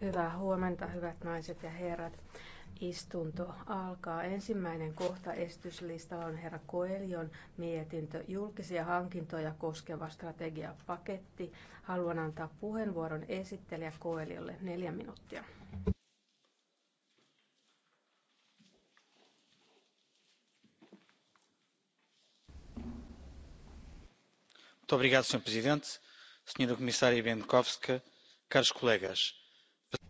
Hyvää huomenta, hyvät naiset ja herrat. Istunto alkaa. Ensimmäinen kohta estyslistalla on herra Koelion mietintö julkisia hankintoja koskeva strategiapaketti. Haluan antaa puheenvuoron esittelijä Koeliolle neljä minuuttia. Muito obrigado, Sr. Presidente. Sra. Comissária Bendkovska,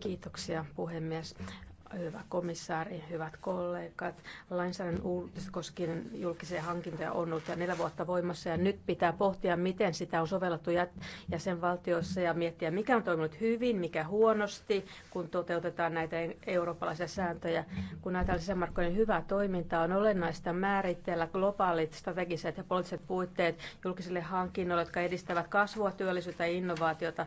Kiitoksia puhemies. Hyvä komissaari, hyvät kollegat. Lainsäädännön uudistus koskien julkisia hankintoja on ollut jo neljä vuotta voimassa ja nyt pitää pohtia, miten sitä on sovellettu jäsenvaltioissa ja miettiä, mikä on toiminut hyvin, mikä huonosti, kun toteutetaan näitä eurooppalaisia sääntöjä. Kun näitä markkinoiden hyvää toimintaa on olennaista määritellä globaalit strategiset ja poliittiset puitteet julkisille hankinnoille, jotka edistävät kasvua, työllisyyttä ja innovaatiota.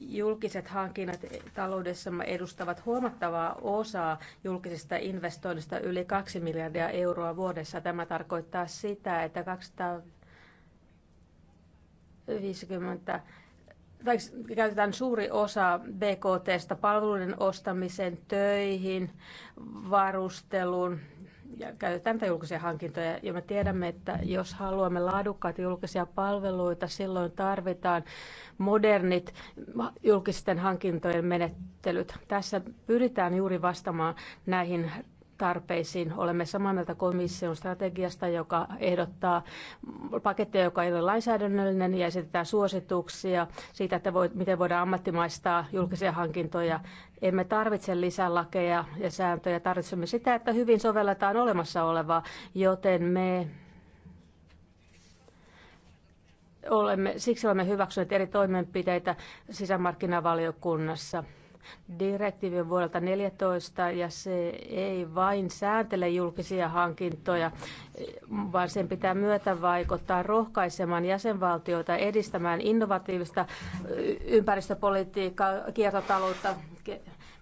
Julkiset hankinnat taloudessamme edustavat huomattavaa osaa osaa julkisista investoinnista yli 2 miljardia euroa vuodessa. Tämä tarkoittaa sitä, että 250 tai käytetään suuri osa BKTstä palveluiden ostamiseen, töihin, varusteluun, ja käytetään tätä julkisia hankintoja. Ja me tiedämme, että jos haluamme laadukkaita julkisia palveluita, silloin tarvitaan modernit julkisten hankintojen menettelyt. Tässä pyritään juuri vastamaan näihin tarpeisiin. Olemme samaa mieltä komission strategiasta, joka ehdottaa pakettia, joka ei ole lainsäädännöllinen ja esitetään suosituksia siitä, että voi, miten voidaan ammattimaistaa julkisia hankintoja. Emme tarvitse lisälakeja ja sääntöjä, tarvitsemme sitä, että hyvin sovelletaan olemassa olevaa, joten me olemme, siksi olemme hyväksyneet eri toimenpiteitä sisämarkkinavaliokunnassa direktiivi vuodelta 2014 ja se ei vain sääntele julkisia hankintoja, vaan sen pitää myötä vaikuttaa rohkaisemaan jäsenvaltioita edistämään innovatiivista ympäristöpolitiikkaa, kiertotaloutta,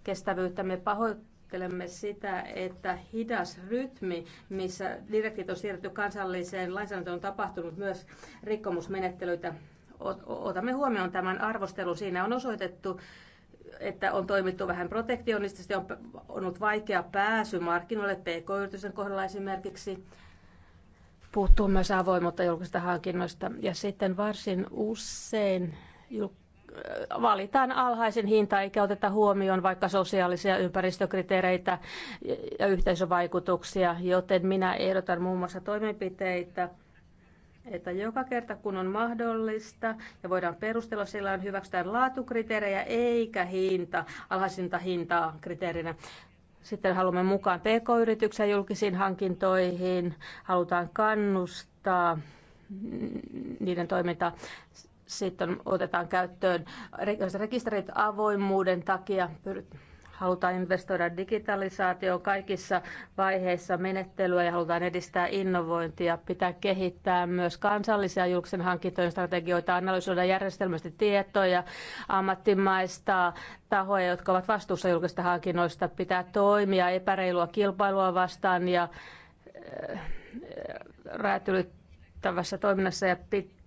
kestävyyttä. Me pahoittelemme sitä, että hidas rytmi, missä direktiivit on siirretty kansalliseen lainsäädäntöön, on tapahtunut myös rikkomusmenettelyitä otamme huomioon tämän arvostelun. Siinä on osoitettu, että on toimittu vähän protektionistisesti, on, on ollut vaikea pääsy markkinoille pk-yritysten kohdalla esimerkiksi. Puuttuu myös avoimuutta julkisista hankinnoista ja sitten varsin usein äh, valitaan alhaisen hinta eikä oteta huomioon vaikka sosiaalisia ympäristökriteereitä ja yhteisövaikutuksia, joten minä ehdotan muun muassa toimenpiteitä – että joka kerta kun on mahdollista ja voidaan perustella sillä on hyväksytään laatukriteerejä eikä hinta, alhaisinta hintaa kriteerinä. Sitten haluamme mukaan pk-yrityksiä julkisiin hankintoihin, halutaan kannustaa niiden toimintaa. Sitten otetaan käyttöön rekisterit avoimuuden takia, Halutaan investoida digitalisaatioon kaikissa vaiheissa menettelyä ja halutaan edistää innovointia. Pitää kehittää myös kansallisia julkisen hankintojen strategioita, analysoida järjestelmästi tietoja, ammattimaista tahoja, jotka ovat vastuussa julkisista hankinnoista. Pitää toimia epäreilua kilpailua vastaan ja eh, räätylittävässä toiminnassa ja pitää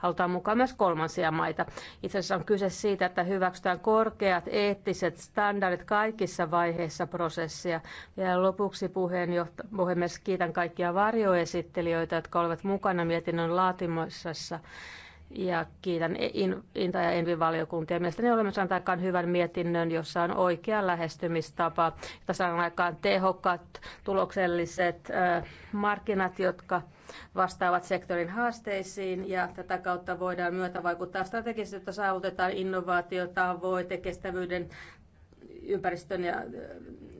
halutaan mukaan myös kolmansia maita. Itse asiassa on kyse siitä, että hyväksytään korkeat eettiset standardit kaikissa vaiheissa prosessia. Ja lopuksi puheenjohta- puhemies kiitän kaikkia varjoesittelijöitä, jotka olivat mukana mietinnön laatimisessa ja kiitän Inta ja envi valiokuntia. Mielestäni olemme saaneet aikaan hyvän mietinnön, jossa on oikea lähestymistapa. Tässä on aikaan tehokkaat, tulokselliset markkinat, jotka vastaavat sektorin haasteisiin ja tätä kautta voidaan myötä vaikuttaa strategisesti, että saavutetaan innovaatiotavoite, kestävyyden, ympäristön ja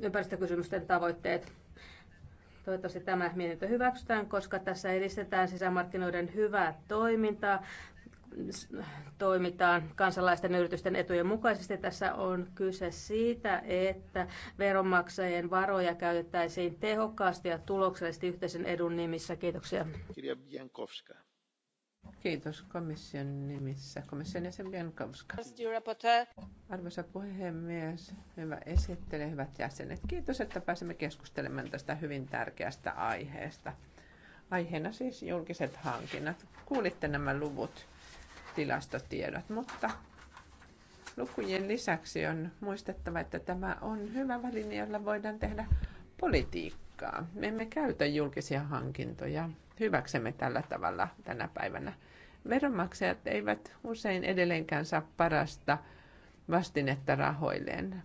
ympäristökysymysten tavoitteet. Toivottavasti tämä mietintö hyväksytään, koska tässä edistetään sisämarkkinoiden hyvää toimintaa, toimitaan kansalaisten yritysten etujen mukaisesti. Tässä on kyse siitä, että veronmaksajien varoja käytettäisiin tehokkaasti ja tuloksellisesti yhteisen edun nimissä. Kiitoksia. Kirja Biankowska. Kiitos komission nimissä. Komission jäsen Jankowska. Arvoisa puhemies, hyvä esittely, hyvät jäsenet. Kiitos, että pääsemme keskustelemaan tästä hyvin tärkeästä aiheesta. Aiheena siis julkiset hankinnat. Kuulitte nämä luvut tilastotiedot, mutta lukujen lisäksi on muistettava, että tämä on hyvä väline, jolla voidaan tehdä politiikkaa. Me emme käytä julkisia hankintoja hyväksemme tällä tavalla tänä päivänä. Veronmaksajat eivät usein edelleenkään saa parasta vastinetta rahoilleen,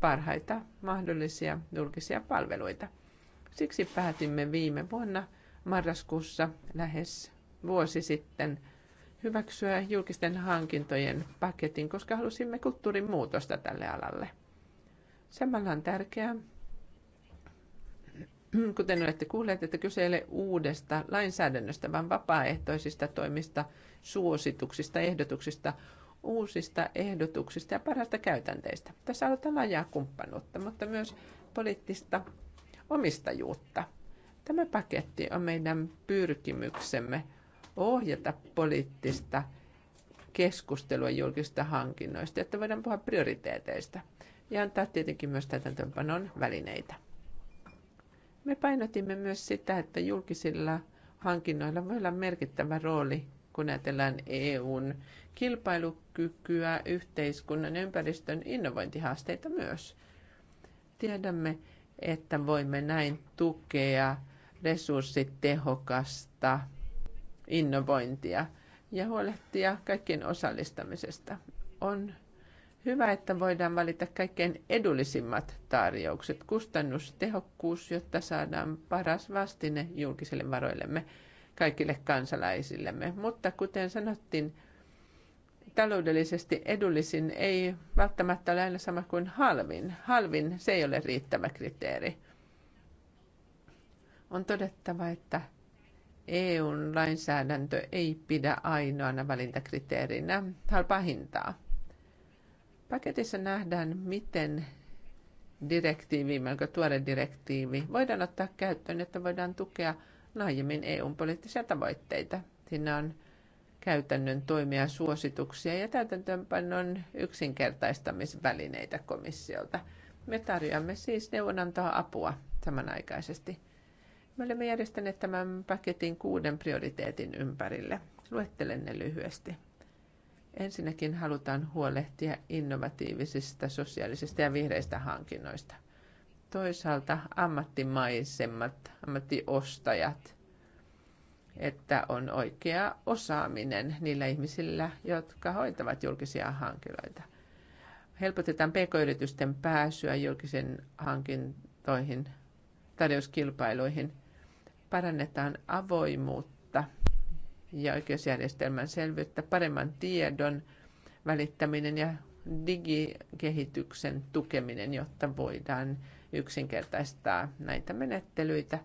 parhaita mahdollisia julkisia palveluita. Siksi päätimme viime vuonna marraskuussa lähes vuosi sitten – hyväksyä julkisten hankintojen paketin, koska halusimme kulttuurin muutosta tälle alalle. Samalla on tärkeää, kuten olette kuulleet, että kyse ei ole uudesta lainsäädännöstä, vaan vapaaehtoisista toimista, suosituksista, ehdotuksista, uusista ehdotuksista ja parhaista käytänteistä. Tässä aloitetaan laajaa kumppanuutta, mutta myös poliittista omistajuutta. Tämä paketti on meidän pyrkimyksemme – ohjata poliittista keskustelua julkista hankinnoista, että voidaan puhua prioriteeteista ja antaa tietenkin myös täytäntöönpanon välineitä. Me painotimme myös sitä, että julkisilla hankinnoilla voi olla merkittävä rooli, kun ajatellaan EUn kilpailukykyä, yhteiskunnan ja ympäristön innovointihaasteita myös. Tiedämme, että voimme näin tukea resurssitehokasta innovointia ja huolehtia kaikkien osallistamisesta. On hyvä, että voidaan valita kaikkein edullisimmat tarjoukset, kustannustehokkuus, jotta saadaan paras vastine julkisille varoillemme kaikille kansalaisillemme. Mutta kuten sanottiin, taloudellisesti edullisin ei välttämättä ole aina sama kuin halvin. Halvin se ei ole riittävä kriteeri. On todettava, että EUn lainsäädäntö ei pidä ainoana valintakriteerinä halpaa hintaa. Paketissa nähdään, miten direktiivi, melko tuore direktiivi, voidaan ottaa käyttöön, että voidaan tukea laajemmin EUn poliittisia tavoitteita. Siinä on käytännön toimia suosituksia ja täytäntöönpannon yksinkertaistamisvälineitä komissiolta. Me tarjoamme siis neuvonantoa apua samanaikaisesti. Me olemme järjestäneet tämän paketin kuuden prioriteetin ympärille. Luettelen ne lyhyesti. Ensinnäkin halutaan huolehtia innovatiivisista, sosiaalisista ja vihreistä hankinnoista. Toisaalta ammattimaisemmat, ammattiostajat, että on oikea osaaminen niillä ihmisillä, jotka hoitavat julkisia hankintoja. Helpotetaan pk-yritysten pääsyä julkisen hankintoihin tarjouskilpailuihin – parannetaan avoimuutta ja oikeusjärjestelmän selvyyttä, paremman tiedon välittäminen ja digikehityksen tukeminen, jotta voidaan yksinkertaistaa näitä menettelyitä.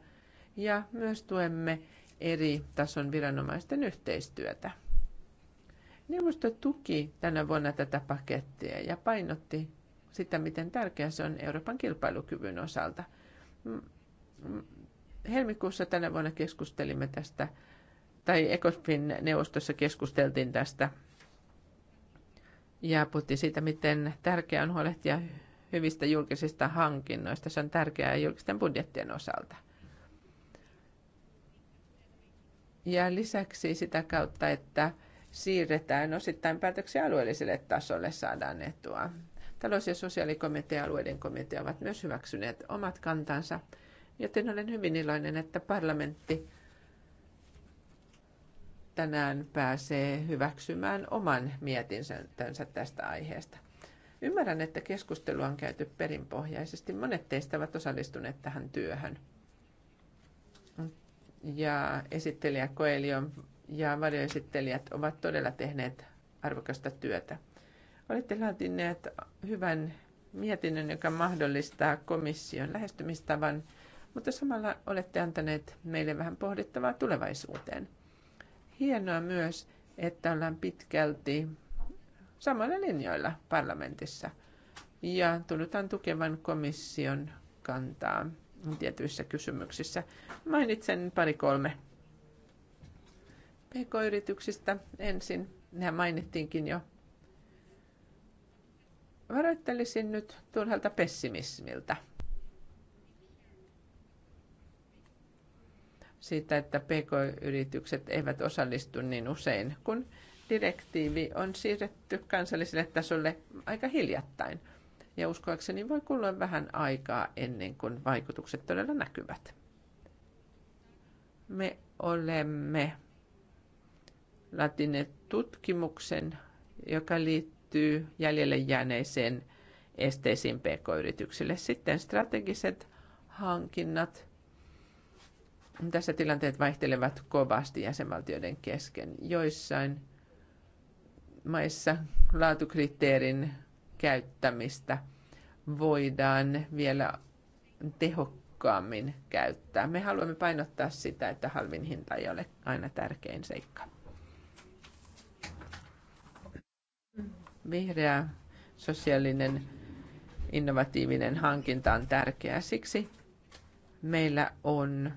Ja myös tuemme eri tason viranomaisten yhteistyötä. Neuvosto tuki tänä vuonna tätä pakettia ja painotti sitä, miten tärkeä se on Euroopan kilpailukyvyn osalta. Helmikuussa tänä vuonna keskustelimme tästä, tai ECOFIN neuvostossa keskusteltiin tästä, ja puhuttiin siitä, miten tärkeää on huolehtia hyvistä julkisista hankinnoista. Se on tärkeää julkisten budjettien osalta. Ja lisäksi sitä kautta, että siirretään osittain päätöksiä alueelliselle tasolle, saadaan etua. Talous- ja sosiaalikomitea ja alueiden komitea ovat myös hyväksyneet omat kantansa – Joten olen hyvin iloinen, että parlamentti tänään pääsee hyväksymään oman mietinsä tästä aiheesta. Ymmärrän, että keskustelua on käyty perinpohjaisesti. Monet teistä ovat osallistuneet tähän työhön. Ja esittelijä Koelio ja varjoesittelijät ovat todella tehneet arvokasta työtä. Olette laatineet hyvän mietinnön, joka mahdollistaa komission lähestymistavan – mutta samalla olette antaneet meille vähän pohdittavaa tulevaisuuteen. Hienoa myös, että ollaan pitkälti samalla linjoilla parlamentissa ja tunnutaan tukevan komission kantaa tietyissä kysymyksissä. Mainitsen pari-kolme pk-yrityksistä ensin. Nehän mainittiinkin jo. Varoittelisin nyt turhalta pessimismiltä siitä, että pk-yritykset eivät osallistu niin usein, kun direktiivi on siirretty kansalliselle tasolle aika hiljattain. Ja uskoakseni voi kulua vähän aikaa ennen kuin vaikutukset todella näkyvät. Me olemme latineet tutkimuksen, joka liittyy jäljelle jääneeseen esteisiin pk-yrityksille. Sitten strategiset hankinnat – tässä tilanteet vaihtelevat kovasti jäsenvaltioiden kesken. Joissain maissa laatukriteerin käyttämistä voidaan vielä tehokkaammin käyttää. Me haluamme painottaa sitä, että halvin hinta ei ole aina tärkein seikka. Vihreä sosiaalinen innovatiivinen hankinta on tärkeä Siksi meillä on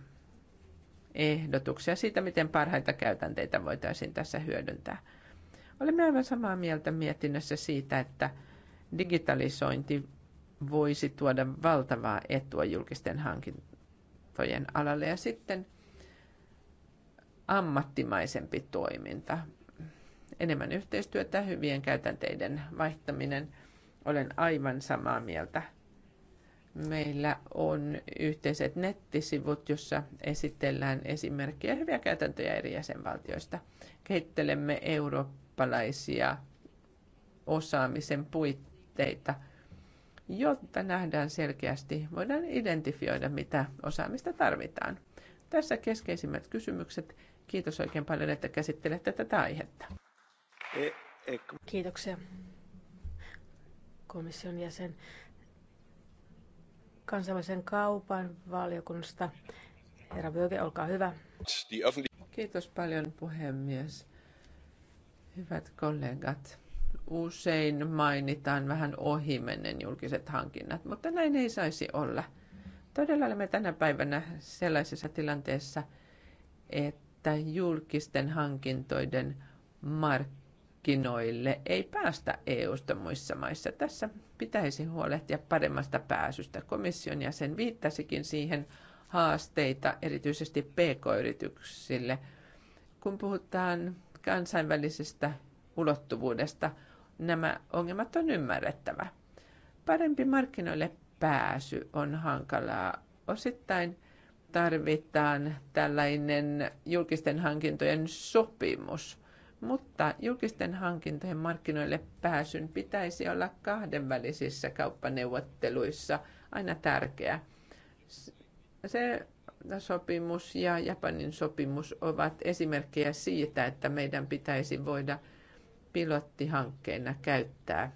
ehdotuksia siitä, miten parhaita käytänteitä voitaisiin tässä hyödyntää. Olemme aivan samaa mieltä mietinnössä siitä, että digitalisointi voisi tuoda valtavaa etua julkisten hankintojen alalle ja sitten ammattimaisempi toiminta, enemmän yhteistyötä, hyvien käytänteiden vaihtaminen. Olen aivan samaa mieltä meillä on yhteiset nettisivut, jossa esitellään esimerkkejä hyviä käytäntöjä eri jäsenvaltioista. Kehittelemme eurooppalaisia osaamisen puitteita, jotta nähdään selkeästi, voidaan identifioida, mitä osaamista tarvitaan. Tässä keskeisimmät kysymykset. Kiitos oikein paljon, että käsittelette tätä aihetta. E, e, Kiitoksia komission jäsen kansainvälisen kaupan valiokunnasta. Herra Böge, olkaa hyvä. Kiitos paljon puhemies. Hyvät kollegat, usein mainitaan vähän ohimennen julkiset hankinnat, mutta näin ei saisi olla. Todella olemme tänä päivänä sellaisessa tilanteessa, että julkisten hankintoiden markkinat markkinoille ei päästä EU-sta muissa maissa. Tässä pitäisi huolehtia paremmasta pääsystä. Komission jäsen viittasikin siihen haasteita erityisesti pk-yrityksille. Kun puhutaan kansainvälisestä ulottuvuudesta, nämä ongelmat on ymmärrettävä. Parempi markkinoille pääsy on hankalaa. Osittain tarvitaan tällainen julkisten hankintojen sopimus – mutta julkisten hankintojen markkinoille pääsyn pitäisi olla kahdenvälisissä kauppaneuvotteluissa aina tärkeä. Se sopimus ja Japanin sopimus ovat esimerkkejä siitä, että meidän pitäisi voida pilottihankkeena käyttää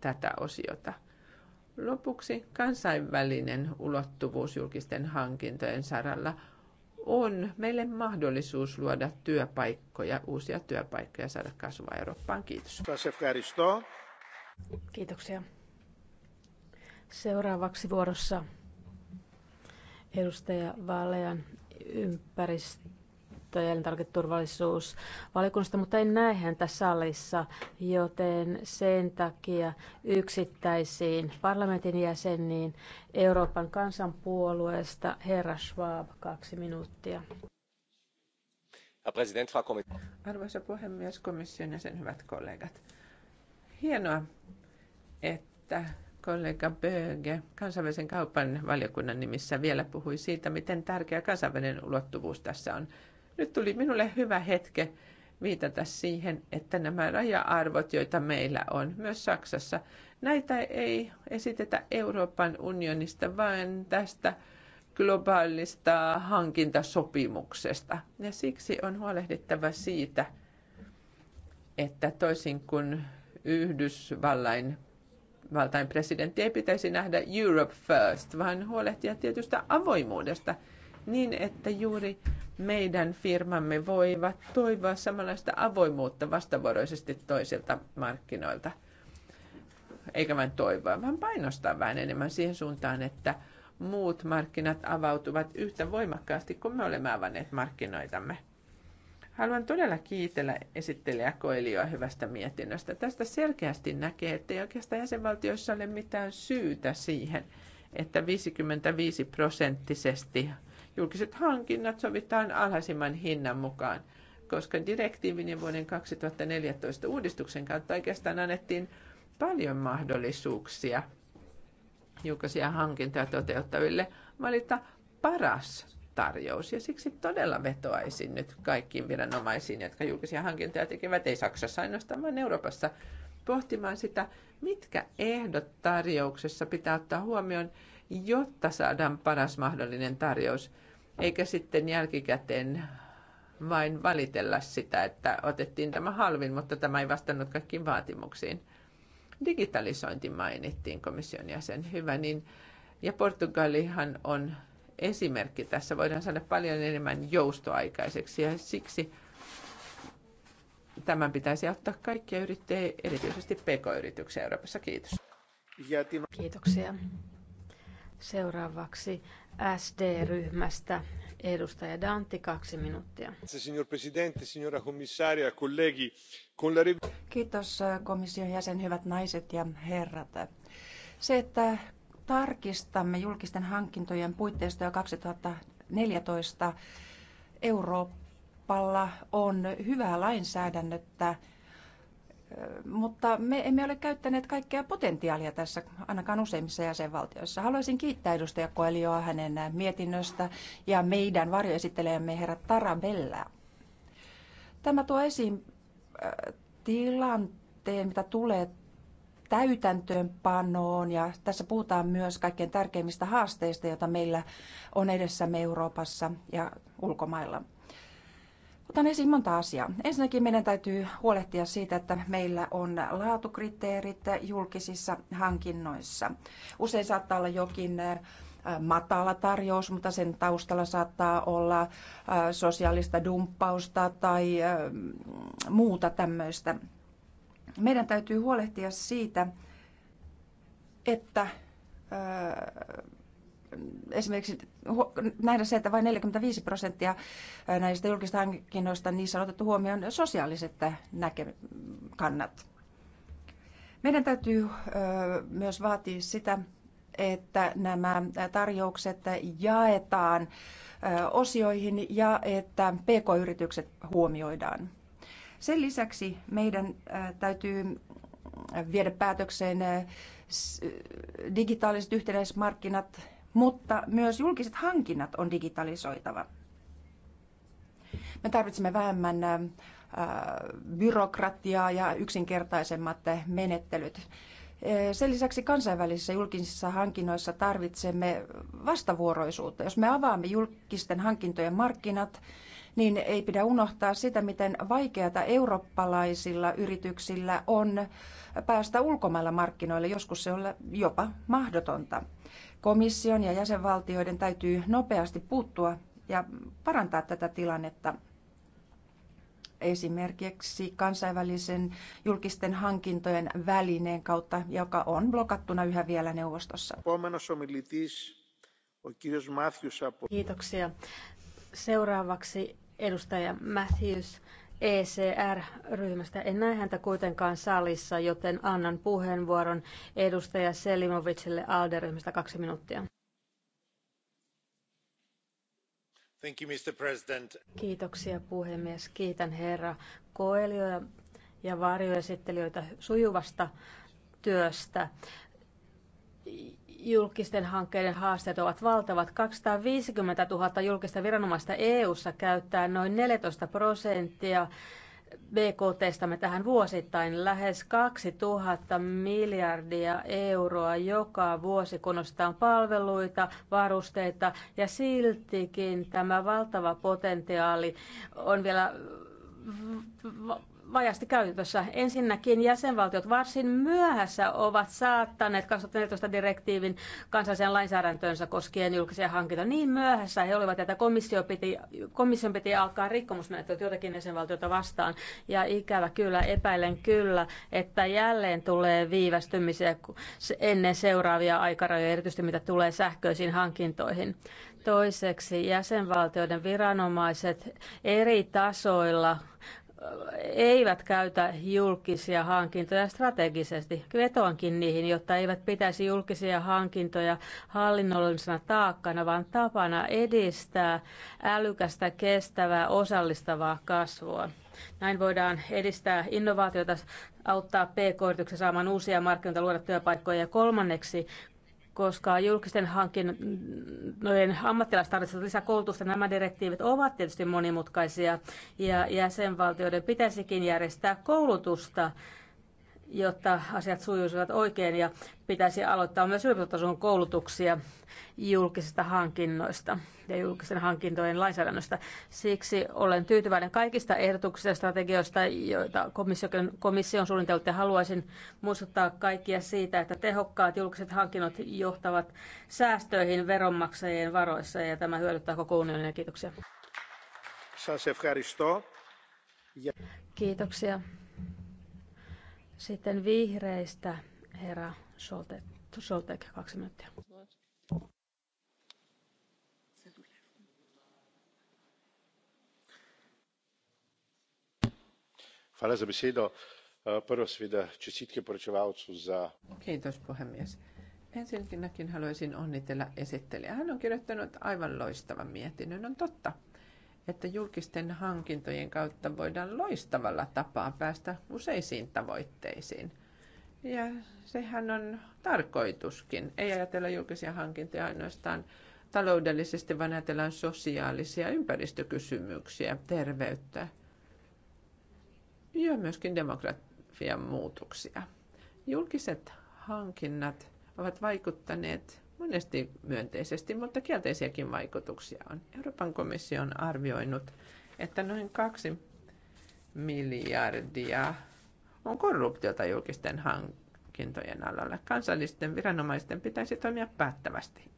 tätä osiota. Lopuksi kansainvälinen ulottuvuus julkisten hankintojen saralla – on meille mahdollisuus luoda työpaikkoja, uusia työpaikkoja ja saada kasvua Eurooppaan. Kiitos. Kiitoksia. Seuraavaksi vuorossa edustaja Vaalean ympäristö ympäristö- ja elintarviketurvallisuusvaliokunnasta, mutta en näe häntä salissa, joten sen takia yksittäisiin parlamentin jäseniin Euroopan kansanpuolueesta herra Schwab, kaksi minuuttia. Arvoisa puhemies, komission ja sen hyvät kollegat. Hienoa, että kollega Böge kansainvälisen kaupan valiokunnan nimissä vielä puhui siitä, miten tärkeä kansainvälinen ulottuvuus tässä on. Nyt tuli minulle hyvä hetke viitata siihen, että nämä raja-arvot, joita meillä on myös Saksassa, näitä ei esitetä Euroopan unionista, vaan tästä globaalista hankintasopimuksesta. Ja siksi on huolehdittava siitä, että toisin kuin Yhdysvallain valtain presidentti ei pitäisi nähdä Europe first, vaan huolehtia tietystä avoimuudesta – niin, että juuri meidän firmamme voivat toivoa samanlaista avoimuutta vastavuoroisesti toisilta markkinoilta. Eikä vain toivoa, vaan painostaa vähän enemmän siihen suuntaan, että muut markkinat avautuvat yhtä voimakkaasti kuin me olemme avanneet markkinoitamme. Haluan todella kiitellä esittelijä Koilioa hyvästä mietinnöstä. Tästä selkeästi näkee, että ei oikeastaan jäsenvaltioissa ole mitään syytä siihen, että 55 prosenttisesti julkiset hankinnat sovitaan alhaisimman hinnan mukaan, koska direktiivin ja vuoden 2014 uudistuksen kautta oikeastaan annettiin paljon mahdollisuuksia julkisia hankintoja toteuttaville valita paras tarjous. Ja siksi todella vetoaisin nyt kaikkiin viranomaisiin, jotka julkisia hankintoja tekevät, ei Saksassa ainoastaan, vaan Euroopassa, pohtimaan sitä, mitkä ehdot tarjouksessa pitää ottaa huomioon, jotta saadaan paras mahdollinen tarjous eikä sitten jälkikäteen vain valitella sitä, että otettiin tämä halvin, mutta tämä ei vastannut kaikkiin vaatimuksiin. Digitalisointi mainittiin komission jäsen. Hyvä, niin ja Portugalihan on esimerkki tässä. Voidaan saada paljon enemmän joustoaikaiseksi ja siksi tämän pitäisi auttaa kaikkia yrittäjiä, erityisesti pk-yrityksiä Euroopassa. Kiitos. Kiitoksia. Seuraavaksi SD-ryhmästä edustaja Dantti, kaksi minuuttia. Signor Presidente, signora Commissaria, colleghi. Con Kiitos komission jäsen, hyvät naiset ja herrat. Se, että tarkistamme julkisten hankintojen puitteista jo 2014, Euroopalla on hyvää lainsäädännöttä mutta me emme ole käyttäneet kaikkea potentiaalia tässä, ainakaan useimmissa jäsenvaltioissa. Haluaisin kiittää edustaja Koelioa hänen mietinnöstä ja meidän varjoesittelijämme herra Tarabellaa. Tämä tuo esiin äh, tilanteen, mitä tulee täytäntöönpanoon ja tässä puhutaan myös kaikkein tärkeimmistä haasteista, joita meillä on edessämme Euroopassa ja ulkomailla. Otan esiin monta asiaa. Ensinnäkin meidän täytyy huolehtia siitä, että meillä on laatukriteerit julkisissa hankinnoissa. Usein saattaa olla jokin matala tarjous, mutta sen taustalla saattaa olla sosiaalista dumppausta tai muuta tämmöistä. Meidän täytyy huolehtia siitä, että esimerkiksi nähdä se, että vain 45 prosenttia näistä julkista hankinnoista niissä on otettu huomioon sosiaaliset näkökannat. Meidän täytyy myös vaatia sitä, että nämä tarjoukset jaetaan osioihin ja että pk-yritykset huomioidaan. Sen lisäksi meidän täytyy viedä päätökseen digitaaliset yhtenäismarkkinat mutta myös julkiset hankinnat on digitalisoitava. Me tarvitsemme vähemmän äh, byrokratiaa ja yksinkertaisemmat menettelyt. Äh, sen lisäksi kansainvälisissä julkisissa hankinnoissa tarvitsemme vastavuoroisuutta. Jos me avaamme julkisten hankintojen markkinat, niin ei pidä unohtaa sitä, miten vaikeata eurooppalaisilla yrityksillä on päästä ulkomailla markkinoille. Joskus se on jopa mahdotonta. Komission ja jäsenvaltioiden täytyy nopeasti puuttua ja parantaa tätä tilannetta esimerkiksi kansainvälisen julkisten hankintojen välineen kautta, joka on blokattuna yhä vielä neuvostossa. Kiitoksia. Seuraavaksi edustaja Matthews ECR-ryhmästä. En näe häntä kuitenkaan salissa, joten annan puheenvuoron edustaja Selimovicille ALDE-ryhmästä kaksi minuuttia. Thank you, Mr. President. Kiitoksia puhemies. Kiitän herra Koelioja ja varjoesittelijöitä sujuvasta työstä julkisten hankkeiden haasteet ovat valtavat. 250 000 julkista viranomaista EU:ssa käyttää noin 14 prosenttia Me tähän vuosittain lähes 2000 miljardia euroa joka vuosi, kun ostetaan palveluita, varusteita ja siltikin tämä valtava potentiaali on vielä vajasti käytössä. Ensinnäkin jäsenvaltiot varsin myöhässä ovat saattaneet 2014 direktiivin kansalliseen lainsäädäntöönsä koskien julkisia hankintoja. Niin myöhässä he olivat, että komissio piti, komission piti alkaa rikkomusmenettelyt jotakin jäsenvaltiota vastaan. Ja ikävä kyllä, epäilen kyllä, että jälleen tulee viivästymisiä ennen seuraavia aikarajoja, erityisesti mitä tulee sähköisiin hankintoihin. Toiseksi jäsenvaltioiden viranomaiset eri tasoilla eivät käytä julkisia hankintoja strategisesti. Vetoankin niihin, jotta eivät pitäisi julkisia hankintoja hallinnollisena taakkana, vaan tapana edistää älykästä, kestävää, osallistavaa kasvua. Näin voidaan edistää innovaatiota, auttaa pk yrityksiä saamaan uusia markkinoita, luoda työpaikkoja. Ja kolmanneksi koska julkisten hankinnojen ammattilaiset tarvitsevat lisäkoulutusta. Nämä direktiivit ovat tietysti monimutkaisia ja jäsenvaltioiden pitäisikin järjestää koulutusta jotta asiat sujuisivat oikein ja pitäisi aloittaa myös yliopistotason koulutuksia julkisista hankinnoista ja julkisten hankintojen lainsäädännöstä. Siksi olen tyytyväinen kaikista ehdotuksista ja strategioista, joita komissio, on suunniteltu ja haluaisin muistuttaa kaikkia siitä, että tehokkaat julkiset hankinnot johtavat säästöihin veronmaksajien varoissa ja tämä hyödyttää koko unionia. Kiitoksia. Kiitoksia. Sitten vihreistä herra Soltek, kaksi minuuttia. Hvala za besedo. Prvo seveda čestitke poročevalcu za... Kiitos puhemies. Ensinnäkin haluaisin onnitella esittelijä. Hän on kirjoittanut aivan loistavan mietinnön. On totta, että julkisten hankintojen kautta voidaan loistavalla tapaa päästä useisiin tavoitteisiin. Ja sehän on tarkoituskin. Ei ajatella julkisia hankintoja ainoastaan taloudellisesti, vaan ajatellaan sosiaalisia ympäristökysymyksiä, terveyttä ja myöskin demografian muutoksia. Julkiset hankinnat ovat vaikuttaneet monesti myönteisesti, mutta kielteisiäkin vaikutuksia on. Euroopan komissio on arvioinut, että noin kaksi miljardia on korruptiota julkisten hankintojen alalla. Kansallisten viranomaisten pitäisi toimia päättävästi.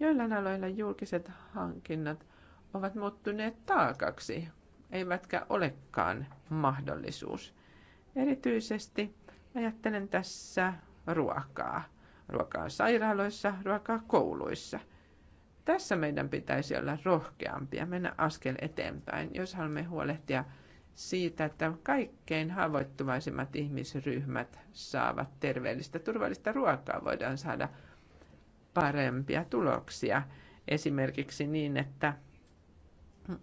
Joillain aloilla julkiset hankinnat ovat muuttuneet taakaksi, eivätkä olekaan mahdollisuus. Erityisesti ajattelen tässä ruokaa ruokaa sairaaloissa, ruokaa kouluissa. Tässä meidän pitäisi olla rohkeampia, mennä askel eteenpäin, jos haluamme huolehtia siitä, että kaikkein haavoittuvaisimmat ihmisryhmät saavat terveellistä, turvallista ruokaa. Voidaan saada parempia tuloksia. Esimerkiksi niin, että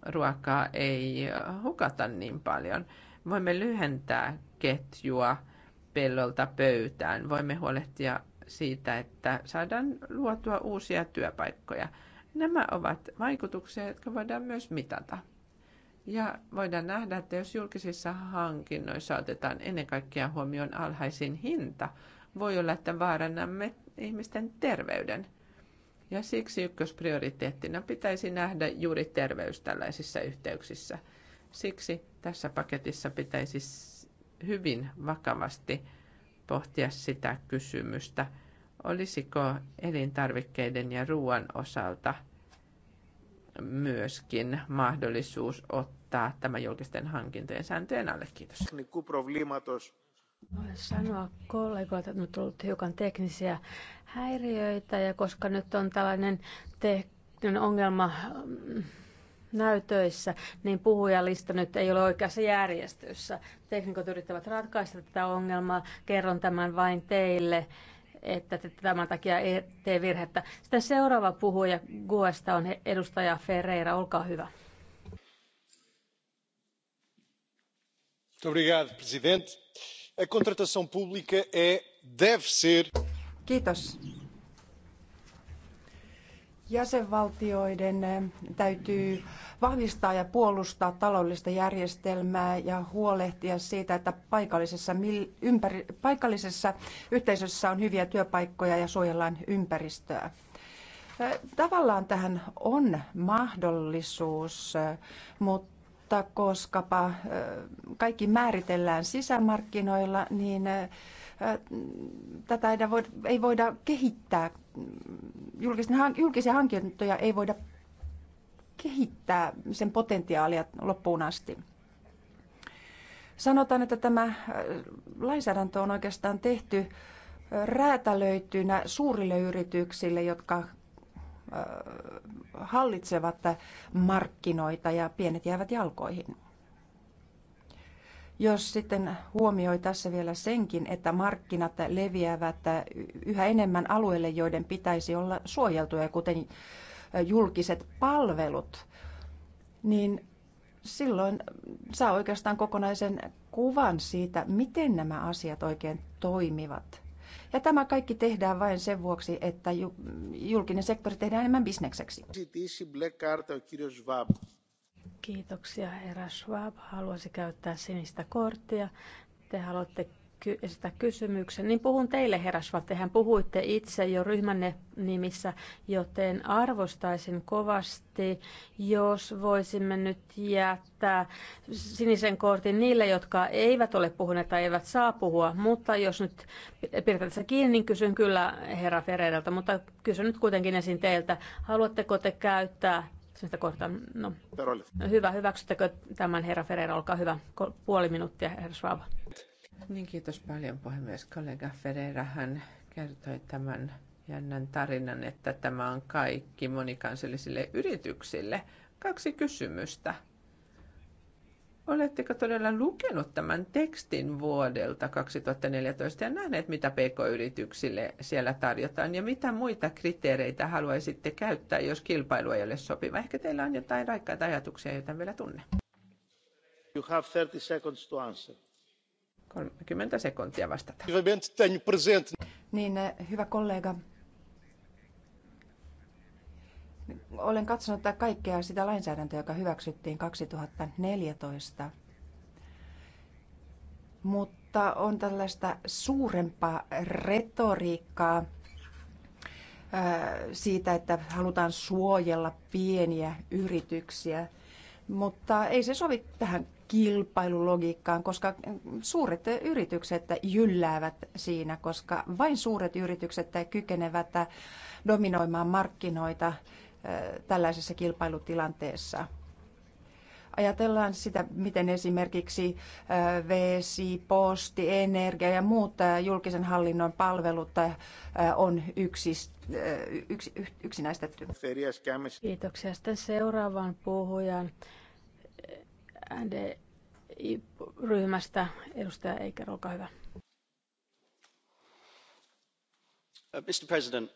ruokaa ei hukata niin paljon. Voimme lyhentää ketjua pellolta pöytään. Voimme huolehtia siitä, että saadaan luotua uusia työpaikkoja. Nämä ovat vaikutuksia, jotka voidaan myös mitata. Ja voidaan nähdä, että jos julkisissa hankinnoissa otetaan ennen kaikkea huomioon alhaisin hinta, voi olla, että vaarannamme ihmisten terveyden. Ja siksi ykkösprioriteettina pitäisi nähdä juuri terveys tällaisissa yhteyksissä. Siksi tässä paketissa pitäisi hyvin vakavasti pohtia sitä kysymystä, olisiko elintarvikkeiden ja ruoan osalta myöskin mahdollisuus ottaa tämä julkisten hankintojen sääntöjen alle. Kiitos. Voisi sanoa kollegoilta, että nyt on ollut hiukan teknisiä häiriöitä ja koska nyt on tällainen te- ongelma mm, näytöissä, niin puhujalista nyt ei ole oikeassa järjestössä. Teknikot yrittävät ratkaista tätä ongelmaa. Kerron tämän vain teille, että te tämän takia ei tee virhettä. Sitten seuraava puhuja Guesta on edustaja Ferreira. Olkaa hyvä. A contratação pública é, deve ser... Kiitos, Jäsenvaltioiden eh, täytyy vahvistaa ja puolustaa taloudellista järjestelmää ja huolehtia siitä, että paikallisessa, ympäri, paikallisessa yhteisössä on hyviä työpaikkoja ja suojellaan ympäristöä. Eh, tavallaan tähän on mahdollisuus, eh, mutta koskapa kaikki määritellään sisämarkkinoilla, niin tätä ei voida kehittää, julkisia hankintoja ei voida kehittää sen potentiaalia loppuun asti. Sanotaan, että tämä lainsäädäntö on oikeastaan tehty räätälöitynä suurille yrityksille, jotka hallitsevat markkinoita ja pienet jäävät jalkoihin. Jos sitten huomioi tässä vielä senkin, että markkinat leviävät yhä enemmän alueille, joiden pitäisi olla suojeltuja, kuten julkiset palvelut, niin silloin saa oikeastaan kokonaisen kuvan siitä, miten nämä asiat oikein toimivat. Ja tämä kaikki tehdään vain sen vuoksi, että julkinen sektori tehdään enemmän bisnekseksi. Kiitoksia, herra Schwab. Haluaisi käyttää sinistä korttia. Te haluatte ky- esittää kysymyksen. Niin puhun teille, herra Schwab. Tehän puhuitte itse jo ryhmänne nimissä, joten arvostaisin kovasti, jos voisimme nyt jättää sinisen kortin niille, jotka eivät ole puhuneet tai eivät saa puhua. Mutta jos nyt pidetään tässä kiinni, niin kysyn kyllä herra Ferreiralta, mutta kysyn nyt kuitenkin ensin teiltä. Haluatteko te käyttää sitä kohtaan. No, no hyvä, hyväksyttekö tämän herra Ferreira, olkaa hyvä. Puoli minuuttia, herra Schwab. Niin, kiitos paljon puhemies. Kollega Ferreira, hän kertoi tämän jännän tarinan, että tämä on kaikki monikansallisille yrityksille. Kaksi kysymystä. Oletteko todella lukenut tämän tekstin vuodelta 2014 ja nähneet, mitä pk-yrityksille siellä tarjotaan ja mitä muita kriteereitä haluaisitte käyttää, jos kilpailu ei ole sopiva? Ehkä teillä on jotain raikkaita ajatuksia, joita vielä tunne. You have 30 seconds to answer. 30 sekuntia vastata. Niin, eh, hyvä kollega, olen katsonut kaikkea sitä lainsäädäntöä, joka hyväksyttiin 2014. Mutta on tällaista suurempaa retoriikkaa äh, siitä, että halutaan suojella pieniä yrityksiä, mutta ei se sovi tähän kilpailulogiikkaan, koska suuret yritykset jylläävät siinä, koska vain suuret yritykset kykenevät dominoimaan markkinoita tällaisessa kilpailutilanteessa. Ajatellaan sitä, miten esimerkiksi vesi, posti, energia ja muut julkisen hallinnon palvelut on yksi, yksinäistetty. Kiitoksia. Sitten seuraavaan puhujan ryhmästä edustaja Eikä, olkaa hyvä. Mr. President,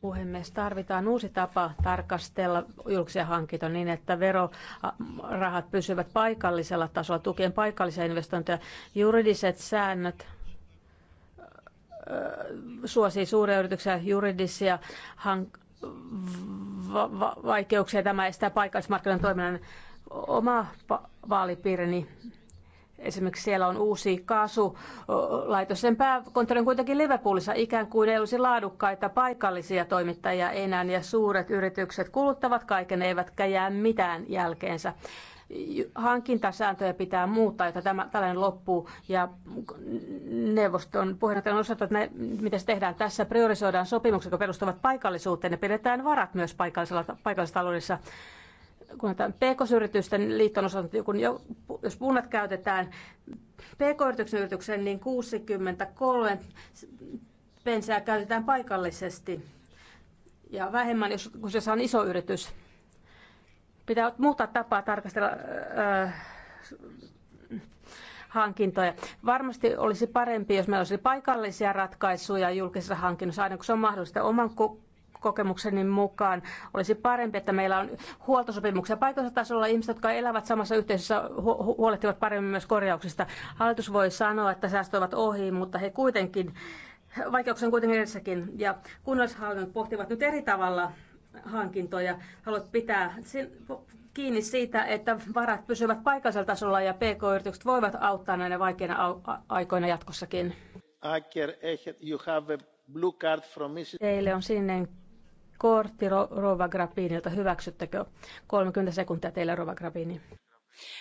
Puhemies, tarvitaan uusi tapa tarkastella julkisia hankintoja niin, että verorahat pysyvät paikallisella tasolla tukien paikallisia investointeja. Juridiset säännöt suosii suuria yrityksiä juridisia hank- va- va- vaikeuksia. Tämä estää paikallismarkkinoiden toiminnan. Oma vaalipiirini Esimerkiksi siellä on uusi kaasulaitos. Sen pääkonttori on kuitenkin Liverpoolissa ikään kuin ei olisi laadukkaita paikallisia toimittajia enää ja suuret yritykset kuluttavat kaiken eivätkä jää mitään jälkeensä hankintasääntöjä pitää muuttaa, jotta tämä, tällainen loppuu. Ja neuvoston puheenjohtajan on että ne, miten se tehdään tässä, priorisoidaan sopimukset, jotka perustuvat paikallisuuteen ja pidetään varat myös paikallisessa taloudessa kun näitä pk-yritysten liiton osalta, kun jo, jos punat käytetään pk-yrityksen yritykseen, niin 63 pensaa käytetään paikallisesti ja vähemmän, jos se on iso yritys. Pitää muuttaa tapaa tarkastella äh, hankintoja. Varmasti olisi parempi, jos meillä olisi paikallisia ratkaisuja julkisissa hankinnoissa, aina kun se on mahdollista oman kokemukseni mukaan olisi parempi, että meillä on huoltosopimuksia paikallisella tasolla. Ihmiset, jotka elävät samassa yhteisössä, hu- huolehtivat paremmin myös korjauksista. Hallitus voi sanoa, että säästöt ovat ohi, mutta he kuitenkin, vaikeuksia on kuitenkin edessäkin. Ja kunnallishallinnot pohtivat nyt eri tavalla hankintoja. Haluat pitää kiinni siitä, että varat pysyvät paikallisella tasolla ja PK-yritykset voivat auttaa näinä vaikeina aikoina jatkossakin. Teille on sininen kortti Rova Grappinilta. Hyväksyttekö? 30 sekuntia teille, Rova Grappini.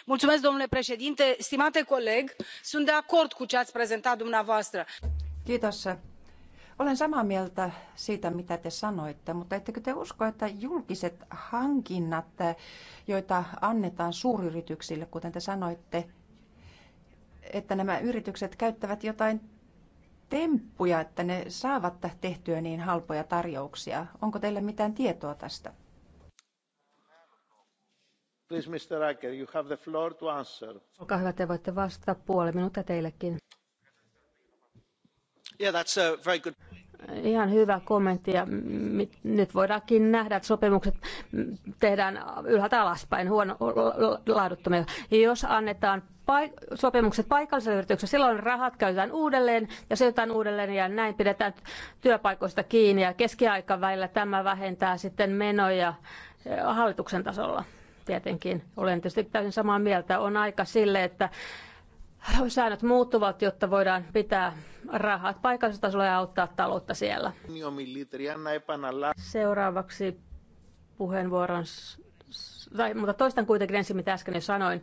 Mulțumesc, domnule președinte. Stimate coleg, sunt de acord cu ce ați prezentat dumneavoastră. Kiitos. Olen samaa mieltä siitä, mitä te sanoitte, mutta ettekö te usko, että julkiset hankinnat, joita annetaan suuryrityksille, kuten te sanoitte, että nämä yritykset käyttävät jotain temppuja, että ne saavat tehtyä niin halpoja tarjouksia. Onko teillä mitään tietoa tästä? Please, Mr. Riker, you have the floor to answer. Olkaa hyvä, te voitte vastata puoli minuuttia teillekin. Yeah, that's a very good... Ihan hyvä kommentti ja nyt voidaankin nähdä, että sopimukset tehdään ylhäältä alaspäin, huono laaduttomia. Ja jos annetaan paik- sopimukset paikalliselle yritykselle, silloin rahat käytetään uudelleen ja syötään uudelleen ja näin pidetään työpaikoista kiinni ja keskiaikavälillä tämä vähentää sitten menoja eh, hallituksen tasolla tietenkin. Olen tietysti täysin samaa mieltä. On aika sille, että säännöt muuttuvat, jotta voidaan pitää rahat tasolla ja auttaa taloutta siellä. Seuraavaksi puheenvuoron, tai, mutta toistan kuitenkin ensin, mitä äsken sanoin.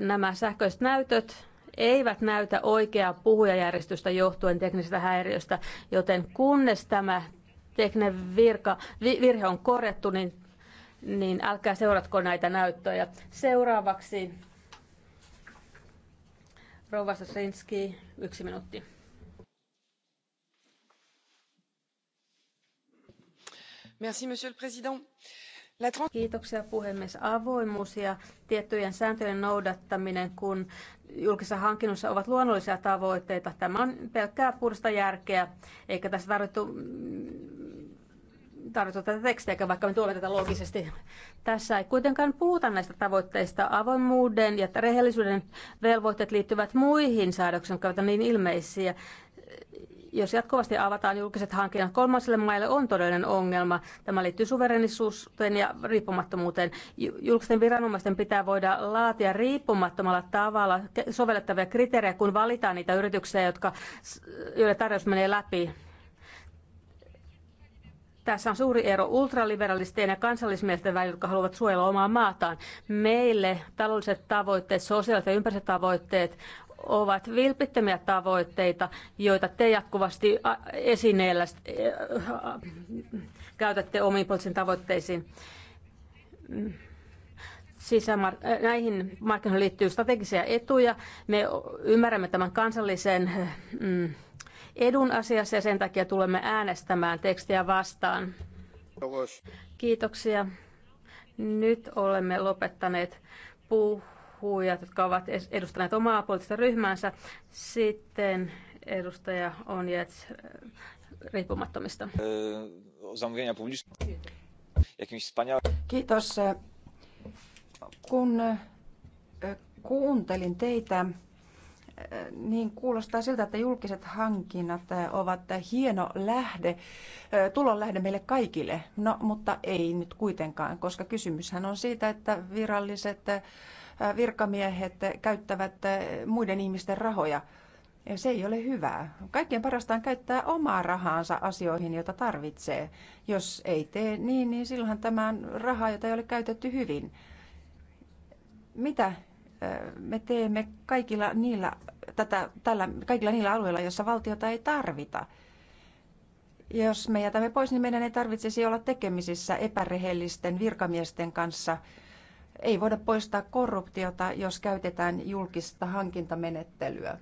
Nämä sähköiset näytöt eivät näytä oikeaa puhujajärjestystä johtuen teknisestä häiriöstä, joten kunnes tämä tekninen virka, virhe on korjattu, niin, niin älkää seuratko näitä näyttöjä. Seuraavaksi Rouva Sasinski, yksi minuutti. Merci, monsieur le président. Kiitoksia puhemies. Avoimuus ja tiettyjen sääntöjen noudattaminen, kun julkisessa hankinnassa ovat luonnollisia tavoitteita. Tämä on pelkkää puhdasta järkeä, eikä tässä tarvittu tarjota tätä tekstiä, vaikka me tuolla tätä loogisesti. Tässä ei kuitenkaan puhuta näistä tavoitteista. Avoimuuden ja rehellisyyden velvoitteet liittyvät muihin säädöksen kautta niin ilmeisiä. Jos jatkuvasti avataan julkiset hankinnat kolmansille maille, on todellinen ongelma. Tämä liittyy suverenisuuteen ja riippumattomuuteen. Julkisten viranomaisten pitää voida laatia riippumattomalla tavalla sovellettavia kriteerejä, kun valitaan niitä yrityksiä, jotka, joille tarjous menee läpi tässä on suuri ero ultraliberalisteen ja kansallismielisten välillä, jotka haluavat suojella omaa maataan. Meille taloudelliset tavoitteet, sosiaaliset ja ympäristötavoitteet ovat vilpittömiä tavoitteita, joita te jatkuvasti äh, esineellä äh, käytätte omiin poliittisiin tavoitteisiin. Sisämar- äh, näihin markkinoihin liittyy strategisia etuja. Me ymmärrämme tämän kansallisen mm, edun asiassa ja sen takia tulemme äänestämään tekstiä vastaan. Kiitoksia. Nyt olemme lopettaneet puhujat, jotka ovat edustaneet omaa poliittista ryhmäänsä. Sitten edustaja Onjets äh, riippumattomista. Kiitos. Kun äh, kuuntelin teitä, niin kuulostaa siltä, että julkiset hankinnat eh, ovat hieno lähde, eh, tulonlähde meille kaikille. No, mutta ei nyt kuitenkaan, koska kysymyshän on siitä, että viralliset eh, virkamiehet käyttävät muiden ihmisten rahoja. Ja se ei ole hyvää. Kaikkien parasta on käyttää omaa rahaansa asioihin, joita tarvitsee. Jos ei tee niin, niin silloin tämä on rahaa, jota ei ole käytetty hyvin. Mitä me teemme kaikilla niillä, tätä, tällä, kaikilla niillä alueilla, joissa valtiota ei tarvita. Jos me jätämme pois, niin meidän ei tarvitsisi olla tekemisissä epärehellisten virkamiesten kanssa. Ei voida poistaa korruptiota, jos käytetään julkista hankintamenettelyä.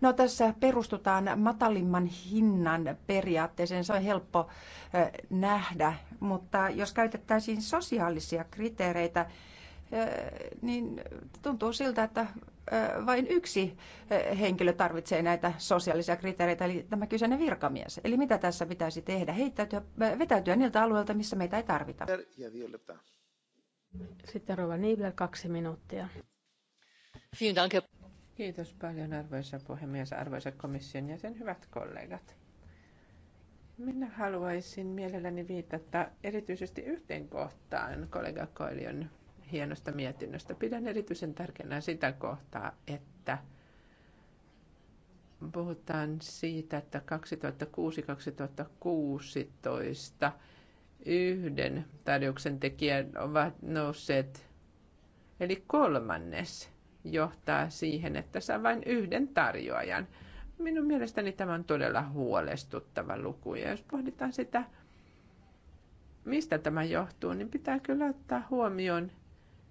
No tässä perustutaan matalimman hinnan periaatteeseen, se on helppo eh, nähdä, mutta jos käytettäisiin sosiaalisia kriteereitä, niin tuntuu siltä, että vain yksi henkilö tarvitsee näitä sosiaalisia kriteereitä, eli tämä kyseinen virkamies. Eli mitä tässä pitäisi tehdä? Heittäytyä, vetäytyä niiltä alueilta, missä meitä ei tarvita. Sitten Rova Niibler, kaksi minuuttia. Kiitos paljon arvoisa puhemies, arvoisa komission jäsen, hyvät kollegat. Minä haluaisin mielelläni viitata erityisesti yhteen kohtaan kollega Koilion hienosta mietinnöstä. Pidän erityisen tärkeänä sitä kohtaa, että puhutaan siitä, että 2006-2016 yhden tarjouksen tekijän ovat nousseet, eli kolmannes johtaa siihen, että saa vain yhden tarjoajan. Minun mielestäni tämä on todella huolestuttava luku. Ja jos pohditaan sitä, mistä tämä johtuu, niin pitää kyllä ottaa huomioon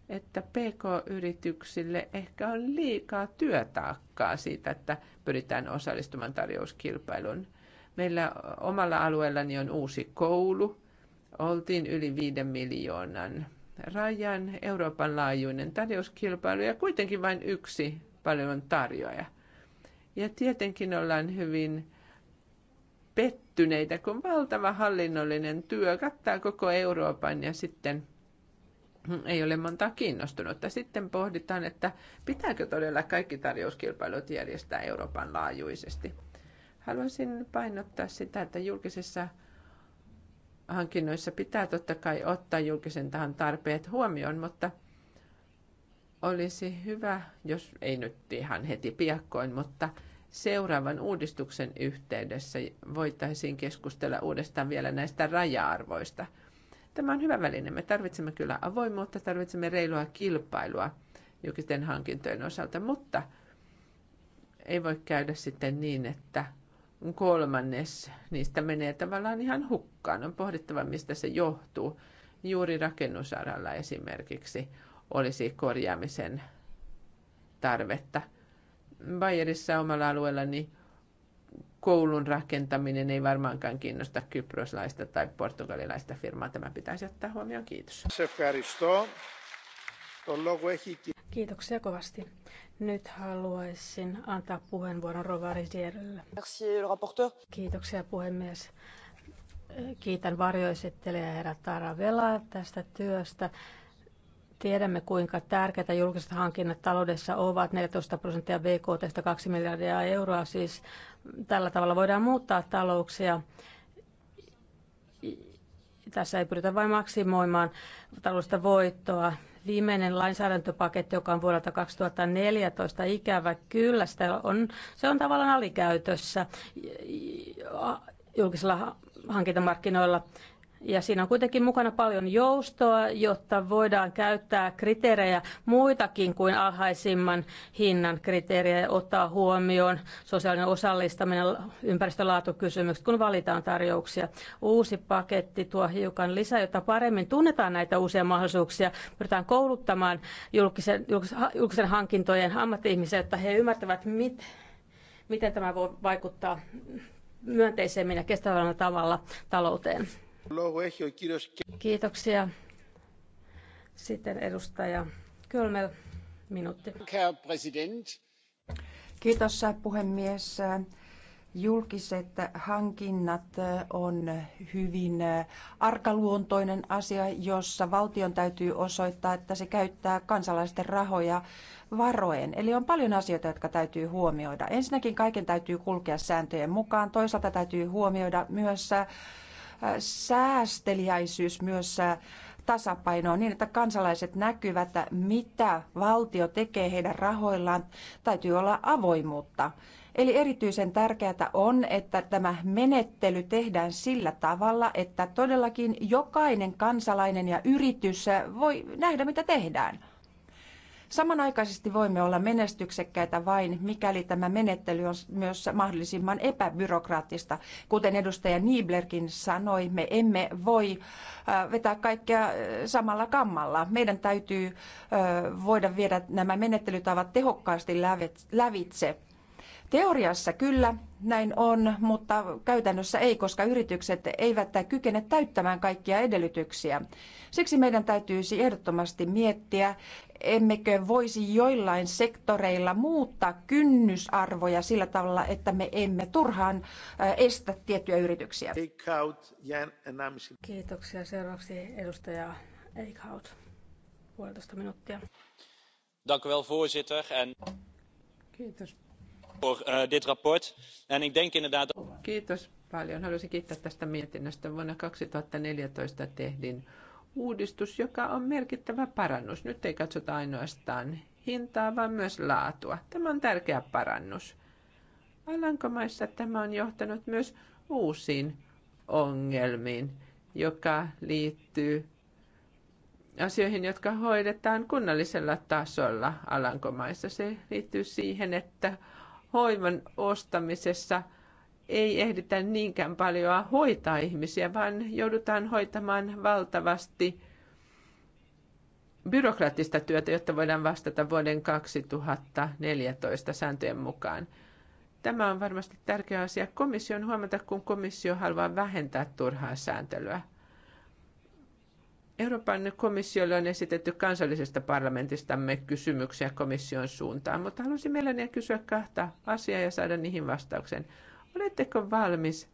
että PK-yrityksille ehkä on liikaa työtaakkaa siitä, että pyritään osallistumaan tarjouskilpailuun. Meillä omalla alueellani on uusi koulu. Oltiin yli viiden miljoonan rajan Euroopan laajuinen tarjouskilpailu ja kuitenkin vain yksi paljon tarjoaja. Ja tietenkin ollaan hyvin pettyneitä, kun valtava hallinnollinen työ kattaa koko Euroopan ja sitten ei ole montaa kiinnostunutta. Sitten pohditaan, että pitääkö todella kaikki tarjouskilpailut järjestää Euroopan laajuisesti. Haluaisin painottaa sitä, että julkisissa hankinnoissa pitää totta kai ottaa julkisen tahan tarpeet huomioon, mutta olisi hyvä, jos ei nyt ihan heti piakkoin, mutta seuraavan uudistuksen yhteydessä voitaisiin keskustella uudestaan vielä näistä raja-arvoista – Tämä on hyvä väline. Me tarvitsemme kyllä avoimuutta, tarvitsemme reilua kilpailua julkisten hankintojen osalta, mutta ei voi käydä sitten niin, että kolmannes niistä menee tavallaan ihan hukkaan. On pohdittava, mistä se johtuu. Juuri rakennusaralla esimerkiksi olisi korjaamisen tarvetta. Bayerissa omalla alueellani koulun rakentaminen ei varmaankaan kiinnosta kyproslaista tai portugalilaista firmaa. Tämä pitäisi ottaa huomioon. Kiitos. Kiitoksia kovasti. Nyt haluaisin antaa puheenvuoron Rovarisierille. Kiitoksia puhemies. Kiitän varjoesittelijä herra Taravela tästä työstä Tiedämme, kuinka tärkeitä julkiset hankinnat taloudessa ovat, 14 prosenttia BKT, 2 miljardia euroa, siis tällä tavalla voidaan muuttaa talouksia. Tässä ei pyritä vain maksimoimaan taloudellista voittoa. Viimeinen lainsäädäntöpaketti, joka on vuodelta 2014, ikävä kyllä, sitä on, se on tavallaan alikäytössä julkisilla hankintamarkkinoilla ja siinä on kuitenkin mukana paljon joustoa, jotta voidaan käyttää kriteerejä muitakin kuin alhaisimman hinnan kriteerejä ja ottaa huomioon sosiaalinen osallistaminen, ympäristölaatukysymykset, kun valitaan tarjouksia. Uusi paketti tuo hiukan lisää, jotta paremmin tunnetaan näitä uusia mahdollisuuksia. Pyritään kouluttamaan julkisen, julkisen hankintojen ammattiihmisiä, jotta he ymmärtävät, mit, miten tämä voi vaikuttaa myönteisemmin ja kestävällä tavalla talouteen. Kiitoksia. Sitten edustaja Kölmel, minuutti. Kiitos puhemies. Julkiset hankinnat on hyvin arkaluontoinen asia, jossa valtion täytyy osoittaa, että se käyttää kansalaisten rahoja varoen. Eli on paljon asioita, jotka täytyy huomioida. Ensinnäkin kaiken täytyy kulkea sääntöjen mukaan. Toisaalta täytyy huomioida myös säästeliäisyys myös tasapainoon niin, että kansalaiset näkyvät, mitä valtio tekee heidän rahoillaan. Täytyy olla avoimuutta. Eli erityisen tärkeää on, että tämä menettely tehdään sillä tavalla, että todellakin jokainen kansalainen ja yritys voi nähdä, mitä tehdään. Samanaikaisesti voimme olla menestyksekkäitä vain, mikäli tämä menettely on myös mahdollisimman epäbyrokraattista. Kuten edustaja Nieblerkin sanoi, me emme voi äh, vetää kaikkea äh, samalla kammalla. Meidän täytyy äh, voida viedä nämä menettelytavat tehokkaasti lävitse. Teoriassa kyllä näin on, mutta käytännössä ei, koska yritykset eivät kykene täyttämään kaikkia edellytyksiä. Siksi meidän täytyisi ehdottomasti miettiä, emmekö voisi joillain sektoreilla muuttaa kynnysarvoja sillä tavalla, että me emme turhaan äh, estä tiettyjä yrityksiä? Kiitoksia. Seuraavaksi edustaja Eichhout. Puolitoista minuuttia. Dank u wel, voorzitter. En... Kiitos. Voor uh, dit rapport. En ik denk inderdaad... Kiitos paljon. Haluaisin kiittää tästä mietinnöstä. Vuonna 2014 tehdin uudistus, joka on merkittävä parannus. Nyt ei katsota ainoastaan hintaa, vaan myös laatua. Tämä on tärkeä parannus. Alankomaissa tämä on johtanut myös uusiin ongelmiin, joka liittyy asioihin, jotka hoidetaan kunnallisella tasolla Alankomaissa. Se liittyy siihen, että hoivan ostamisessa – ei ehditä niinkään paljon hoitaa ihmisiä, vaan joudutaan hoitamaan valtavasti byrokraattista työtä, jotta voidaan vastata vuoden 2014 sääntöjen mukaan. Tämä on varmasti tärkeä asia komission huomata, kun komissio haluaa vähentää turhaa sääntelyä. Euroopan komissiolle on esitetty kansallisesta parlamentistamme kysymyksiä komission suuntaan, mutta haluaisin mielelläni kysyä kahta asiaa ja saada niihin vastauksen. Oletteko valmis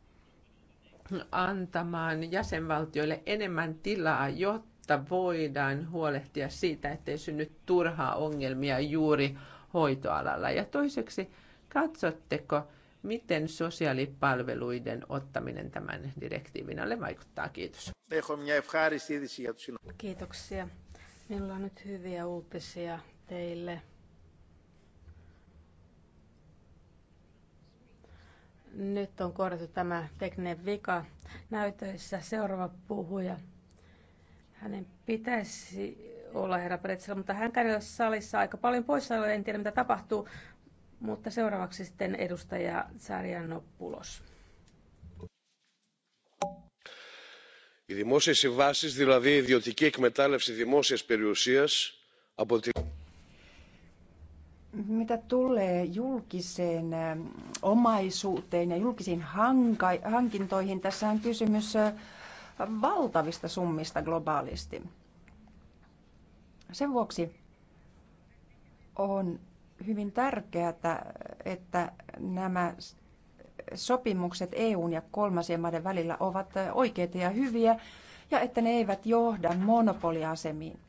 antamaan jäsenvaltioille enemmän tilaa, jotta voidaan huolehtia siitä, ettei synny turhaa ongelmia juuri hoitoalalla? Ja toiseksi, katsotteko, miten sosiaalipalveluiden ottaminen tämän direktiivin alle vaikuttaa? Kiitos. Kiitoksia. Meillä on nyt hyviä uutisia teille. Nyt on korjattu tämä tekninen vika näytöissä. Seuraava puhuja. Hänen pitäisi olla herra Pretzel, mutta hän käy salissa aika paljon poissa, en tiedä mitä tapahtuu. Mutta seuraavaksi sitten edustaja Tsarianopoulos. Οι δημόσιες συμβάσεις, δηλαδή η ιδιωτική εκμετάλλευση δημόσιας περιουσίας, από την... Mitä tulee julkiseen omaisuuteen ja julkisiin hanka- hankintoihin, tässä on kysymys valtavista summista globaalisti. Sen vuoksi on hyvin tärkeää, että nämä sopimukset EUn ja kolmasien maiden välillä ovat oikeita ja hyviä ja että ne eivät johda monopoliasemiin.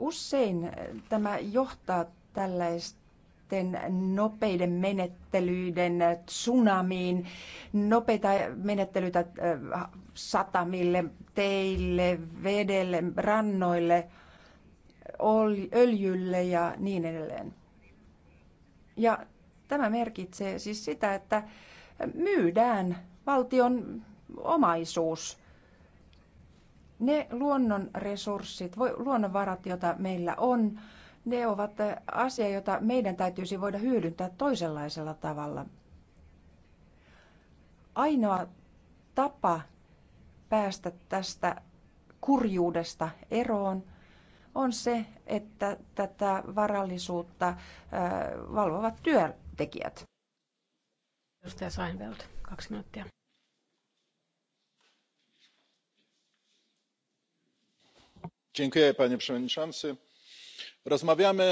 Usein äh, tämä johtaa tällaisten nopeiden menettelyiden äh, tsunamiin, nopeita menettelyitä äh, satamille, teille, vedelle, rannoille, öljylle ja niin edelleen. Ja tämä merkitsee siis sitä, että myydään valtion omaisuus ne luonnon resurssit, luonnonvarat, joita meillä on, ne ovat asia, jota meidän täytyisi voida hyödyntää toisenlaisella tavalla. Ainoa tapa päästä tästä kurjuudesta eroon on se, että tätä varallisuutta äh, valvovat työntekijät. Edustaja Seinfeld, kaksi minuuttia.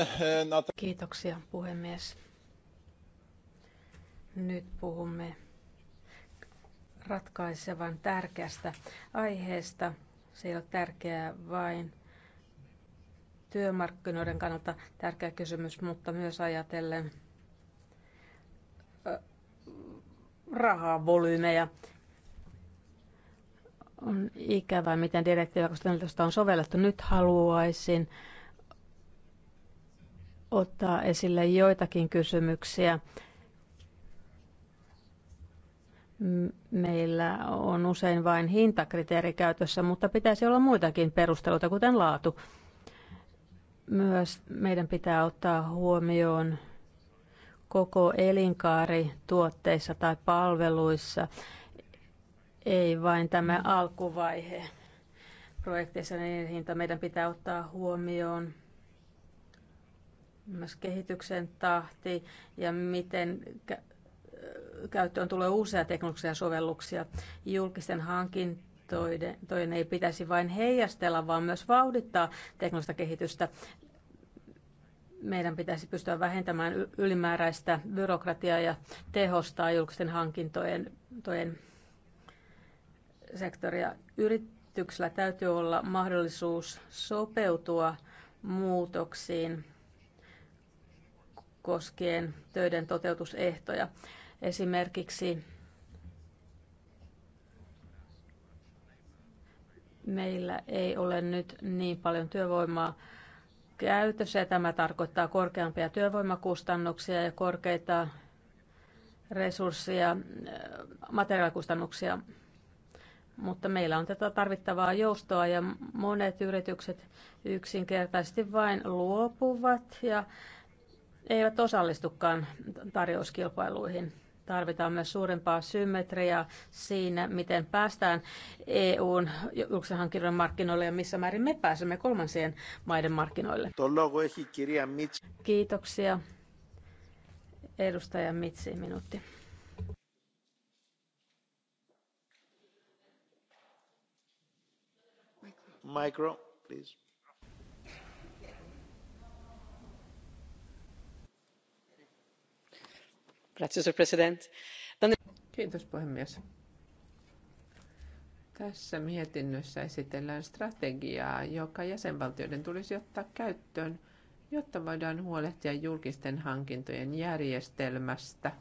E, Kiitoksia puhemies. Nyt puhumme ratkaisevan tärkeästä aiheesta. Se ei ole tärkeää vain työmarkkinoiden kannalta tärkeä kysymys, mutta myös ajatellen rahavolyymeja on ikävää, miten direktiivi 2014 on sovellettu. Nyt haluaisin ottaa esille joitakin kysymyksiä. Meillä on usein vain hintakriteeri käytössä, mutta pitäisi olla muitakin perusteluita, kuten laatu. Myös meidän pitää ottaa huomioon koko elinkaari tuotteissa tai palveluissa ei vain tämä alkuvaihe projekteissa niin hinta meidän pitää ottaa huomioon myös kehityksen tahti ja miten käyttöön tulee uusia teknologisia sovelluksia. Julkisten hankintojen ei pitäisi vain heijastella, vaan myös vauhdittaa teknologista kehitystä. Meidän pitäisi pystyä vähentämään ylimääräistä byrokratiaa ja tehostaa julkisten hankintojen sektoria. Yrityksellä täytyy olla mahdollisuus sopeutua muutoksiin koskien töiden toteutusehtoja. Esimerkiksi meillä ei ole nyt niin paljon työvoimaa käytössä. Tämä tarkoittaa korkeampia työvoimakustannuksia ja korkeita resursseja, materiaalikustannuksia mutta meillä on tätä tarvittavaa joustoa ja monet yritykset yksinkertaisesti vain luopuvat ja eivät osallistukaan tarjouskilpailuihin. Tarvitaan myös suurempaa symmetriaa siinä, miten päästään EUn julkisen hankinnan markkinoille ja missä määrin me pääsemme kolmansien maiden markkinoille. Kiitoksia. Edustaja Mitsi, minuutti. Micro, please. Gracias, Kiitos puhemies. Tässä mietinnössä esitellään strategiaa, joka jäsenvaltioiden tulisi ottaa käyttöön, jotta voidaan huolehtia julkisten hankintojen järjestelmästä,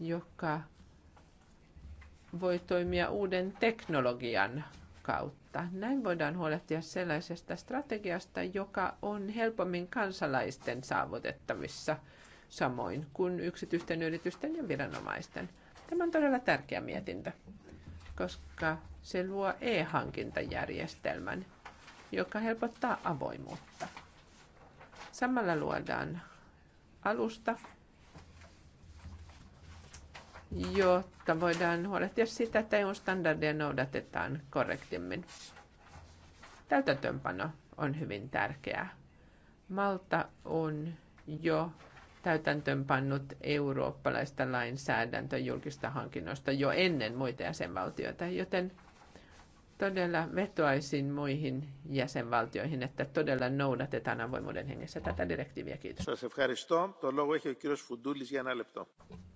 joka voi toimia uuden teknologian kautta. Näin voidaan huolehtia sellaisesta strategiasta, joka on helpommin kansalaisten saavutettavissa, samoin kuin yksityisten yritysten ja viranomaisten. Tämä on todella tärkeä mietintö, koska se luo e-hankintajärjestelmän, joka helpottaa avoimuutta. Samalla luodaan alusta, jotta voidaan huolehtia siitä, että EU-standardia noudatetaan korrektimmin. Täytäntöönpano on hyvin tärkeää. Malta on jo täytäntöönpannut eurooppalaista lainsäädäntöä julkista hankinnoista jo ennen muita jäsenvaltioita, joten – todella vetoaisin muihin jäsenvaltioihin, että todella noudatetaan avoimuuden hengessä tätä direktiiviä. Kiitos.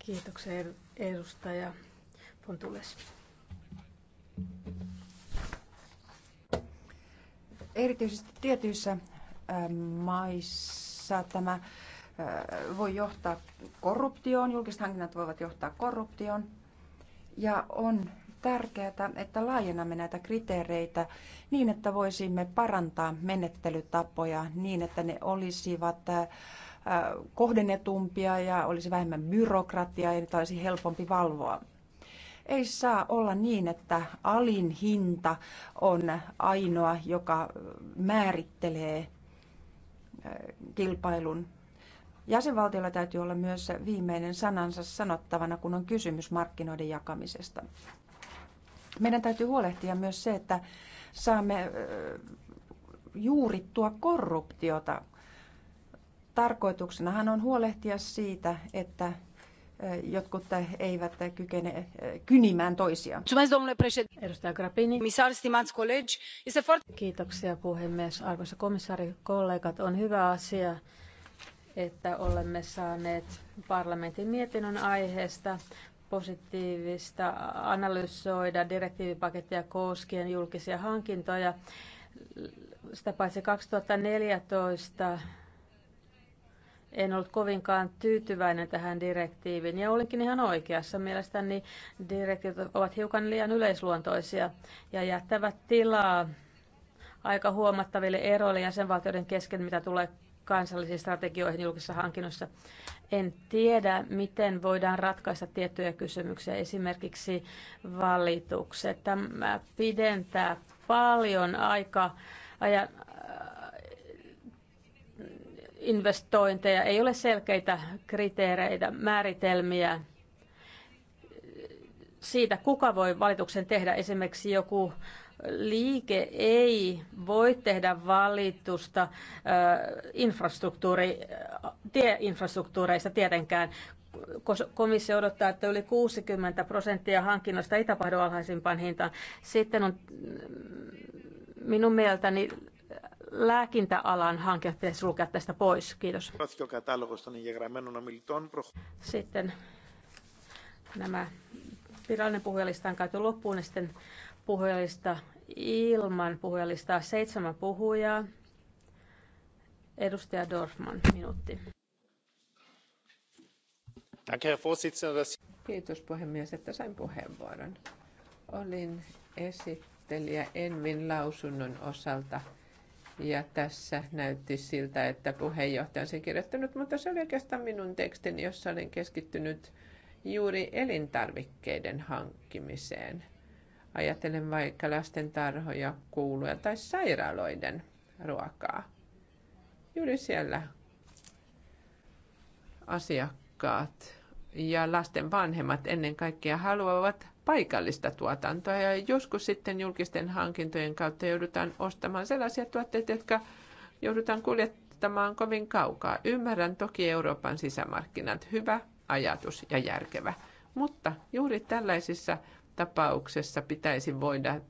Kiitoksia edustaja Fontules. Erityisesti tietyissä maissa tämä voi johtaa korruptioon, julkiset hankinnat voivat johtaa korruptioon ja on tärkeää, että laajennamme näitä kriteereitä niin, että voisimme parantaa menettelytapoja niin, että ne olisivat äh, kohdennetumpia ja olisi vähemmän byrokratiaa ja niitä olisi helpompi valvoa. Ei saa olla niin, että alin hinta on ainoa, joka määrittelee äh, kilpailun Jäsenvaltiolla täytyy olla myös viimeinen sanansa sanottavana, kun on kysymys markkinoiden jakamisesta. Meidän täytyy huolehtia myös se, että saamme juurittua korruptiota. Tarkoituksenahan on huolehtia siitä, että jotkut eivät kykene kynimään toisia. Edustaja Grappini. Kiitoksia puhemies. Arvoisa komissaari, kollegat, on hyvä asia, että olemme saaneet parlamentin mietinnön aiheesta positiivista analysoida direktiivipakettia koskien julkisia hankintoja. Sitä paitsi 2014 en ollut kovinkaan tyytyväinen tähän direktiiviin ja olinkin ihan oikeassa. Mielestäni direktiivit ovat hiukan liian yleisluontoisia ja jättävät tilaa aika huomattaville eroille jäsenvaltioiden kesken, mitä tulee kansallisiin strategioihin julkisissa hankinnoissa. En tiedä, miten voidaan ratkaista tiettyjä kysymyksiä, esimerkiksi valitukset. Tämä pidentää paljon aikaa ajan, äh, investointeja, ei ole selkeitä kriteereitä, määritelmiä siitä, kuka voi valituksen tehdä. Esimerkiksi joku liike ei voi tehdä valitusta infrastruktuuri, tieinfrastruktuureista tietenkään. Komissio odottaa, että yli 60 prosenttia hankinnoista ei tapahdu alhaisimpaan hintaan. Sitten on mm, minun mieltäni lääkintäalan hanke pitäisi sulkea tästä pois. Kiitos. Sitten nämä virallinen puhujalista on käyty loppuun ja sitten puhujalista ilman puhujalistaa seitsemän puhujaa. Edustaja Dorfman, minuutti. Kiitos puhemies, että sain puheenvuoron. Olin esittelijä Envin lausunnon osalta ja tässä näytti siltä, että puheenjohtaja on sen kirjoittanut, mutta se oli oikeastaan minun tekstini, jossa olen keskittynyt juuri elintarvikkeiden hankkimiseen – Ajatellen vaikka lasten tarhoja, kouluja tai sairaaloiden ruokaa. Juuri siellä asiakkaat ja lasten vanhemmat ennen kaikkea haluavat paikallista tuotantoa ja joskus sitten julkisten hankintojen kautta joudutaan ostamaan sellaisia tuotteita, jotka joudutaan kuljettamaan kovin kaukaa. Ymmärrän toki Euroopan sisämarkkinat, hyvä ajatus ja järkevä, mutta juuri tällaisissa tapauksessa pitäisi voida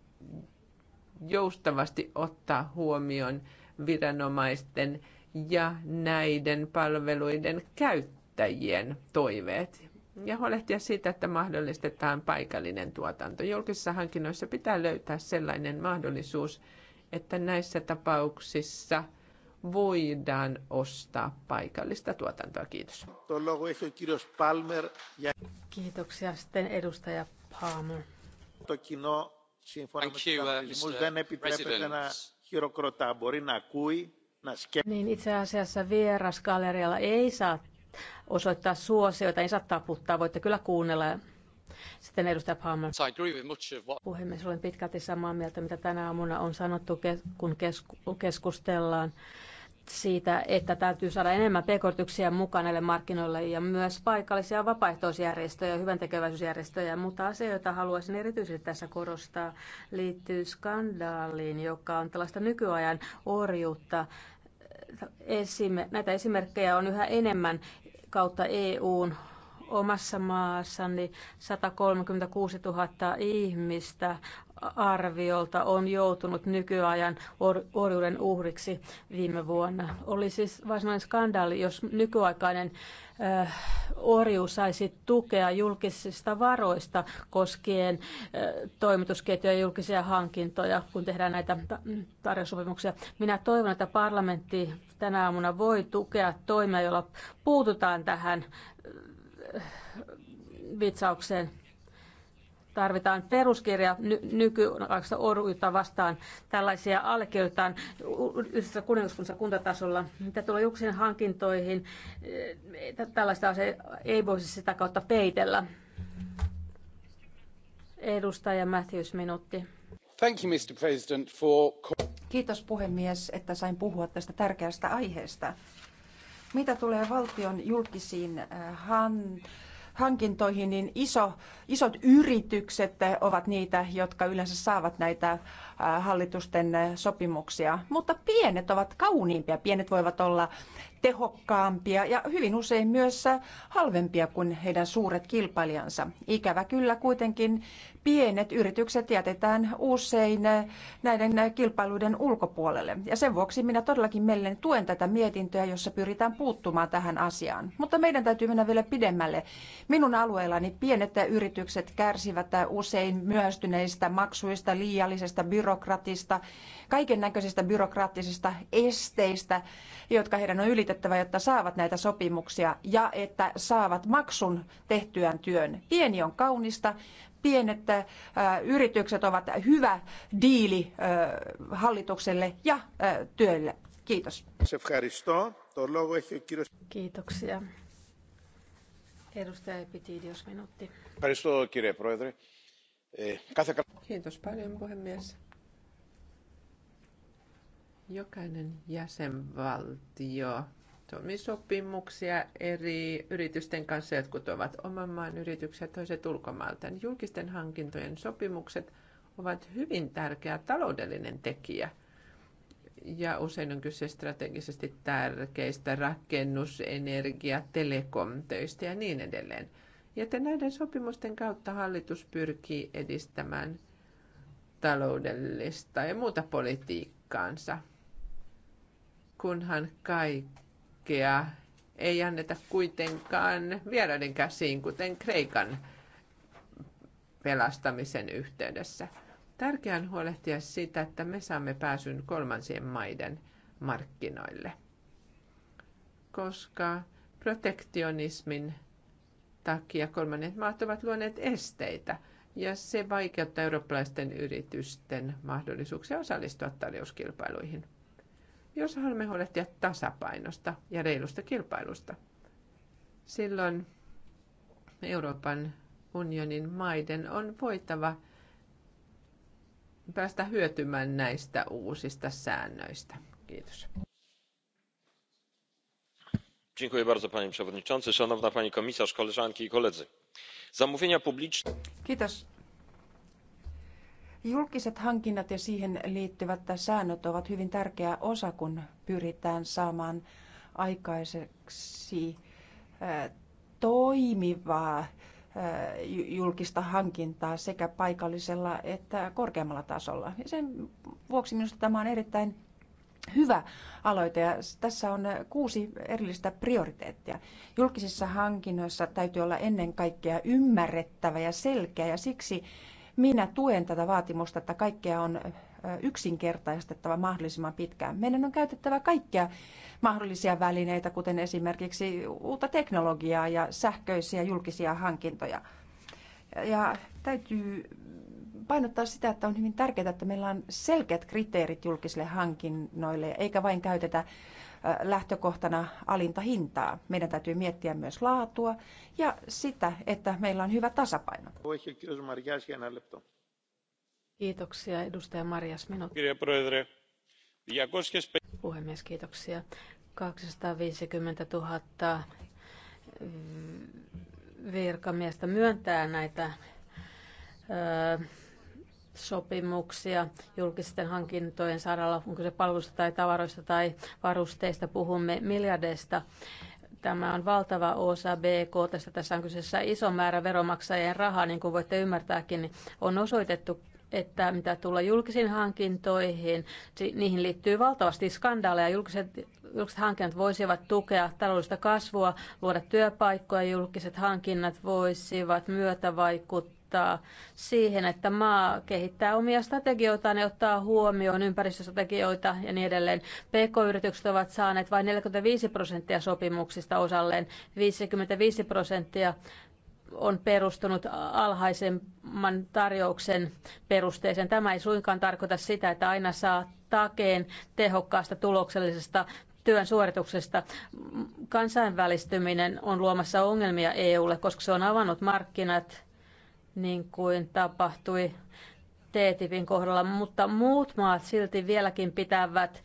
joustavasti ottaa huomioon viranomaisten ja näiden palveluiden käyttäjien toiveet ja huolehtia siitä, että mahdollistetaan paikallinen tuotanto. Julkisissa hankinnoissa pitää löytää sellainen mahdollisuus, että näissä tapauksissa voidaan ostaa paikallista tuotantoa. Kiitos. Kiitoksia sitten edustaja Palmer. Το Niin, itse asiassa vierasgallerialla ei saa osoittaa suosioita, ei saa taputtaa. Voitte kyllä kuunnella sitten edustaja Palmer. Puhemies, olen pitkälti samaa mieltä, mitä tänä aamuna on sanottu, kun keskustellaan siitä, että täytyy saada enemmän pekortyksiä mukaan näille markkinoille ja myös paikallisia vapaaehtoisjärjestöjä, hyvän tekeväisyysjärjestöjä, mutta asia, jota haluaisin erityisesti tässä korostaa, liittyy skandaaliin, joka on tällaista nykyajan orjuutta. Esim- näitä esimerkkejä on yhä enemmän kautta EUn Omassa maassani 136 000 ihmistä arviolta on joutunut nykyajan orjuuden uhriksi viime vuonna. Oli siis varsinainen skandaali, jos nykyaikainen äh, orju orjuus saisi tukea julkisista varoista koskien äh, toimitusketjuja ja julkisia hankintoja, kun tehdään näitä ta- tarjoussopimuksia. Minä toivon, että parlamentti tänä aamuna voi tukea toimia, joilla puututaan tähän vitsaukseen. Tarvitaan peruskirja ny- nykyaikaista orjuutta vastaan. Tällaisia allekirjoitetaan yhdessä kuningaskunnassa kuntatasolla. Mitä tulee julkisiin hankintoihin, eh, tällaista asiaa ei voisi sitä kautta peitellä. Edustaja Matthews, minuutti. Thank you, Mr. President, for... Kiitos puhemies, että sain puhua tästä tärkeästä aiheesta. Mitä tulee valtion julkisiin äh, han, hankintoihin, niin iso, isot yritykset ovat niitä, jotka yleensä saavat näitä hallitusten sopimuksia, mutta pienet ovat kauniimpia. Pienet voivat olla tehokkaampia ja hyvin usein myös halvempia kuin heidän suuret kilpailijansa. Ikävä kyllä kuitenkin pienet yritykset jätetään usein näiden kilpailuiden ulkopuolelle. Ja sen vuoksi minä todellakin mielelläni tuen tätä mietintöä, jossa pyritään puuttumaan tähän asiaan. Mutta meidän täytyy mennä vielä pidemmälle. Minun alueellani pienet yritykset kärsivät usein myöstyneistä maksuista, liiallisesta byrokratiasta byrokratista, kaiken näköisistä byrokraattisista esteistä, jotka heidän on ylitettävä, jotta saavat näitä sopimuksia ja että saavat maksun tehtyään työn. Pieni on kaunista, pienet ä, äh, yritykset ovat hyvä diili ä, äh, hallitukselle ja ä, äh, työlle. Kiitos. Kiitoksia. Edustaja Epitidios, minuutti. Kiitos paljon, puhemies. Jokainen jäsenvaltio toimii sopimuksia eri yritysten kanssa, jotkut ovat oman maan yrityksiä, toiset ulkomailta. Niin julkisten hankintojen sopimukset ovat hyvin tärkeä taloudellinen tekijä. Ja usein on kyse strategisesti tärkeistä rakennus-, energia-, telekomtöistä ja niin edelleen. Ja näiden sopimusten kautta hallitus pyrkii edistämään taloudellista ja muuta politiikkaansa – kunhan kaikkea ei anneta kuitenkaan vieraiden käsiin, kuten Kreikan pelastamisen yhteydessä. Tärkeää on huolehtia siitä, että me saamme pääsyn kolmansien maiden markkinoille, koska protektionismin takia kolmannet maat ovat luoneet esteitä ja se vaikeuttaa eurooppalaisten yritysten mahdollisuuksia osallistua tarjouskilpailuihin jos haluamme huolehtia tasapainosta ja reilusta kilpailusta. Silloin Euroopan unionin maiden on voitava päästä hyötymään näistä uusista säännöistä. Kiitos. Dziękuję bardzo panie przewodniczący, szanowna pani komisarz, koleżanki i koledzy. Zamówienia publiczne. Kiitos Julkiset hankinnat ja siihen liittyvät säännöt ovat hyvin tärkeä osa, kun pyritään saamaan aikaiseksi toimivaa julkista hankintaa sekä paikallisella että korkeammalla tasolla. Ja sen vuoksi minusta tämä on erittäin hyvä aloite ja tässä on kuusi erillistä prioriteettia. Julkisissa hankinnoissa täytyy olla ennen kaikkea ymmärrettävä ja selkeä ja siksi minä tuen tätä vaatimusta, että kaikkea on yksinkertaistettava mahdollisimman pitkään. Meidän on käytettävä kaikkia mahdollisia välineitä, kuten esimerkiksi uutta teknologiaa ja sähköisiä julkisia hankintoja. Ja täytyy painottaa sitä, että on hyvin tärkeää, että meillä on selkeät kriteerit julkisille hankinnoille, eikä vain käytetä lähtökohtana alinta hintaa. Meidän täytyy miettiä myös laatua ja sitä, että meillä on hyvä tasapaino. Kiitoksia, edustaja Marjas Minut. Puhemies, kiitoksia. 250 000 mm, virkamiestä myöntää näitä sopimuksia julkisten hankintojen saralla, onko se palvelusta tai tavaroista tai varusteista, puhumme miljardeista. Tämä on valtava osa BKT. Tässä on kyseessä iso määrä veromaksajien rahaa, niin kuin voitte ymmärtääkin. On osoitettu että mitä tulee julkisiin hankintoihin, niihin liittyy valtavasti skandaaleja. Julkiset, julkiset hankinnat voisivat tukea taloudellista kasvua, luoda työpaikkoja, julkiset hankinnat voisivat myötävaikuttaa vaikuttaa siihen, että maa kehittää omia strategioitaan ja ottaa huomioon ympäristöstrategioita ja niin edelleen. PK-yritykset ovat saaneet vain 45 prosenttia sopimuksista osalleen. 55 prosenttia on perustunut alhaisemman tarjouksen perusteeseen. Tämä ei suinkaan tarkoita sitä, että aina saa takeen tehokkaasta tuloksellisesta työn suorituksesta. Kansainvälistyminen on luomassa ongelmia EUlle, koska se on avannut markkinat niin kuin tapahtui TTIPin kohdalla, mutta muut maat silti vieläkin pitävät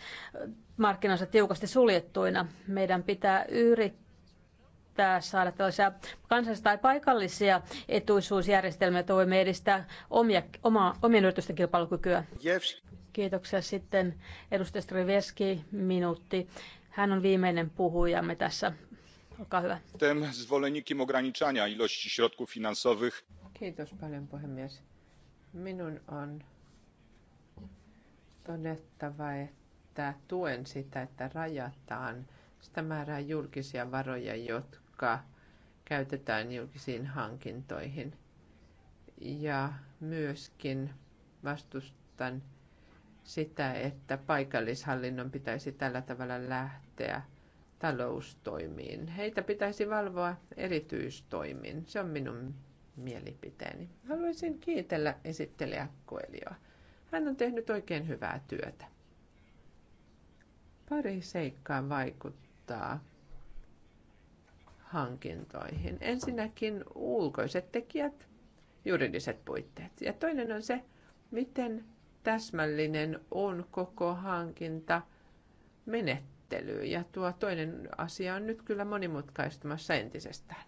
markkinansa tiukasti suljettuina. Meidän pitää yrittää saada tällaisia kansallisia tai paikallisia etuisuusjärjestelmiä, joita voimme edistää omia, oma, omien yritysten kilpailukykyä. Yes. Kiitoksia sitten edustaja Striveski, minuutti. Hän on viimeinen puhujamme tässä. Olkaa hyvä. Kiitos paljon puhemies. Minun on todettava, että tuen sitä, että rajataan sitä määrää julkisia varoja, jotka käytetään julkisiin hankintoihin. Ja myöskin vastustan sitä, että paikallishallinnon pitäisi tällä tavalla lähteä taloustoimiin. Heitä pitäisi valvoa erityistoimin. Se on minun mielipiteeni. Haluaisin kiitellä esittelijä Koelioa. Hän on tehnyt oikein hyvää työtä. Pari seikkaa vaikuttaa hankintoihin. Ensinnäkin ulkoiset tekijät, juridiset puitteet. Ja toinen on se, miten täsmällinen on koko hankinta menettely käsittelyyn. Ja tuo toinen asia on nyt kyllä monimutkaistumassa entisestään.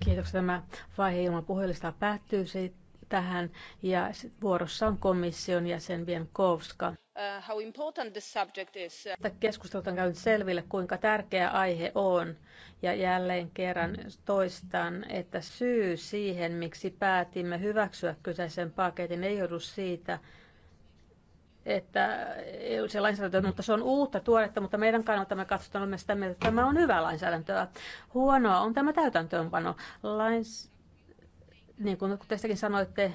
Kiitoksia. Tämä vaihe ilman puhelista päättyy tähän ja vuorossa on komission jäsen Vienkovska. Uh, how important this subject is. Uh, Keskustelta on käynyt selville, kuinka tärkeä aihe on. Ja jälleen kerran toistan, että syy siihen, miksi päätimme hyväksyä kyseisen paketin, ei joudu siitä, että se lainsäädäntö, mutta se on uutta, tuoretta, mutta meidän me katsotaan myös sitä mieltä, että tämä on hyvä lainsäädäntöä. Huonoa on tämä täytäntöönpano. Lains... Niin kuin teistäkin sanoitte,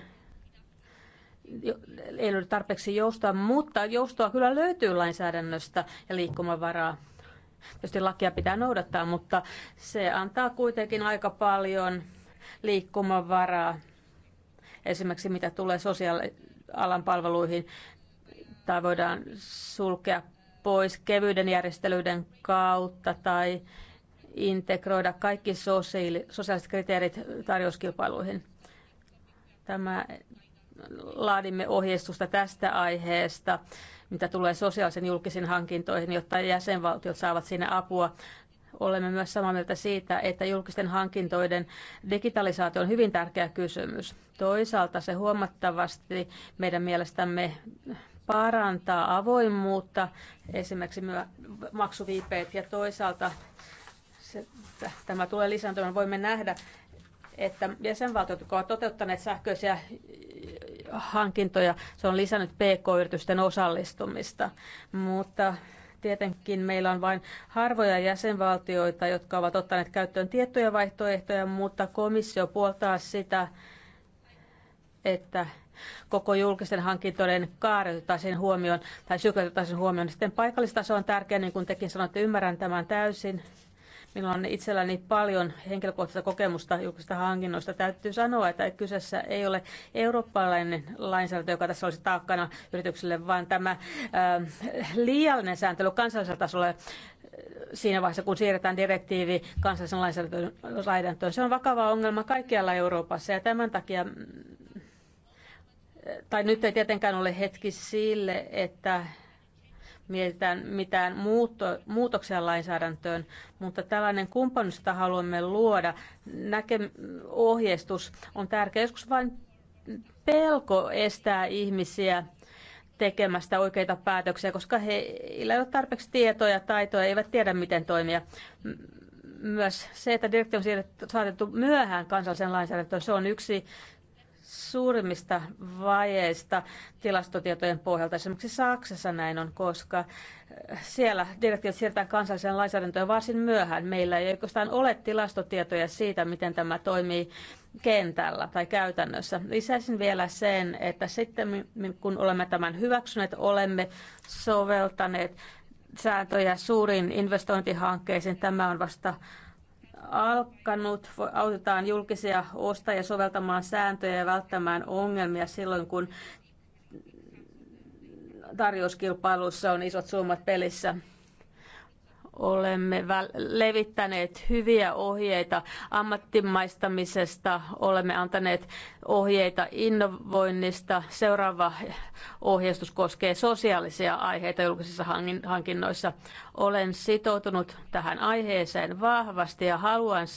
ei ole tarpeeksi joustoa, mutta joustoa kyllä löytyy lainsäädännöstä ja liikkumavaraa. Tietysti lakia pitää noudattaa, mutta se antaa kuitenkin aika paljon liikkumavaraa. Esimerkiksi mitä tulee sosiaalialan palveluihin, tai voidaan sulkea pois kevyiden järjestelyiden kautta tai integroida kaikki sosiaaliset kriteerit tarjouskilpailuihin. Tämä, laadimme ohjeistusta tästä aiheesta, mitä tulee sosiaalisen julkisiin hankintoihin, jotta jäsenvaltiot saavat sinne apua. Olemme myös samaa mieltä siitä, että julkisten hankintoiden digitalisaatio on hyvin tärkeä kysymys. Toisaalta se huomattavasti meidän mielestämme parantaa avoimuutta, esimerkiksi maksuviipeet ja toisaalta se, tämä tulee lisääntymään. Voimme nähdä, että jäsenvaltiot, jotka ovat toteuttaneet sähköisiä hankintoja, se on lisännyt pk-yritysten osallistumista, mutta tietenkin meillä on vain harvoja jäsenvaltioita, jotka ovat ottaneet käyttöön tiettyjä vaihtoehtoja, mutta komissio puoltaa sitä, että koko julkisten hankintojen kaaretutaisen huomioon tai sykötutaisen huomioon. Sitten paikallistaso on tärkeä, niin kuin tekin sanoitte, ymmärrän tämän täysin. Minulla on itselläni paljon henkilökohtaista kokemusta julkisista hankinnoista. Täytyy sanoa, että kyseessä ei ole eurooppalainen lainsäädäntö, joka tässä olisi taakkana yrityksille, vaan tämä äh, liiallinen sääntely kansallisella tasolla äh, siinä vaiheessa, kun siirretään direktiivi kansallisen lainsäädäntöön. Se on vakava ongelma kaikkialla Euroopassa ja tämän takia tai nyt ei tietenkään ole hetki sille, että mietitään mitään muutto, muutoksia lainsäädäntöön, mutta tällainen kumppanuus, jota haluamme luoda, näke, ohjeistus on tärkeä. Joskus vain pelko estää ihmisiä tekemästä oikeita päätöksiä, koska heillä ei ole tarpeeksi tietoja, taitoja, eivät tiedä miten toimia. Myös se, että direktiivi on saatettu myöhään kansalliseen lainsäädäntöön, se on yksi suurimmista vajeista tilastotietojen pohjalta. Esimerkiksi Saksassa näin on, koska eh, siellä direktiivit siirretään kansalliseen lainsäädäntöön varsin myöhään. Meillä ei oikeastaan ole tilastotietoja siitä, miten tämä toimii kentällä tai käytännössä. Lisäisin vielä sen, että sitten kun olemme tämän hyväksyneet, olemme soveltaneet sääntöjä suuriin investointihankkeisiin. Tämä on vasta alkanut. Autetaan julkisia ostajia soveltamaan sääntöjä ja välttämään ongelmia silloin, kun tarjouskilpailussa on isot summat pelissä olemme levittäneet hyviä ohjeita ammattimaistamisesta, olemme antaneet ohjeita innovoinnista. Seuraava ohjeistus koskee sosiaalisia aiheita julkisissa hankinnoissa. Olen sitoutunut tähän aiheeseen vahvasti ja haluan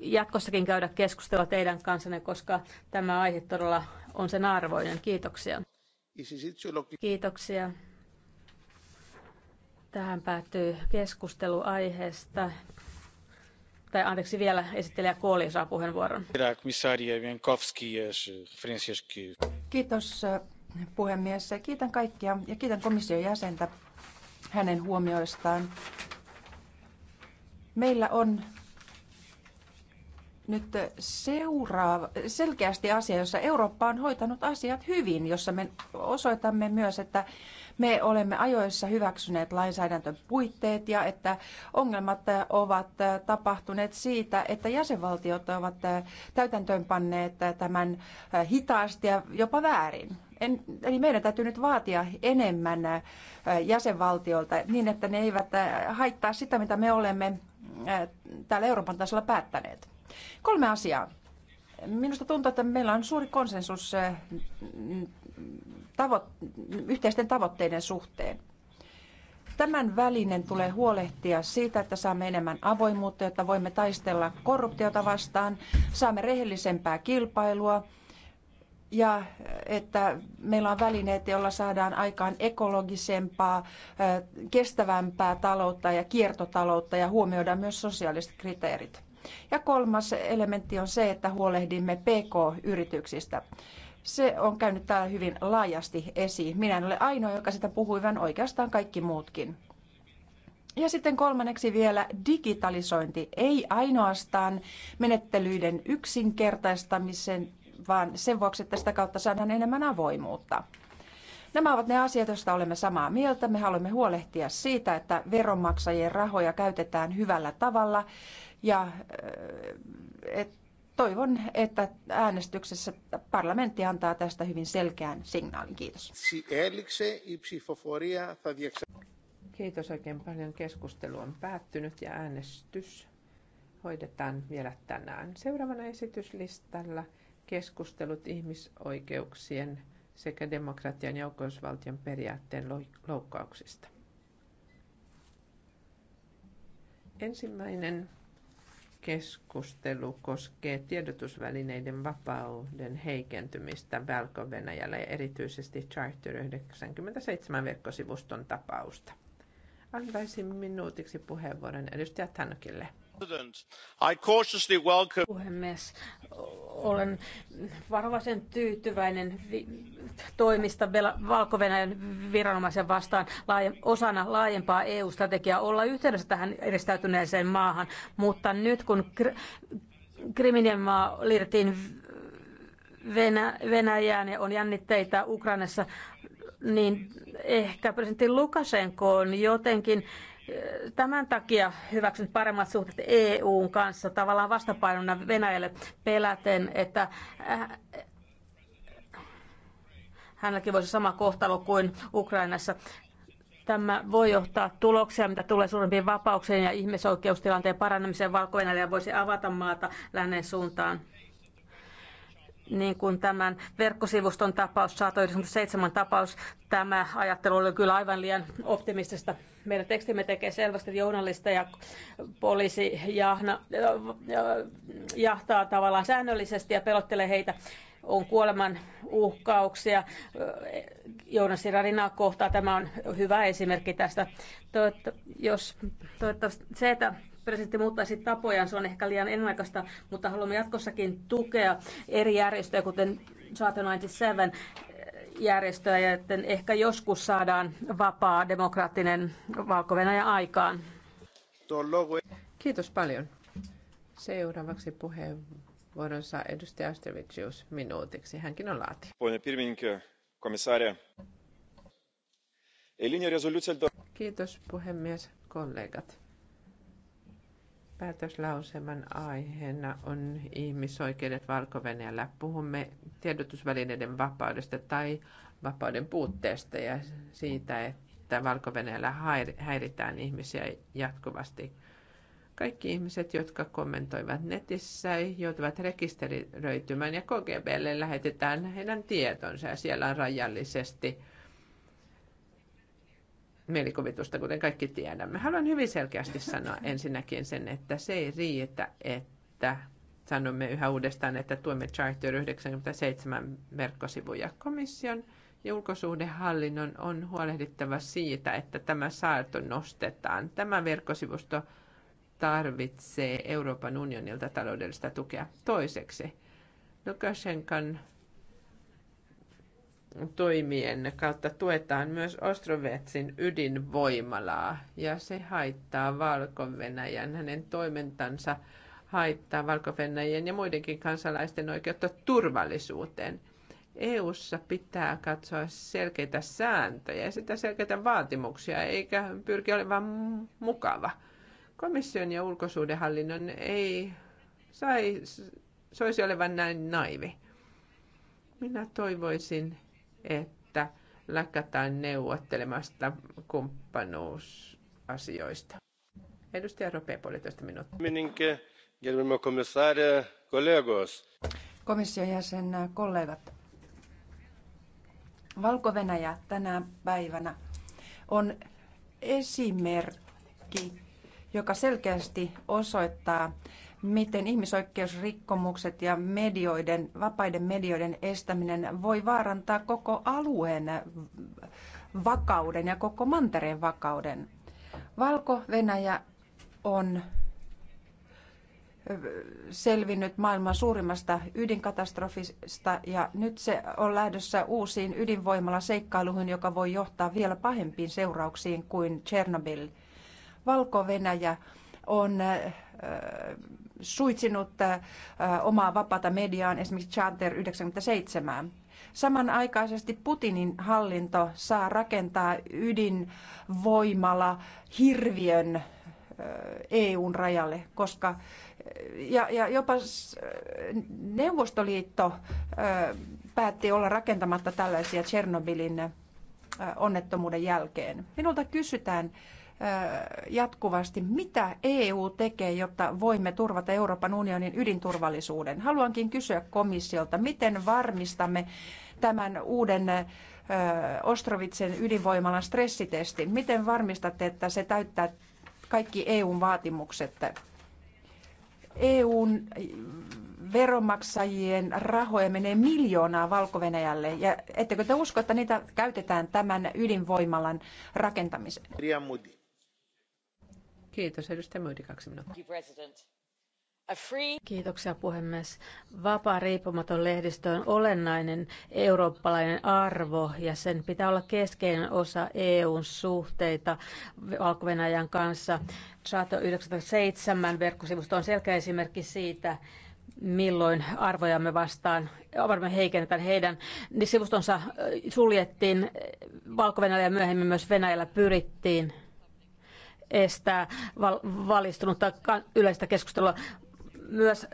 jatkossakin käydä keskustelua teidän kanssanne, koska tämä aihe todella on sen arvoinen. Kiitoksia. Kiitoksia. Tähän päättyy keskustelu aiheesta. Tai anteeksi vielä esittelijä Kooli saa puheenvuoron. Kiitos puhemies. Kiitän kaikkia ja kiitän komission jäsentä hänen huomioistaan. Meillä on nyt seuraava, selkeästi asia, jossa Eurooppa on hoitanut asiat hyvin, jossa me osoitamme myös, että me olemme ajoissa hyväksyneet puitteet ja että ongelmat ovat tapahtuneet siitä, että jäsenvaltiot ovat täytäntöönpanneet tämän hitaasti ja jopa väärin. En, eli meidän täytyy nyt vaatia enemmän jäsenvaltioilta niin, että ne eivät haittaa sitä, mitä me olemme täällä Euroopan tasolla päättäneet. Kolme asiaa. Minusta tuntuu, että meillä on suuri konsensus eh, tavo- yhteisten tavoitteiden suhteen. Tämän välinen tulee huolehtia siitä, että saamme enemmän avoimuutta, jotta voimme taistella korruptiota vastaan, saamme rehellisempää kilpailua ja eh, että meillä on välineet, joilla saadaan aikaan ekologisempaa, eh, kestävämpää taloutta ja kiertotaloutta ja huomioidaan myös sosiaaliset kriteerit. Ja kolmas elementti on se, että huolehdimme PK-yrityksistä. Se on käynyt täällä hyvin laajasti esiin. Minä en ole ainoa, joka sitä puhui, vaan oikeastaan kaikki muutkin. Ja sitten kolmanneksi vielä digitalisointi, ei ainoastaan menettelyiden yksinkertaistamisen, vaan sen vuoksi, että sitä kautta saadaan enemmän avoimuutta. Nämä ovat ne asiat, joista olemme samaa mieltä. Me haluamme huolehtia siitä, että veronmaksajien rahoja käytetään hyvällä tavalla ja äh, et, toivon, että äänestyksessä parlamentti antaa tästä hyvin selkeän signaalin. Kiitos. Kiitos oikein paljon. Keskustelu on päättynyt ja äänestys hoidetaan vielä tänään. Seuraavana esityslistalla keskustelut ihmisoikeuksien sekä demokratian ja oikeusvaltion periaatteen loukkauksista. Ensimmäinen keskustelu koskee tiedotusvälineiden vapauden heikentymistä Valko-Venäjällä ja erityisesti Charter 97 verkkosivuston tapausta. Antaisin minuutiksi puheenvuoron edustaja Puhemies, olen varovaisen tyytyväinen toimista Valko-Venäjän viranomaisen vastaan osana laajempaa EU-strategiaa olla yhteydessä tähän eristäytyneeseen maahan, mutta nyt kun Kr- Kriminen liitettiin Venäjään ja on jännitteitä Ukrainassa, niin ehkä presidentti lukaenka on jotenkin Tämän takia hyväksynyt paremmat suhteet EUn kanssa tavallaan vastapainona Venäjälle peläten, että äh, hänelläkin voisi sama kohtalo kuin Ukrainassa. Tämä voi johtaa tuloksia, mitä tulee suurempiin vapauksiin ja ihmisoikeustilanteen parannamiseen valko ja voisi avata maata lännen suuntaan niin kuin tämän verkkosivuston tapaus, 197 tapaus, tämä ajattelu oli kyllä aivan liian optimistista. Meidän tekstimme tekee selvästi, että journalista ja poliisi jahna, jahtaa tavallaan säännöllisesti ja pelottelee heitä on kuoleman uhkauksia. Joonas Sirarina kohtaa tämä on hyvä esimerkki tästä. Toivottav- jos, toivottavasti se, että presidentti muuttaisi tapojaan, se on ehkä liian ennakasta, mutta haluamme jatkossakin tukea eri järjestöjä, kuten Charter 97 järjestöä, ja että ehkä joskus saadaan vapaa demokraattinen valko aikaan. Kiitos paljon. Seuraavaksi puheenvuoronsa edustaja Astrovicius minuutiksi. Hänkin on laati. Kiitos puhemies, kollegat. Päätöslauselman aiheena on ihmisoikeudet valko -Venäjällä. Puhumme tiedotusvälineiden vapaudesta tai vapauden puutteesta ja siitä, että valko häiritään ihmisiä jatkuvasti. Kaikki ihmiset, jotka kommentoivat netissä, joutuvat rekisteröitymään ja KGBlle lähetetään heidän tietonsa ja siellä on rajallisesti mielikuvitusta, kuten kaikki tiedämme. Haluan hyvin selkeästi sanoa ensinnäkin sen, että se ei riitä, että sanomme yhä uudestaan, että tuemme Charter 97 verkkosivuja komission ja ulkosuhdehallinnon on huolehdittava siitä, että tämä saarto nostetaan. Tämä verkkosivusto tarvitsee Euroopan unionilta taloudellista tukea. Toiseksi, Lukashenkan toimien kautta tuetaan myös Ostrovetsin ydinvoimalaa ja se haittaa valko Hänen toimintansa haittaa valko ja muidenkin kansalaisten oikeutta turvallisuuteen. EU:ssa pitää katsoa selkeitä sääntöjä ja sitä selkeitä vaatimuksia, eikä pyrki olemaan mukava. Komission ja ulkosuudenhallinnon ei saisi soisi olevan näin naivi. Minä toivoisin, että lakataan neuvottelemasta kumppanuusasioista. Edustaja Rope, puolitoista minuuttia. Mininke, Komission jäsen, kollegat. Valko-Venäjä tänä päivänä on esimerkki, joka selkeästi osoittaa, miten ihmisoikeusrikkomukset ja medioiden, vapaiden medioiden estäminen voi vaarantaa koko alueen vakauden ja koko mantereen vakauden. Valko-Venäjä on selvinnyt maailman suurimmasta ydinkatastrofista ja nyt se on lähdössä uusiin ydinvoimalla seikkailuihin, joka voi johtaa vielä pahempiin seurauksiin kuin Chernobyl. Valko-Venäjä on suitsinut äh, omaa vapaata mediaan, esimerkiksi Charter 97. Samanaikaisesti Putinin hallinto saa rakentaa ydinvoimala hirviön äh, EUn rajalle, koska äh, ja, ja jopa Neuvostoliitto päätti olla rakentamatta tällaisia Tchernobylin onnettomuuden jälkeen. Minulta kysytään, jatkuvasti, mitä EU tekee, jotta voimme turvata Euroopan unionin ydinturvallisuuden. Haluankin kysyä komissiolta, miten varmistamme tämän uuden Ostrovitsen ydinvoimalan stressitestin? Miten varmistatte, että se täyttää kaikki EUn vaatimukset? EUn veronmaksajien rahoja menee miljoonaa valko ja ettekö te usko, että niitä käytetään tämän ydinvoimalan rakentamiseen? Riamudi. Kiitos, edustaja Möydi, kaksi minuuttia. Kiitoksia puhemies. Vapaa riippumaton lehdistö on olennainen eurooppalainen arvo ja sen pitää olla keskeinen osa EUn suhteita valko kanssa. Chato 97 verkkosivusto on selkeä esimerkki siitä, milloin arvojamme vastaan varmaan heikennetään heidän. Niin sivustonsa suljettiin, valko ja myöhemmin myös Venäjällä pyrittiin estää val- valistunutta yleistä keskustelua. Myös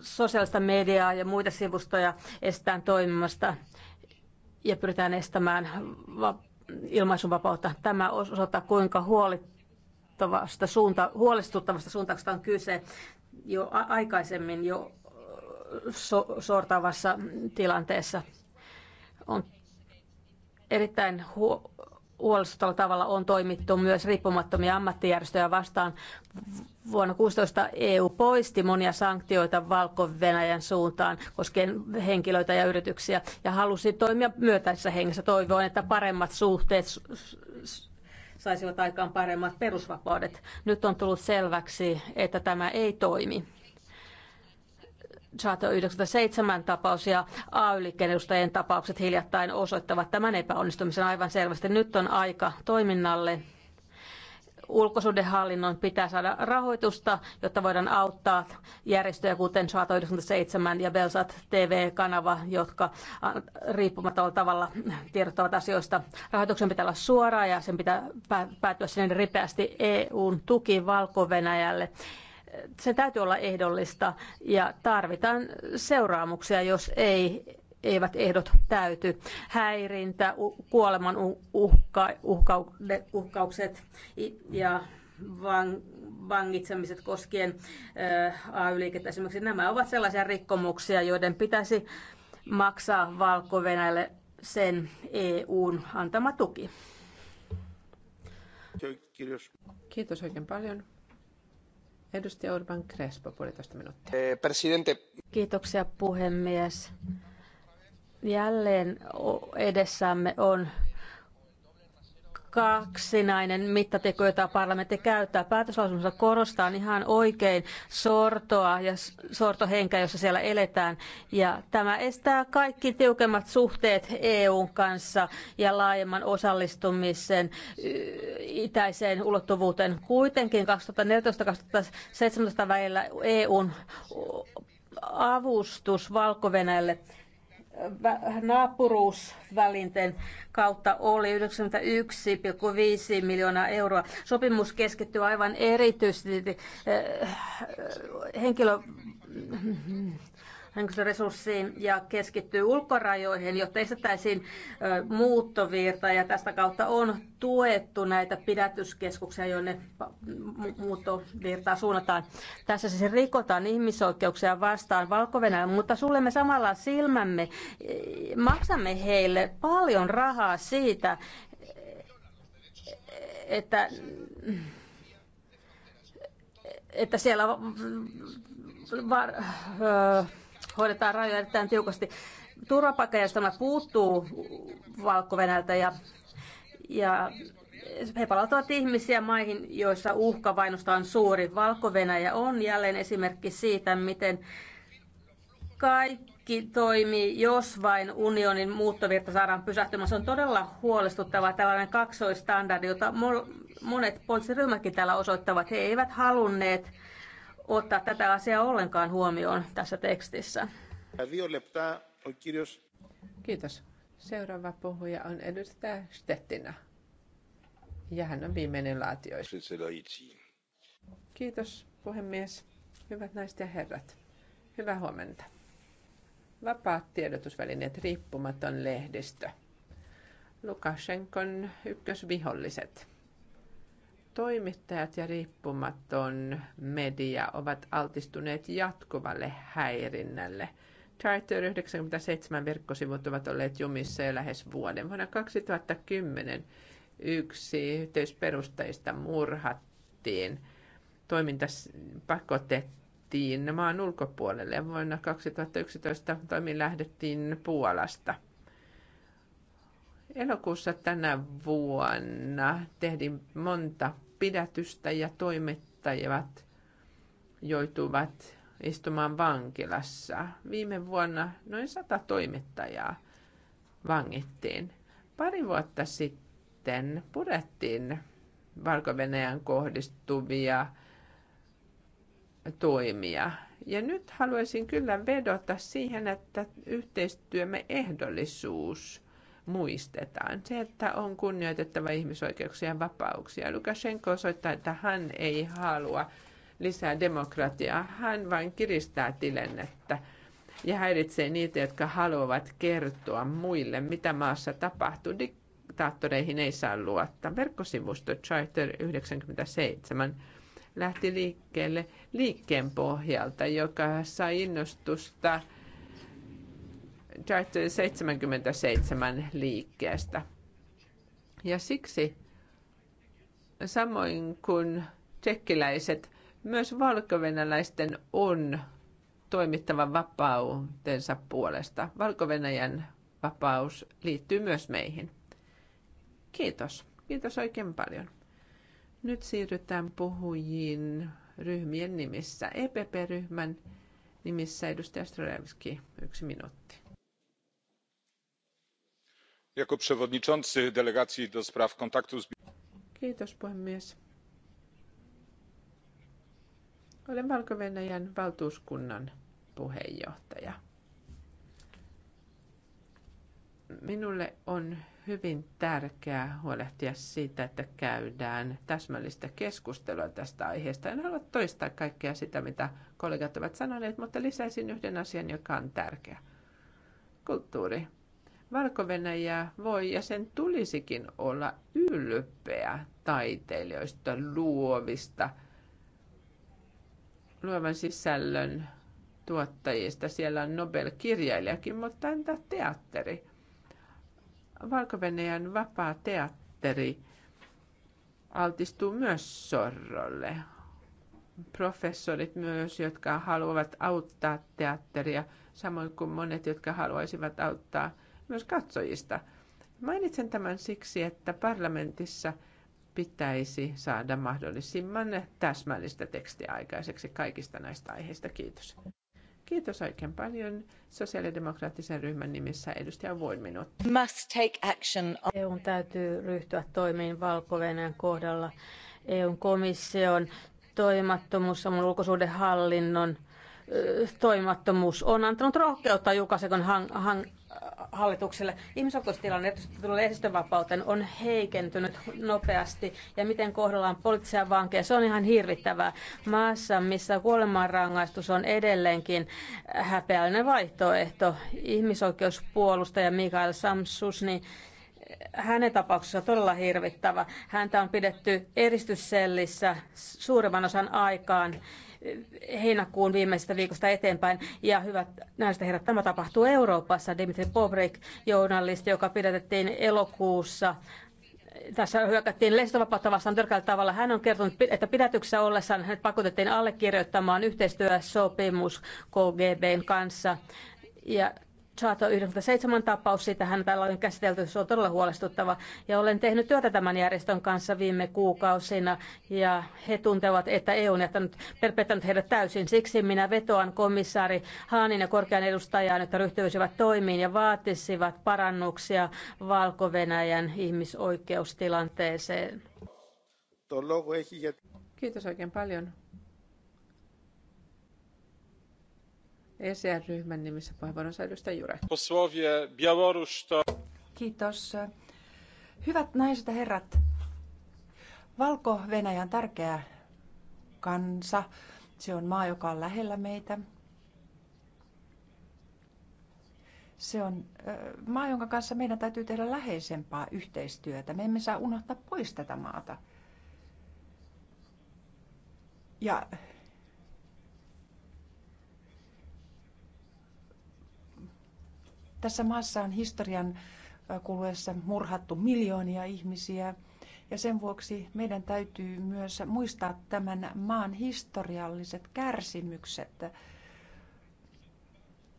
sosiaalista mediaa ja muita sivustoja estetään toimimasta ja pyritään estämään va- ilmaisunvapautta. Tämä osoittaa, kuinka huolittavasta suunta- huolestuttavasta suuntauksesta on kyse jo aikaisemmin jo so- sortavassa tilanteessa. On erittäin hu- huolestuttavalla tavalla on toimittu myös riippumattomia ammattijärjestöjä vastaan. Vuonna 16 EU poisti monia sanktioita Valko-Venäjän suuntaan koskien henkilöitä ja yrityksiä ja halusi toimia myötäisessä hengessä toivoen, että paremmat suhteet saisivat aikaan paremmat perusvapaudet. Nyt on tullut selväksi, että tämä ei toimi. 197 tapaus ja AY-liikkeen edustajien tapaukset hiljattain osoittavat tämän epäonnistumisen aivan selvästi. Nyt on aika toiminnalle. Ulkosuhdehallinnon pitää saada rahoitusta, jotta voidaan auttaa järjestöjä kuten 197 ja Belsat TV-kanava, jotka riippumattomalla tavalla tiedottavat asioista. Rahoituksen pitää olla suoraa ja sen pitää päätyä sinne ripeästi EUn tuki Valko-Venäjälle. Se täytyy olla ehdollista ja tarvitaan seuraamuksia, jos ei eivät ehdot täyty. Häirintä, kuoleman uhka, uhka, uhkaukset ja van, vangitsemiset koskien AY-liikettä esimerkiksi, nämä ovat sellaisia rikkomuksia, joiden pitäisi maksaa valko sen EUn antama tuki. Kiitos oikein paljon. Edustaja Orban Crespo, puolitoista minuuttia. Eh, presidente. Kiitoksia puhemies. Jälleen edessämme on kaksinainen mittateko, jota parlamentti käyttää. Päätöslausunnossa korostaa ihan oikein sortoa ja sortohenkeä, jossa siellä eletään. Ja tämä estää kaikki tiukemmat suhteet EUn kanssa ja laajemman osallistumisen itäiseen ulottuvuuteen. Kuitenkin 2014-2017 välillä EUn avustus valko naapuruusvälinten kautta oli 91,5 miljoonaa euroa. Sopimus keskittyy aivan erityisesti eh, eh, henkilö henkilöresurssiin ja keskittyy ulkorajoihin, jotta estettäisiin muuttovirta ja tästä kautta on tuettu näitä pidätyskeskuksia, joille muuttovirtaa suunnataan. Tässä siis rikotaan ihmisoikeuksia vastaan valko mutta suljemme samalla silmämme, maksamme heille paljon rahaa siitä, että että siellä var, var, hoidetaan rajoja erittäin tiukasti. Turvapaikkajärjestelmä puuttuu valko ja, ja he palauttavat ihmisiä maihin, joissa uhka vainosta on suuri. valko on jälleen esimerkki siitä, miten kaikki toimii, jos vain unionin muuttovirta saadaan pysähtymään. Se on todella huolestuttava tällainen kaksoistandardi, jota monet poliittiset ryhmätkin täällä osoittavat. He eivät halunneet ottaa tätä asiaa ollenkaan huomioon tässä tekstissä. Kiitos. Seuraava puhuja on edustaja Stettina. Ja hän on viimeinen laatioista. Kiitos puhemies. Hyvät naiset ja herrat. Hyvää huomenta. Vapaat tiedotusvälineet, riippumaton lehdistö. Lukashenkon ykkösviholliset. Toimittajat ja riippumaton media ovat altistuneet jatkuvalle häirinnälle. Charter 97 verkkosivut ovat olleet jumissa jo lähes vuoden. Vuonna 2010 yksi yhteisperustajista murhattiin. Toiminta pakotettiin maan ulkopuolelle vuonna 2011 toimi lähdettiin Puolasta – Elokuussa tänä vuonna tehtiin monta pidätystä ja toimittajat joituvat istumaan vankilassa. Viime vuonna noin sata toimittajaa vangittiin. Pari vuotta sitten purettiin valko kohdistuvia toimia. Ja nyt haluaisin kyllä vedota siihen, että yhteistyömme ehdollisuus – muistetaan. Se, että on kunnioitettava ihmisoikeuksia ja vapauksia. Lukashenko osoittaa, että hän ei halua lisää demokratiaa. Hän vain kiristää tilennettä ja häiritsee niitä, jotka haluavat kertoa muille, mitä maassa tapahtuu. Diktaattoreihin ei saa luottaa. Verkkosivusto Charter 97 lähti liikkeelle liikkeen pohjalta, joka sai innostusta – Charter 77 liikkeestä. Ja siksi samoin kuin tsekkiläiset, myös valkovenäläisten on toimittava vapautensa puolesta. valko vapaus liittyy myös meihin. Kiitos. Kiitos oikein paljon. Nyt siirrytään puhujiin ryhmien nimissä. EPP-ryhmän nimissä edustaja Strojevski, yksi minuutti jako przewodniczący delegacji do spraw kontaktów z... Kiitos puhemies. Olen valko valtuuskunnan puheenjohtaja. Minulle on hyvin tärkeää huolehtia siitä, että käydään täsmällistä keskustelua tästä aiheesta. En halua toistaa kaikkea sitä, mitä kollegat ovat sanoneet, mutta lisäisin yhden asian, joka on tärkeä. Kulttuuri valko voi ja sen tulisikin olla ylpeä taiteilijoista, luovista, luovan sisällön tuottajista. Siellä on Nobel-kirjailijakin, mutta entä teatteri? valko vapaa teatteri altistuu myös sorrolle. Professorit myös, jotka haluavat auttaa teatteria, samoin kuin monet, jotka haluaisivat auttaa – myös katsojista. Mainitsen tämän siksi, että parlamentissa pitäisi saada mahdollisimman täsmällistä tekstiä aikaiseksi kaikista näistä aiheista. Kiitos. Kiitos oikein paljon sosiaalidemokraattisen ryhmän nimissä edustaja Voiminut. minut. Must take action. EUn täytyy ryhtyä toimiin valko kohdalla. EUn komission toimattomuus on hallinnon toimattomuus on antanut rohkeutta Jukasekon hang- hang- hallitukselle. Ihmisoikeustilanne lehdistönvapauteen on heikentynyt nopeasti ja miten kohdellaan poliittisia vankeja. Se on ihan hirvittävää maassa, missä kuolemanrangaistus on edelleenkin häpeällinen vaihtoehto. Ihmisoikeuspuolustaja Mikael niin hänen tapauksessa todella hirvittävä. Häntä on pidetty eristyssellissä suurimman osan aikaan heinäkuun viimeisestä viikosta eteenpäin. Ja hyvät näistä herrat, tämä tapahtuu Euroopassa. Dimitri Bobrek, journalisti, joka pidätettiin elokuussa tässä hyökättiin lehdistövapautta vastaan törkällä tavalla. Hän on kertonut, että pidätyksessä ollessaan hänet pakotettiin allekirjoittamaan yhteistyösopimus KGBn kanssa. Ja Chato 97 tapaus, sitä täällä on käsitelty, se on todella huolestuttava. Ja olen tehnyt työtä tämän järjestön kanssa viime kuukausina ja he tuntevat, että EU on jättänyt, perpettänyt heidät täysin. Siksi minä vetoan komissaari Haanin ja korkean edustajaan, että ryhtyisivät toimiin ja vaatisivat parannuksia Valko-Venäjän ihmisoikeustilanteeseen. Kiitos oikein paljon. ECR-ryhmän nimissä puheenvuoronsa edustaja Jurek. Kiitos. Hyvät naiset ja herrat, Valko-Venäjä on tärkeä kansa. Se on maa, joka on lähellä meitä. Se on maa, jonka kanssa meidän täytyy tehdä läheisempää yhteistyötä. Me emme saa unohtaa pois tätä maata. Ja Tässä maassa on historian kuluessa murhattu miljoonia ihmisiä ja sen vuoksi meidän täytyy myös muistaa tämän maan historialliset kärsimykset.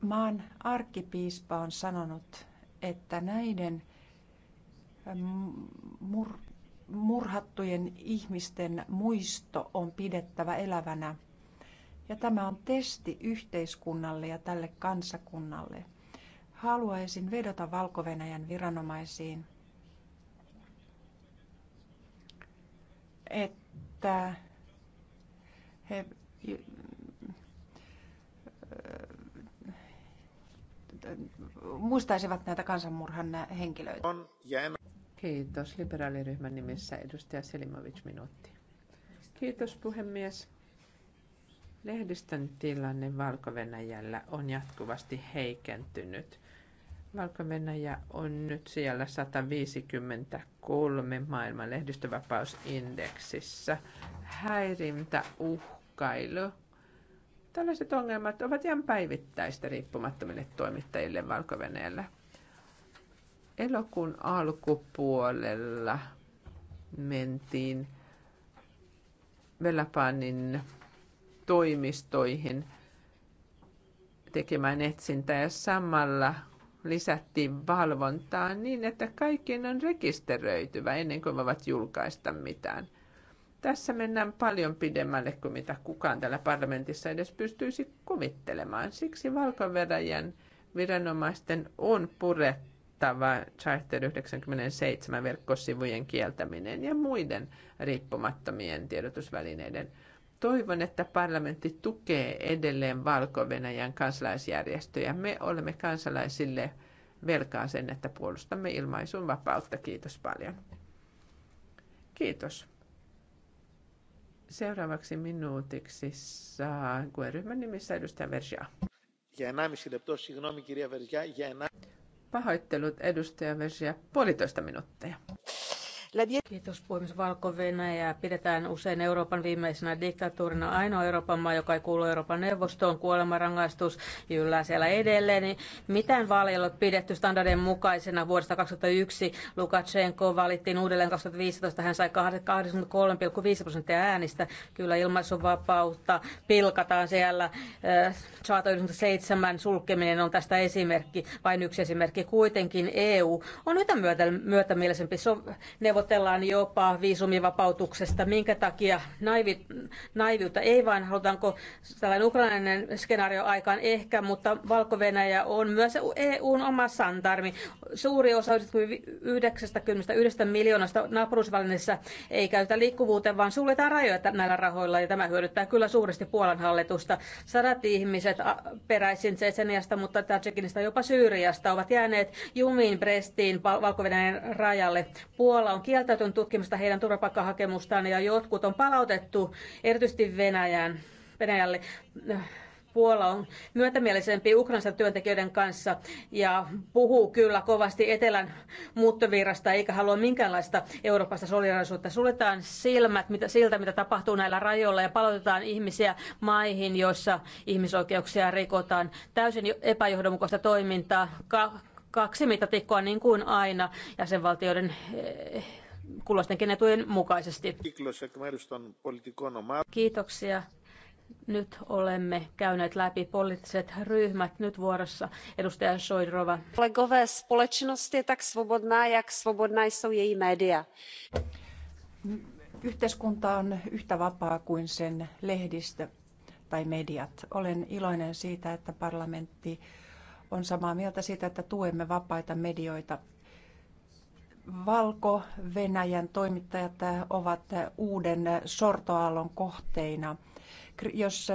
Maan arkkipiispa on sanonut, että näiden mur- murhattujen ihmisten muisto on pidettävä elävänä. Ja tämä on testi yhteiskunnalle ja tälle kansakunnalle. Haluaisin vedota valko viranomaisiin, että he muistaisivat näitä kansanmurhan henkilöitä. Kiitos. Liberaaliryhmän nimissä edustaja Selimovic minuutti. Kiitos puhemies. Lehdistön tilanne valko on jatkuvasti heikentynyt valko on nyt siellä 153 maailman lehdistövapausindeksissä. Häirintä, uhkailu, tällaiset ongelmat ovat ihan päivittäistä riippumattomille toimittajille valko -Venäjällä. Elokuun alkupuolella mentiin Velapanin toimistoihin tekemään etsintää ja samalla lisättiin valvontaa niin, että kaikkien on rekisteröityvä ennen kuin voivat julkaista mitään. Tässä mennään paljon pidemmälle kuin mitä kukaan täällä parlamentissa edes pystyisi kuvittelemaan. Siksi valko viranomaisten on purettava Charter 97 verkkosivujen kieltäminen ja muiden riippumattomien tiedotusvälineiden – Toivon, että parlamentti tukee edelleen Valko-Venäjän kansalaisjärjestöjä. Me olemme kansalaisille velkaa sen, että puolustamme ilmaisun vapautta. Kiitos paljon. Kiitos. Seuraavaksi minuutiksi saa ryhmän nimissä edustaja Verja. Pahoittelut edustaja Verja, puolitoista minuuttia. Kiitos puhemies. valko pidetään usein Euroopan viimeisenä diktatuurina. Ainoa Euroopan maa, joka ei kuulu Euroopan neuvostoon, kuolemanrangaistus yllää siellä edelleen. Niin mitään vaaleja on pidetty standardien mukaisena. Vuodesta 2001 Lukashenko valittiin uudelleen 2015. Hän sai 83,5 prosenttia äänistä. Kyllä ilmaisuvapautta pilkataan siellä. Charta äh, 97 sulkeminen on tästä esimerkki, vain yksi esimerkki. Kuitenkin EU on mitä myötämielisempi neuvostoon neuvotellaan jopa viisumivapautuksesta. Minkä takia naivi, naiviutta ei vain, halutaanko tällainen ukrainainen skenaario aikaan ehkä, mutta valko on myös EUn oma santarmi. Suuri osa 91 miljoonasta naapurusvälineessä ei käytä liikkuvuuteen, vaan suljetaan rajoja näillä rahoilla ja tämä hyödyttää kyllä suuresti Puolan hallitusta. Sadat ihmiset peräisin Tsetseniasta, mutta Tajikinista jopa Syyriasta ovat jääneet jumiin Brestiin valko rajalle. Puola on kieltäytynyt tutkimasta heidän turvapaikkahakemustaan ja jotkut on palautettu erityisesti Venäjään, Venäjälle. Puola on myötämielisempi Ukrainan työntekijöiden kanssa ja puhuu kyllä kovasti etelän muuttovirrasta eikä halua minkäänlaista Euroopasta solidaarisuutta. Suljetaan silmät mitä, siltä, mitä tapahtuu näillä rajoilla ja palautetaan ihmisiä maihin, joissa ihmisoikeuksia rikotaan. Täysin epäjohdonmukaista toimintaa, kaksi mitatikkoa niin kuin aina jäsenvaltioiden eh, kulloistenkin etujen mukaisesti. Kiitoksia. Nyt olemme käyneet läpi poliittiset ryhmät. Nyt vuorossa edustaja Soidrova. Kolegové, společnost je tak svobodná, jak svobodná jsou její média. Yhteiskunta on yhtä vapaa kuin sen lehdistö tai mediat. Olen iloinen siitä, että parlamentti on samaa mieltä siitä, että tuemme vapaita medioita Valko-Venäjän toimittajat ovat uuden sortoaallon kohteina. Jos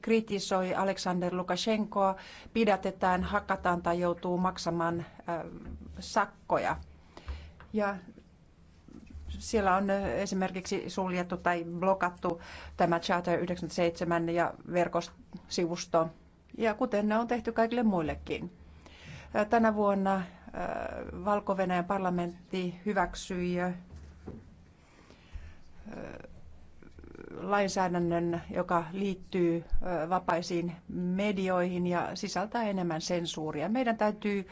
kritisoi Aleksander Lukashenkoa, pidätetään, hakataan tai joutuu maksamaan sakkoja. Ja siellä on esimerkiksi suljettu tai blokattu tämä Charter 97 ja verkosivusto, ja kuten ne on tehty kaikille muillekin. Tänä vuonna valko parlamentti hyväksyi lainsäädännön, joka liittyy vapaisiin medioihin ja sisältää enemmän sensuuria. Meidän täytyy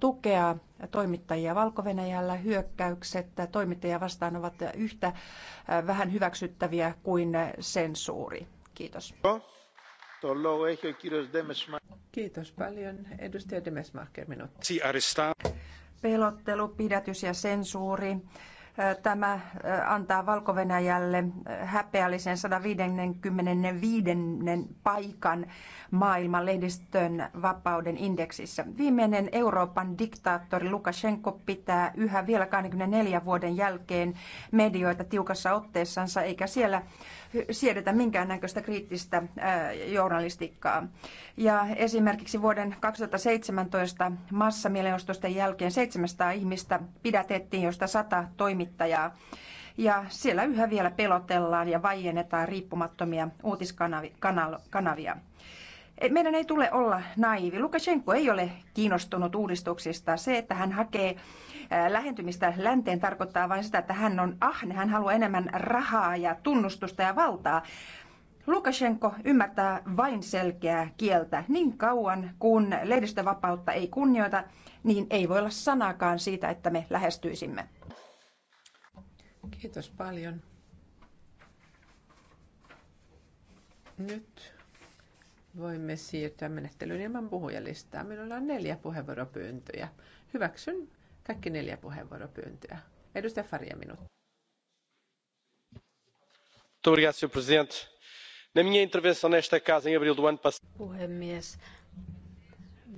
tukea toimittajia valko -Venäjällä. Hyökkäykset toimittajia vastaan ovat yhtä vähän hyväksyttäviä kuin sensuuri. Kiitos. Kiitos paljon. Edustaja Demesmaker, minuutti. Pelottelu, pidätys ja sensuuri. Tämä antaa valko häpeällisen 155. paikan maailman lehdistön vapauden indeksissä. Viimeinen Euroopan diktaattori Lukashenko pitää yhä vielä 24 vuoden jälkeen medioita tiukassa otteessansa, eikä siellä siedetä minkäännäköistä kriittistä journalistiikkaa. Ja esimerkiksi vuoden 2017 massamielenostosten jälkeen 700 ihmistä pidätettiin, josta 100 toimittajaa. Ja siellä yhä vielä pelotellaan ja vaiennetaan riippumattomia uutiskanavia. E, meidän ei tule olla naivi. Lukashenko ei ole kiinnostunut uudistuksista. Se, että hän hakee lähentymistä länteen tarkoittaa vain sitä, että hän on ahne, hän haluaa enemmän rahaa ja tunnustusta ja valtaa. Lukashenko ymmärtää vain selkeää kieltä. Niin kauan kun lehdistövapautta ei kunnioita, niin ei voi olla sanakaan siitä, että me lähestyisimme. Kiitos paljon. Nyt voimme siirtyä menettelyyn ilman puhujalistaa. Minulla on neljä puheenvuoropyyntöjä. Hyväksyn kaikki neljä puheenvuoropyyntöä. Edustaja Faria minuutti. Puhemies,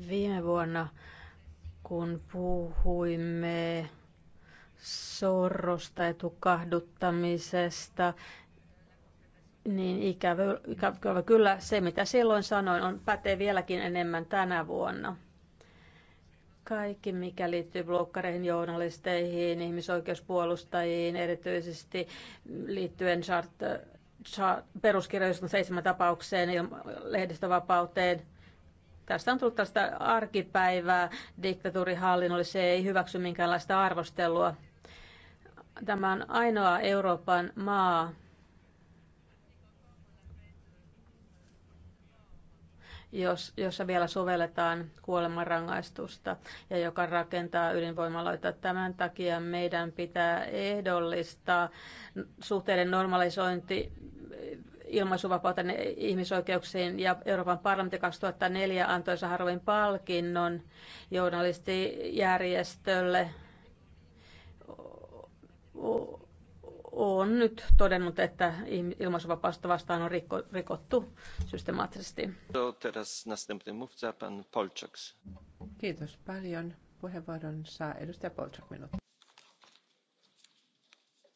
viime vuonna kun puhuimme sorrosta ja tukahduttamisesta, niin ikävä, ikävä kyllä se, mitä silloin sanoin, on pätee vieläkin enemmän tänä vuonna. Kaikki, mikä liittyy blokkareihin, journalisteihin, ihmisoikeuspuolustajiin, erityisesti liittyen chart, chart, peruskirjoista seitsemän tapaukseen, lehdistövapauteen, Tästä on tullut tällaista arkipäivää. oli se ei hyväksy minkäänlaista arvostelua. Tämä on ainoa Euroopan maa, jos, jossa vielä sovelletaan kuolemanrangaistusta ja joka rakentaa ydinvoimaloita. Tämän takia meidän pitää ehdollistaa suhteiden normalisointi ilmaisuvapauteen ihmisoikeuksiin ja Euroopan parlamentti 2004 antoi Saharovin palkinnon journalistijärjestölle on nyt todennut, että ilmaisuvapaasta vastaan on rikko, rikottu systemaattisesti. Kiitos paljon. Puheenvuoron saa edustaja Polčak minuutti.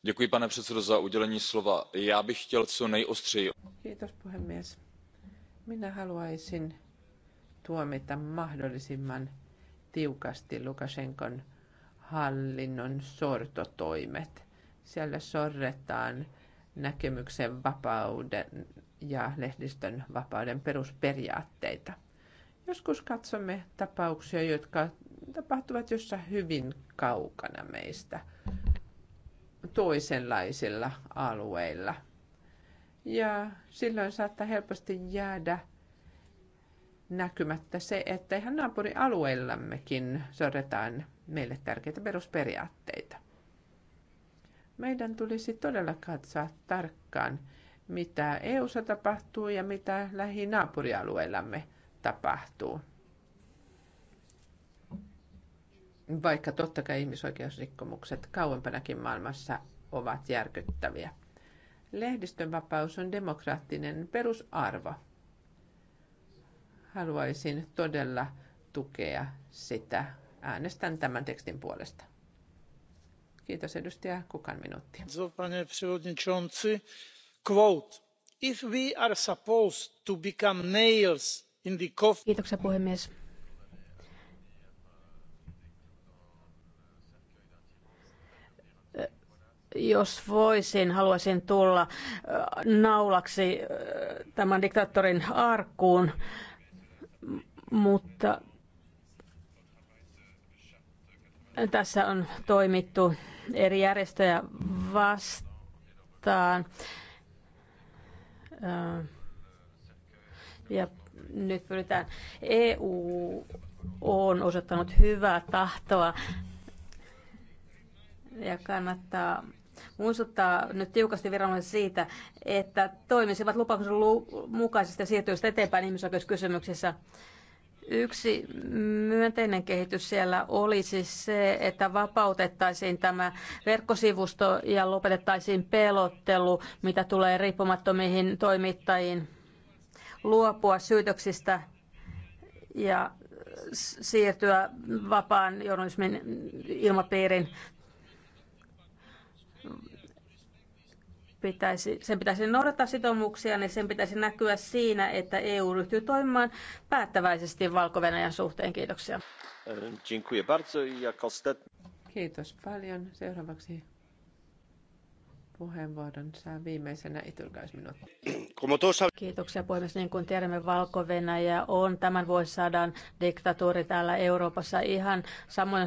Děkuji, pane předsedo, za udělení slova. Já bych chtěl co nejostřeji. Kiitos, puhemies. Minä haluaisin tuomita mahdollisimman tiukasti Lukashenkon hallinnon sortotoimet siellä sorretaan näkemyksen vapauden ja lehdistön vapauden perusperiaatteita. Joskus katsomme tapauksia, jotka tapahtuvat jossa hyvin kaukana meistä, toisenlaisilla alueilla. Ja silloin saattaa helposti jäädä näkymättä se, että ihan naapurialueillammekin sorretaan meille tärkeitä perusperiaatteita. Meidän tulisi todella katsoa tarkkaan, mitä EU:ssa tapahtuu ja mitä lähinaapurialueillamme tapahtuu. Vaikka totta kai ihmisoikeusrikkomukset kauempanakin maailmassa ovat järkyttäviä. Lehdistönvapaus on demokraattinen perusarvo. Haluaisin todella tukea sitä. Äänestän tämän tekstin puolesta. Kiitos edustaja Kukan minuutti. Panie przewodniczący, quote, if we are supposed to become nails in the coffin... Kiitoksia puhemies. jos voisin, haluaisin tulla äh, naulaksi äh, tämän diktaattorin arkkuun, mutta tässä on toimittu eri järjestöjä vastaan. Ja nyt pyritään. EU on osoittanut hyvää tahtoa ja kannattaa muistuttaa nyt tiukasti viranomaiset siitä, että toimisivat lupauksensa mukaisesti ja siirtyisivät eteenpäin ihmisoikeuskysymyksissä. Yksi myönteinen kehitys siellä olisi se, että vapautettaisiin tämä verkkosivusto ja lopetettaisiin pelottelu, mitä tulee riippumattomiin toimittajiin luopua syytöksistä ja siirtyä vapaan journalismin ilmapiirin. pitäisi, sen pitäisi noudattaa sitoumuksia, niin sen pitäisi näkyä siinä, että EU ryhtyy toimimaan päättäväisesti valko suhteen. Kiitoksia. Kiitos paljon. Seuraavaksi puheenvuoron saa viimeisenä itulkaisminuutti. Kiitoksia puhemies. Niin kuin tiedämme, valko on tämän vuosisadan diktatuuri täällä Euroopassa. Ihan samoin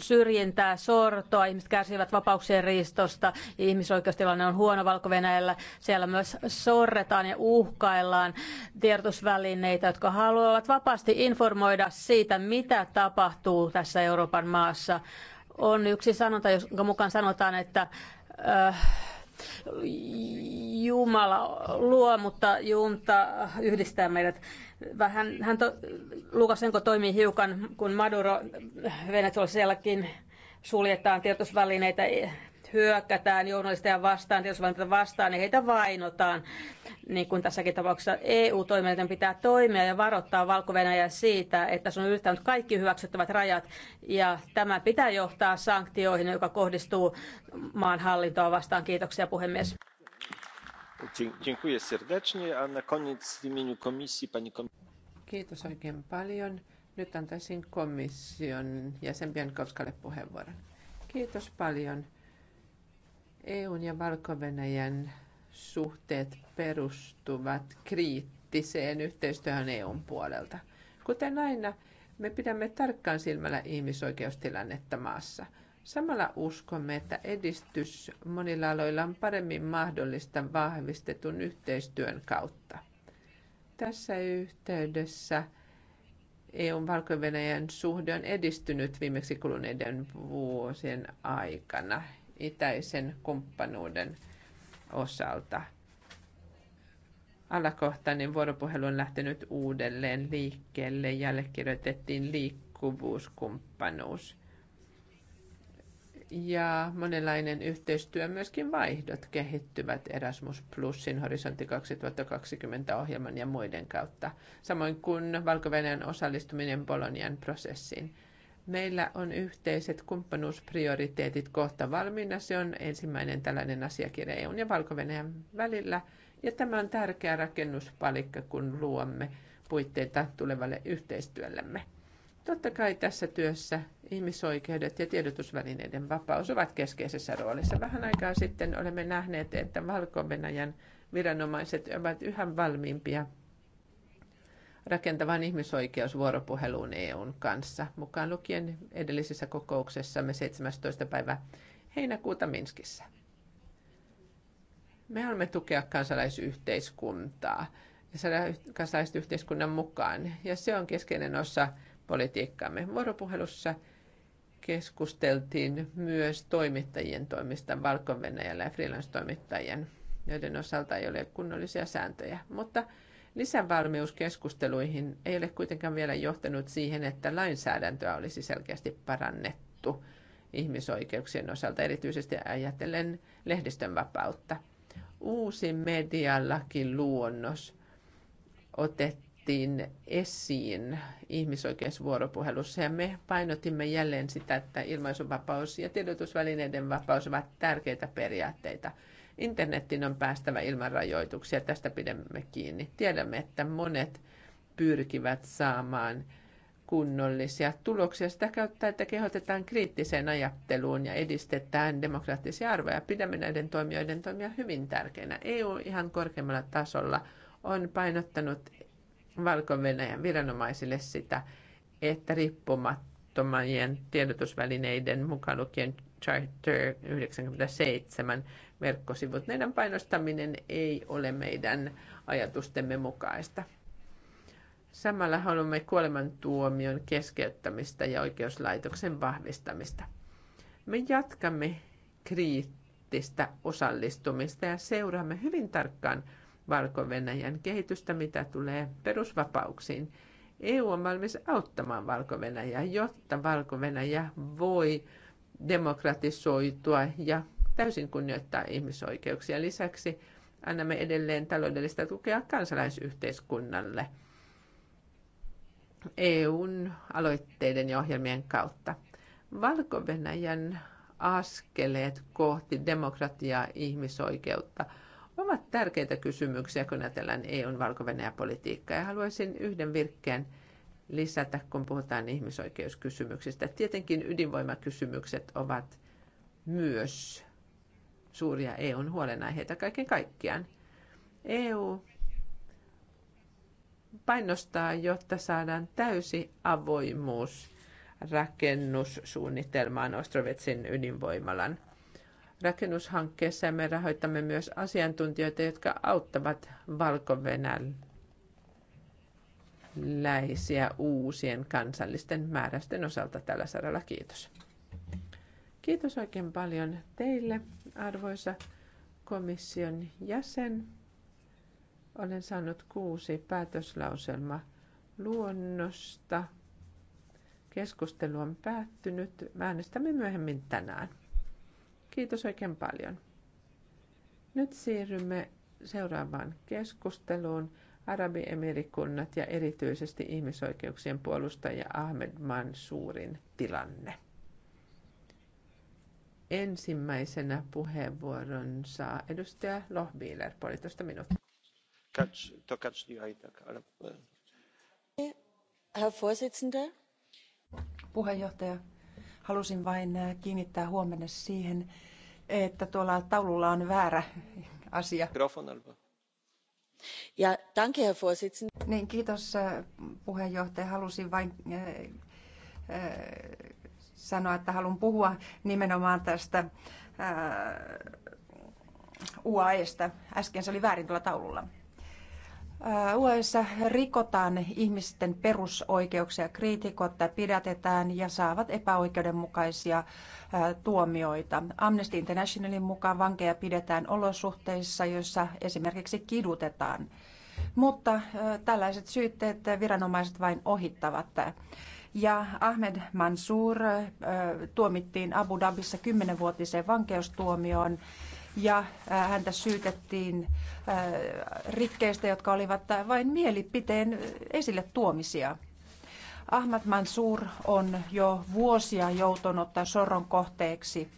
syrjintää, sortoa, ihmiset kärsivät vapauksien riistosta, ihmisoikeustilanne on huono valko -Venäjällä. Siellä myös sorretaan ja uhkaillaan tiedotusvälineitä, jotka haluavat vapaasti informoida siitä, mitä tapahtuu tässä Euroopan maassa on yksi sanonta, jonka mukaan sanotaan, että Äh, Jumala luo, mutta junta yhdistää meidät. Vähän, hän to, Lukasenko toimii hiukan, kun Maduro sielläkin suljetaan tiedotusvälineitä hyökätään journalisteja vastaan, tiedotusvälineitä vastaan, niin heitä vainotaan. Niin kuin tässäkin tapauksessa EU-toimijoiden pitää toimia ja varoittaa valko siitä, että se on yrittänyt kaikki hyväksyttävät rajat. Ja tämä pitää johtaa sanktioihin, joka kohdistuu maan hallintoa vastaan. Kiitoksia puhemies. Kiitos oikein paljon. Nyt antaisin komission jäsen Biankowskalle puheenvuoron. Kiitos paljon EUn ja valko suhteet perustuvat kriittiseen yhteistyöhön EUn puolelta. Kuten aina, me pidämme tarkkaan silmällä ihmisoikeustilannetta maassa. Samalla uskomme, että edistys monilla aloilla on paremmin mahdollista vahvistetun yhteistyön kautta. Tässä yhteydessä EUn valko suhde on edistynyt viimeksi kuluneiden vuosien aikana itäisen kumppanuuden osalta. Alakohtainen vuoropuhelu on lähtenyt uudelleen liikkeelle ja allekirjoitettiin liikkuvuuskumppanuus. Ja monenlainen yhteistyö, myöskin vaihdot kehittyvät Erasmus Plusin Horisontti 2020 ohjelman ja muiden kautta, samoin kuin valko osallistuminen Bolonian prosessiin – Meillä on yhteiset kumppanuusprioriteetit kohta valmiina. Se on ensimmäinen tällainen asiakirja EU ja valko välillä. Ja tämä on tärkeä rakennuspalikka, kun luomme puitteita tulevalle yhteistyöllemme. Totta kai tässä työssä ihmisoikeudet ja tiedotusvälineiden vapaus ovat keskeisessä roolissa. Vähän aikaa sitten olemme nähneet, että valko viranomaiset ovat yhä valmiimpia rakentavaan ihmisoikeusvuoropuheluun e EUn kanssa, mukaan lukien edellisessä kokouksessamme 17. päivä heinäkuuta Minskissä. Me haluamme tukea kansalaisyhteiskuntaa ja saada kansalaisyhteiskunnan mukaan, ja se on keskeinen osa politiikkaamme. Vuoropuhelussa keskusteltiin myös toimittajien toimista valko ja freelance-toimittajien, joiden osalta ei ole kunnollisia sääntöjä. Mutta Lisävalmiuskeskusteluihin ei ole kuitenkaan vielä johtanut siihen, että lainsäädäntöä olisi selkeästi parannettu ihmisoikeuksien osalta, erityisesti ajatellen lehdistön vapautta. Uusi luonnos otettiin esiin ihmisoikeusvuoropuhelussa ja me painotimme jälleen sitä, että ilmaisunvapaus ja tiedotusvälineiden vapaus ovat tärkeitä periaatteita – Internetin on päästävä ilman rajoituksia, tästä pidämme kiinni. Tiedämme, että monet pyrkivät saamaan kunnollisia tuloksia sitä kautta, että kehotetaan kriittiseen ajatteluun ja edistetään demokraattisia arvoja. Pidämme näiden toimijoiden toimia hyvin tärkeänä. EU ihan korkeammalla tasolla on painottanut valko viranomaisille sitä, että riippumattomien tiedotusvälineiden mukaan lukien Charter 97 verkkosivut. Meidän painostaminen ei ole meidän ajatustemme mukaista. Samalla haluamme kuolemantuomion keskeyttämistä ja oikeuslaitoksen vahvistamista. Me jatkamme kriittistä osallistumista ja seuraamme hyvin tarkkaan valko kehitystä, mitä tulee perusvapauksiin. EU on valmis auttamaan valko jotta valko voi demokratisoitua ja täysin kunnioittaa ihmisoikeuksia. Lisäksi annamme edelleen taloudellista tukea kansalaisyhteiskunnalle EUn aloitteiden ja ohjelmien kautta. Valko-Venäjän askeleet kohti demokratiaa, ihmisoikeutta ovat tärkeitä kysymyksiä, kun ajatellaan EUn valko politiikkaa. Ja haluaisin yhden virkkeen lisätä, kun puhutaan ihmisoikeuskysymyksistä. Tietenkin ydinvoimakysymykset ovat myös suuria EUn huolenaiheita kaiken kaikkiaan. EU painostaa, jotta saadaan täysi avoimuus rakennussuunnitelmaan Ostrovetsin ydinvoimalan. Rakennushankkeessa me rahoitamme myös asiantuntijoita, jotka auttavat valko läisiä uusien kansallisten määräysten osalta tällä saralla. Kiitos. Kiitos oikein paljon teille, arvoisa komission jäsen. Olen saanut kuusi päätöslauselma luonnosta. Keskustelu on päättynyt. Äänestämme myöhemmin tänään. Kiitos oikein paljon. Nyt siirrymme seuraavaan keskusteluun. Arabiemirikunnat ja erityisesti ihmisoikeuksien puolustaja Ahmed Mansuurin tilanne. Ensimmäisenä puheenvuoron saa edustaja Lohbiler, puolitoista minuuttia. Eh, puheenjohtaja, halusin vain eh, kiinnittää huomenna siihen, että tuolla taululla on väärä asia. Ja danke, Herr Vorsitzender. Niin, kiitos eh, puheenjohtaja. Halusin vain äh, äh, sanoa, että haluan puhua nimenomaan tästä äh, UAEsta. Äsken se oli väärin tuolla taululla. Äh, UAEssa rikotaan ihmisten perusoikeuksia, kriitikot pidätetään ja saavat epäoikeudenmukaisia äh, tuomioita. Amnesty Internationalin mukaan vankeja pidetään olosuhteissa, joissa esimerkiksi kidutetaan. Mutta tällaiset syytteet viranomaiset vain ohittavat ja Ahmed Mansour tuomittiin Abu Dhabissa kymmenenvuotiseen vankeustuomioon ja häntä syytettiin rikkeistä, jotka olivat vain mielipiteen esille tuomisia. Ahmad Mansour on jo vuosia joutunut sorron kohteeksi.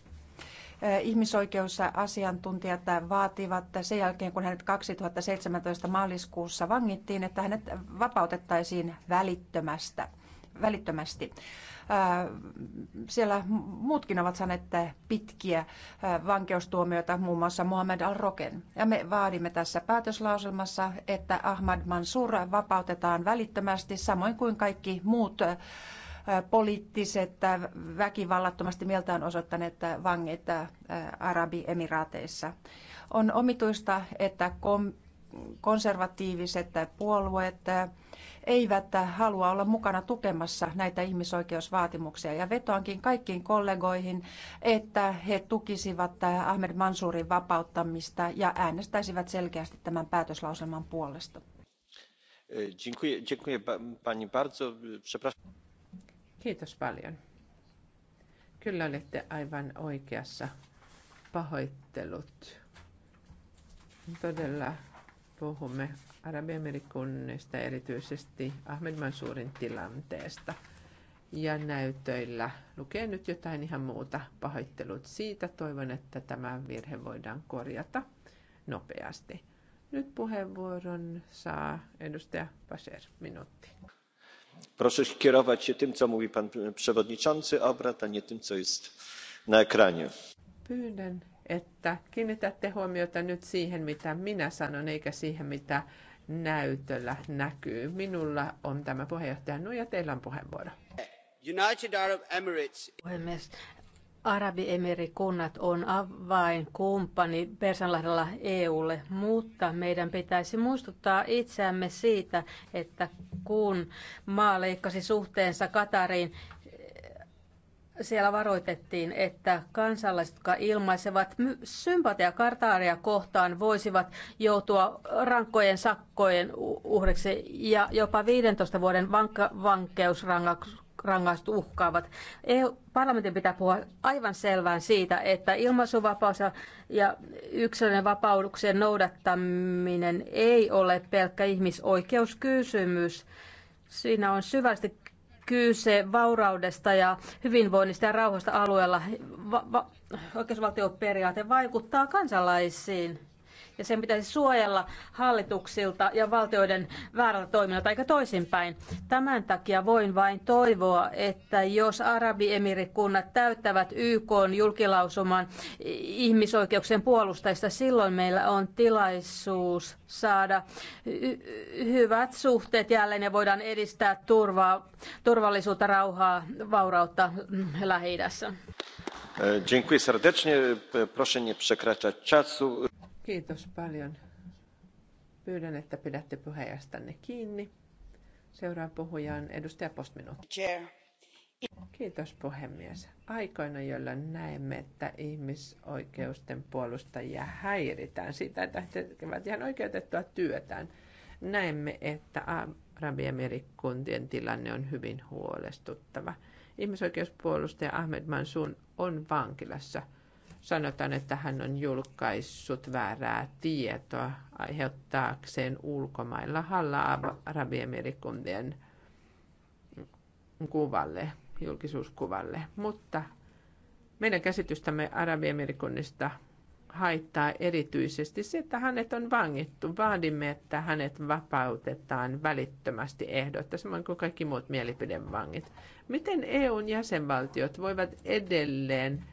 Ihmisoikeusasiantuntijat vaativat sen jälkeen, kun hänet 2017 maaliskuussa vangittiin, että hänet vapautettaisiin välittömästä välittömästi. Äh, siellä muutkin ovat saaneet pitkiä äh, vankeustuomioita, muun muassa Mohamed Al-Roken. Ja me vaadimme tässä päätöslauselmassa, että Ahmad Mansur vapautetaan välittömästi, samoin kuin kaikki muut äh, poliittiset, väkivallattomasti mieltään osoittaneet vangit Arabiemiraateissa. On omituista, että kom- konservatiiviset puolueet eivät halua olla mukana tukemassa näitä ihmisoikeusvaatimuksia. Ja vetoankin kaikkiin kollegoihin, että he tukisivat Ahmed Mansurin vapauttamista ja äänestäisivät selkeästi tämän päätöslauselman puolesta. E, Kiitos paljon. Kyllä olette aivan oikeassa. Pahoittelut. Todella puhumme Arabiamerikunnista, erityisesti Ahmed Mansurin tilanteesta. Ja näytöillä lukee nyt jotain ihan muuta. Pahoittelut siitä. Toivon, että tämä virhe voidaan korjata nopeasti. Nyt puheenvuoron saa edustaja Pasher minuutti. Proszę kierować się tym, co mówi pan przewodniczący obrad, a nie tym, co jest na ekranie. Pyydän, että kiinnitätte huomiota nyt siihen, mitä minä sanon, eikä siihen, mitä näytöllä näkyy. Minulla on tämä puheenjohtaja Nuija, teillä on puheenvuoro. United Arab Emirates. Puhemies, Arabiemiirikunnat on avainkumppani Persanlahdella EUlle, mutta meidän pitäisi muistuttaa itseämme siitä, että kun maa leikkasi suhteensa Katariin, siellä varoitettiin, että kansalaiset, jotka ilmaisevat sympatia Kartaaria kohtaan, voisivat joutua rankkojen sakkojen uhriksi ja jopa 15 vuoden vanka- vankeusrangaistus uhkaavat. EU- parlamentin pitää puhua aivan selvään siitä, että ilmaisuvapaus ja yksilön vapauduksen noudattaminen ei ole pelkkä ihmisoikeuskysymys. Siinä on syvästi kyse vauraudesta ja hyvinvoinnista ja rauhasta alueella. Va- va- oikeusvaltioperiaate vaikuttaa kansalaisiin ja sen pitäisi suojella hallituksilta ja valtioiden väärältä toiminnalta eikä toisinpäin. Tämän takia voin vain toivoa, että jos Arabiemirikunnat täyttävät YK julkilausuman ihmisoikeuksien puolustajista, silloin meillä on tilaisuus saada hyvät suhteet jälleen ja voidaan edistää turvaa, turvallisuutta, rauhaa, vaurautta Lähi-idässä. Dziękuję serdecznie. Proszę nie przekraczać czasu. Kiitos paljon. Pyydän, että pidätte puheenjohtajanne kiinni. Seuraava puhuja on edustaja Postminu. Kiitos puhemies. Aikoina, jolloin näemme, että ihmisoikeusten puolustajia häiritään sitä, että he tekevät ihan oikeutettua työtään, näemme, että Arabiamerikuntien tilanne on hyvin huolestuttava. Ihmisoikeuspuolustaja Ahmed Mansun on vankilassa – sanotaan, että hän on julkaissut väärää tietoa aiheuttaakseen ulkomailla halla arabiemiirikuntien kuvalle, julkisuuskuvalle. Mutta meidän käsitystämme arabiemiirikunnista haittaa erityisesti se, että hänet on vangittu. Vaadimme, että hänet vapautetaan välittömästi ehdotta, samoin kuin kaikki muut mielipidevangit. Miten EUn jäsenvaltiot voivat edelleen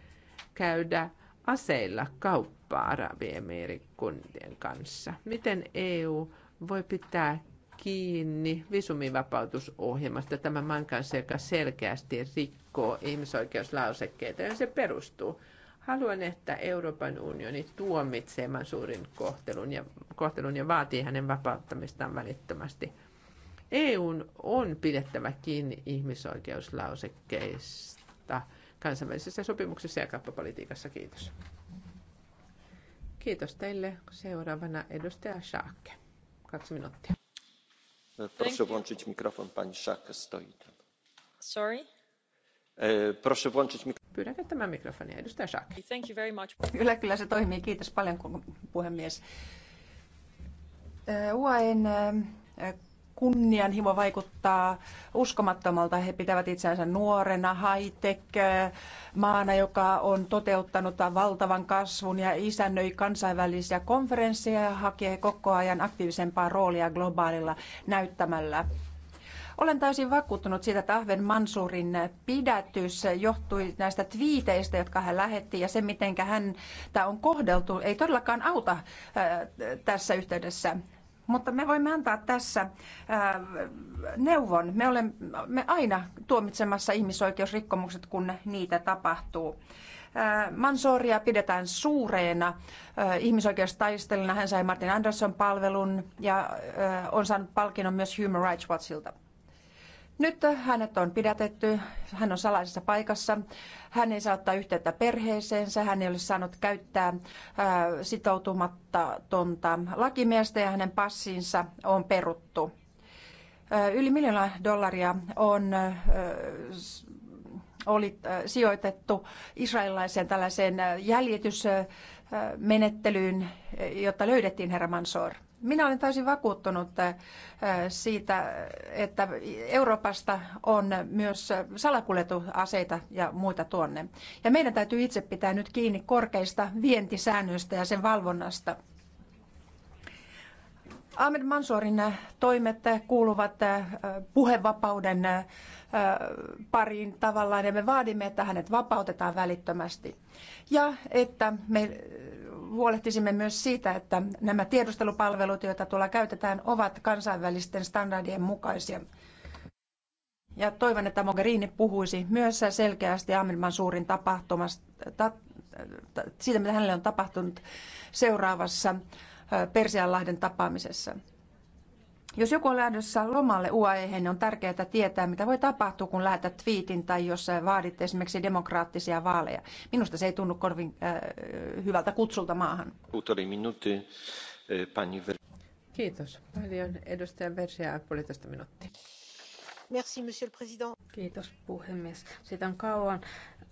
käydä aseilla kauppaa Arabiemiirikuntien kanssa? Miten EU voi pitää kiinni visumivapautusohjelmasta tämän maan kanssa, joka selkeästi rikkoo ihmisoikeuslausekkeita, ja se perustuu. Haluan, että Euroopan unioni tuomitsee suurin kohtelun ja, kohtelun ja vaatii hänen vapauttamistaan välittömästi. EUn on pidettävä kiinni ihmisoikeuslausekkeista – kansainvälisissä sopimuksissa ja kauppapolitiikassa. Kiitos. Kiitos teille. Seuraavana edustaja Schaakke. Kaksi minuuttia. Proszę włączyć mikrofon, pani Schaake stoi tam. Sorry? E, proszę włączyć mikrofon. Pyydän käyttämään mikrofonia. Edustaja Schaake. Thank you very much. Kyllä, kyllä se toimii. Kiitos paljon, puhemies. E, UAEn e, kunnianhimo vaikuttaa uskomattomalta. He pitävät itseänsä nuorena, high-tech eh, maana, joka on toteuttanut valtavan kasvun ja isännöi kansainvälisiä konferensseja ja hakee koko ajan aktiivisempaa roolia globaalilla näyttämällä. Olen täysin vakuuttunut siitä, että Ahven Mansurin pidätys johtui näistä twiiteistä, jotka hän lähetti, ja se, miten tämä on kohdeltu, ei todellakaan auta eh, tässä yhteydessä. Mutta me voimme antaa tässä ää, äh, neuvon. Me olemme aina tuomitsemassa ihmisoikeusrikkomukset, kun niitä tapahtuu. Äh, Mansoria pidetään suureena äh, ihmisoikeustaistelijana. Hän sai Martin Anderson-palvelun ja on saanut palkinnon myös Human Rights Watchilta. Nyt hänet on pidätetty, hän on salaisessa paikassa, hän ei saa ottaa yhteyttä perheeseensä, hän ei ole saanut käyttää ää, sitoutumatta tonta lakimiestä ja hänen passinsa on peruttu. yli miljoona dollaria on oli sijoitettu israelilaiseen tällaiseen jäljitysmenettelyyn, jotta löydettiin herra Mansour. Minä olen täysin vakuuttunut äh, siitä, että Euroopasta on myös salakuljetusaseita ja muita tuonne. Ja meidän täytyy itse pitää nyt kiinni korkeista vientisäännöistä ja sen valvonnasta. Ahmed Mansourin toimet kuuluvat äh, puhevapauden äh, pariin tavallaan ja me vaadimme, että hänet vapautetaan välittömästi. Ja että me huolehtisimme myös siitä, että nämä tiedustelupalvelut, joita tuolla käytetään, ovat kansainvälisten standardien mukaisia. Ja toivon, että Mogherini puhuisi myös selkeästi Ahmed Mansourin tapahtumasta, siitä, mitä hänelle on tapahtunut seuraavassa Persianlahden tapaamisessa. Jos joku on lähdössä lomalle UAEhen, niin on tärkeää tietää, mitä voi tapahtua, kun lähetät twiitin tai jos vaadit esimerkiksi demokraattisia vaaleja. Minusta se ei tunnu korvin äh, hyvältä kutsulta maahan. Kiitos paljon. Edustaja Versia, puolitoista minuuttia. Merci, monsieur le président. Kiitos puhemies. Siitä on kauan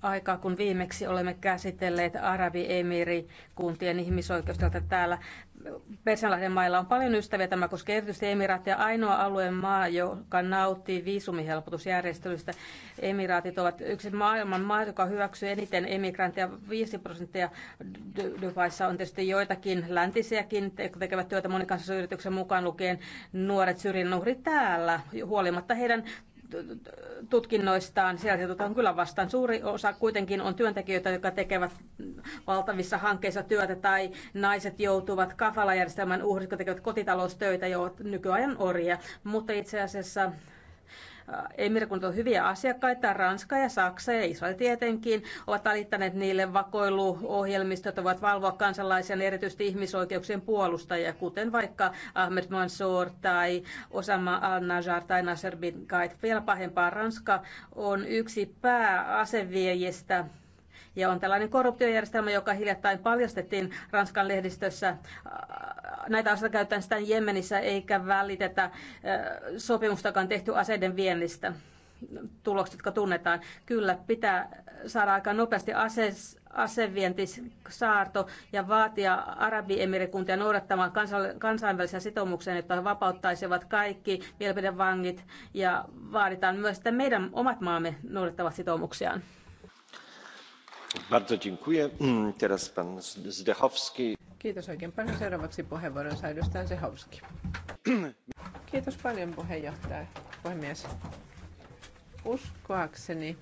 aikaa, kun viimeksi olemme käsitelleet Arabi-Emiri-kuntien ihmisoikeustilta täällä. Persianlahden mailla on paljon ystäviä. Tämä koskee erityisesti Emiraattia, ainoa alueen maa, joka nauttii viisumihelpotusjärjestelystä. Emiraatit ovat yksi maailman maa, joka hyväksyy eniten emigrantteja. 5 prosenttia Dubaissa on tietysti joitakin läntisiäkin, jotka tekevät työtä monikansallisen yrityksen mukaan lukien nuoret syrjinnän täällä, huolimatta heidän tutkinnoistaan. Siellä on kyllä vastaan. Suuri osa kuitenkin on työntekijöitä, jotka tekevät valtavissa hankkeissa työtä tai naiset joutuvat kafalajärjestelmän uhriksi, jotka tekevät kotitaloustöitä jo nykyajan orjia. Mutta itse asiassa Emirakunta on hyviä asiakkaita, Ranska ja Saksa ja Israel tietenkin, ovat alittaneet niille vakoiluohjelmistot, ovat valvoa kansalaisen niin erityisesti ihmisoikeuksien puolustajia, kuten vaikka Ahmed Mansour tai Osama al-Najjar tai Nasser bin Gait. Vielä pahempaa, Ranska on yksi pääaseviejistä ja on tällainen korruptiojärjestelmä, joka hiljattain paljastettiin Ranskan lehdistössä. Näitä asioita käytetään sitä Jemenissä eikä välitetä sopimustakaan tehty aseiden viennistä tulokset, jotka tunnetaan. Kyllä pitää saada aika nopeasti ases, asevientisaarto ja vaatia Arabiemirikuntia noudattamaan kansainvälisiä sitoumuksia, jotta he vapauttaisivat kaikki mielipidevangit ja vaaditaan myös, että meidän omat maamme noudattavat sitoumuksiaan. Mm, oikein paljon puhemies. Uskoakseni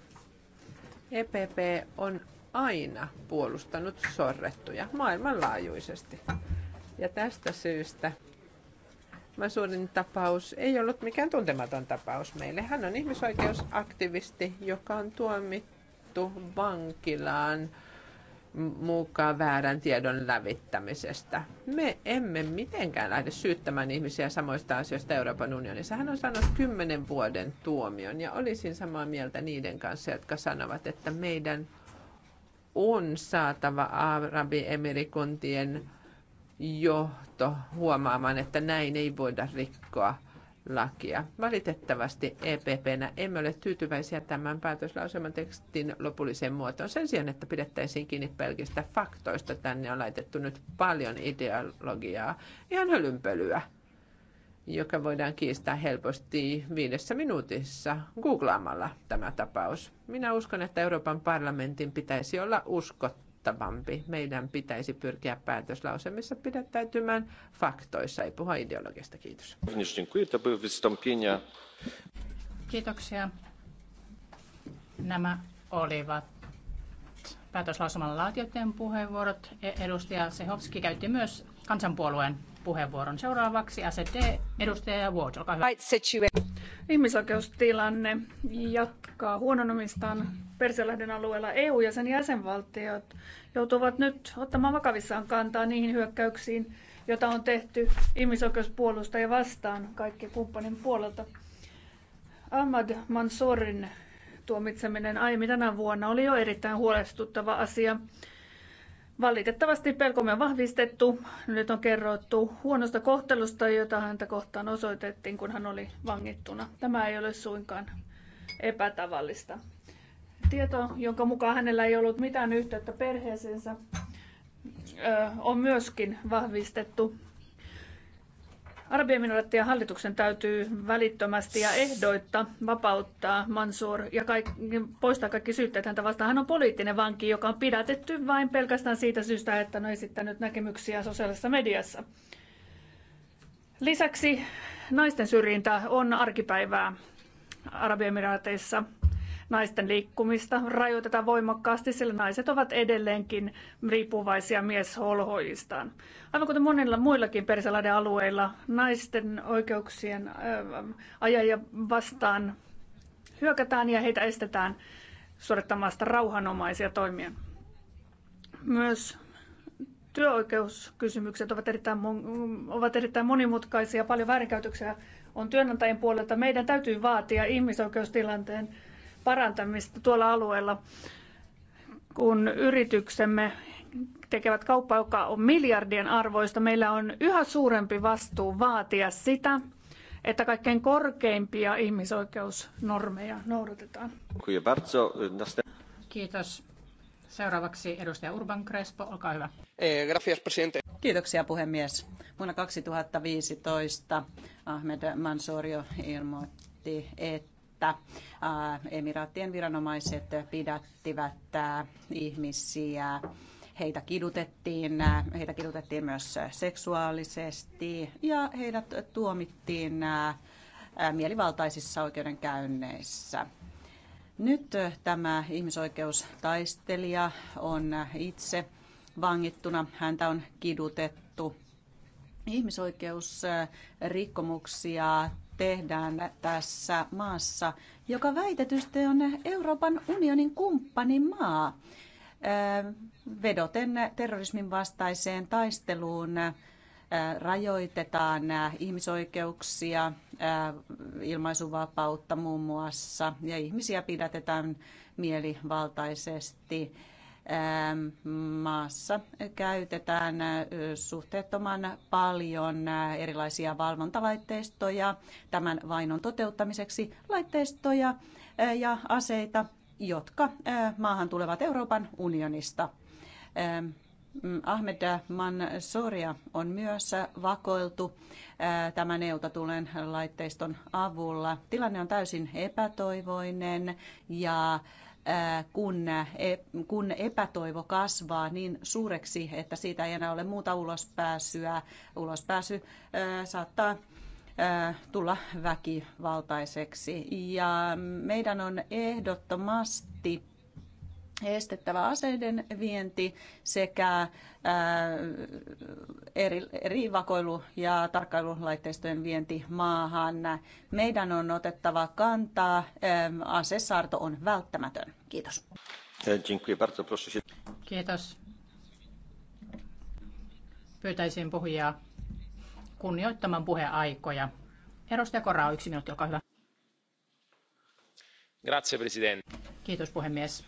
EPP on aina puolustanut sorrettuja maailmanlaajuisesti. Ja tästä syystä Masurin tapaus ei ollut mikään tuntematon tapaus meille. Hän on ihmisoikeusaktivisti, joka on tuomittu tuomittu vankilaan mukaan väärän tiedon lävittämisestä. Me emme mitenkään lähde syyttämään ihmisiä samoista asioista Euroopan unionissa. Hän on saanut kymmenen vuoden tuomion ja olisin samaa mieltä niiden kanssa, jotka sanovat, että meidän on saatava Arabiemirikuntien johto huomaamaan, että näin ei voida rikkoa – lakia. Valitettavasti EPPnä emme ole tyytyväisiä tämän päätöslauselman tekstin lopulliseen muotoon. Sen sijaan, että pidettäisiin kiinni pelkistä faktoista, tänne on laitettu nyt paljon ideologiaa, ihan hölynpölyä, joka voidaan kiistää helposti viidessä minuutissa googlaamalla tämä tapaus. Minä uskon, että Euroopan parlamentin pitäisi olla uskottava luotettavampi. Meidän pitäisi pyrkiä päätöslausemissa pidättäytymään faktoissa, ei puhua ideologista. Kiitos. Kiitoksia. Nämä olivat päätöslausuman laatijoiden puheenvuorot. E- edustaja Sehovski käytti myös kansanpuolueen puheenvuoron. Seuraavaksi act edustaja Ward, olkaa hyvä. Ihmisoikeustilanne jatkaa huononomistaan Persialahden alueella. EU ja sen jäsenvaltiot joutuvat nyt ottamaan vakavissaan kantaa niihin hyökkäyksiin, joita on tehty ja vastaan kaikkien kumppanin puolelta. Ahmad Mansourin tuomitseminen aiemmin tänä vuonna oli jo erittäin huolestuttava asia. Valitettavasti pelkomme on vahvistettu. Nyt on kerrottu huonosta kohtelusta, jota häntä kohtaan osoitettiin, kun hän oli vangittuna. Tämä ei ole suinkaan epätavallista. Tieto, jonka mukaan hänellä ei ollut mitään yhteyttä perheeseensä, on myöskin vahvistettu. Arabiemiraattien hallituksen täytyy välittömästi ja ehdoitta vapauttaa Mansur ja kaikki, poistaa kaikki syytteet häntä vastaan. Hän on poliittinen vanki, joka on pidätetty vain pelkästään siitä syystä, että on esittänyt näkemyksiä sosiaalisessa mediassa. Lisäksi naisten syrjintä on arkipäivää Arabiemiraateissa naisten liikkumista rajoitetaan voimakkaasti, sillä naiset ovat edelleenkin riippuvaisia miesholhoistaan. Aivan kuten monilla muillakin Persalaiden alueilla, naisten oikeuksien ajajia vastaan hyökätään ja heitä estetään suorittamasta rauhanomaisia toimia. Myös työoikeuskysymykset ovat erittäin, ovat erittäin monimutkaisia, paljon väärinkäytöksiä on työnantajien puolelta. Meidän täytyy vaatia ihmisoikeustilanteen parantamista tuolla alueella, kun yrityksemme tekevät kauppaa, joka on miljardien arvoista. Meillä on yhä suurempi vastuu vaatia sitä, että kaikkein korkeimpia ihmisoikeusnormeja noudatetaan. Kiitos. Seuraavaksi edustaja Urban Crespo, olkaa hyvä. Eh, Kiitoksia puhemies. Vuonna 2015 Ahmed Mansorio ilmoitti, että että emiraattien viranomaiset pidättivät ihmisiä heitä kidutettiin, heitä kidutettiin myös seksuaalisesti ja heidät tuomittiin mielivaltaisissa oikeudenkäynneissä. Nyt tämä ihmisoikeustaistelija on itse vangittuna, häntä on kidutettu. Ihmisoikeusrikkomuksia tehdään tässä maassa, joka väitetysti on Euroopan unionin kumppanimaa eh, vedoten terrorismin vastaiseen taisteluun eh, rajoitetaan eh, ihmisoikeuksia, ilmaisuvapautta muun muassa, ja ihmisiä pidätetään mielivaltaisesti. Ähm, maassa käytetään äh, suhteettoman paljon äh, erilaisia valvontalaitteistoja tämän vainon toteuttamiseksi, laitteistoja äh, ja aseita, jotka maahan tulevat Euroopan unionista. Ähm, mm, Ahmed Mansouria on myös vakoiltu tämän eu tulen laitteiston avulla. Tilanne on täysin epätoivoinen ja kun, e, kun epätoivo kasvaa niin suureksi, että siitä ei enää ole muuta ulospääsyä. Ulospääsy saattaa tulla väkivaltaiseksi. Ja meidän on ehdottomasti estettävä aseiden vienti sekä ää, eri, eri vakoilu- ja tarkkailulaitteistojen vienti maahan. Meidän on otettava kantaa. Ää, asesaarto on välttämätön. Kiitos. Kiitos. Pyytäisin puhujaa kunnioittamaan puheaikoja. Edustaja Korraa, yksi minuutti, olkaa hyvä. Grazie, Presidente. Kiitos puhemies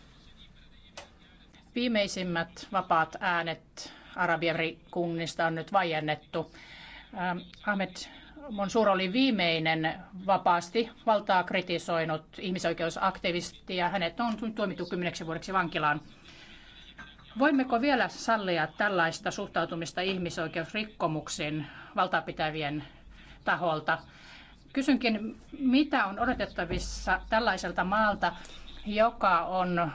Viimeisimmät vapaat äänet Arabienrikunnista on nyt vajennettu. Ähm, Ahmed Monsur oli viimeinen vapaasti valtaa kritisoinut ihmisoikeusaktivisti ja hänet on tuomittu kymmeneksi vuodeksi vankilaan. Voimmeko vielä sallia tällaista suhtautumista ihmisoikeusrikkomuksiin valtaapitävien taholta? Kysynkin, mitä on odotettavissa tällaiselta maalta, joka on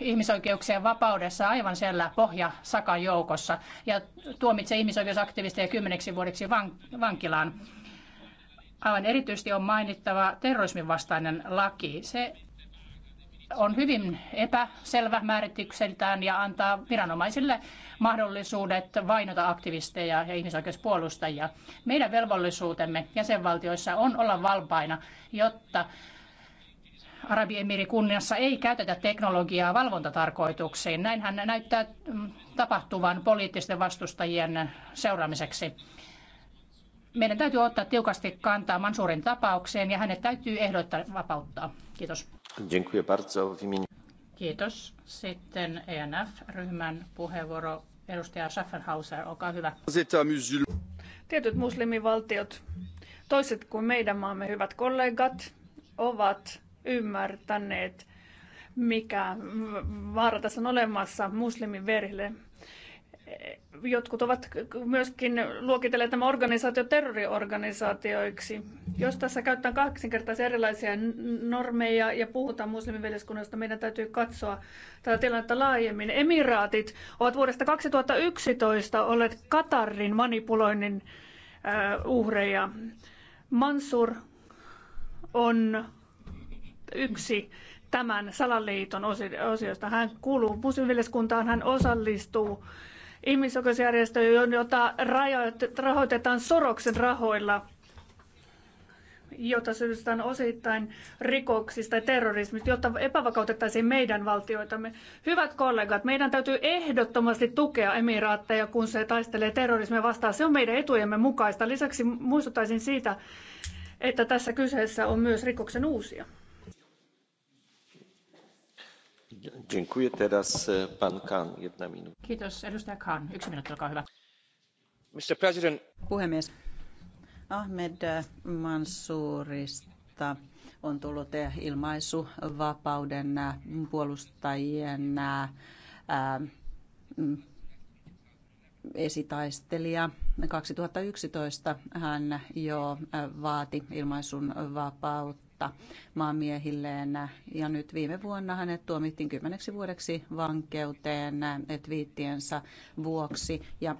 ihmisoikeuksien vapaudessa aivan siellä pohjasakan joukossa ja tuomitse ihmisoikeusaktivisteja kymmeneksi vuodeksi vankilaan. Aivan erityisesti on mainittava terrorismin vastainen laki. Se on hyvin epäselvä määritykseltään ja antaa viranomaisille mahdollisuudet vainota aktivisteja ja ihmisoikeuspuolustajia. Meidän velvollisuutemme jäsenvaltioissa on olla valpaina, jotta Arabiemiirikunnassa ei käytetä teknologiaa valvontatarkoituksiin. Näinhän näyttää mm, tapahtuvan poliittisten vastustajien seuraamiseksi. Meidän täytyy ottaa tiukasti kantaa Mansurin tapaukseen ja hänet täytyy ehdottaa vapauttaa. Kiitos. Kiitos. Sitten ENF-ryhmän puheenvuoro. Edustaja Schaffenhauser, olkaa hyvä. Tietyt muslimivaltiot, toiset kuin meidän maamme hyvät kollegat, ovat ymmärtäneet, mikä vaara tässä on olemassa muslimin verhille. Jotkut ovat myöskin luokitelleet tämä organisaatio terroriorganisaatioiksi. Jos tässä käytetään kaksinkertaisia erilaisia normeja ja puhutaan muslimiveljeskunnasta, meidän täytyy katsoa tätä tilannetta laajemmin. Emiraatit ovat vuodesta 2011 olleet Katarin manipuloinnin uhreja. Mansur on yksi tämän salaliiton osioista. Hän kuuluu muslimiveljeskuntaan, hän osallistuu ihmisoikeusjärjestöön, jota rahoitetaan Soroksen rahoilla jota syystään osittain rikoksista ja terrorismista, jotta epävakautettaisiin meidän valtioitamme. Hyvät kollegat, meidän täytyy ehdottomasti tukea emiraatteja, kun se taistelee terrorismia vastaan. Se on meidän etujemme mukaista. Lisäksi muistuttaisin siitä, että tässä kyseessä on myös rikoksen uusia. E, Kiitos edustaja Yksi Puhemies. Ahmed äh, Mansourista on tullut äh, vapauden äh, puolustajien mm, esitaistelija. kaksituhatta 2011 hän jo vaati ilmaisun vapautta vuotta maamiehilleen. Ja nyt viime vuonna hänet tuomittiin kymmeneksi vuodeksi vankeuteen eh, twiittiensä vuoksi. Ja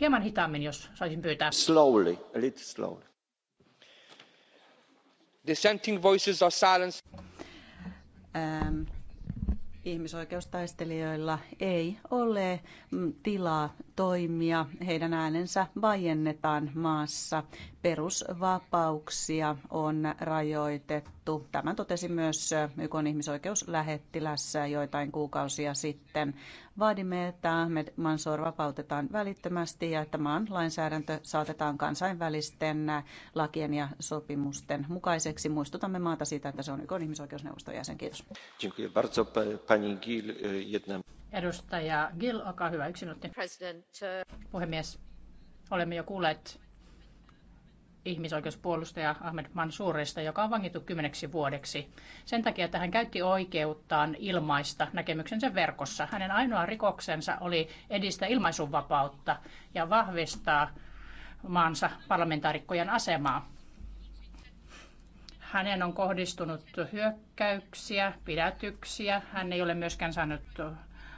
Hieman hitaammin, jos saisin pyytää. Slowly, a little slowly. Dissenting voices are silenced ihmisoikeustaistelijoilla ei ole mm, tilaa toimia. Heidän äänensä vajennetaan maassa. Perusvapauksia on rajoitettu todettu. Tämän totesi myös YK ihmisoikeuslähettilässä joitain kuukausia sitten. Vaadimme, että Ahmed Mansour vapautetaan välittömästi ja että maan lainsäädäntö saatetaan kansainvälisten lakien ja sopimusten mukaiseksi. Muistutamme maata siitä, että se on YK ihmisoikeusneuvoston jäsen. Kiitos. Edustaja Gil, olkaa hyvä. Yksi minuutti. Puhemies, olemme jo kuulleet ihmisoikeuspuolustaja Ahmed Mansurista, joka on vangittu kymmeneksi vuodeksi. Sen takia, että hän käytti oikeuttaan ilmaista näkemyksensä verkossa. Hänen ainoa rikoksensa oli edistää ilmaisunvapautta ja vahvistaa maansa parlamentaarikkojen asemaa. Hänen on kohdistunut hyökkäyksiä, pidätyksiä. Hän ei ole myöskään saanut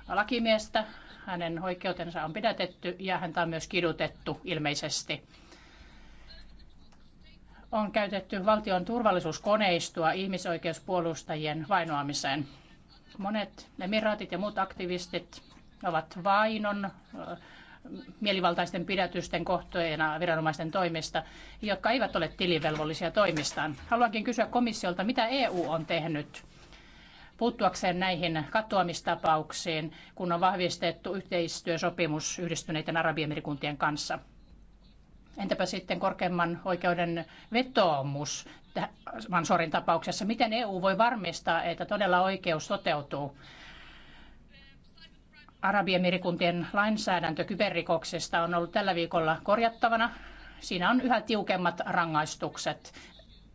lakimiestä. Hänen oikeutensa on pidätetty ja häntä on myös kidutettu ilmeisesti on käytetty valtion turvallisuuskoneistoa ihmisoikeuspuolustajien vainoamiseen. Monet emiraatit ja muut aktivistit ovat vainon, mielivaltaisten pidätysten kohteena viranomaisten toimista, jotka eivät ole tilivelvollisia toimistaan. Haluankin kysyä komissiolta, mitä EU on tehnyt puuttuakseen näihin katoamistapauksiin, kun on vahvistettu yhteistyösopimus yhdistyneiden arabiemirikuntien kanssa. Entäpä sitten korkeimman oikeuden vetoomus Mansorin tapauksessa? Miten EU voi varmistaa, että todella oikeus toteutuu? Arabiemirikuntien lainsäädäntö kyberrikoksista on ollut tällä viikolla korjattavana. Siinä on yhä tiukemmat rangaistukset.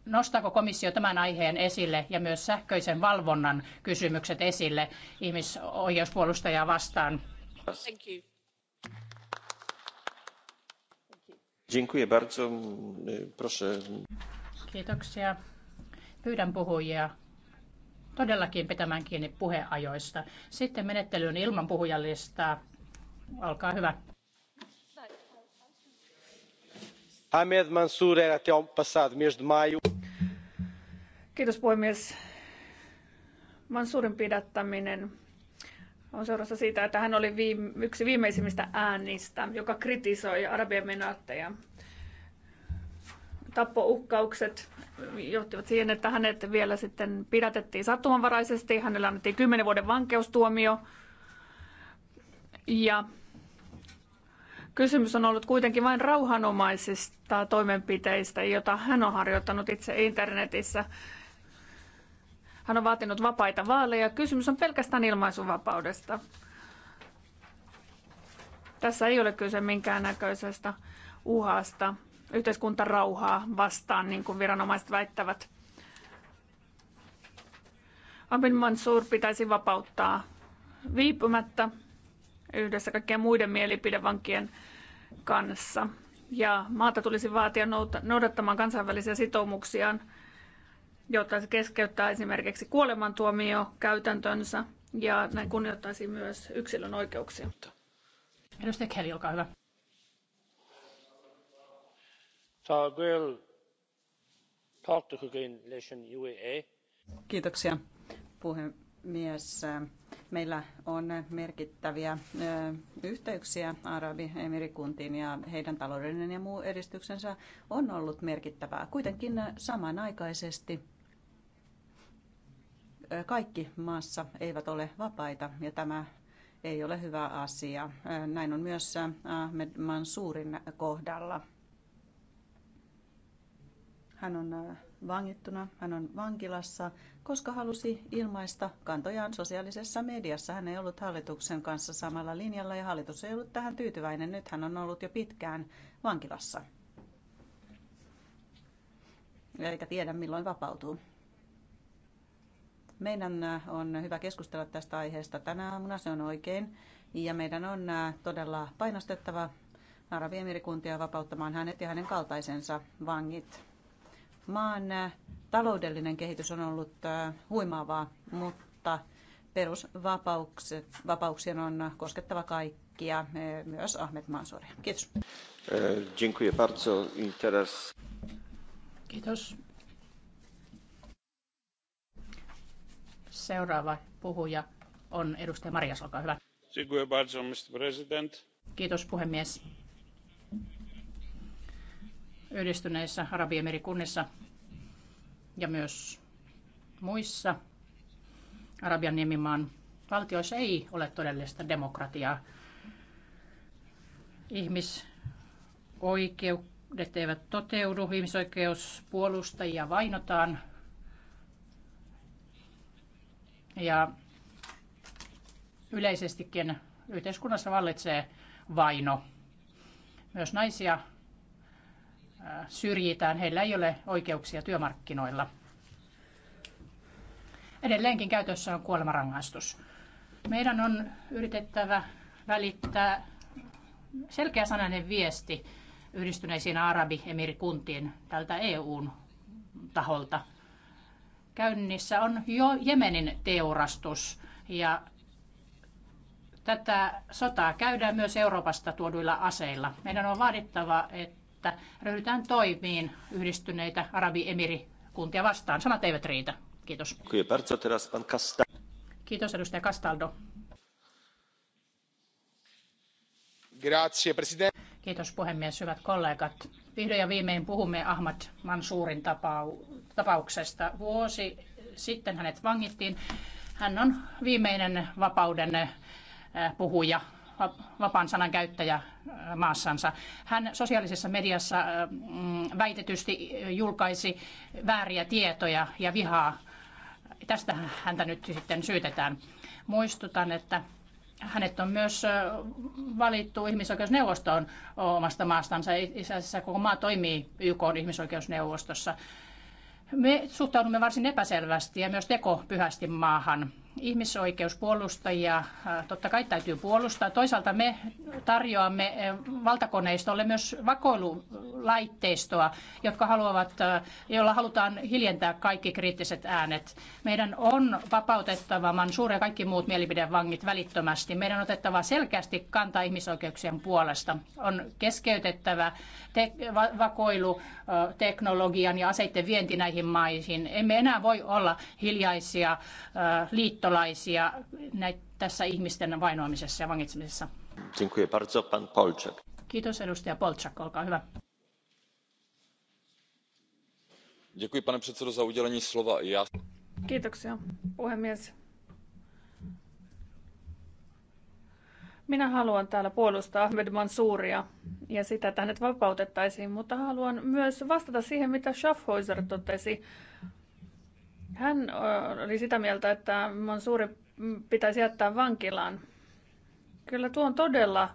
Nostaako komissio tämän aiheen esille ja myös sähköisen valvonnan kysymykset esille ihmisoikeuspuolustajaa vastaan? Thank you. Kiitoksia. Pyydän puhujia todellakin pitämään kiinni puheajoista. Sitten menettelyyn ilman puhujalistaa. Olkaa hyvä. Ahmed Mansour era até passado mês de maio. Kiitos puhemies. Mansurin pidättäminen on seurassa siitä, että hän oli viime, yksi viimeisimmistä äänistä, joka kritisoi Arabian menaatteja. Tappouhkaukset johtivat siihen, että hänet vielä sitten pidätettiin sattumanvaraisesti. Hänellä annettiin 10 vuoden vankeustuomio. Ja kysymys on ollut kuitenkin vain rauhanomaisista toimenpiteistä, joita hän on harjoittanut itse internetissä. Hän on vaatinut vapaita vaaleja. Kysymys on pelkästään ilmaisuvapaudesta. Tässä ei ole kyse minkäännäköisestä uhasta yhteiskuntarauhaa vastaan, niin kuin viranomaiset väittävät. Abin Mansur pitäisi vapauttaa viipymättä yhdessä kaikkien muiden mielipidevankien kanssa. Ja maata tulisi vaatia noudattamaan kansainvälisiä sitoumuksiaan jotta se keskeyttää esimerkiksi kuolemantuomio käytäntönsä ja näin kunnioittaisi myös yksilön oikeuksia. Edustaja Kelly, olkaa hyvä. Kiitoksia puhemies. Meillä on merkittäviä yhteyksiä Arabi-emirikuntiin ja heidän taloudellinen ja muu edistyksensä on ollut merkittävää. Kuitenkin samanaikaisesti kaikki maassa eivät ole vapaita ja tämä ei ole hyvä asia. Näin on myös Ahmed suurin kohdalla. Hän on vangittuna, hän on vankilassa, koska halusi ilmaista kantojaan sosiaalisessa mediassa. Hän ei ollut hallituksen kanssa samalla linjalla ja hallitus ei ollut tähän tyytyväinen. Nyt hän on ollut jo pitkään vankilassa. Eikä tiedä milloin vapautuu. Meidän äh, on hyvä keskustella tästä aiheesta tänä aamuna, se on oikein. Ja meidän on äh, todella painostettava Arabiemirikuntia vapauttamaan hänet ja hänen kaltaisensa vangit. Maan äh, taloudellinen kehitys on ollut huimaavaa, mutta perusvapauksien on koskettava kaikkia, e, myös Ahmed Mansoria. Kiitos. Dziękuję bardzo. Kiitos. Seuraava puhuja on edustaja Marias, olkaa hyvä. Kiitos puhemies. Yhdistyneissä Arabiemerikunnissa ja myös muissa Arabian niemimaan valtioissa ei ole todellista demokratiaa. Ihmisoikeudet eivät toteudu, ihmisoikeuspuolustajia vainotaan, ja yleisestikin yhteiskunnassa vallitsee vaino. Myös naisia syrjitään, heillä ei ole oikeuksia työmarkkinoilla. Edelleenkin käytössä on kuolemarangaistus. Meidän on yritettävä välittää selkeä sananen viesti yhdistyneisiin arabiemirikuntiin tältä EUn taholta käynnissä on jo Jemenin teurastus ja tätä sotaa käydään myös Euroopasta tuoduilla aseilla. Meidän on vaadittava, että ryhdytään toimiin yhdistyneitä Arabiemirikuntia vastaan. Sanat eivät riitä. Kiitos. Kiitos edustaja Castaldo. Kiitos puhemies, hyvät kollegat vihdoin ja viimein puhumme Ahmad Mansuurin tapauksesta. Vuosi sitten hänet vangittiin. Hän on viimeinen vapauden äh, puhuja, vapaan sanan käyttäjä äh, maassansa. Hän sosiaalisessa mediassa äh, mm, väitetysti julkaisi vääriä tietoja ja vihaa. Tästä häntä nyt sitten syytetään. Muistutan, että hänet on myös valittu ihmisoikeusneuvostoon omasta maastansa. Itse asiassa koko maa toimii YK on ihmisoikeusneuvostossa. Me suhtaudumme varsin epäselvästi ja myös tekopyhästi maahan ihmisoikeuspuolustajia totta kai täytyy puolustaa. Toisaalta me tarjoamme valtakoneistolle myös vakoilulaitteistoa, jotka haluavat, jolla halutaan hiljentää kaikki kriittiset äänet. Meidän on vapautettava Mansur ja kaikki muut mielipidevangit välittömästi. Meidän on otettava selkeästi kantaa ihmisoikeuksien puolesta. On keskeytettävä te- vakoiluteknologian ja aseiden vienti näihin maihin. Emme enää voi olla hiljaisia liittyen liittolaisia näitä, tässä ihmisten vainoamisessa ja vangitsemisessa. Dziękuję bardzo, pan Polczak. Kiitos edustaja Polczak, olkaa hyvä. Děkuji, pane předsedo, za udělení slova. Já... Kiitoksia, puhemies. Minä haluan täällä puolustaa Ahmed Mansuria ja sitä, että hänet vapautettaisiin, mutta haluan myös vastata siihen, mitä Schaffhäuser totesi hän oli sitä mieltä, että suuri pitäisi jättää vankilaan. Kyllä tuo on todella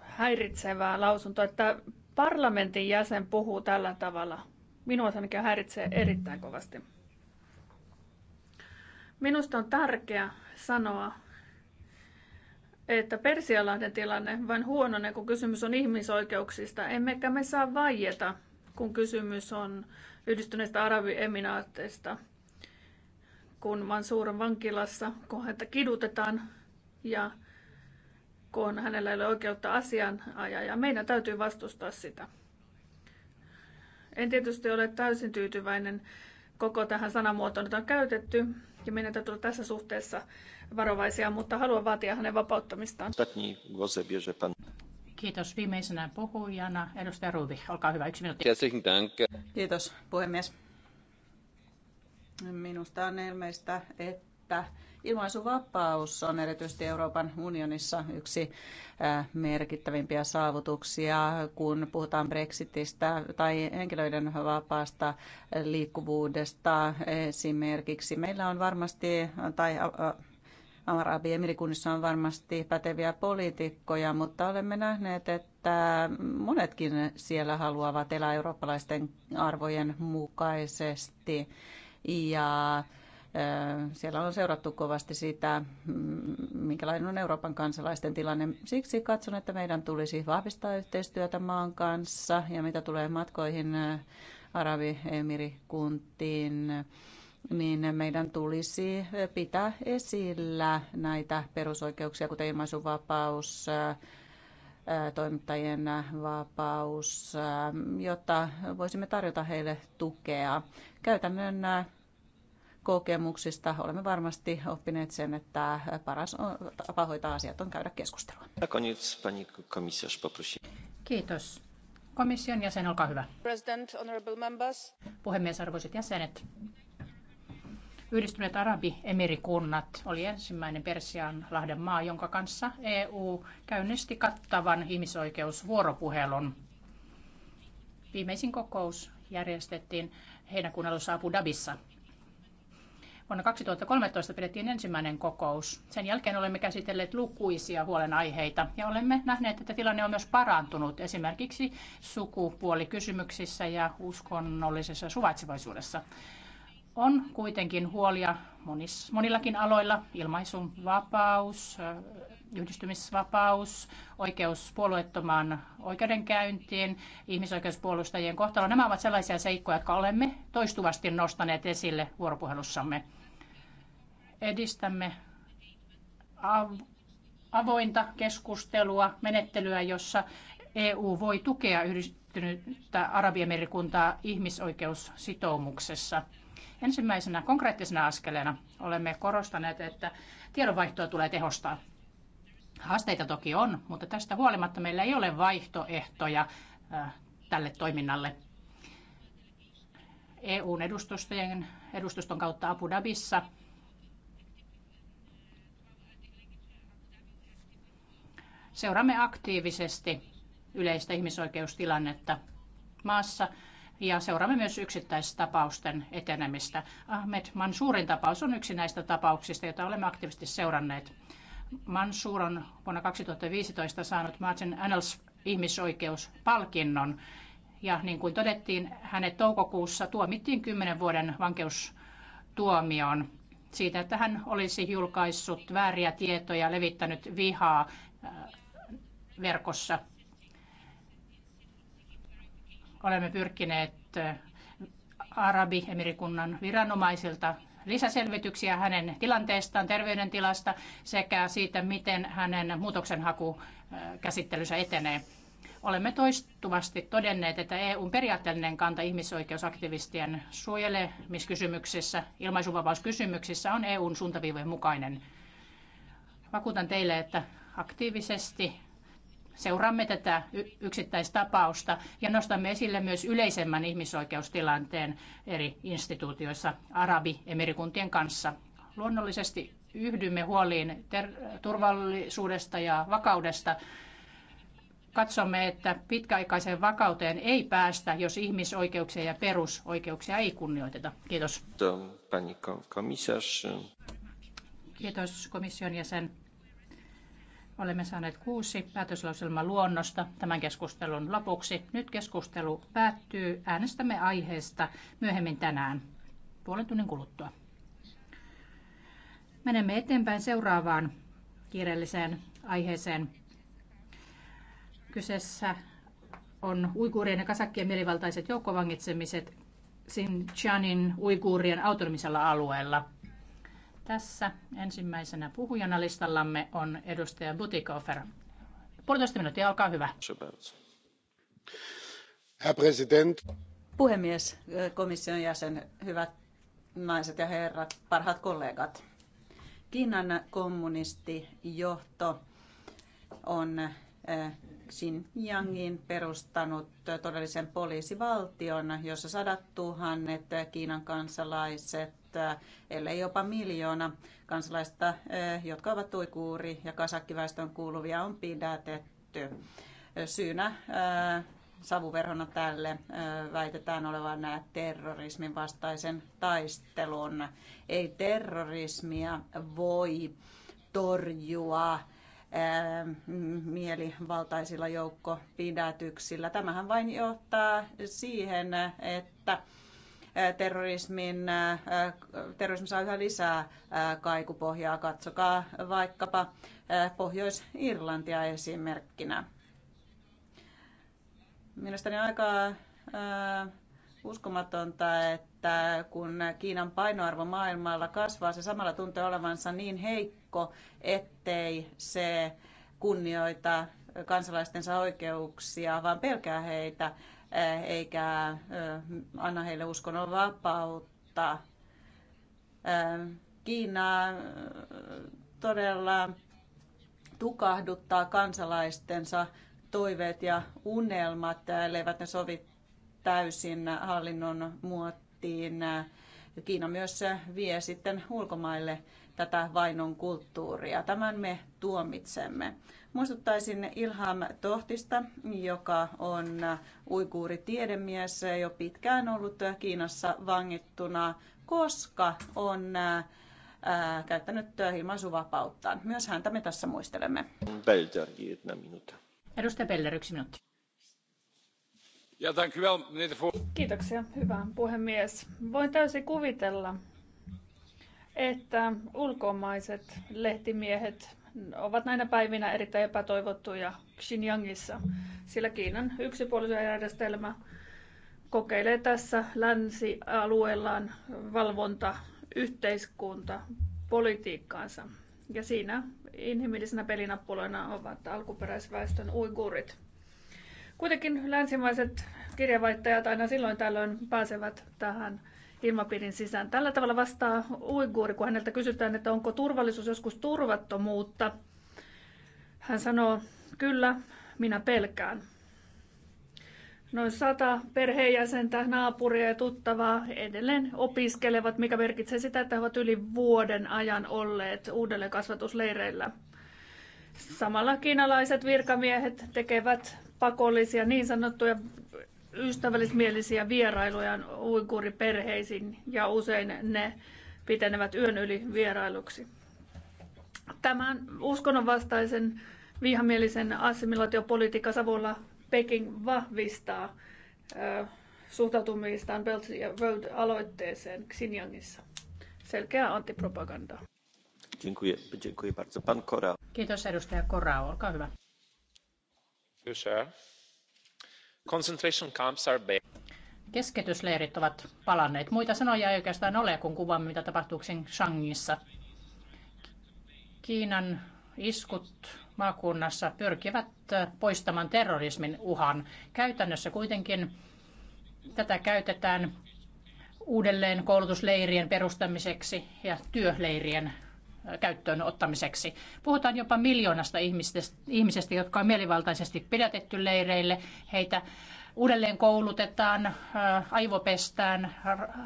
häiritsevää lausunto, että parlamentin jäsen puhuu tällä tavalla. Minua se ainakin häiritsee erittäin kovasti. Minusta on tärkeää sanoa, että Persialahden tilanne vain huononee, kun kysymys on ihmisoikeuksista. Emmekä me saa vaieta, kun kysymys on yhdistyneistä Arabiemiraateista, kun on vankilassa, kun häntä kidutetaan ja kun hänellä ei ole oikeutta asian, ja Meidän täytyy vastustaa sitä. En tietysti ole täysin tyytyväinen koko tähän sanamuotoon, jota on käytetty, ja meidän täytyy olla tässä suhteessa varovaisia, mutta haluan vaatia hänen vapauttamistaan. Kiitos viimeisenä puhujana. Edustaja Ruvi, olkaa hyvä, yksi minuutti. Kiitos puhemies. Minusta on ilmeistä, että ilmaisuvapaus on erityisesti Euroopan unionissa yksi äh, merkittävimpiä saavutuksia, kun puhutaan Brexitistä tai henkilöiden vapaasta liikkuvuudesta esimerkiksi. Meillä on varmasti, tai äh, Arabiemirikunnissa on varmasti päteviä poliitikkoja, mutta olemme nähneet, että monetkin siellä haluavat elää eurooppalaisten arvojen mukaisesti. Ja siellä on seurattu kovasti sitä, mm, minkälainen on Euroopan kansalaisten tilanne. Siksi katson, että meidän tulisi vahvistaa yhteistyötä maan kanssa ja mitä tulee matkoihin Arabiemirikuntiin niin meidän tulisi pitää esillä näitä perusoikeuksia, kuten ilmaisuvapaus, toimittajien vapaus, jotta voisimme tarjota heille tukea. Käytännön kokemuksista olemme varmasti oppineet sen, että paras tapa hoitaa asiat on käydä keskustelua. Kiitos. Komission jäsen, olkaa hyvä. President, honorable members. Puhemies, arvoisat jäsenet. Yhdistyneet Emirikunnat oli ensimmäinen Persian lahden maa, jonka kanssa EU käynnisti kattavan ihmisoikeusvuoropuhelun. Viimeisin kokous järjestettiin heinäkuun alussa Abu Dhabissa. Vuonna 2013 pidettiin ensimmäinen kokous. Sen jälkeen olemme käsitelleet lukuisia huolenaiheita ja olemme nähneet, että tilanne on myös parantunut esimerkiksi sukupuolikysymyksissä ja uskonnollisessa suvaitsevaisuudessa. On kuitenkin huolia monis, monillakin aloilla, ilmaisun vapaus, yhdistymisvapaus, oikeus puolueettomaan oikeudenkäyntiin, ihmisoikeuspuolustajien kohtalo. Nämä ovat sellaisia seikkoja, jotka olemme toistuvasti nostaneet esille vuoropuhelussamme. Edistämme avointa keskustelua, menettelyä, jossa EU voi tukea yhdistynyttä Arabiemerikuntaa ihmisoikeussitoumuksessa. Ensimmäisenä konkreettisena askeleena olemme korostaneet, että tiedonvaihtoa tulee tehostaa. Haasteita toki on, mutta tästä huolimatta meillä ei ole vaihtoehtoja äh, tälle toiminnalle. EUn edustustojen, edustuston kautta Abu Dhabissa seuraamme aktiivisesti yleistä ihmisoikeustilannetta maassa – ja seuraamme myös yksittäistapausten etenemistä. Ahmed Mansuurin tapaus on yksi näistä tapauksista, joita olemme aktiivisesti seuranneet. Mansuur on vuonna 2015 saanut Martin Annals ihmisoikeuspalkinnon. Ja niin kuin todettiin, hänet toukokuussa tuomittiin 10 vuoden vankeustuomioon siitä, että hän olisi julkaissut vääriä tietoja, levittänyt vihaa äh, verkossa. Olemme pyrkineet Arabi-emirikunnan viranomaisilta lisäselvityksiä hänen tilanteestaan, terveydentilasta sekä siitä, miten hänen muutoksenhakukäsittelynsä etenee. Olemme toistuvasti todenneet, että EUn periaatteellinen kanta ihmisoikeusaktivistien suojelemiskysymyksissä, ilmaisuvapauskysymyksissä on EUn suuntaviivojen mukainen. Vakuutan teille, että aktiivisesti Seuraamme tätä yksittäistapausta ja nostamme esille myös yleisemmän ihmisoikeustilanteen eri instituutioissa arabi kanssa. Luonnollisesti yhdymme huoliin turvallisuudesta ja vakaudesta. Katsomme, että pitkäaikaiseen vakauteen ei päästä, jos ihmisoikeuksia ja perusoikeuksia ei kunnioiteta. Kiitos. Kiitos komission jäsen. Olemme saaneet kuusi päätöslauselman luonnosta tämän keskustelun lopuksi. Nyt keskustelu päättyy. Äänestämme aiheesta myöhemmin tänään puolen tunnin kuluttua. Menemme eteenpäin seuraavaan kiireelliseen aiheeseen. Kyseessä on uiguurien ja kasakkien mielivaltaiset joukkovangitsemiset Xinjiangin uiguurien autonomisella alueella. Tässä ensimmäisenä puhujana listallamme on edustaja Butikofer. Puolitoista minuuttia, olkaa hyvä. Herr President. Puhemies, komission jäsen, hyvät naiset ja herrat, parhaat kollegat. Kiinan kommunistijohto on eh, Xinjiangin perustanut todellisen poliisivaltion, jossa sadat tuhannet Kiinan kansalaiset ellei jopa miljoona kansalaista, eh, jotka ovat tuikuuri- ja kasakkiväestön kuuluvia, on pidätetty. Syynä eh, savuverhona tälle eh, väitetään olevan terrorismin vastaisen taistelun. Ei terrorismia voi torjua mielivaltaisilla joukkopidätyksillä. Tämähän vain johtaa siihen, että terrorismin, terrorismi saa yhä lisää kaikupohjaa. Katsokaa vaikkapa Pohjois-Irlantia esimerkkinä. Mielestäni aika uskomatonta, että kun Kiinan painoarvo maailmalla kasvaa, se samalla tuntee olevansa niin heikko, ettei se kunnioita kansalaistensa oikeuksia, vaan pelkää heitä. Eh, eikä eh, anna heille uskonnon vapautta. Eh, Kiina todella tukahduttaa kansalaistensa toiveet ja unelmat, elleivät ne sovi täysin hallinnon muottiin. Kiina myös vie sitten ulkomaille tätä vainon kulttuuria. Tämän me tuomitsemme. Muistuttaisin Ilham Tohtista, joka on uiguuri tiedemies, jo pitkään ollut Kiinassa vangittuna, koska on ää, käyttänyt ilmaisuvapauttaan. Myös häntä me tässä muistelemme. Belder, jedna Edustaja Peller, yksi minuutti. Ja, Kiitoksia, hyvä puhemies. Voin täysin kuvitella, että ulkomaiset lehtimiehet ovat näinä päivinä erittäin epätoivottuja Xinjiangissa, sillä Kiinan yksipuolisen järjestelmä kokeilee tässä länsialueellaan valvonta yhteiskunta politiikkaansa. Ja siinä inhimillisenä pelinappuloina ovat alkuperäisväestön uigurit. Kuitenkin länsimaiset kirjavaittajat aina silloin tällöin pääsevät tähän ilmapiirin sisään. Tällä tavalla vastaa uiguuri, kun häneltä kysytään, että onko turvallisuus joskus turvattomuutta. Hän sanoo, kyllä, minä pelkään. Noin sata perheenjäsentä, naapuria ja tuttavaa edelleen opiskelevat, mikä merkitsee sitä, että he ovat yli vuoden ajan olleet uudelleen kasvatusleireillä. Samalla kiinalaiset virkamiehet tekevät pakollisia niin sanottuja ystävällismielisiä vierailuja uiguuriperheisiin ja usein ne pitenevät yön yli vierailuksi. Tämän uskonnonvastaisen vihamielisen assimilaatiopolitiikan savulla Peking vahvistaa suhtautumistaan Belt Road-aloitteeseen Xinjiangissa. Selkeä antipropaganda. Dziękuję, dziękuję bardzo. Pan Kora. Kiitos edustaja Kora, olkaa hyvä. Kyllä. Concentration camps are back. Keskitysleirit ovat palanneet. Muita sanoja ei oikeastaan ole, kun kuvaamme, mitä tapahtuu Xinjiangissa. Kiinan iskut maakunnassa pyrkivät poistamaan terrorismin uhan. Käytännössä kuitenkin tätä käytetään uudelleen koulutusleirien perustamiseksi ja työleirien käyttöön ottamiseksi. Puhutaan jopa miljoonasta ihmisestä, jotka on mielivaltaisesti pidätetty leireille. Heitä uudelleen koulutetaan, aivopestään,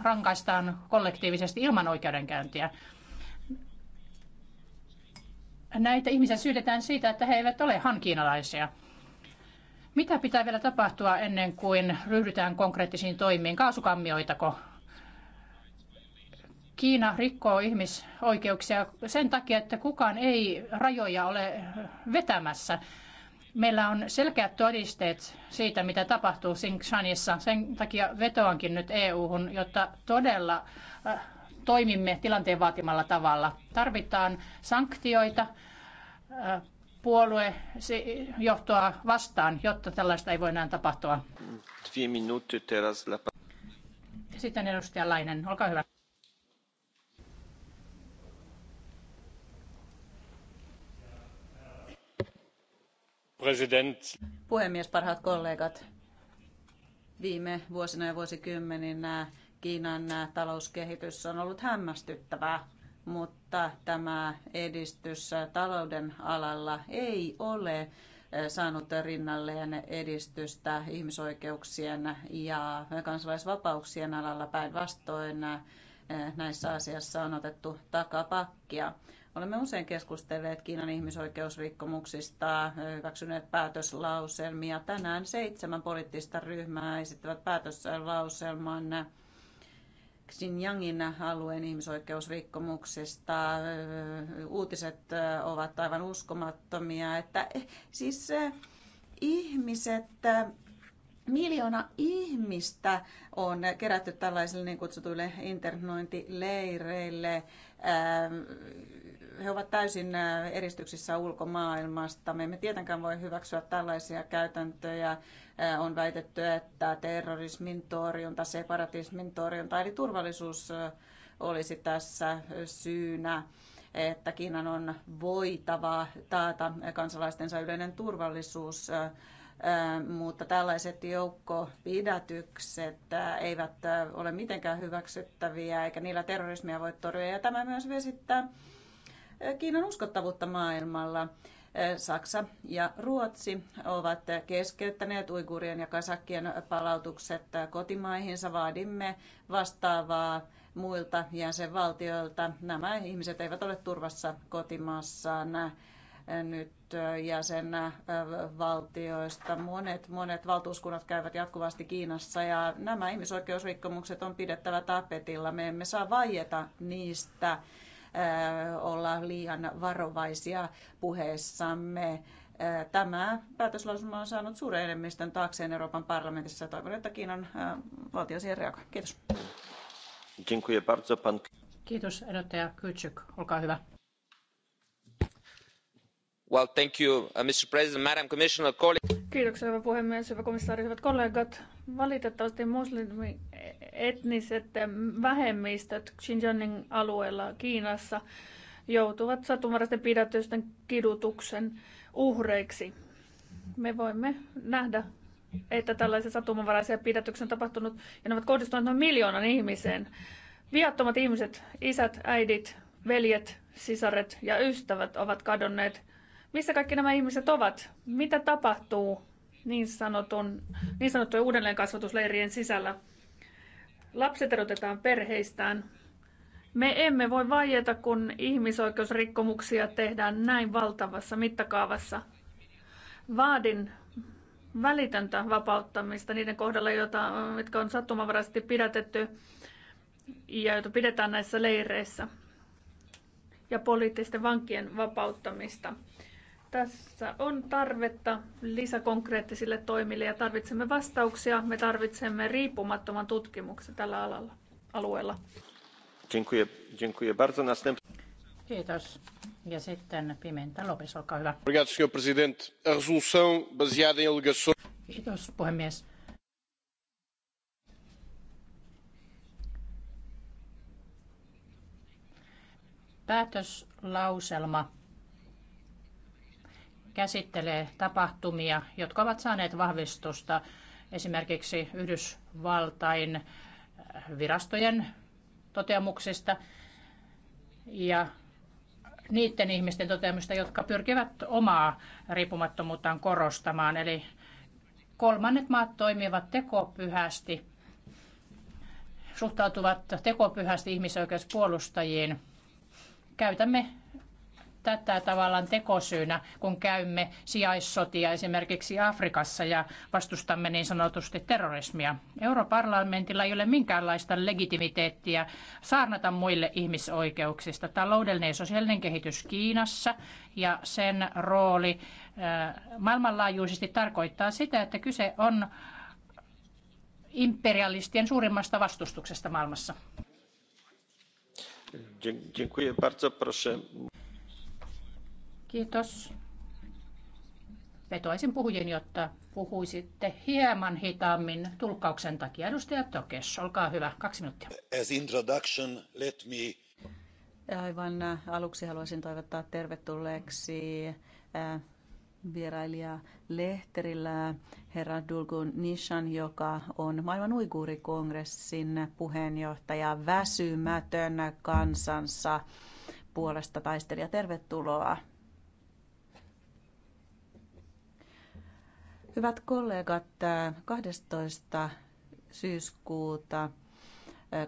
rankaistaan kollektiivisesti ilman oikeudenkäyntiä. Näitä ihmisiä syytetään siitä, että he eivät ole hankiinalaisia. Mitä pitää vielä tapahtua ennen kuin ryhdytään konkreettisiin toimiin? Kaasukammioitako Kiina rikkoo ihmisoikeuksia sen takia, että kukaan ei rajoja ole vetämässä. Meillä on selkeät todisteet siitä, mitä tapahtuu Xinjiangissa. Sen takia vetoankin nyt EU-hun, jotta todella äh, toimimme tilanteen vaatimalla tavalla. Tarvitaan sanktioita äh, puoluejohtoa vastaan, jotta tällaista ei voi enää tapahtua. Sitten edustaja Lainen, olkaa hyvä. President. Puhemies, parhaat kollegat. Viime vuosina ja vuosikymmeninä Kiinan talouskehitys on ollut hämmästyttävää, mutta tämä edistys talouden alalla ei ole eh, saanut rinnalleen edistystä ihmisoikeuksien ja kansalaisvapauksien alalla päinvastoin eh, näissä asiassa on otettu takapakkia. Olemme usein keskustelleet Kiinan ihmisoikeusrikkomuksista, hyväksyneet päätöslauselmia. Tänään seitsemän poliittista ryhmää esittävät päätöslauselman Xinjiangin alueen ihmisoikeusrikkomuksista. Uutiset ovat aivan uskomattomia. Että, siis ihmiset Miljoona ihmistä on kerätty tällaisille niin kutsutuille internointileireille he ovat täysin äh, eristyksissä ulkomaailmasta. Me emme tietenkään voi hyväksyä tällaisia käytäntöjä. Äh, on väitetty, että terrorismin torjunta, separatismin torjunta, eli turvallisuus äh, olisi tässä syynä että Kiinan on voitava taata kansalaistensa yleinen turvallisuus, mutta tällaiset joukkopidätykset eivät ole mitenkään hyväksyttäviä, eikä niillä terrorismia voi torjua. Ja tämä myös vesittää Kiinan uskottavuutta maailmalla. Saksa ja Ruotsi ovat keskeyttäneet uigurien ja kasakkien palautukset kotimaihinsa. Vaadimme vastaavaa muilta jäsenvaltioilta. Nämä ihmiset eivät ole turvassa kotimaassaan nyt jäsenvaltioista. Monet, monet valtuuskunnat käyvät jatkuvasti Kiinassa ja nämä ihmisoikeusrikkomukset on pidettävä tapetilla. Me emme saa vaieta niistä olla liian varovaisia puheessamme. Tämä päätöslausuma on saanut suuren enemmistön taakseen Euroopan parlamentissa. Toivon, että Kiinan valtio siihen reagoi. Kiitos. Kiitos, edustaja Kytsyk. Olkaa hyvä arvoisa uh, Kiitoksia, hyvä puhemies, hyvä komissaari, hyvät kollegat. Valitettavasti muslimi vähemmistöt Xinjiangin alueella Kiinassa joutuvat satumarasten pidätysten kidutuksen uhreiksi. Me voimme nähdä, että tällaisia satumavaraisia pidätyksiä on tapahtunut ja ne ovat kohdistuneet noin miljoonan ihmiseen. Viattomat ihmiset, isät, äidit, veljet, sisaret ja ystävät ovat kadonneet missä kaikki nämä ihmiset ovat? Mitä tapahtuu niin, sanotun, niin sanottujen uudelleenkasvatusleirien sisällä? Lapset erotetaan perheistään. Me emme voi vaieta, kun ihmisoikeusrikkomuksia tehdään näin valtavassa mittakaavassa. Vaadin välitöntä vapauttamista niiden kohdalla, joita, mitkä on sattumanvaraisesti pidätetty ja joita pidetään näissä leireissä ja poliittisten vankien vapauttamista. Tässä on tarvetta lisäkonkreettisille toimille ja tarvitsemme vastauksia. Me tarvitsemme riippumattoman tutkimuksen tällä alalla, alueella. Dziękuję, dziękuję bardzo. Następ... Kiitos. Ja sitten Pimenta Lopes, olkaa hyvä. presidente. A resolução baseada em alegações... Kiitos, puhemies. Päätöslauselma käsittelee tapahtumia, jotka ovat saaneet vahvistusta esimerkiksi Yhdysvaltain äh, virastojen toteamuksista ja niiden ihmisten toteamusta, jotka pyrkivät omaa riippumattomuuttaan korostamaan. Eli kolmannet maat toimivat tekopyhästi, suhtautuvat tekopyhästi ihmisoikeuspuolustajiin. Käytämme tätä tavallaan tekosyynä, kun käymme sijaissotia esimerkiksi Afrikassa ja vastustamme niin sanotusti terrorismia. Europarlamentilla ei ole minkäänlaista legitimiteettiä saarnata muille ihmisoikeuksista. Taloudellinen ja sosiaalinen kehitys Kiinassa ja sen rooli äh, maailmanlaajuisesti tarkoittaa sitä, että kyse on imperialistien suurimmasta vastustuksesta maailmassa. Kiitos. Vetoisin puhujen jotta puhuisitte hieman hitaammin tulkkauksen takia. Edustaja Tokes, olkaa hyvä, kaksi minuuttia. As introduction, let me... Aivan äh, aluksi haluaisin toivottaa tervetulleeksi äh, vierailija Lehterillä herra Dulgun Nishan, joka on maailman uiguurikongressin puheenjohtaja, väsymätön kansansa puolesta taistelija. Tervetuloa Hyvät kollegat, 12. syyskuuta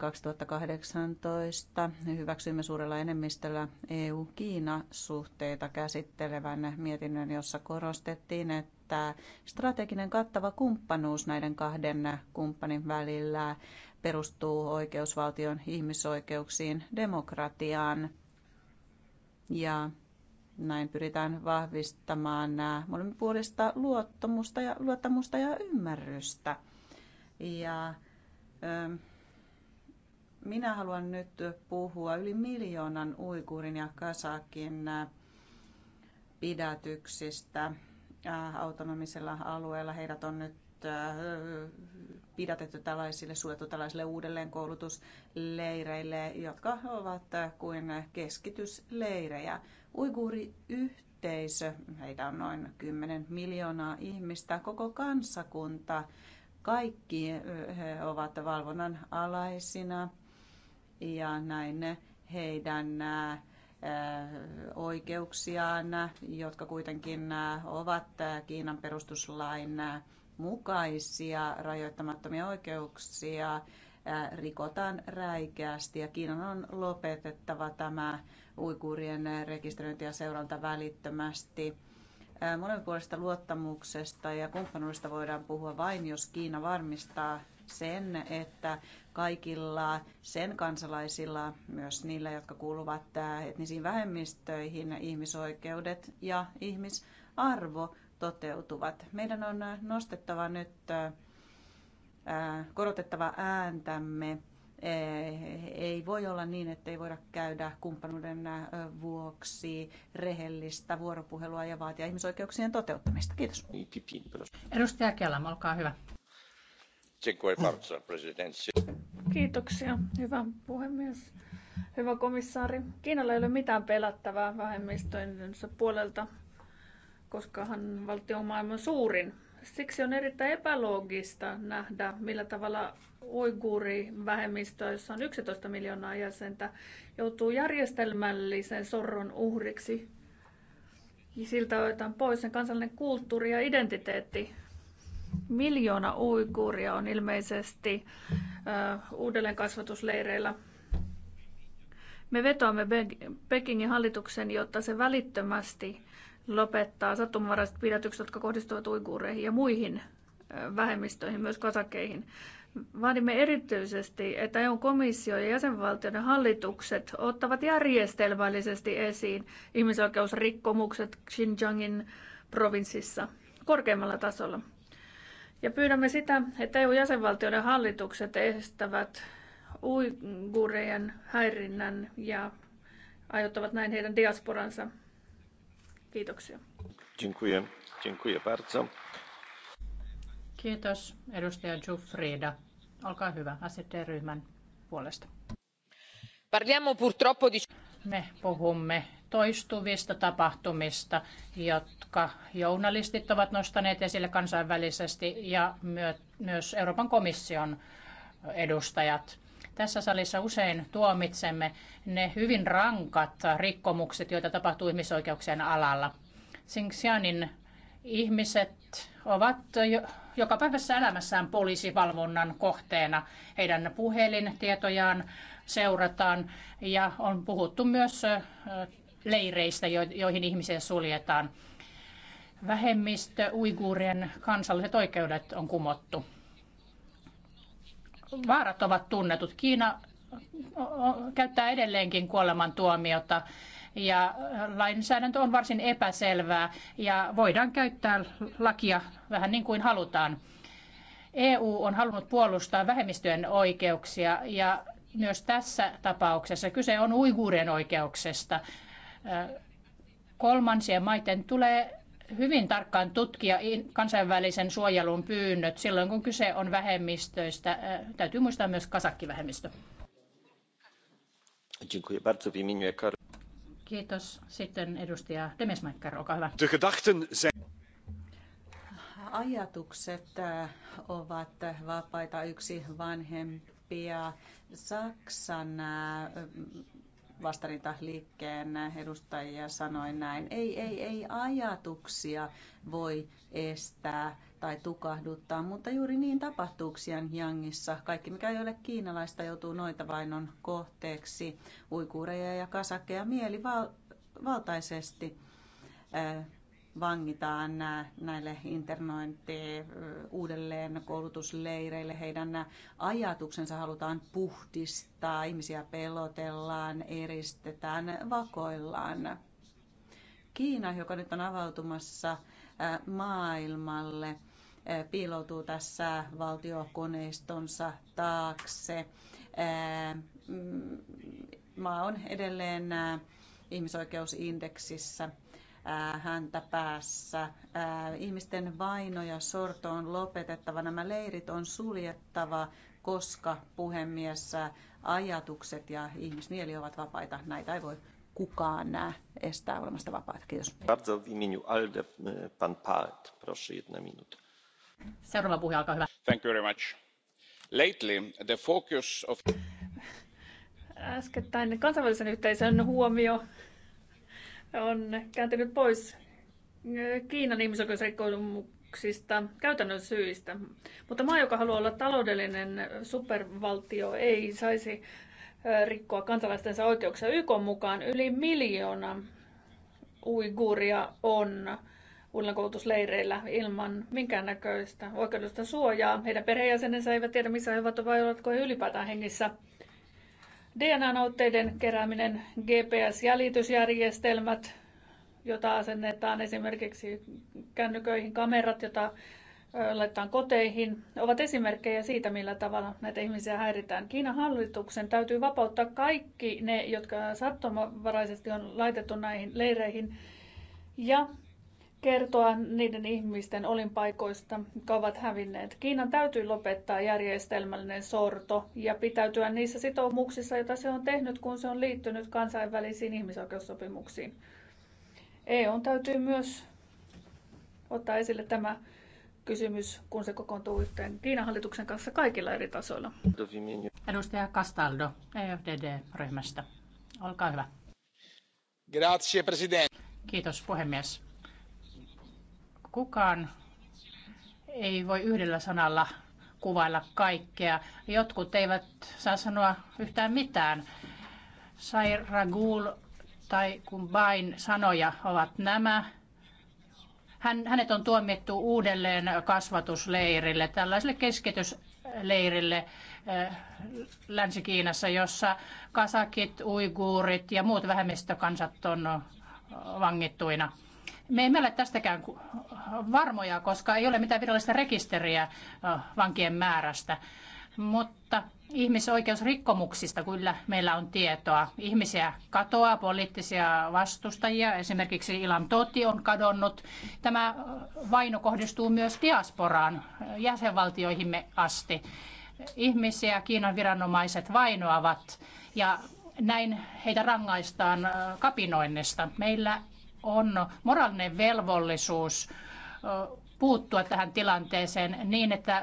2018 eh, hyväksyimme suurella enemmistöllä EU-Kiina-suhteita käsittelevän mietinnön, jossa korostettiin, että strateginen kattava kumppanuus näiden kahden kumppanin välillä perustuu oikeusvaltion ihmisoikeuksiin, demokratiaan ja näin pyritään vahvistamaan nämä molemminpuolista luottamusta ja, luottamusta ja ymmärrystä. Ja, ö, ähm, minä haluan nyt puhua yli miljoonan uikurin ja kasakin äh, pidätyksistä äh, autonomisella alueella. Heidät on nyt äh, pidätetty tällaisille, suljettu tällaisille uudelleenkoulutusleireille, jotka ovat kuin keskitysleirejä. Uiguuriyhteisö, heitä on noin 10 miljoonaa ihmistä, koko kansakunta, kaikki he ovat valvonnan alaisina ja näin heidän oikeuksiaan, jotka kuitenkin ovat Kiinan perustuslain mukaisia rajoittamattomia oikeuksia, rikotaan räikeästi ja Kiinan on lopetettava tämä uikuurien rekisteröinti ja seuranta välittömästi. Molempuolista luottamuksesta ja kumppanuudesta voidaan puhua vain, jos Kiina varmistaa sen, että kaikilla sen kansalaisilla, myös niillä, jotka kuuluvat etnisiin vähemmistöihin, ihmisoikeudet ja ihmisarvo toteutuvat. Meidän on nostettava nyt korotettava ääntämme. Ei voi olla niin, että ei voida käydä kumppanuuden vuoksi rehellistä vuoropuhelua ja vaatia ihmisoikeuksien toteuttamista. Kiitos. Edustaja Kelam, olkaa hyvä. Kiitoksia, hyvä puhemies. Hyvä komissaari, Kiinalla ei ole mitään pelättävää vähemmistöjensä puolelta, koska hän valtio on maailman suurin Siksi on erittäin epäloogista nähdä, millä tavalla uiguurivähemmistö, jossa on 11 miljoonaa jäsentä, joutuu järjestelmällisen sorron uhriksi. Siltä otetaan pois sen kansallinen kulttuuri ja identiteetti. Miljoona uiguuria on ilmeisesti uudelleenkasvatusleireillä. Me vetoamme Pekingin hallituksen, jotta se välittömästi lopettaa sattumanvaraiset pidätykset, jotka kohdistuvat uiguureihin ja muihin vähemmistöihin, myös kasakeihin. Vaadimme erityisesti, että EUn komissio ja jäsenvaltioiden hallitukset ottavat järjestelmällisesti esiin ihmisoikeusrikkomukset Xinjiangin provinssissa korkeimmalla tasolla. Ja pyydämme sitä, että EU-jäsenvaltioiden hallitukset estävät uigurejen häirinnän ja aiheuttavat näin heidän diasporansa Kiitoksia. Dziękuję. Dziękuję bardzo. Kiitos edustaja Jufrida. Olkaa hyvä ST-ryhmän puolesta. Parliamo purtroppo di... Me puhumme toistuvista tapahtumista, jotka journalistit ovat nostaneet esille kansainvälisesti ja myös Euroopan komission edustajat. Tässä salissa usein tuomitsemme ne hyvin rankat rikkomukset, joita tapahtuu ihmisoikeuksien alalla. Xinjiangin ihmiset ovat joka päivässä elämässään poliisivalvonnan kohteena. Heidän puhelintietojaan seurataan ja on puhuttu myös leireistä, joihin ihmisiä suljetaan. Vähemmistö uiguurien kansalliset oikeudet on kumottu vaarat ovat tunnetut. Kiina käyttää edelleenkin kuolemantuomiota ja lainsäädäntö on varsin epäselvää ja voidaan käyttää lakia vähän niin kuin halutaan. EU on halunnut puolustaa vähemmistöjen oikeuksia ja myös tässä tapauksessa kyse on uiguurien oikeuksesta. Kolmansien maiden tulee hyvin tarkkaan tutkia kansainvälisen suojelun pyynnöt silloin, kun kyse on vähemmistöistä. Äh, täytyy muistaa myös kasakkivähemmistö. Kiitos. Sitten edustaja Demesmaikkar, olkaa hyvä. Ajatukset äh, ovat vapaita yksi vanhempia. Saksan äh, vastarintaliikkeen edustajia sanoi näin. Ei, ei, ei ajatuksia voi estää tai tukahduttaa, mutta juuri niin tapahtuu Xianjiangissa. Kaikki, mikä ei ole kiinalaista, joutuu noita vainon kohteeksi. Uikuureja ja kasakkeja mielivaltaisesti. Val- vangitaan äh, näille internointi äh, uudelleen koulutusleireille. Heidän äh, ajatuksensa halutaan puhdistaa, ihmisiä pelotellaan, eristetään, vakoillaan. Kiina, joka nyt on avautumassa maailmalle, piiloutuu tässä valtiokoneistonsa taakse. Mm, maa on edelleen ihmisoikeusindeksissä häntä päässä. Ihmisten vaino ja sorto on lopetettava, nämä leirit on suljettava, koska puhemies ajatukset ja ihmismieli ovat vapaita. Näitä ei voi kukaan nää estää olemasta vapaita. Kiitos. Bardzo w imieniu ALDE e, pan Paet, proszę jedna minuta. Seuraava puhe, alkaa. hyvä. Thank you very much. Lately the focus of... Äskettäin kansainvälisen yhteisön huomio on kääntynyt pois äh, Kiinan ihmisoikeusrikkomuksista käytännön syistä. Mutta maa, joka haluaa olla taloudellinen supervaltio, ei saisi äh, rikkoa kansalaistensa oikeuksia. YK mukaan yli miljoona uiguuria on uudelleenkoulutusleireillä ilman minkäännäköistä oikeudellista suojaa. Heidän perheenjäsenensä eivät tiedä, missä he ovat vai ovatko he ylipäätään hengissä. DNA-näytteiden kerääminen, GPS-jäljitysjärjestelmät, jota asennetaan esimerkiksi kännyköihin, kamerat, jota laitetaan koteihin, ovat esimerkkejä siitä, millä tavalla näitä ihmisiä häiritään. Kiinan hallituksen täytyy vapauttaa kaikki ne, jotka sattumavaraisesti on laitettu näihin leireihin ja kertoa niiden ihmisten olinpaikoista, jotka ovat hävinneet. Kiinan täytyy lopettaa järjestelmällinen sorto ja pitäytyä niissä sitoumuksissa, joita se on tehnyt, kun se on liittynyt kansainvälisiin ihmisoikeussopimuksiin. EU täytyy myös ottaa esille tämä kysymys, kun se kokoontuu yhteen Kiinan hallituksen kanssa kaikilla eri tasoilla. Edustaja Castaldo, EFDD-ryhmästä. Olkaa hyvä. Grazie, Kiitos puhemies. Kukaan ei voi yhdellä sanalla kuvailla kaikkea. Jotkut eivät saa sanoa yhtään mitään. Sairagul tai Kumbain sanoja ovat nämä. Hän, hänet on tuomittu uudelleen kasvatusleirille, tällaiselle keskitysleirille eh, Länsi-Kiinassa, jossa kasakit, uiguurit ja muut vähemmistökansat on eh, vangittuina. Me emme ole tästäkään varmoja, koska ei ole mitään virallista rekisteriä vankien määrästä. Mutta ihmisoikeusrikkomuksista kyllä meillä on tietoa. Ihmisiä katoaa, poliittisia vastustajia, esimerkiksi Ilham Toti on kadonnut. Tämä vaino kohdistuu myös diasporaan, jäsenvaltioihimme asti. Ihmisiä Kiinan viranomaiset vainoavat ja näin heitä rangaistaan kapinoinnista. Meillä on moraalinen velvollisuus puuttua tähän tilanteeseen niin, että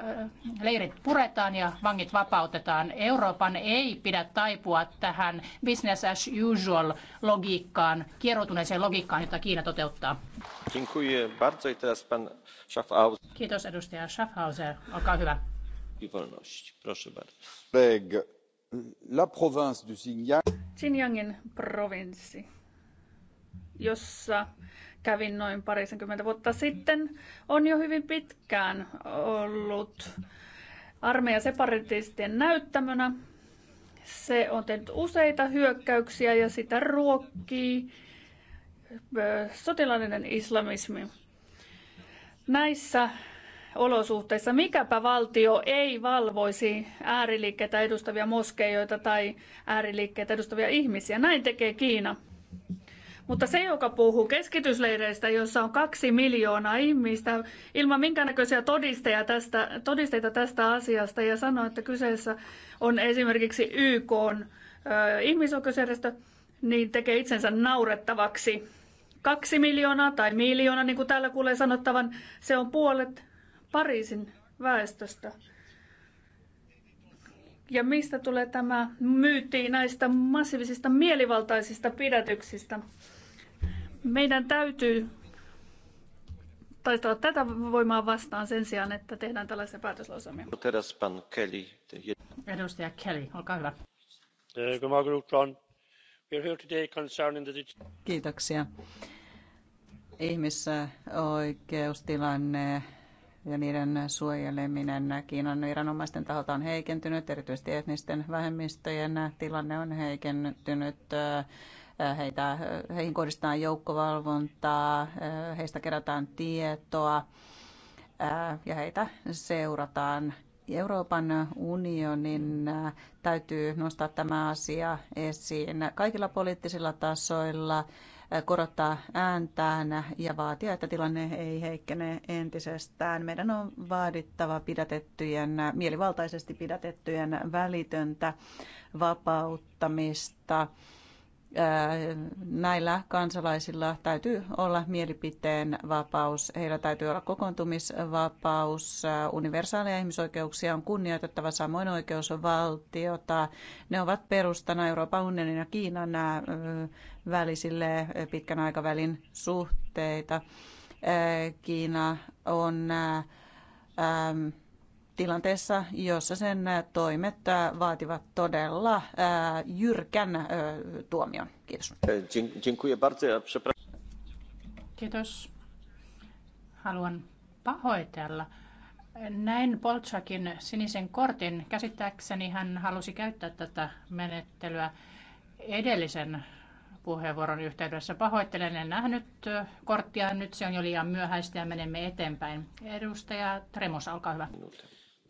leirit puretaan ja vangit vapautetaan. Euroopan ei pidä taipua tähän business as usual logiikkaan, kieroutuneeseen logiikkaan, jota Kiina toteuttaa. Kiitos edustaja Schaffhauser. Olkaa hyvä. La province du Xinjiang. Xinjiangin provinssi jossa kävin noin parisenkymmentä vuotta sitten, on jo hyvin pitkään ollut armeija separatistien näyttämönä. Se on tehnyt useita hyökkäyksiä ja sitä ruokkii sotilaallinen islamismi. Näissä olosuhteissa mikäpä valtio ei valvoisi ääriliikkeitä edustavia moskeijoita tai ääriliikkeitä edustavia ihmisiä. Näin tekee Kiina. Mutta se, joka puhuu keskitysleireistä, jossa on kaksi miljoonaa ihmistä ilman minkäännäköisiä todisteita tästä, todisteita tästä asiasta ja sanoo, että kyseessä on esimerkiksi YK ö, ihmisoikeusjärjestö, niin tekee itsensä naurettavaksi. Kaksi miljoonaa tai miljoona, niin kuin täällä kuulee sanottavan, se on puolet Pariisin väestöstä. Ja mistä tulee tämä myytti näistä massiivisista mielivaltaisista pidätyksistä? Meidän täytyy taistella tätä voimaa vastaan sen sijaan, että tehdään tällaisia päätöslausumia. Edustaja Kelly, olkaa hyvä. Eh, Kiitoksia. Ihmisoikeustilanne ja niiden suojeleminen Kiinan viranomaisten taholta on heikentynyt, erityisesti etnisten vähemmistöjen tilanne on heikentynyt heitä, heihin kohdistetaan joukkovalvontaa, heistä kerätään tietoa ja heitä seurataan. Euroopan unionin täytyy nostaa tämä asia esiin kaikilla poliittisilla tasoilla, korottaa ääntään ja vaatia, että tilanne ei heikkene entisestään. Meidän on vaadittava pidätettyjen, mielivaltaisesti pidätettyjen välitöntä vapauttamista näillä kansalaisilla täytyy olla mielipiteen vapaus, heillä täytyy olla kokoontumisvapaus, universaaleja ihmisoikeuksia on kunnioitettava, samoin oikeusvaltiota. Ne ovat perustana Euroopan unionin ja Kiinan välisille pitkän aikavälin suhteita. Kiina on tilanteessa, jossa sen toimet vaativat todella jyrkän tuomion. Kiitos. Kiitos. Haluan pahoitella. Näin Polchakin sinisen kortin. Käsittääkseni hän halusi käyttää tätä menettelyä edellisen puheenvuoron yhteydessä. Pahoittelen, en nähnyt korttia. Nyt se on jo liian myöhäistä ja menemme eteenpäin. Edustaja Tremos, olkaa hyvä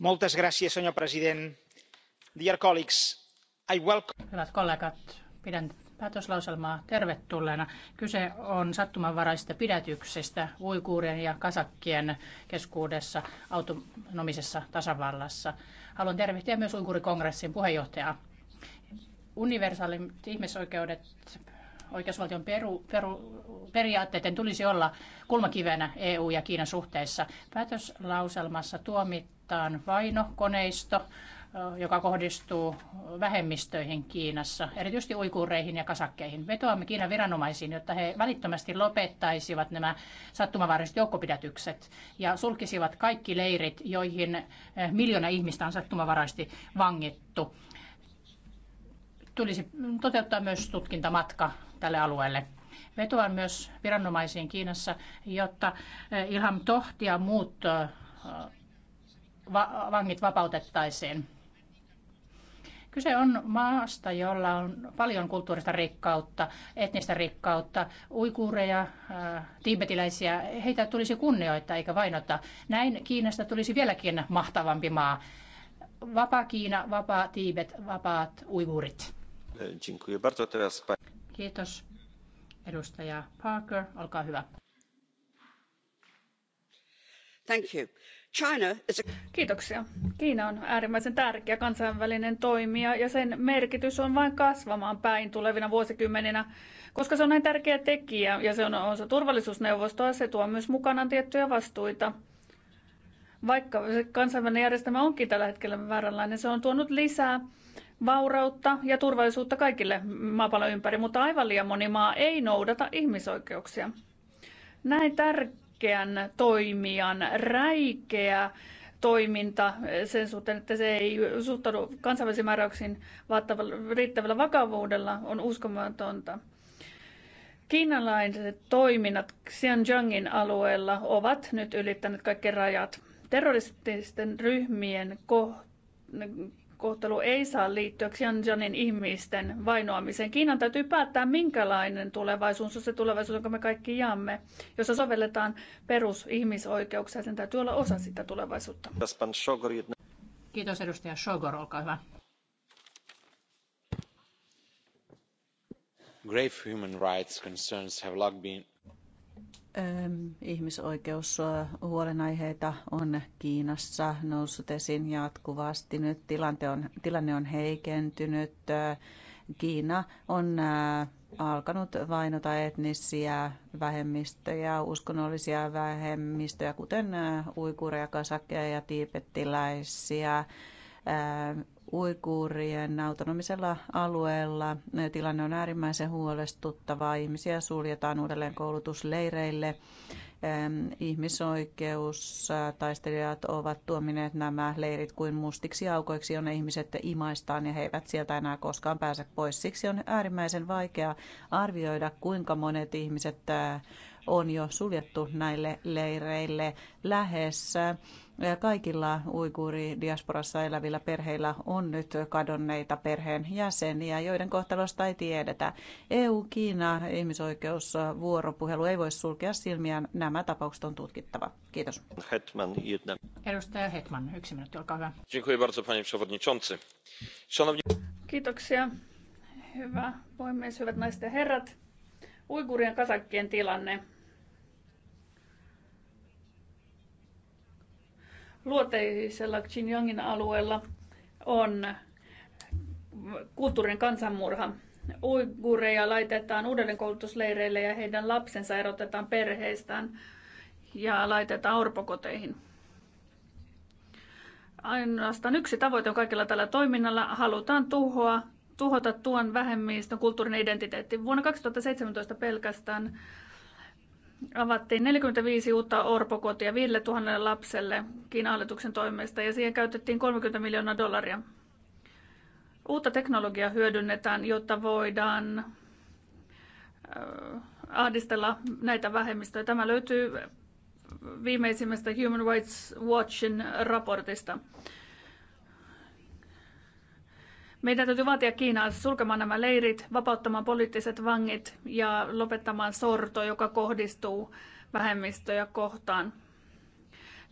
señor puhemies hyvät kollegat pidän päätöslauselmaa tervetulleena. Kyse on sattumanvaraisista pidätyksistä uiguurien ja kasakkien keskuudessa autonomisessa tasavallassa. Haluan tervehtiä myös uiguurikongressin puheenjohtajaa. Universaalit ihmisoikeudet oikeusvaltion peru, peru, periaatteiden tulisi olla kulmakivenä EU- ja Kiinan suhteissa. Päätöslauselmassa tuomittaan vaino, koneisto, joka kohdistuu vähemmistöihin Kiinassa, erityisesti uikuureihin ja kasakkeihin. Vetoamme Kiinan viranomaisiin, jotta he välittömästi lopettaisivat nämä sattumavaaralliset joukkopidätykset ja sulkisivat kaikki leirit, joihin miljoona ihmistä on sattumavaraisesti vangittu. Tulisi toteuttaa myös tutkintamatka tälle alueelle. Vetoan myös viranomaisiin Kiinassa, jotta eh, Ilham Tohti ja muut eh, vangit vapautettaisiin. Kyse on maasta, jolla on paljon kulttuurista rikkautta, etnistä rikkautta, uikuureja, eh, tiibetiläisiä. Heitä tulisi kunnioittaa eikä vainota. Näin Kiinasta tulisi vieläkin mahtavampi maa. Vapaa Kiina, vapaa Tiibet, vapaat uiguurit. Kiitos. Edustaja Parker, olkaa hyvä. Thank you. China is a... Kiitoksia. Kiina on äärimmäisen tärkeä kansainvälinen toimija ja sen merkitys on vain kasvamaan päin tulevina vuosikymmeninä, koska se on näin tärkeä tekijä ja se on osa turvallisuusneuvostoa. Se tuo myös mukanaan tiettyjä vastuita. Vaikka se kansainvälinen järjestelmä onkin tällä hetkellä vääränlainen, se on tuonut lisää vaurautta ja turvallisuutta kaikille maapallon ympäri, mutta aivan liian moni maa ei noudata ihmisoikeuksia. Näin tärkeän toimijan räikeä toiminta sen suhteen, että se ei suhtaudu kansainvälisiin määräyksiin riittävällä vakavuudella, on uskomatonta. Kiinalaiset toiminnat Xinjiangin alueella ovat nyt ylittäneet kaikki rajat. Terrorististen ryhmien kohtelu ei saa liittyä Xinjiangin ihmisten vainoamiseen. Kiinan täytyy päättää, minkälainen tulevaisuus on se tulevaisuus, jonka me kaikki jaamme, jossa sovelletaan perusihmisoikeuksia. Sen täytyy olla osa sitä tulevaisuutta. Kiitos edustaja Shogor, olkaa hyvä. Grave human rights concerns have long been ihmisoikeushuolenaiheita on Kiinassa noussut esiin jatkuvasti. Nyt tilante on, tilanne on heikentynyt. Kiina on alkanut vainota etnisiä vähemmistöjä, uskonnollisia vähemmistöjä, kuten uikureja, kasakkeja ja tiipettiläisiä uikuurien autonomisella alueella. Tilanne on äärimmäisen huolestuttava. Ihmisiä suljetaan uudelleen koulutusleireille. Ihmisoikeustaistelijat ovat tuomineet nämä leirit kuin mustiksi aukoiksi, jonne ihmiset imaistaan ja he eivät sieltä enää koskaan pääse pois. Siksi on äärimmäisen vaikea arvioida, kuinka monet ihmiset on jo suljettu näille leireille. Lähes kaikilla uiguuri diasporassa elävillä perheillä on nyt kadonneita perheen jäseniä, joiden kohtalosta ei tiedetä. EU-Kiina ihmisoikeusvuoropuhelu ei voi sulkea silmiään. Nämä tapaukset on tutkittava. Kiitos. Hetman, Edustaja Hetman, yksi minuutti, olkaa hyvä. Dziękuję bardzo, panie przewodniczący. Szanowni... Kiitoksia. Hyvä puhemies, hyvät naiset ja herrat uigurien kasakkien tilanne. Luoteisella Xinjiangin alueella on kulttuurin kansanmurha. Uigureja laitetaan uudelleenkoulutusleireille ja heidän lapsensa erotetaan perheistään ja laitetaan orpokoteihin. Ainoastaan yksi tavoite on kaikilla tällä toiminnalla. Halutaan tuhoa tuhota tuon vähemmistön kulttuurinen identiteetti. Vuonna 2017 pelkästään avattiin 45 uutta orpokotia 5000 lapselle Kiinan hallituksen toimesta ja siihen käytettiin 30 miljoonaa dollaria. Uutta teknologiaa hyödynnetään, jotta voidaan äh, ahdistella näitä vähemmistöjä. Tämä löytyy viimeisimmästä Human Rights Watchin raportista. Meidän täytyy vaatia Kiinaa sulkemaan nämä leirit, vapauttamaan poliittiset vangit ja lopettamaan sorto, joka kohdistuu vähemmistöjä kohtaan.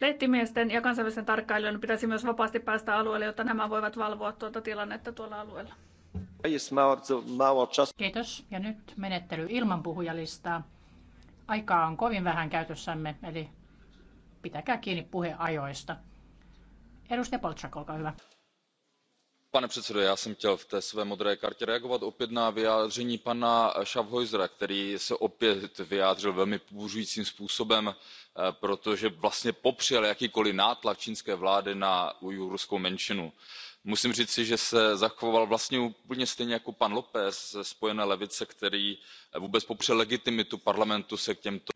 Lehtimiesten ja kansainvälisten tarkkailijoiden pitäisi myös vapaasti päästä alueelle, jotta nämä voivat valvoa tuota tilannetta tuolla alueella. Kiitos. Ja nyt menettely ilman puhujalistaa. Aikaa on kovin vähän käytössämme, eli pitäkää kiinni puheajoista. Edustaja Poltsak, olkaa hyvä pane předsedající já jsem chtěl v té své modré kartě reagovat opět na vyjádření pana schaffhausera který se opět vyjádřil velmi pobuřujícím způsobem eh, protože vlastně popřel jakýkoliv nátlak čínské vlády na ujgurskou menšinu. musím říci že se zachoval vlastně úplně stejně jako pan lópez ze spojené levice který eh, vůbec popřel legitimitu parlamentu se k těmto.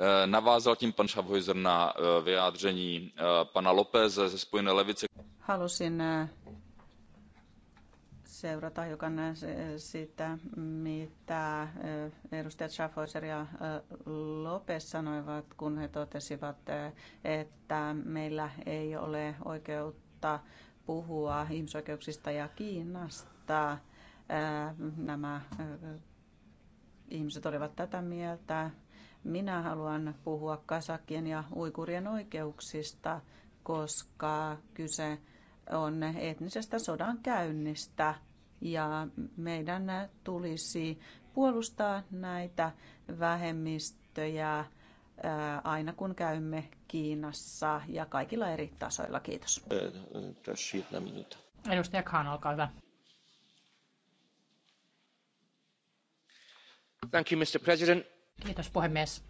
Eh, navázal tím pan schaffhauser na eh, vyjádření eh, pana lópeze ze Spojené levice. Halusin seurata hiukan sitä, mitä edustajat Schaffhauser ja Lopes sanoivat, kun he totesivat, että meillä ei ole oikeutta puhua ihmisoikeuksista ja Kiinasta. Nämä ihmiset olivat tätä mieltä. Minä haluan puhua kasakien ja uikurien oikeuksista, koska kyse on etnisestä sodan käynnistä ja meidän tulisi puolustaa näitä vähemmistöjä aina kun käymme Kiinassa ja kaikilla eri tasoilla. Kiitos. Edustaja Khan, olkaa hyvä. Thank you, Mr. President. Kiitos puhemies.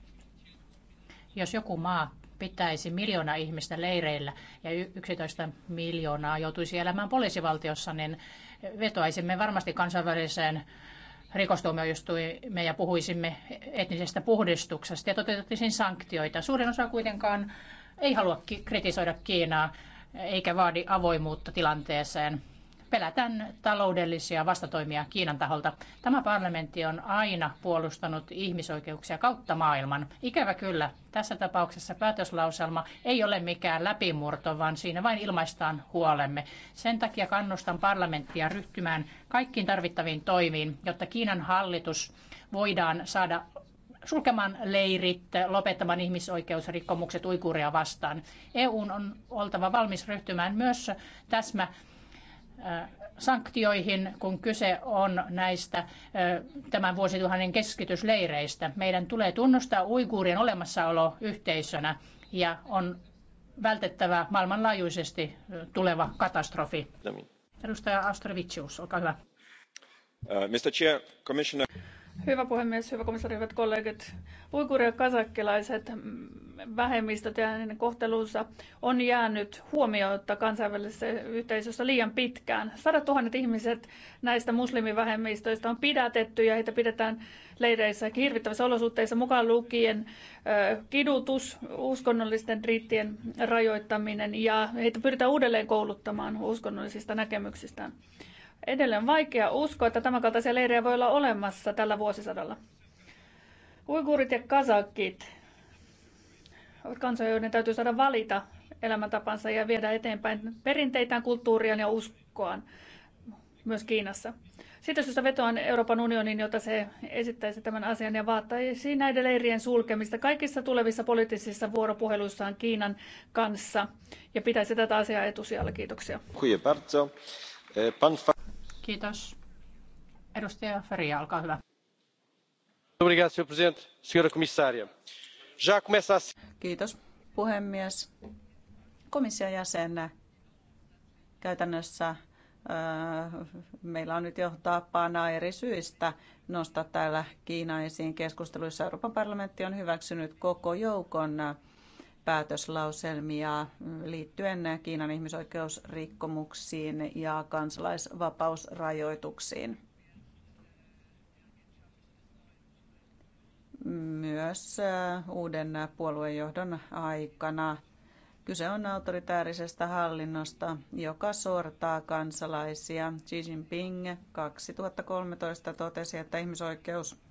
Jos joku maa pitäisi miljoona ihmistä leireillä ja 11 miljoonaa joutuisi elämään poliisivaltiossa, niin vetoaisimme varmasti kansainväliseen rikostuomioistuimeen ja puhuisimme etnisestä puhdistuksesta ja toteutettaisiin sanktioita. Suurin osa kuitenkaan ei halua kritisoida Kiinaa eikä vaadi avoimuutta tilanteeseen pelätään taloudellisia vastatoimia Kiinan taholta. Tämä parlamentti on aina puolustanut ihmisoikeuksia kautta maailman. Ikävä kyllä, tässä tapauksessa päätöslauselma ei ole mikään läpimurto, vaan siinä vain ilmaistaan huolemme. Sen takia kannustan parlamenttia ryhtymään kaikkiin tarvittaviin toimiin, jotta Kiinan hallitus voidaan saada sulkemaan leirit, lopettamaan ihmisoikeusrikkomukset uikuuria vastaan. EUn on oltava valmis ryhtymään myös täsmä sanktioihin, kun kyse on näistä tämän vuosituhannen keskitysleireistä. Meidän tulee tunnustaa uiguurien olemassaolo yhteisönä ja on vältettävä maailmanlaajuisesti tuleva katastrofi. Edustaja Astrovicius, olkaa hyvä. Uh, Mr. Chair, Commissioner... Hyvä puhemies, hyvä komissaari, hyvät kollegat. Uikuri- ja kasakkilaiset mm, vähemmistöt ja hänen kohtelunsa on jäänyt huomioitta kansainvälisessä yhteisössä liian pitkään. Sadat tuhannet ihmiset näistä muslimivähemmistöistä on pidätetty ja heitä pidetään leireissä hirvittävissä olosuhteissa mukaan lukien kidutus, uskonnollisten riittien rajoittaminen ja heitä pyritään uudelleen kouluttamaan uskonnollisista näkemyksistään. Edelleen vaikea uskoa, että tämänkaltaisia leirejä voi olla olemassa tällä vuosisadalla. Uigurit ja kasakit ovat kansoja, joiden täytyy saada valita elämäntapansa ja viedä eteenpäin perinteitään, kulttuuriaan ja uskoaan myös Kiinassa. Siitä syystä vetoan Euroopan unionin, jota se esittäisi tämän asian ja vaattaisi näiden leirien sulkemista kaikissa tulevissa poliittisissa vuoropuheluissaan Kiinan kanssa ja pitäisi tätä asiaa etusijalla. Kiitoksia. Kiitos. Edustaja Feria, olkaa hyvä. Kiitos puhemies. Komission jäsen käytännössä äh, meillä on nyt jo tapana eri syistä nostaa täällä Kiina esiin keskusteluissa. Euroopan parlamentti on hyväksynyt koko joukon päätöslauselmia liittyen Kiinan ihmisoikeusrikkomuksiin ja kansalaisvapausrajoituksiin. Myös äh, uuden puoluejohdon aikana kyse on autoritäärisestä hallinnosta, joka sortaa kansalaisia. Xi Jinping 2013 totesi, että ihmisoikeus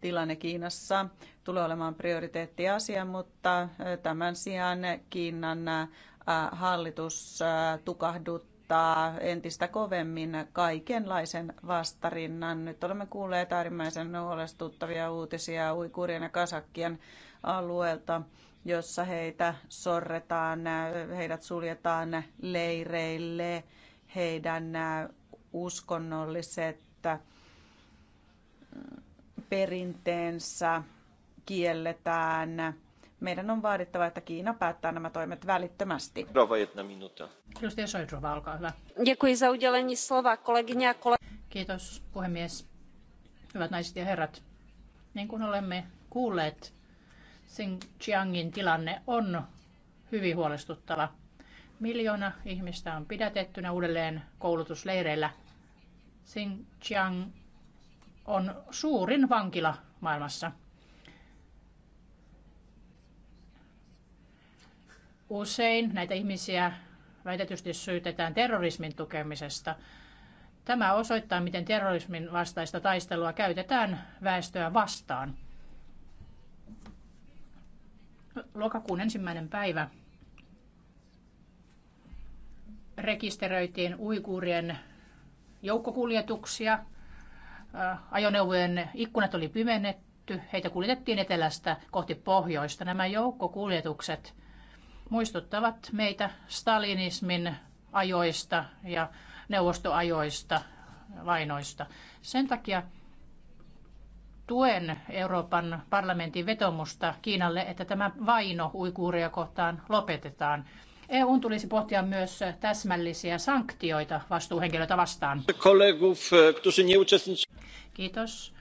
tilanne Kiinassa tulee olemaan prioriteettiasia, mutta tämän sijaan Kiinan hallitus tukahduttaa entistä kovemmin kaikenlaisen vastarinnan. Nyt olemme kuulleet äärimmäisen huolestuttavia uutisia uikurien ja kasakkien alueelta jossa heitä sorretaan, heidät suljetaan leireille, heidän uskonnolliset perinteensä kielletään. Meidän on vaadittava, että Kiina päättää nämä toimet välittömästi. Edustaja Soidrova, olkaa hyvä. slova, Kiitos puhemies. Hyvät naiset ja herrat. Niin kuin olemme kuulleet, Xinjiangin tilanne on hyvin huolestuttava. Miljoona ihmistä on pidätettynä uudelleen koulutusleireillä. Xinjiang on suurin vankila maailmassa. Usein näitä ihmisiä väitetysti syytetään terrorismin tukemisesta. Tämä osoittaa, miten terrorismin vastaista taistelua käytetään väestöä vastaan. Lokakuun ensimmäinen päivä rekisteröitiin uiguurien joukkokuljetuksia ajoneuvojen ikkunat oli pimennetty, heitä kuljetettiin etelästä kohti pohjoista. Nämä joukkokuljetukset muistuttavat meitä stalinismin ajoista ja neuvostoajoista, vainoista. Sen takia tuen Euroopan parlamentin vetomusta Kiinalle, että tämä vaino uikuuria kohtaan lopetetaan. EUn tulisi pohtia myös täsmällisiä sanktioita vastuuhenkilöitä vastaan. E, Kiitos.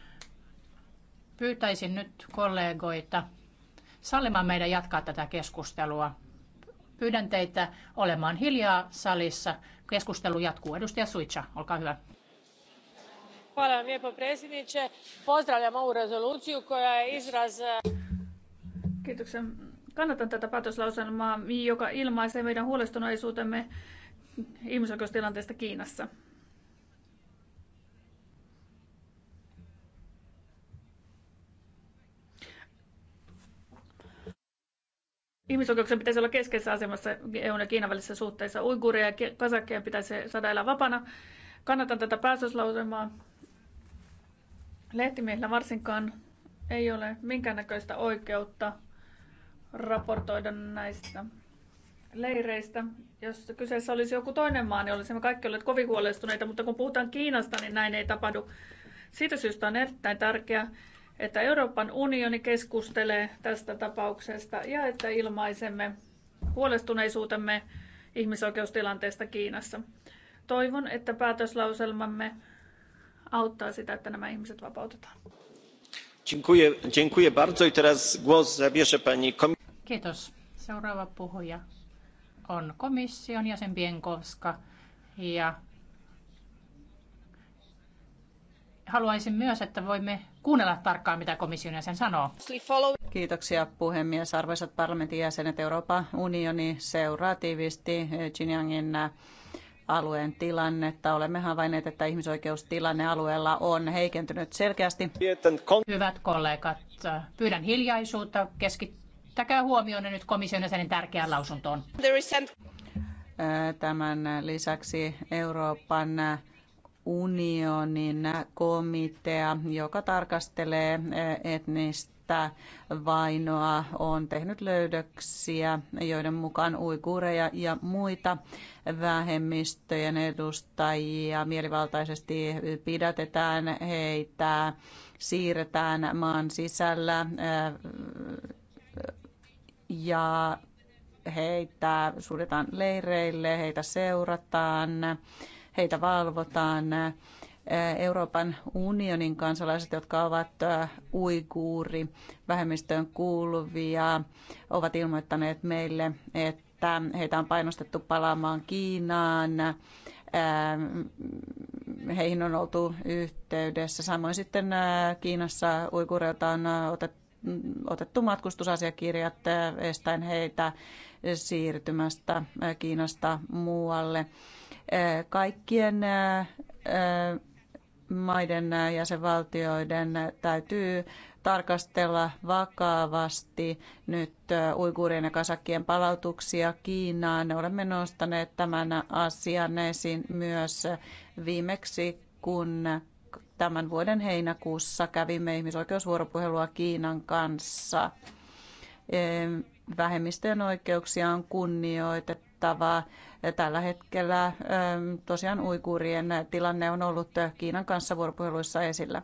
Pyytäisin nyt kollegoita sallimaan meidän jatkaa tätä keskustelua. Pyydän teitä olemaan hiljaa salissa. Keskustelu jatkuu. Edustaja Suitsa, olkaa hyvä gospodine predsjednie rezoluciju koja Kannatan tätä päätöslauselmaa, joka ilmaisee meidän huolestuneisuutemme ihmisoikeustilanteesta Kiinassa. Ihmisoikeuksien pitäisi olla keskeisessä asemassa EUn ja Kiinan välisissä suhteissa. Uiguria ja kasakkeja pitäisi saada elää vapaana. Kannatan tätä päätöslauselmaa. Lehtimiehillä varsinkaan ei ole minkäännäköistä oikeutta raportoida näistä leireistä. Jos kyseessä olisi joku toinen maa, niin olisimme kaikki olleet kovin huolestuneita, mutta kun puhutaan Kiinasta, niin näin ei tapahdu. Siitä syystä on erittäin tärkeää, että Euroopan unioni keskustelee tästä tapauksesta ja että ilmaisemme huolestuneisuutemme ihmisoikeustilanteesta Kiinassa. Toivon, että päätöslauselmamme auttaa sitä, että nämä ihmiset vapautetaan. Dziękuję, dziękuję bardzo i teraz głos zabierze pani komisarz. Kiitos. Seuraava puhuja on komission jäsen Bienkovska ja haluaisin myös, että voimme kuunnella tarkkaan, mitä komission jäsen sanoo. Kiitoksia puhemies. Arvoisat parlamentin jäsenet, Euroopan unioni seuraa tiiviisti Xinjiangin alueen tilannetta. Olemme havainneet, että ihmisoikeustilanne alueella on heikentynyt selkeästi. Hyvät kollegat, pyydän hiljaisuutta, keskittyä Kiinnittäkää huomioon nyt komission jäsenen tärkeään lausuntoon. Tämän lisäksi Euroopan unionin komitea, joka tarkastelee etnistä vainoa, on tehnyt löydöksiä, joiden mukaan uikuureja ja muita vähemmistöjen edustajia mielivaltaisesti pidätetään heitä, siirretään maan sisällä ja heitä suljetaan leireille, heitä seurataan, heitä valvotaan. Euroopan unionin kansalaiset, jotka ovat uiguuri vähemmistöön kuuluvia, ovat ilmoittaneet meille, että heitä on painostettu palaamaan Kiinaan, ähm, heihin on oltu yhteydessä. Samoin sitten Kiinassa uiguureilta on otettu otettu matkustusasiakirjat eh, estäen heitä siirtymästä eh, Kiinasta muualle. Eh, kaikkien maiden jäsenvaltioiden täytyy tarkastella vakavasti nyt uiguurien ja kasakien palautuksia Kiinaan. Olemme nostaneet tämän asian esiin myös viimeksi, kun tämän vuoden heinäkuussa kävimme ihmisoikeusvuoropuhelua Kiinan kanssa. E, vähemmistöjen oikeuksia on kunnioitettava. E, tällä hetkellä e, tosiaan uikurien tilanne on ollut Kiinan kanssa vuoropuheluissa esillä.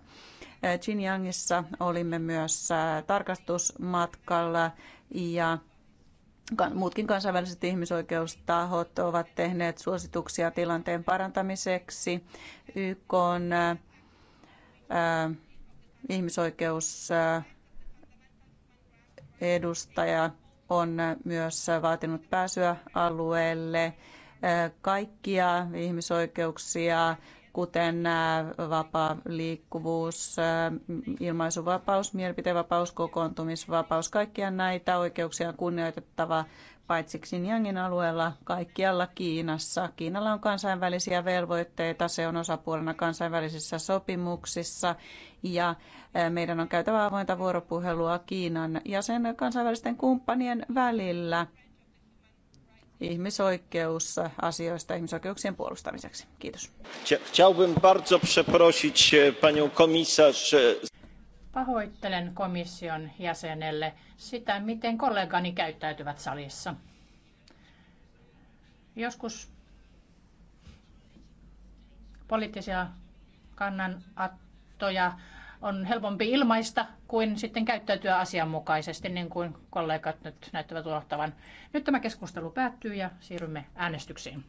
Xinjiangissa olimme myös tarkastusmatkalla ja muutkin kansainväliset ihmisoikeustahot ovat tehneet suosituksia tilanteen parantamiseksi. YK on Äh, ihmisoikeusedustaja on myös vaatinut pääsyä alueelle äh, kaikkia ihmisoikeuksia, kuten äh, vapaa liikkuvuus, ilmaisuvapaus, mielipiteenvapaus, kokoontumisvapaus, kaikkia näitä oikeuksia on kunnioitettava paitsi Xinjiangin alueella, kaikkialla Kiinassa. Kiinalla on kansainvälisiä velvoitteita, se on osapuolena kansainvälisissä sopimuksissa ja meidän on käytävä avointa vuoropuhelua Kiinan ja sen kansainvälisten kumppanien välillä ihmisoikeusasioista ihmisoikeuksien puolustamiseksi. Kiitos. Chciałbym bardzo przeprosić e, panią komisarz. E, Pahoittelen komission jäsenelle sitä, miten kollegani käyttäytyvät salissa. Joskus poliittisia kannanattoja on helpompi ilmaista kuin sitten käyttäytyä asianmukaisesti, niin kuin kollegat nyt näyttävät unohtavan. Nyt tämä keskustelu päättyy ja siirrymme äänestyksiin.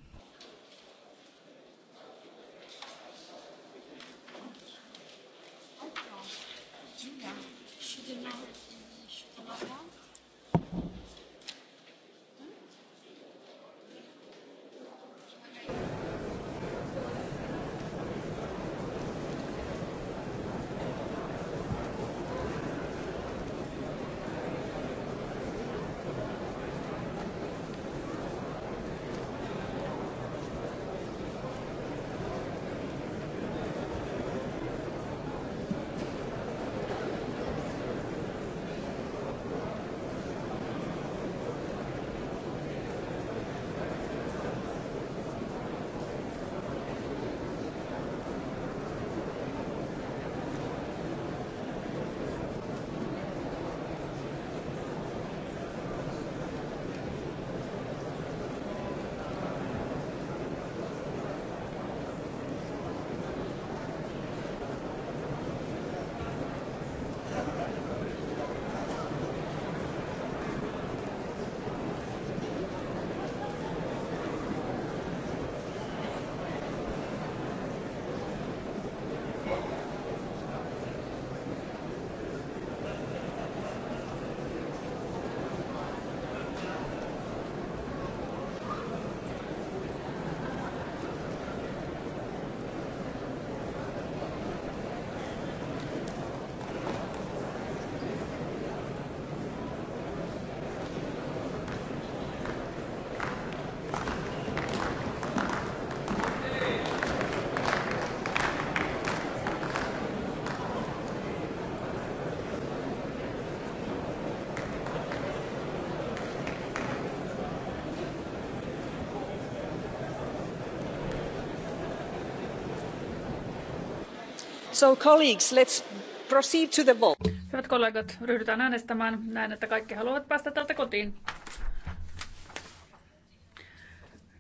Hyvät kollegat, ryhdytään äänestämään. Näen, että kaikki haluavat päästä täältä kotiin.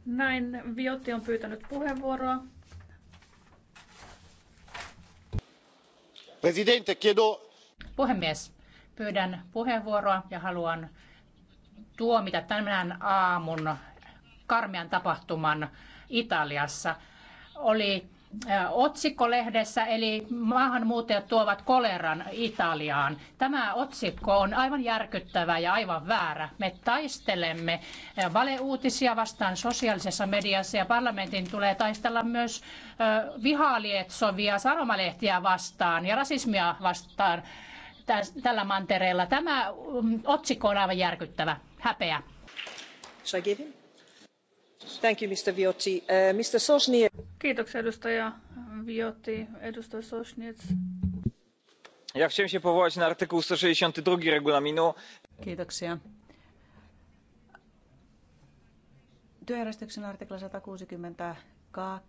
Näin Viotti on pyytänyt puheenvuoroa. Presidente, chiedo... Puhemies, pyydän puheenvuoroa ja haluan tuomita tämän aamun karmean tapahtuman Italiassa. Oli otsikkolehdessä, eli maahanmuuttajat tuovat koleran Italiaan. Tämä otsikko on aivan järkyttävä ja aivan väärä. Me taistelemme valeuutisia vastaan sosiaalisessa mediassa ja parlamentin tulee taistella myös vihalietsovia sanomalehtiä vastaan ja rasismia vastaan tällä mantereella. Tämä mm, otsikko on aivan järkyttävä. Häpeä. Shall I give him? Uh, ja chciałem się powołać na artykuł 162 regulaminu. Kiitoksia. Työjärjestyksen artikla 162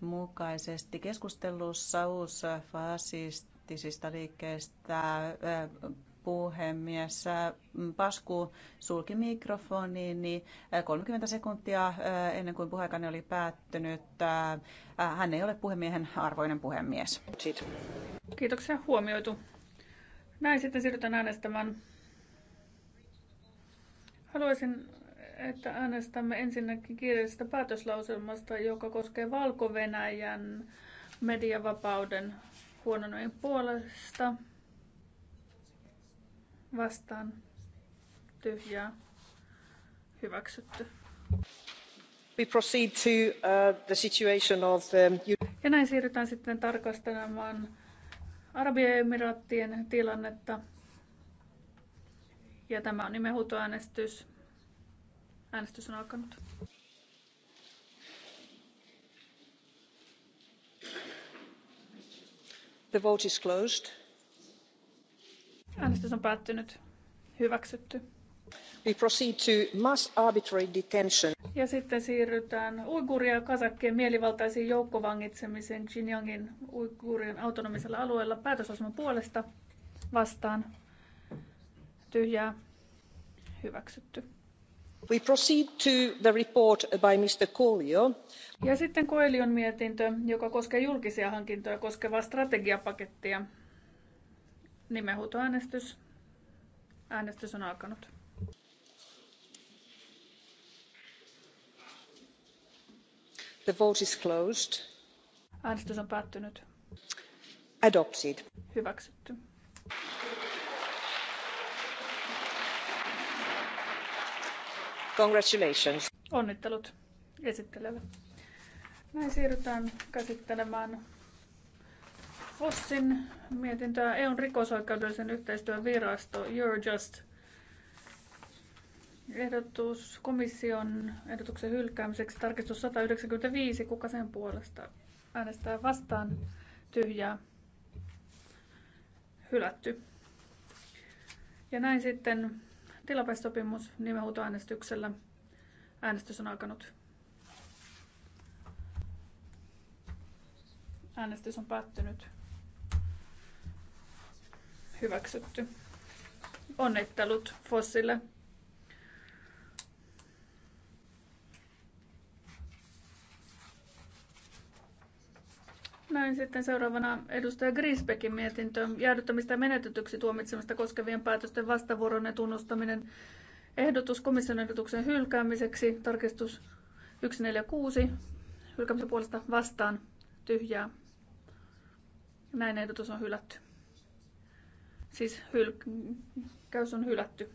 mukaisesti keskustelussa uusfasistisista liikkeistä puhemies. Pasku sulki niin 30 äh, sekuntia äh, ennen kuin puheaikani oli päättynyt. Äh, hän ei ole puhemiehen arvoinen puhemies. Kiitoksia, huomioitu. Näin sitten siirrytään äänestämään. Haluaisin, että äänestämme ensinnäkin kiireellisestä päätöslauselmasta, joka koskee Valko-Venäjän mediavapauden huononojen puolesta vastaan tyhjää hyväksytty. We proceed to uh, the situation of the... Um, ja näin siirrytään sitten tarkastelemaan Arabiemiraattien tilannetta. Ja tämä on nimenhuutoäänestys. Äänestys on alkanut. The vote is closed. Äänestys on päättynyt. Hyväksytty. We proceed to mass arbitrary detention. Ja sitten siirrytään uiguria ja kasakkien mielivaltaisiin joukkovangitsemiseen Xinjiangin uigurien autonomisella alueella päätösosman puolesta vastaan. Tyhjää. Hyväksytty. We proceed to the report by Mr. Coelho. Ja sitten Koelion mietintö, joka koskee julkisia hankintoja koskevaa strategiapakettia. Nimenhuutoäänestys. Äänestys on alkanut. The vote is closed. Äänestys on päättynyt. Adopted. Hyväksytty. Congratulations. Onnittelut esittelevälle. Näin siirrytään käsittelemään Fossin mietintöä EUn rikosoikeudellisen yhteistyön virasto Eurojust. Ehdotus komission ehdotuksen hylkäämiseksi tarkistus 195. Kuka sen puolesta äänestää vastaan? Tyhjää. Hylätty. Ja näin sitten tilapäissopimus nimenhuutoäänestyksellä. Äänestys on alkanut. Äänestys on päättynyt. Hyväksytty. Onnittelut Fossille. Näin sitten seuraavana edustaja Grisbeckin mietintö jäädyttämistä menetetyksi tuomitsemista koskevien päätösten ja tunnustaminen. Ehdotus komission ehdotuksen hylkäämiseksi. Tarkistus 146. Hylkäämisen puolesta vastaan. Tyhjää. Näin ehdotus on hylätty. Siis käys on hylätty.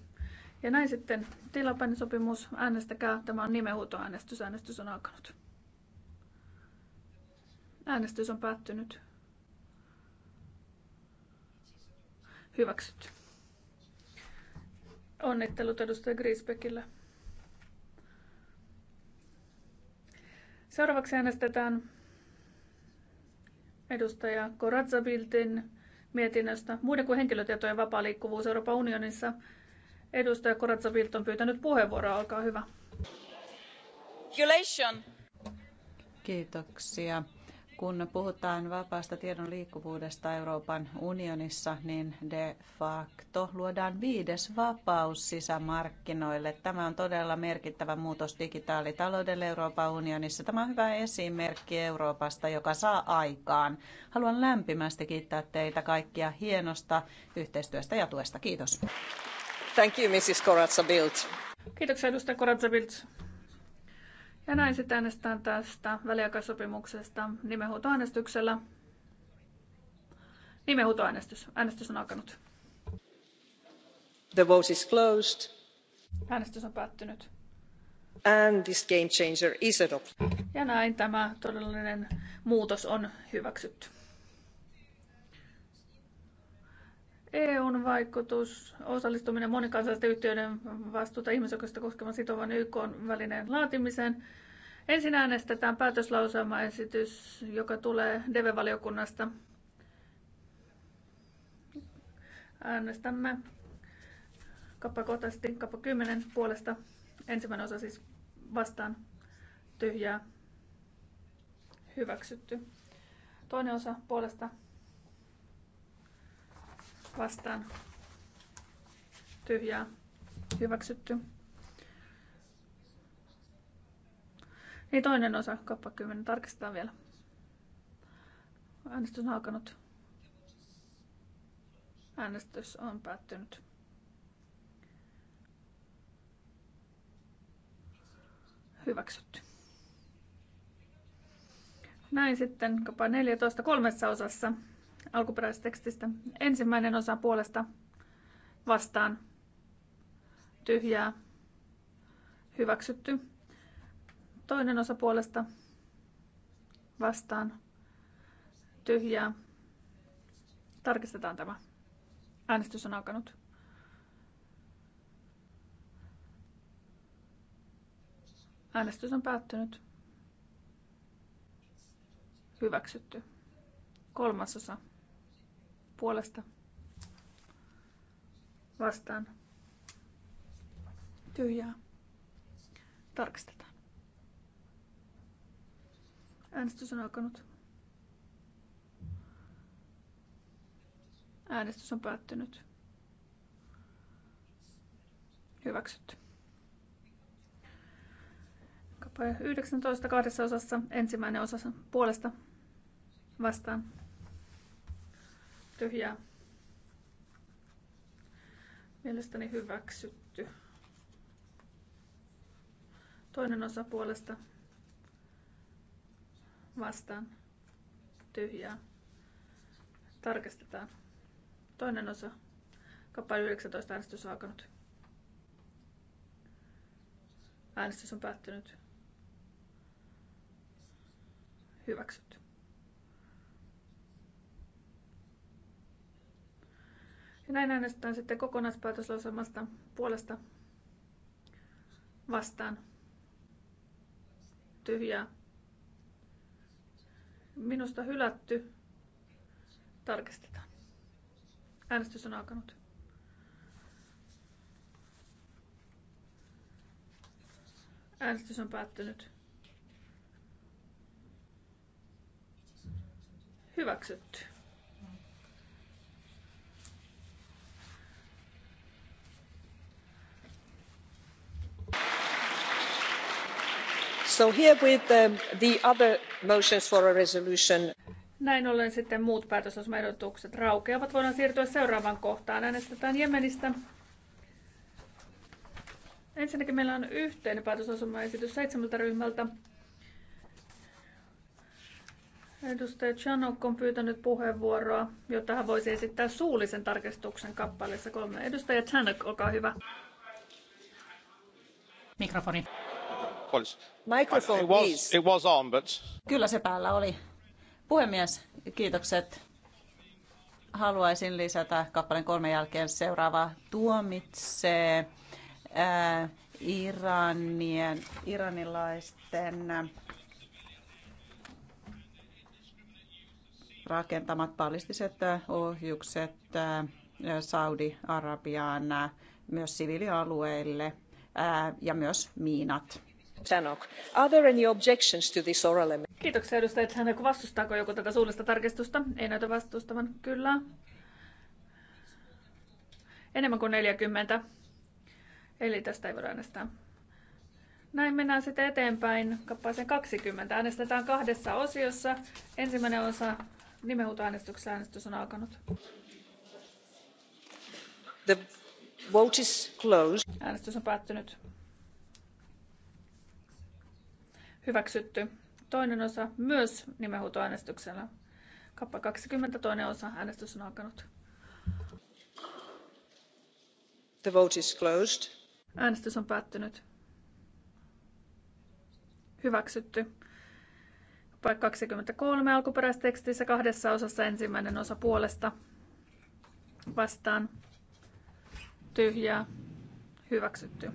Ja näin sitten tilapäinen sopimus, äänestäkää, tämä on nimenhuutoäänestys, äänestys on alkanut. Äänestys on päättynyt. Hyväksytty. Onnittelut edustaja Grisbeckille. Seuraavaksi äänestetään edustaja Korazabiltin mietinnöstä. Muiden kuin henkilötietojen vapaa liikkuvuus Euroopan unionissa. Edustaja Koratsa Vilt on pyytänyt puheenvuoroa. Olkaa hyvä. Kiitoksia kun puhutaan vapaasta tiedon liikkuvuudesta Euroopan unionissa, niin de facto luodaan viides vapaus sisämarkkinoille. Tämä on todella merkittävä muutos digitaalitaloudelle Euroopan unionissa. Tämä on hyvä esimerkki Euroopasta, joka saa aikaan. Haluan lämpimästi kiittää teitä kaikkia hienosta yhteistyöstä ja tuesta. Kiitos. Thank you, Mrs. Corazza-Bildt. Kiitoksia, edustaja Corazza-Bildt. Ja näin sitten äänestetään tästä väliaikaisopimuksesta nimenhuutoäänestyksellä. Nimenhuutoäänestys. Äänestys on alkanut. The vote is closed. Äänestys on päättynyt. And this game changer is adopted. Ja näin tämä todellinen muutos on hyväksytty. EUn vaikutus, osallistuminen monikansallisten yhtiöiden vastuuta ihmisoikeuksista koskevan sitovan YK välineen laatimiseen. Ensin äänestetään päätöslauselmaesitys, joka tulee DEVE-valiokunnasta. Äänestämme kappakohtaisesti kappa 10 puolesta. Ensimmäinen osa siis vastaan tyhjää hyväksytty. Toinen osa puolesta vastaan tyhjää hyväksytty. Niin toinen osa, kappa 10, tarkistetaan vielä. Äänestys on alkanut. Äänestys on päättynyt. Hyväksytty. Näin sitten kapa 14 kolmessa osassa alkuperäistekstistä. Ensimmäinen osa puolesta vastaan tyhjää hyväksytty. Toinen osa puolesta vastaan tyhjää. Tarkistetaan tämä. Äänestys on alkanut. Äänestys on päättynyt. Hyväksytty. Kolmasosa puolesta vastaan tyhjää tarkistetaan. Äänestys on alkanut. Äänestys on päättynyt. Hyväksytty. 19 kahdessa osassa. Ensimmäinen osassa puolesta vastaan Tyhjää. Mielestäni hyväksytty. Toinen osa puolesta vastaan. Tyhjää. Tarkistetaan. Toinen osa. Kappale 19 äänestys on alkanut. Äänestys on päättynyt. Hyväksytty. Ja näin äänestetään sitten kokonaispäätöslauselmasta puolesta vastaan. Tyhjää. Minusta hylätty. Tarkistetaan. Äänestys on alkanut. Äänestys on päättynyt. Hyväksytty. So here with um, the other motions for a resolution. Näin ollen sitten muut päätösosmaehdotukset raukeavat. Voidaan siirtyä seuraavaan kohtaan. Äänestetään Jemenistä. Ensinnäkin meillä on yhteinen päätösosmaesitys seitsemältä ryhmältä. Edustaja Chanok on pyytänyt puheenvuoroa, jotta hän voisi esittää suullisen tarkistuksen kappaleessa kolme. Edustaja Chanok, olkaa hyvä. Mikrofoni. Kyllä se päällä oli. Puhemies, kiitokset. Haluaisin lisätä kappaleen kolmen jälkeen seuraavaa tuomitsee ää, äh, Iranien, iranilaisten äh, rakentamat ballistiset äh, ohjukset Saudi-Arabiaan, myös siviilialueille ja myös miinat. Tanok. Are there any objections Kiitoksia edustaja Tanok. Vastustaako joku tätä suullista tarkistusta? Ei näytä vastustavan. Kyllä. Enemmän kuin 40. Eli tästä ei voida äänestää. Näin mennään sitten eteenpäin kappaaseen 20. Äänestetään kahdessa osiossa. Ensimmäinen osa nimenhuutoäänestyksessä äänestys on alkanut. The vote is closed. Äänestys on päättynyt. Hyväksytty. Toinen osa myös nimenhuutoäänestyksellä. Kappa 20, toinen osa. Äänestys on alkanut. The vote is closed. Äänestys on päättynyt. Hyväksytty. Paikka 23 alkuperäistekstissä kahdessa osassa ensimmäinen osa puolesta vastaan tyhjää hyväksytty.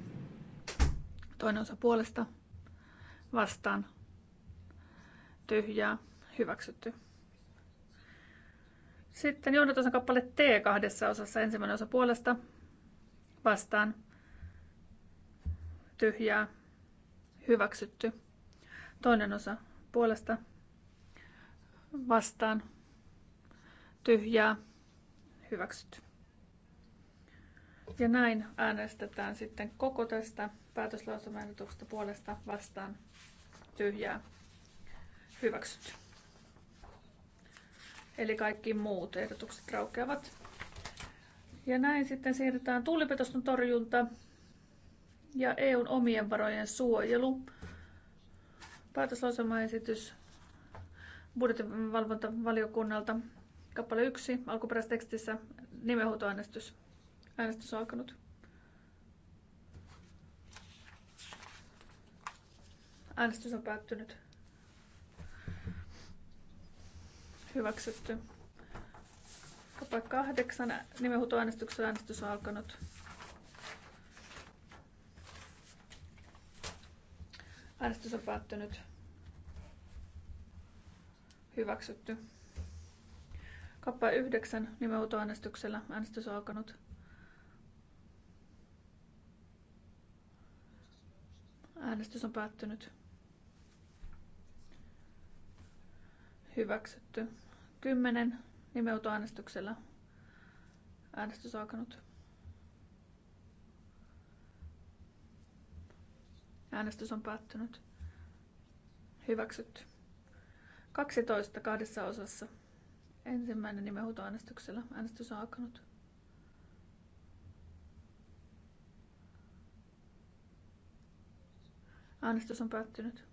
Toinen osa puolesta vastaan tyhjää hyväksytty. Sitten on kappale T kahdessa osassa ensimmäinen osa puolesta vastaan tyhjää hyväksytty. Toinen osa puolesta vastaan tyhjää hyväksytty. Ja näin äänestetään sitten koko tästä päätöslauselmaehdotuksesta puolesta vastaan tyhjää hyväksytty. Eli kaikki muut ehdotukset raukeavat. Ja näin sitten siirrytään tuulipetosten torjunta ja EUn omien varojen suojelu. Päätöslauselmaesitys budjetinvalvontavaliokunnalta. Kappale 1, alkuperäistekstissä nimenhuutoäänestys. Äänestys on alkanut. Äänestys on päättynyt. Hyväksytty. Kapa kahdeksan nimenhuutoäänestyksellä äänestys on alkanut. Äänestys on päättynyt. Hyväksytty. Kappale 9 nimenhuutoäänestyksellä äänestys on alkanut. Äänestys on päättynyt. Hyväksytty. 10 äänestyksellä. Äänestys alkanut. Äänestys on päättynyt. Hyväksytty. 12 kahdessa osassa. Ensimmäinen äänestyksellä. Äänestys on alkanut. Äänestys on päättynyt.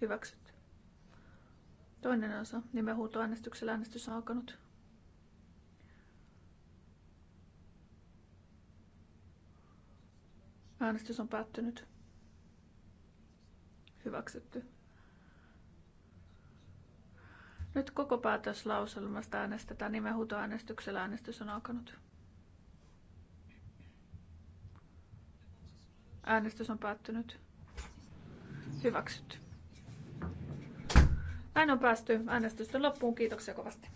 Hyväksytty. Toinen osa. Nimenhuutoäänestyksellä äänestys on alkanut. Äänestys on päättynyt. Hyväksytty. Nyt koko päätöslauselmasta äänestetään nimenhuutoäänestyksellä. Äänestys on alkanut. Äänestys on päättynyt. Hyväksytty. Näin on päästy äänestysten loppuun. Kiitoksia kovasti.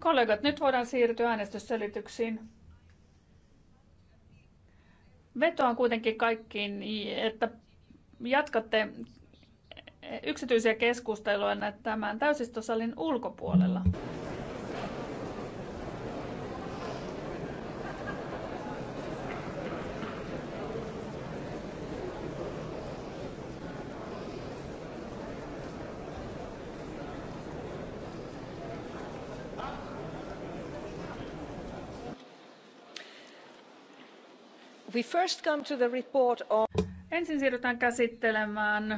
Kollegat, nyt voidaan siirtyä äänestysselityksiin. Vetoan kuitenkin kaikkiin, että jatkatte yksityisiä keskusteluja tämän täysistuntosalin ulkopuolella. on... Ensin siirrytään käsittelemään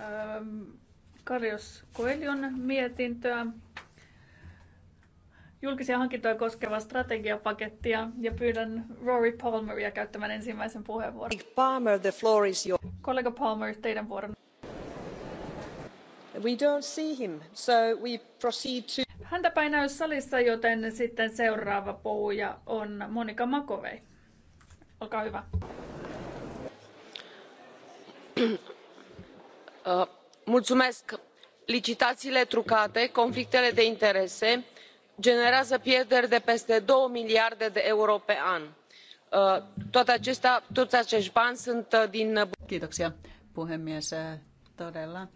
ähm, coelhon mietintöä julkisia hankintoja koskevaa strategiapakettia ja pyydän Rory Palmeria käyttämään ensimmäisen puheenvuoron. Kollega Palmer, teidän vuoronne. We don't see him, so we proceed to... Häntäpä ei näy salissa, joten sitten seuraava puhuja on Monika Makovei. Olkaa hyvä. Mulțumesc. Licitațiile trucate, conflictele de interese generează pierderi de peste două miliarde de euro pe an. Toate acestea, toți acești bani sunt uh, din... Kiitoksia puhemies. Todella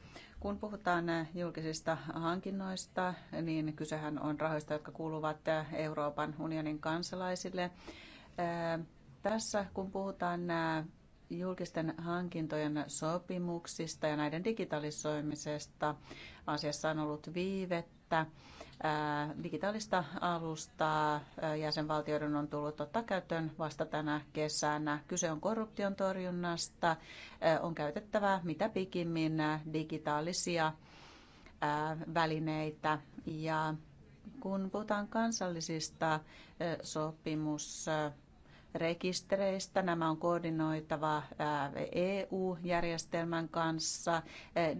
kun puhutaan äh, julkisista hankinnoista, niin kysehän on rahoista, jotka kuuluvat äh, Euroopan unionin kansalaisille. Äh, tässä kun puhutaan julkisten hankintojen sopimuksista ja näiden digitalisoimisesta, asiassa on ollut viivettä digitaalista alustaa jäsenvaltioiden on tullut ottaa käyttöön vasta tänä kesänä. Kyse on korruption torjunnasta. On käytettävä mitä pikimmin digitaalisia välineitä ja kun puhutaan kansallisista sopimus rekistereistä. Nämä on koordinoitava EU-järjestelmän kanssa.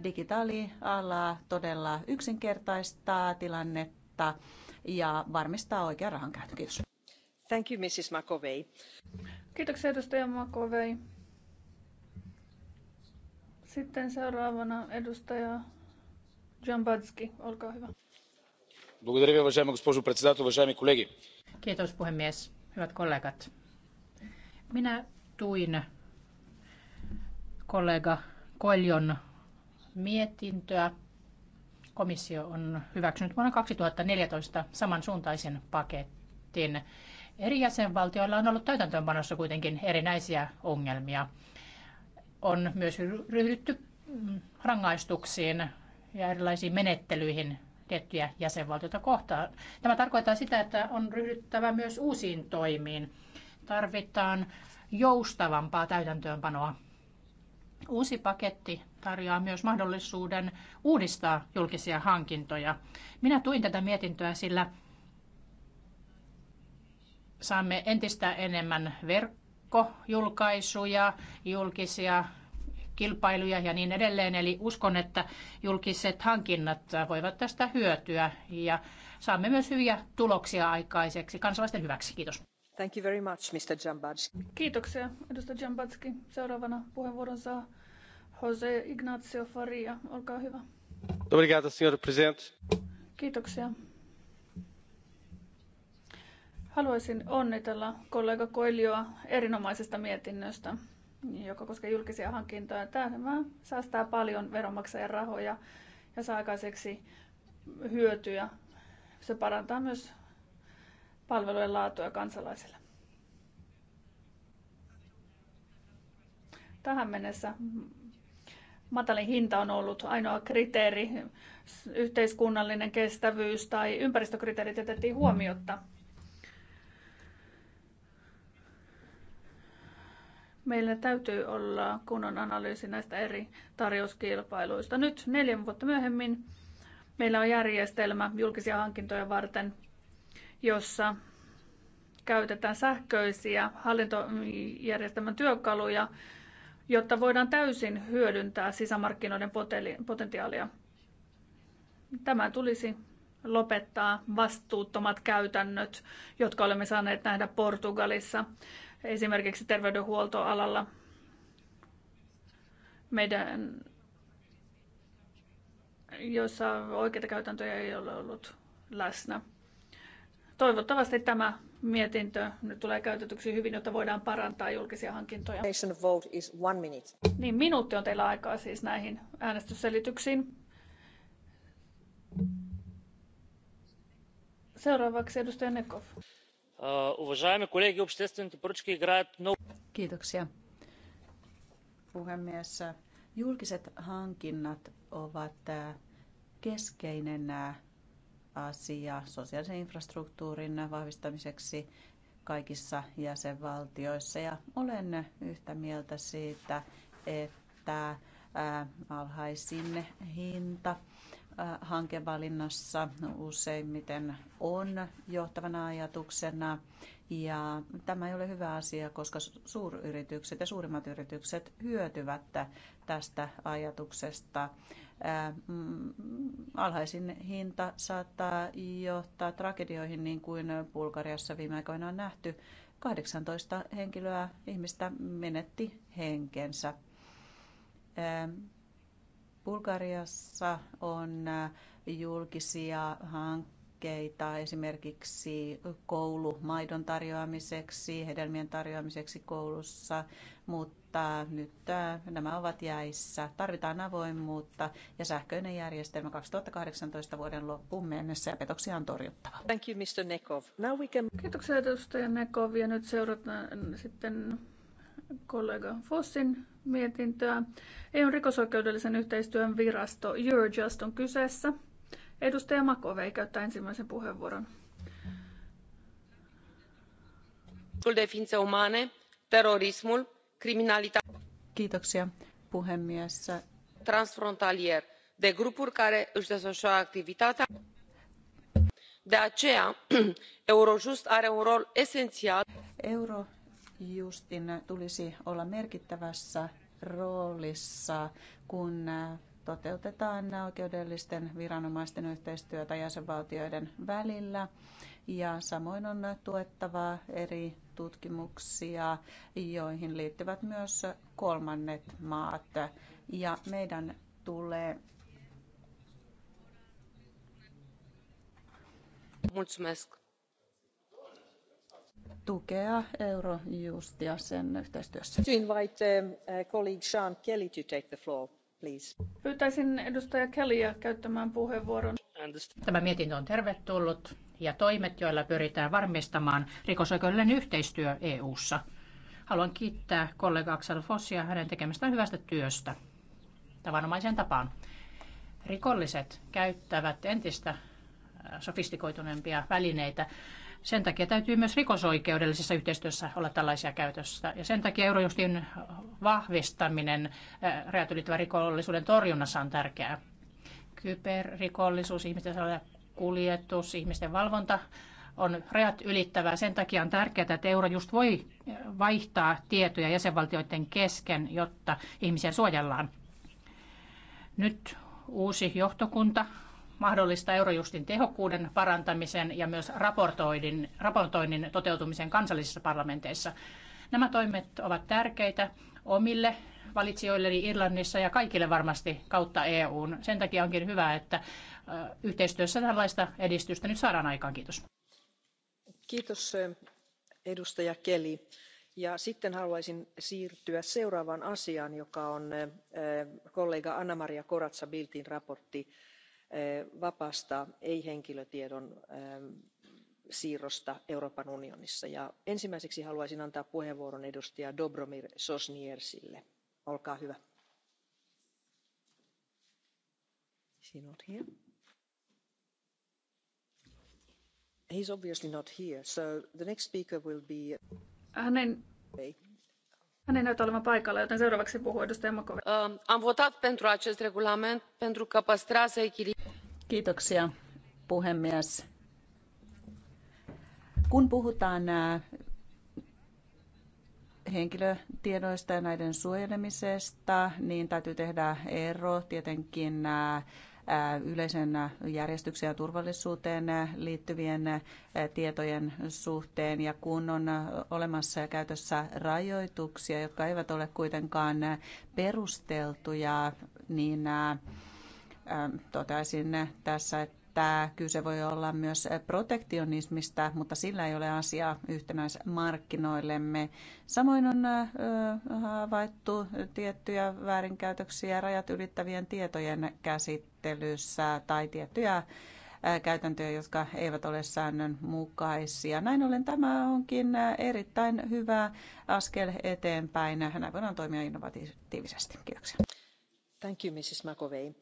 Digitaaliala todella yksinkertaistaa tilannetta ja varmistaa oikean rahan käytön. Kiitos. Thank you, Mrs. McAvey. Kiitoksia, edustaja McAvey. Sitten seuraavana edustaja Jambatski, olkaa hyvä. Благодаря ви, уважаема госпожо председател, уважаеми колеги. Kiitos puhemies, hyvät kollegat. Minä tuin kollega Koljon mietintöä. Komissio on hyväksynyt vuonna 2014 samansuuntaisen paketin. Eri jäsenvaltioilla on ollut täytäntöönpanossa kuitenkin erinäisiä ongelmia. On myös ryhdytty mm, rangaistuksiin ja erilaisiin menettelyihin tiettyjä jäsenvaltioita kohtaan. Tämä tarkoittaa sitä, että on ryhdyttävä myös uusiin toimiin tarvitaan joustavampaa täytäntöönpanoa. Uusi paketti tarjoaa myös mahdollisuuden uudistaa julkisia hankintoja. Minä tuin tätä mietintöä, sillä saamme entistä enemmän verkkojulkaisuja, julkisia kilpailuja ja niin edelleen. Eli uskon, että julkiset hankinnat voivat tästä hyötyä ja saamme myös hyviä tuloksia aikaiseksi kansalaisten hyväksi. Kiitos. Thank you Kiitoksia, edustaja Jambatski. Seuraavana puheenvuoron saa Jose Ignacio Faria. Olkaa hyvä. Obrigado, senhor presidente. Kiitoksia. Haluaisin onnitella kollega Koilioa erinomaisesta mietinnöstä, joka koskee julkisia hankintoja. Tämä säästää paljon veronmaksajien rahoja ja saa aikaiseksi hyötyjä. Se parantaa myös palvelujen laatua kansalaisille. Tähän mennessä matalin hinta on ollut ainoa kriteeri. Yhteiskunnallinen kestävyys tai ympäristökriteerit jätettiin huomiotta. Meillä täytyy olla kunnon analyysi näistä eri tarjouskilpailuista. Nyt neljän vuotta myöhemmin meillä on järjestelmä julkisia hankintoja varten, jossa käytetään sähköisiä hallintojärjestelmän työkaluja, jotta voidaan täysin hyödyntää sisämarkkinoiden potentiaalia. Tämä tulisi lopettaa vastuuttomat käytännöt, jotka olemme saaneet nähdä Portugalissa, esimerkiksi terveydenhuoltoalalla. Meidän, joissa oikeita käytäntöjä ei ole ollut läsnä. Toivottavasti tämä mietintö nyt tulee käytetyksi hyvin, jotta voidaan parantaa julkisia hankintoja. Vote is one minute. Niin, minuutti on teillä aikaa siis näihin äänestysselityksiin. Seuraavaksi edustaja Nekov. Äh, Kiitoksia. Puhemies, julkiset hankinnat ovat äh, keskeinen äh, asia sosiaalisen infrastruktuurin vahvistamiseksi kaikissa jäsenvaltioissa. Ja olen yhtä mieltä siitä, että alhaisin hinta hankevalinnassa useimmiten on johtavana ajatuksena. Ja tämä ei ole hyvä asia, koska suuryritykset ja suurimmat yritykset hyötyvät tästä ajatuksesta. Mm, alhaisin hinta saattaa johtaa tragedioihin, niin kuin Bulgariassa viime aikoina on nähty. 18 henkilöä ihmistä menetti henkensä Bulgariassa on äh, julkisia hankkeita esimerkiksi koulumaidon tarjoamiseksi, hedelmien tarjoamiseksi koulussa, mutta nyt äh, nämä ovat jäissä. Tarvitaan avoimuutta ja sähköinen järjestelmä 2018 vuoden loppuun mennessä ja petoksia on torjuttava. Thank you, Mr. Nekov. Now we can... Kiitoksia edustaja Nekov ja nyt seurataan sitten kollega Fossin mietintöä. EUn rikosoikeudellisen yhteistyön virasto Eurojust on kyseessä. Edustaja Makovei käyttää ensimmäisen puheenvuoron. de umane, terorismul, Kiitoksia puhemies. Transfrontalier de grupuri care își desfășoară activitatea. De aceea, Eurojust are un rol esențial. Euro Justin tulisi olla merkittävässä roolissa, kun äh, toteutetaan oikeudellisten viranomaisten yhteistyötä jäsenvaltioiden välillä. Ja samoin on tuettava eri tutkimuksia, joihin liittyvät myös kolmannet maat. Ja meidän tulee Mulțumesc tukea Eurojustia sen yhteistyössä. invite um, uh, colleague Sean Kelly to take the floor, please. Pyytäisin edustaja Kellyä käyttämään puheenvuoron. Tämä mietintö on tervetullut ja toimet, joilla pyritään varmistamaan rikosoikeudellinen yhteistyö EU:ssa. Haluan kiittää kollega Axel Fossia hänen tekemästään hyvästä työstä tavanomaiseen tapaan. Rikolliset käyttävät entistä äh, sofistikoituneempia välineitä sen takia täytyy myös rikosoikeudellisessa yhteistyössä olla tällaisia käytössä. Ja sen takia Eurojustin vahvistaminen rajat ylittävän rikollisuuden torjunnassa on tärkeää. Kyberrikollisuus, ihmisten kuljetus, ihmisten valvonta on rajat ylittävää. Sen takia on tärkeää, että Eurojust voi vaihtaa tietoja jäsenvaltioiden kesken, jotta ihmisiä suojellaan. Nyt uusi johtokunta mahdollista Eurojustin tehokkuuden parantamisen ja myös raportoinnin, raportoinnin toteutumisen kansallisissa parlamenteissa. Nämä toimet ovat tärkeitä omille valitsijoilleni Irlannissa ja kaikille varmasti kautta EUn. Sen takia onkin hyvä, että yhteistyössä tällaista edistystä nyt saadaan aikaan. Kiitos. Kiitos edustaja Kelly. Ja sitten haluaisin siirtyä seuraavaan asiaan, joka on kollega Anna-Maria Koratsa-Biltin raportti vapaasta ei henkilötiedon siirrosta euroopan unionissa ja ensimmäiseksi haluaisin antaa puheenvuoron edustaja dobromir sosnierzille olkaa hyvä. obviously not here, so the next speaker will be... Äh, hän ei näytä olevan paikalla, joten seuraavaksi puhuu edustaja macovei. Ähm, pentru acest regulament pentru Kiitoksia puhemies. Kun puhutaan henkilötiedoista ja näiden suojelemisesta, niin täytyy tehdä ero tietenkin yleisen järjestyksen ja turvallisuuteen liittyvien tietojen suhteen. Ja kun on olemassa ja käytössä rajoituksia, jotka eivät ole kuitenkaan perusteltuja, niin Ähm, toteaisin tässä, että kyse voi olla myös protektionismista, mutta sillä ei ole asiaa yhtenäismarkkinoillemme. Samoin on äh, havaittu tiettyjä väärinkäytöksiä rajat ylittävien tietojen käsittelyssä tai tiettyjä äh, käytäntöjä, jotka eivät ole säännönmukaisia. Näin ollen tämä onkin äh, erittäin hyvä askel eteenpäin. Näin voidaan toimia innovatiivisesti. Kiitoksia. Thank you, Mrs. McAvey.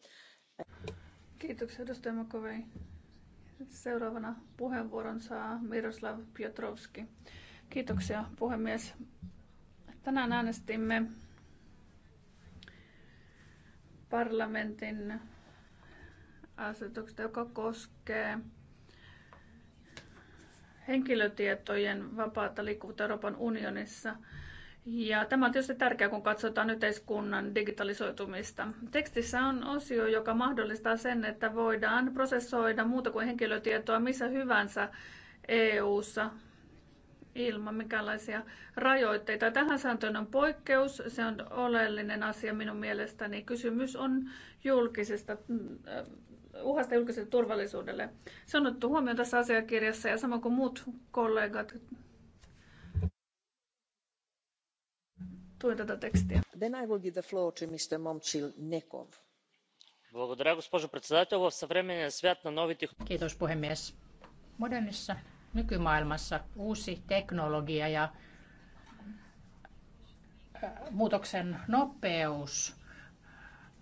Kiitoksia edustaja Makovei. Seuraavana puheenvuoron saa Miroslav Piotrowski. Kiitoksia puhemies. Tänään äänestimme parlamentin asetuksesta, joka koskee henkilötietojen vapaata liikkuvuutta Euroopan unionissa – ja tämä on tietysti tärkeää, kun katsotaan yhteiskunnan digitalisoitumista. Tekstissä on osio, joka mahdollistaa sen, että voidaan prosessoida muuta kuin henkilötietoa missä hyvänsä EU-ssa ilman minkäänlaisia rajoitteita. Tähän sääntöön on poikkeus. Se on oleellinen asia minun mielestäni. Kysymys on julkisesta äh, uhasta julkiselle turvallisuudelle. Se on otettu huomioon tässä asiakirjassa ja sama kuin muut kollegat tuen tätä tekstiä. Then puhemies. Modernissa nykymaailmassa uusi teknologia ja muutoksen nopeus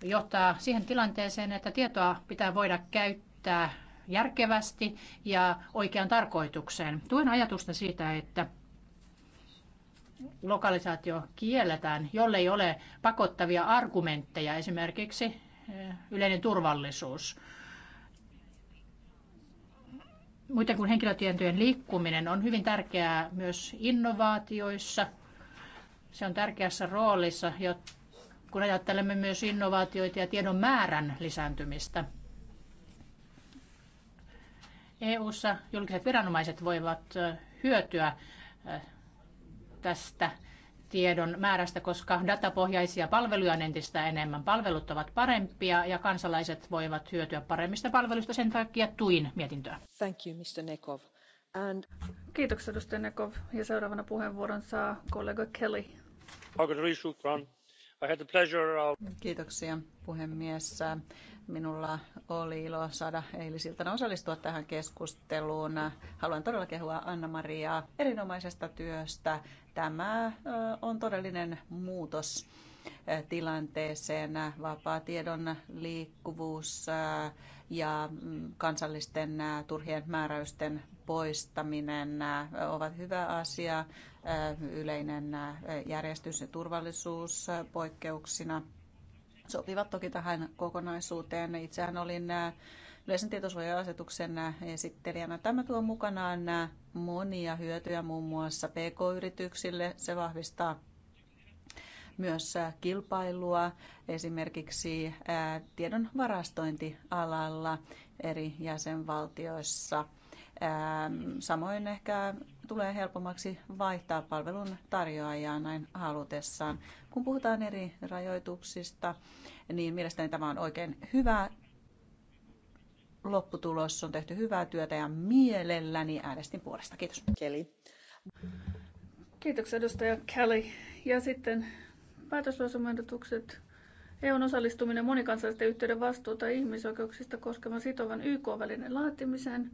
johtaa siihen tilanteeseen, että tietoa pitää voida käyttää järkevästi ja oikeaan tarkoitukseen. Tuen ajatusta siitä, että lokalisaatio kielletään, jollei ole pakottavia argumentteja, esimerkiksi eh, yleinen turvallisuus. Muuten kuin henkilötietojen liikkuminen on hyvin tärkeää myös innovaatioissa. Se on tärkeässä roolissa, kun ajattelemme myös innovaatioita ja tiedon määrän lisääntymistä. EU:ssa julkiset viranomaiset voivat eh, hyötyä eh, tästä tiedon määrästä, koska datapohjaisia palveluja on entistä enemmän. Palvelut ovat parempia ja kansalaiset voivat hyötyä paremmista palveluista. Sen takia tuin mietintöä. Thank you, Mr. Nekov. And... Kiitoksia, edustaja Nekov. Ja seuraavana puheenvuoron saa kollega Kelly. Kiitoksia puhemies. Minulla oli ilo saada eilisiltana osallistua tähän keskusteluun. Haluan todella kehua Anna-Mariaa erinomaisesta työstä. Tämä on todellinen muutos tilanteeseen. Vapaa tiedon liikkuvuus ja mm, kansallisten turhien määräysten poistaminen ovat hyvä asia, yleinen järjestys ja turvallisuus poikkeuksina sopivat toki tähän kokonaisuuteen. Itsehän olin yleisen tietosuoja-asetuksen esittelijänä. Tämä tuo mukanaan monia hyötyjä muun muassa PK-yrityksille. Se vahvistaa myös kilpailua esimerkiksi tiedon varastointialalla eri jäsenvaltioissa – Ähm, samoin ehkä tulee helpommaksi vaihtaa palvelun tarjoajaa näin halutessaan. Kun puhutaan eri rajoituksista, niin mielestäni tämä on oikein hyvä lopputulos. On tehty hyvää työtä ja mielelläni äänestin puolesta. Kiitos. Kelly. Kiitoksia edustaja Kelly. Ja sitten päätöslausumaehdotukset. EUn osallistuminen monikansallisten yhteyden vastuuta ihmisoikeuksista koskevan sitovan YK-välinen laatimiseen –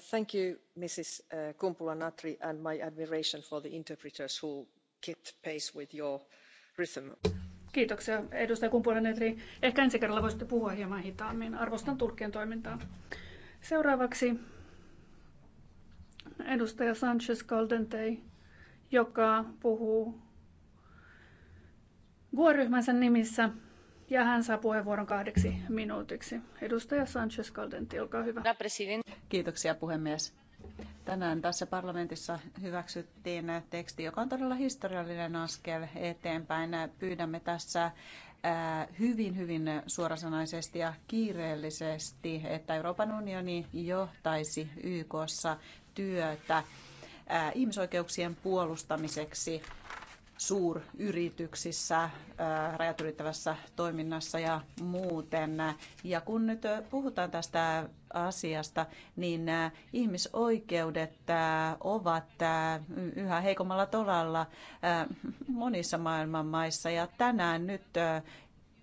thank you ms uh, kumpula natri and my admiration for the interpreters who kept pace with your rhythm. Kiitoksia edustaja kumpula natri. Ehkä ensi kerralla voisitte puhua hieman hitaammin. Arvostan tulkkien toimintaa. Seuraavaksi edustaja Sanchez Caldentei, joka puhuu vuoryhmänsä nimissä. Ja hän saa puheenvuoron kahdeksi minuutiksi. Edustaja Sanchez Caldenti, olkaa hyvä. Kiitoksia puhemies. Tänään tässä parlamentissa hyväksyttiin teksti, joka on todella historiallinen askel eteenpäin. Pyydämme tässä hyvin, hyvin suorasanaisesti ja kiireellisesti, että Euroopan unioni johtaisi YKssa työtä ihmisoikeuksien puolustamiseksi suuryrityksissä, rajat ylittävässä toiminnassa ja muuten. Ja kun nyt puhutaan tästä asiasta, niin ihmisoikeudet ovat yhä heikommalla tolalla monissa maailman maissa. Ja tänään nyt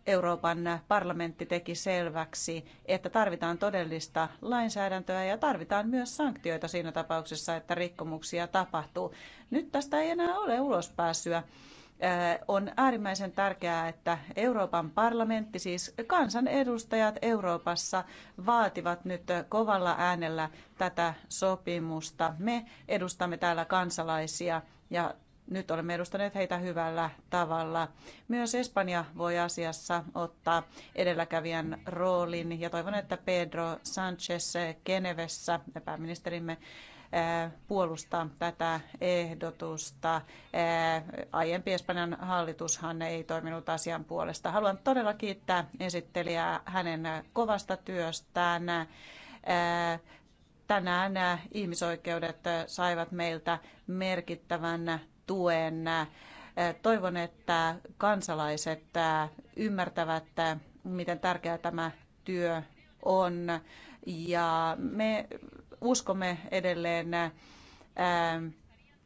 Euroopan parlamentti teki selväksi, että tarvitaan todellista lainsäädäntöä ja tarvitaan myös sanktioita siinä tapauksessa, että rikkomuksia tapahtuu. Nyt tästä ei enää ole ulospääsyä. Äh, on äärimmäisen tärkeää, että Euroopan parlamentti, siis kansanedustajat Euroopassa, vaativat nyt kovalla äänellä tätä sopimusta. Me edustamme täällä kansalaisia ja nyt olemme edustaneet heitä hyvällä tavalla. Myös Espanja voi asiassa ottaa edelläkävijän roolin ja toivon, että Pedro Sanchez Genevessä, pääministerimme, eh, puolustaa tätä ehdotusta. Eh, aiempi Espanjan hallitushan ei toiminut asian puolesta. Haluan todella kiittää esittelijää hänen kovasta työstään. Eh, tänään ihmisoikeudet saivat meiltä merkittävän tuen. Toivon, että kansalaiset ymmärtävät, miten tärkeää tämä työ on. Ja me uskomme edelleen ähm,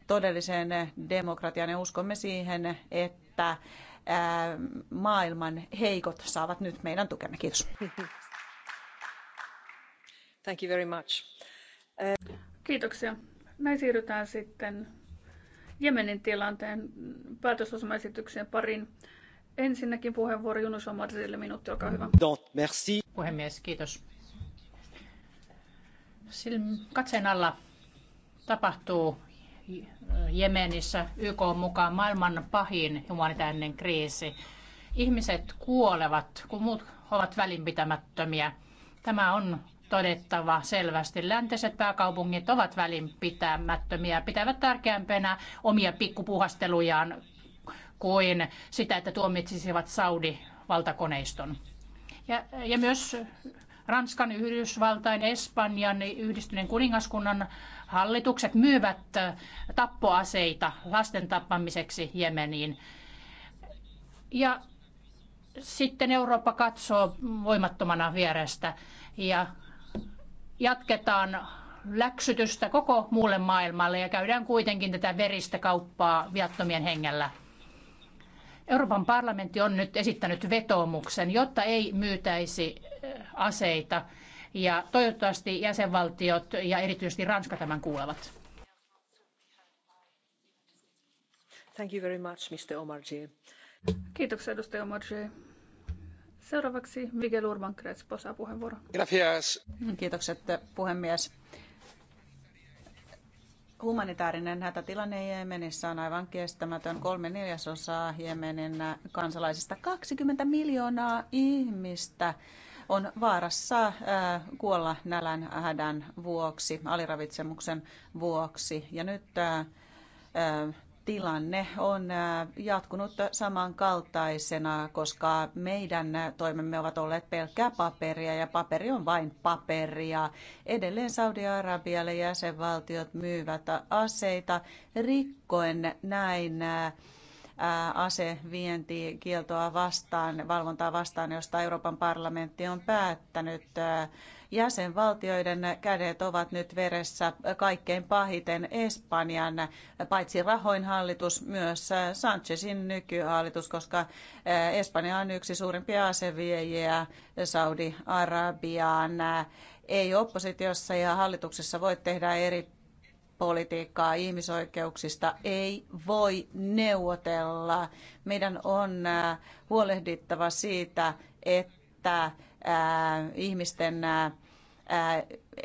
todelliseen demokratiaan ja uskomme siihen, että ähm, maailman heikot saavat nyt meidän tukemme. Kiitos. Thank you very much. Kiitoksia. Näin siirrytään sitten Jemenin tilanteen päätösosamaesitykseen parin. Ensinnäkin puheenvuoro Junus Omarisille, minuutti, olkaa hyvä. Merci. Puhemies, kiitos. Katseen alla tapahtuu Jemenissä YK mukaan maailman pahin humanitaarinen kriisi. Ihmiset kuolevat, kun muut ovat välinpitämättömiä. Tämä on todettava selvästi. Läntiset pääkaupungit ovat välinpitämättömiä, pitävät tärkeämpänä omia pikkupuhastelujaan kuin sitä, että tuomitsisivat Saudi-valtakoneiston. Ja, ja myös Ranskan, Yhdysvaltain, Espanjan, Yhdistyneen kuningaskunnan hallitukset myyvät tappoaseita lasten tappamiseksi Jemeniin. Ja sitten Eurooppa katsoo voimattomana vierestä ja jatketaan läksytystä koko muulle maailmalle ja käydään kuitenkin tätä veristä kauppaa viattomien hengellä. Euroopan parlamentti on nyt esittänyt vetoomuksen, jotta ei myytäisi eh, aseita. Ja toivottavasti jäsenvaltiot ja erityisesti Ranska tämän kuulevat. Thank you very much, Mr. Omarjee. Kiitoksia, edustaja Omarjee. Seuraavaksi Miguel Urban Crespo saa puheenvuoron. Gracias. Kiitokset puhemies. Humanitaarinen hätätilanne Jemenissä on aivan kestämätön. Kolme neljäsosaa Jemenin kansalaisista, 20 miljoonaa ihmistä on vaarassa äh, kuolla nälän hädän vuoksi, aliravitsemuksen vuoksi. Ja nyt äh, äh, tilanne on äh, jatkunut samankaltaisena, koska meidän toimemme ovat olleet pelkkää paperia ja paperi on vain paperia. Edelleen Saudi-Arabialle jäsenvaltiot myyvät aseita rikkoen näin äh, äh, asevientikieltoa vastaan, valvontaa vastaan, josta Euroopan parlamentti on päättänyt jäsenvaltioiden kädet ovat nyt veressä kaikkein pahiten Espanjan, paitsi rahoin hallitus, myös Sanchezin nykyhallitus, koska eh, Espanja on yksi suurimpia aseviejiä Saudi-Arabiaan. Ei oppositiossa ja hallituksessa voi tehdä eri politiikkaa ihmisoikeuksista ei voi neuvotella. Meidän on eh, huolehdittava siitä, että eh, ihmisten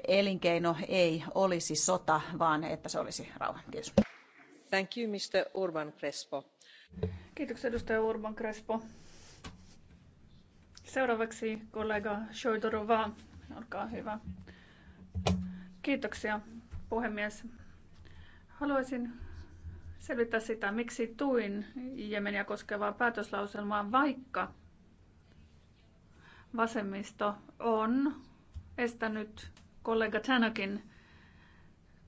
elinkeino ei olisi sota, vaan että se olisi rauha. Kiitos. Thank you, Mr. Urban Crespo. Kiitoksia, edustaja Urban Crespo. Seuraavaksi kollega Shoidorova, olkaa hyvä. Kiitoksia, puhemies. Haluaisin selvittää sitä, miksi tuin Jemeniä koskevaa päätöslauselmaa, vaikka vasemmisto on estänyt kollega Tanakin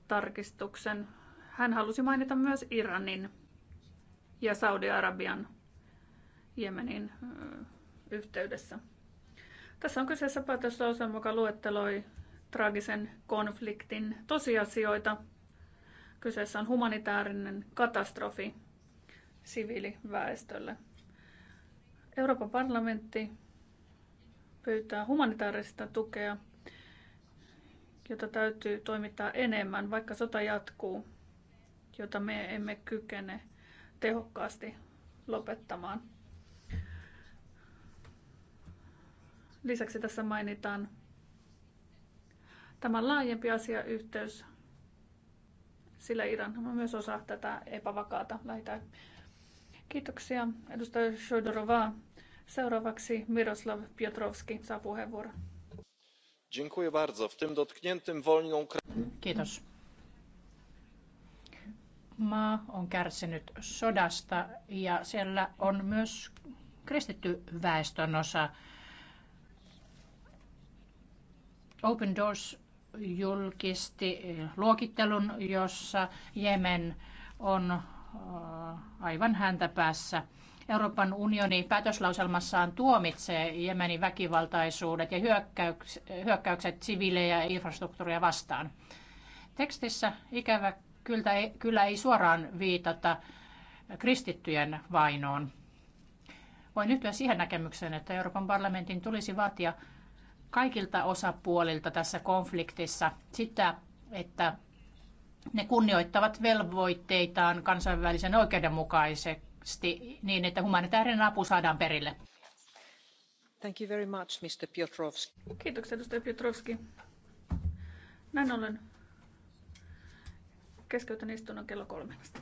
tarkistuksen. Hän halusi mainita myös Iranin ja Saudi-Arabian Jemenin yhteydessä. Tässä on kyseessä päätöslauselma, joka luetteloi traagisen konfliktin tosiasioita. Kyseessä on humanitaarinen katastrofi siviiliväestölle. Euroopan parlamentti pyytää humanitaarista tukea – jota täytyy toimittaa enemmän, vaikka sota jatkuu, jota me emme kykene tehokkaasti lopettamaan. Lisäksi tässä mainitaan tämä laajempi asiayhteys, sillä Iran on myös osa tätä epävakaata lähitä. Kiitoksia, edustaja Shodorova. Seuraavaksi Miroslav Piotrowski saa puheenvuoron. Kiitos. Maa on kärsinyt sodasta ja siellä on myös kristitty väestönosa. Open Doors julkisti luokittelun, jossa Jemen on äh, aivan häntäpäässä. Euroopan unioni päätöslauselmassaan tuomitsee Jemenin väkivaltaisuudet ja hyökkäykset siviilejä ja infrastruktuuria vastaan. Tekstissä ikävä kyllä ei, kyllä ei suoraan viitata kristittyjen vainoon. Voin yhtyä siihen näkemykseen, että Euroopan parlamentin tulisi vaatia kaikilta osapuolilta tässä konfliktissa sitä, että ne kunnioittavat velvoitteitaan kansainvälisen oikeudenmukaisen nopeasti niin, että humanitaarinen apu saadaan perille. Thank you very much, Mr. Piotrowski. Kiitoksia, edustaja Piotrowski. Näin ollen keskeytän istunnon kello kolmesta.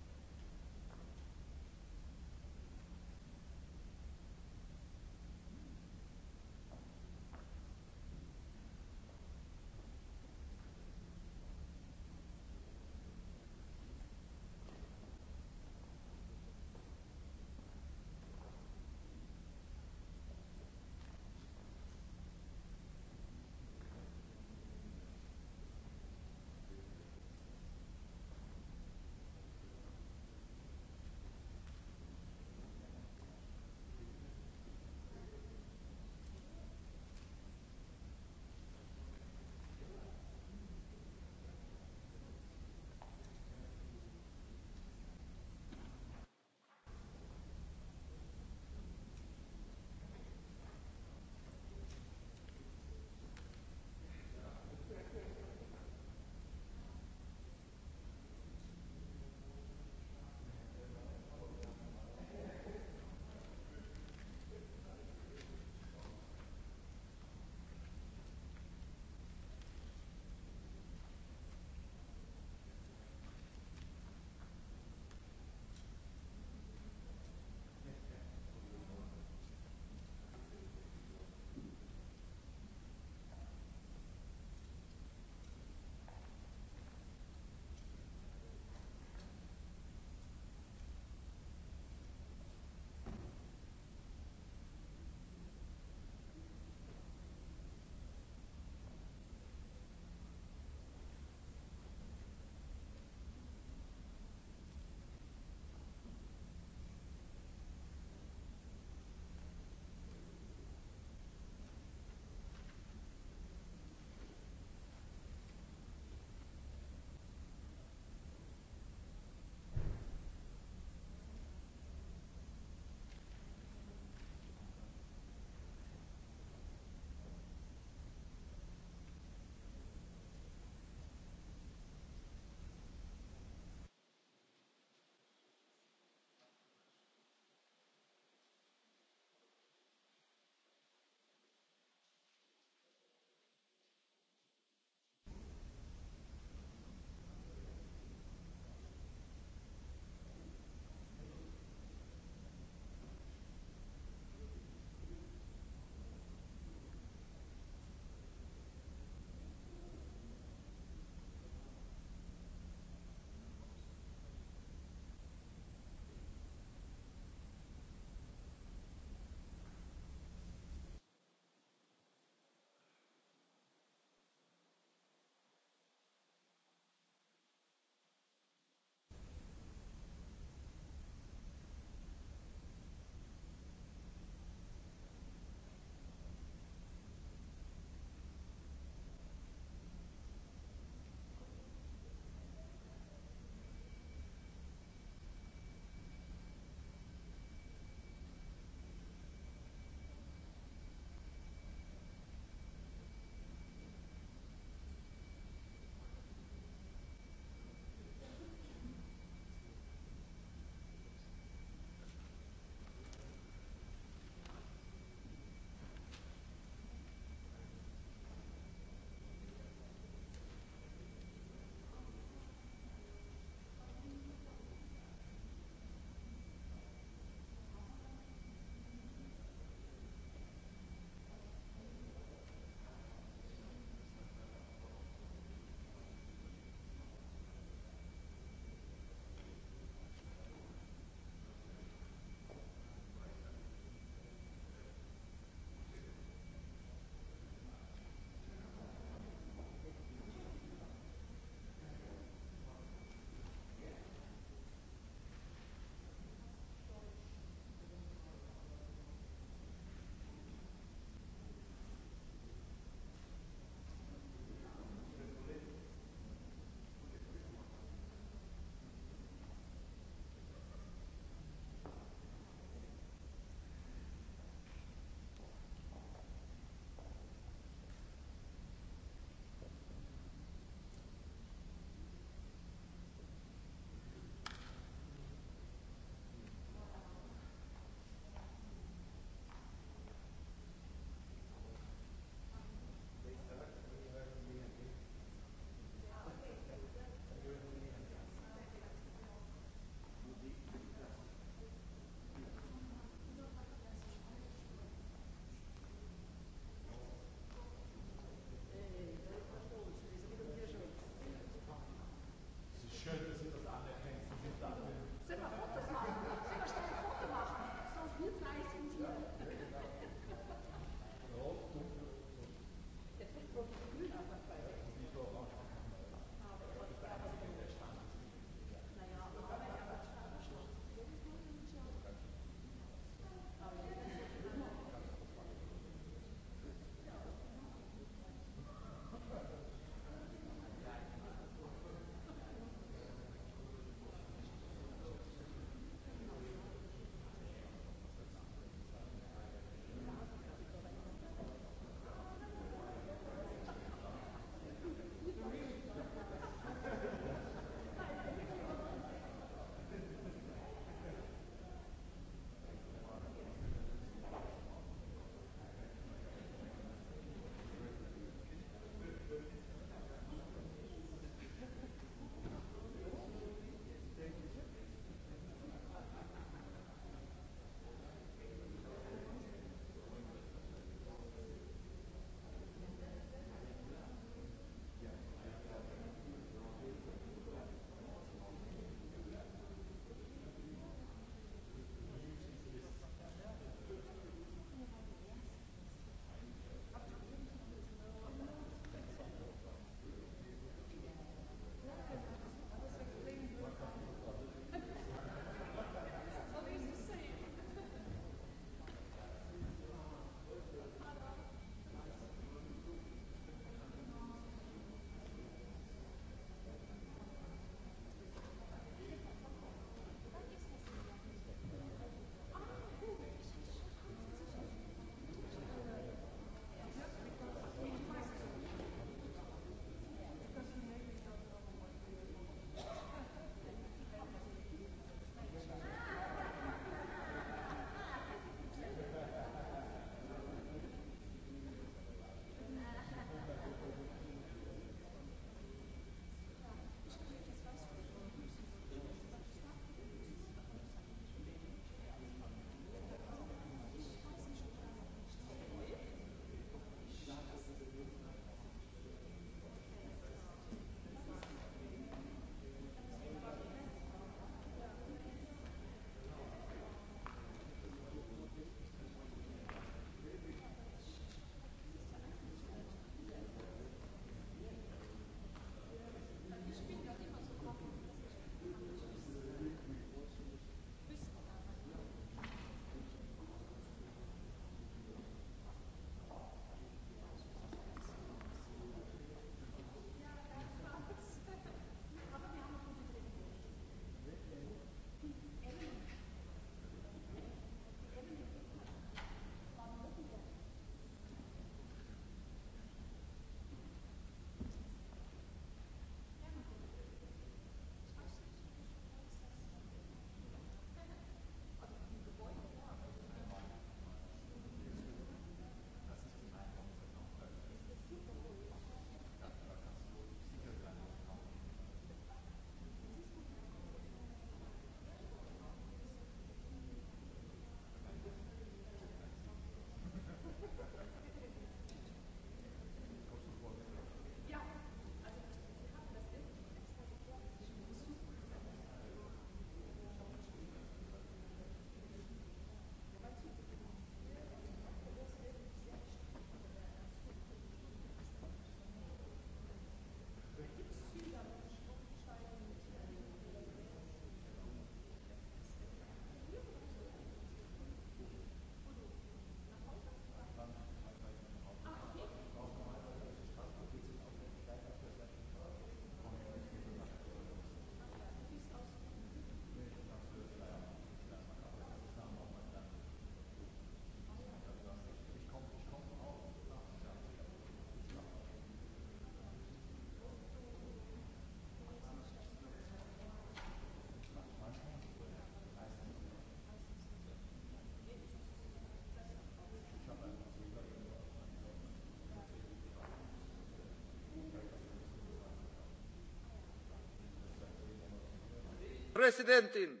präsidentin!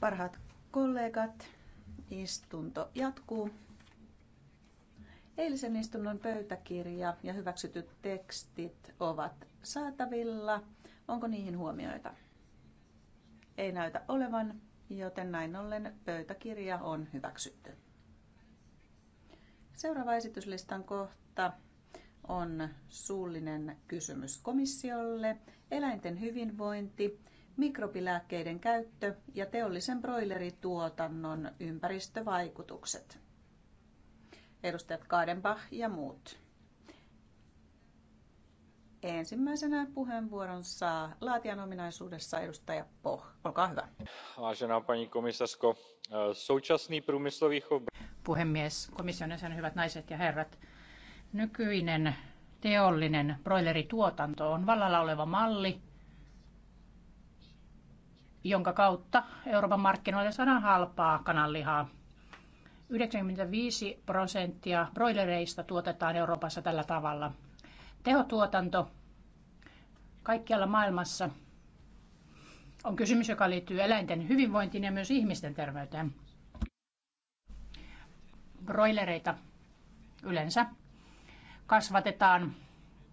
Parhaat kollegat, istunto jatkuu. Eilisen istunnon pöytäkirja ja hyväksytyt tekstit ovat saatavilla. Onko niihin huomioita? Ei näytä olevan, joten näin ollen pöytäkirja on hyväksytty. Seuraava esityslistan kohta on suullinen kysymys komissiolle. Eläinten hyvinvointi, mikrobilääkkeiden käyttö ja teollisen broilerituotannon ympäristövaikutukset. Edustajat Kaadenbach ja muut. Ensimmäisenä puheenvuoron saa laatijan ominaisuudessa edustaja Poh. Olkaa hyvä. Vážená pani komisarsko, současný průmyslový Puhemies, komission jäsen, hyvät naiset ja herrat. Nykyinen teollinen broilerituotanto on vallalla oleva malli, jonka kautta Euroopan markkinoille saadaan halpaa kananlihaa. 95 prosenttia broilereista tuotetaan Euroopassa tällä tavalla – Tehotuotanto kaikkialla maailmassa on kysymys, joka liittyy eläinten hyvinvointiin ja myös ihmisten terveyteen. Broilereita yleensä kasvatetaan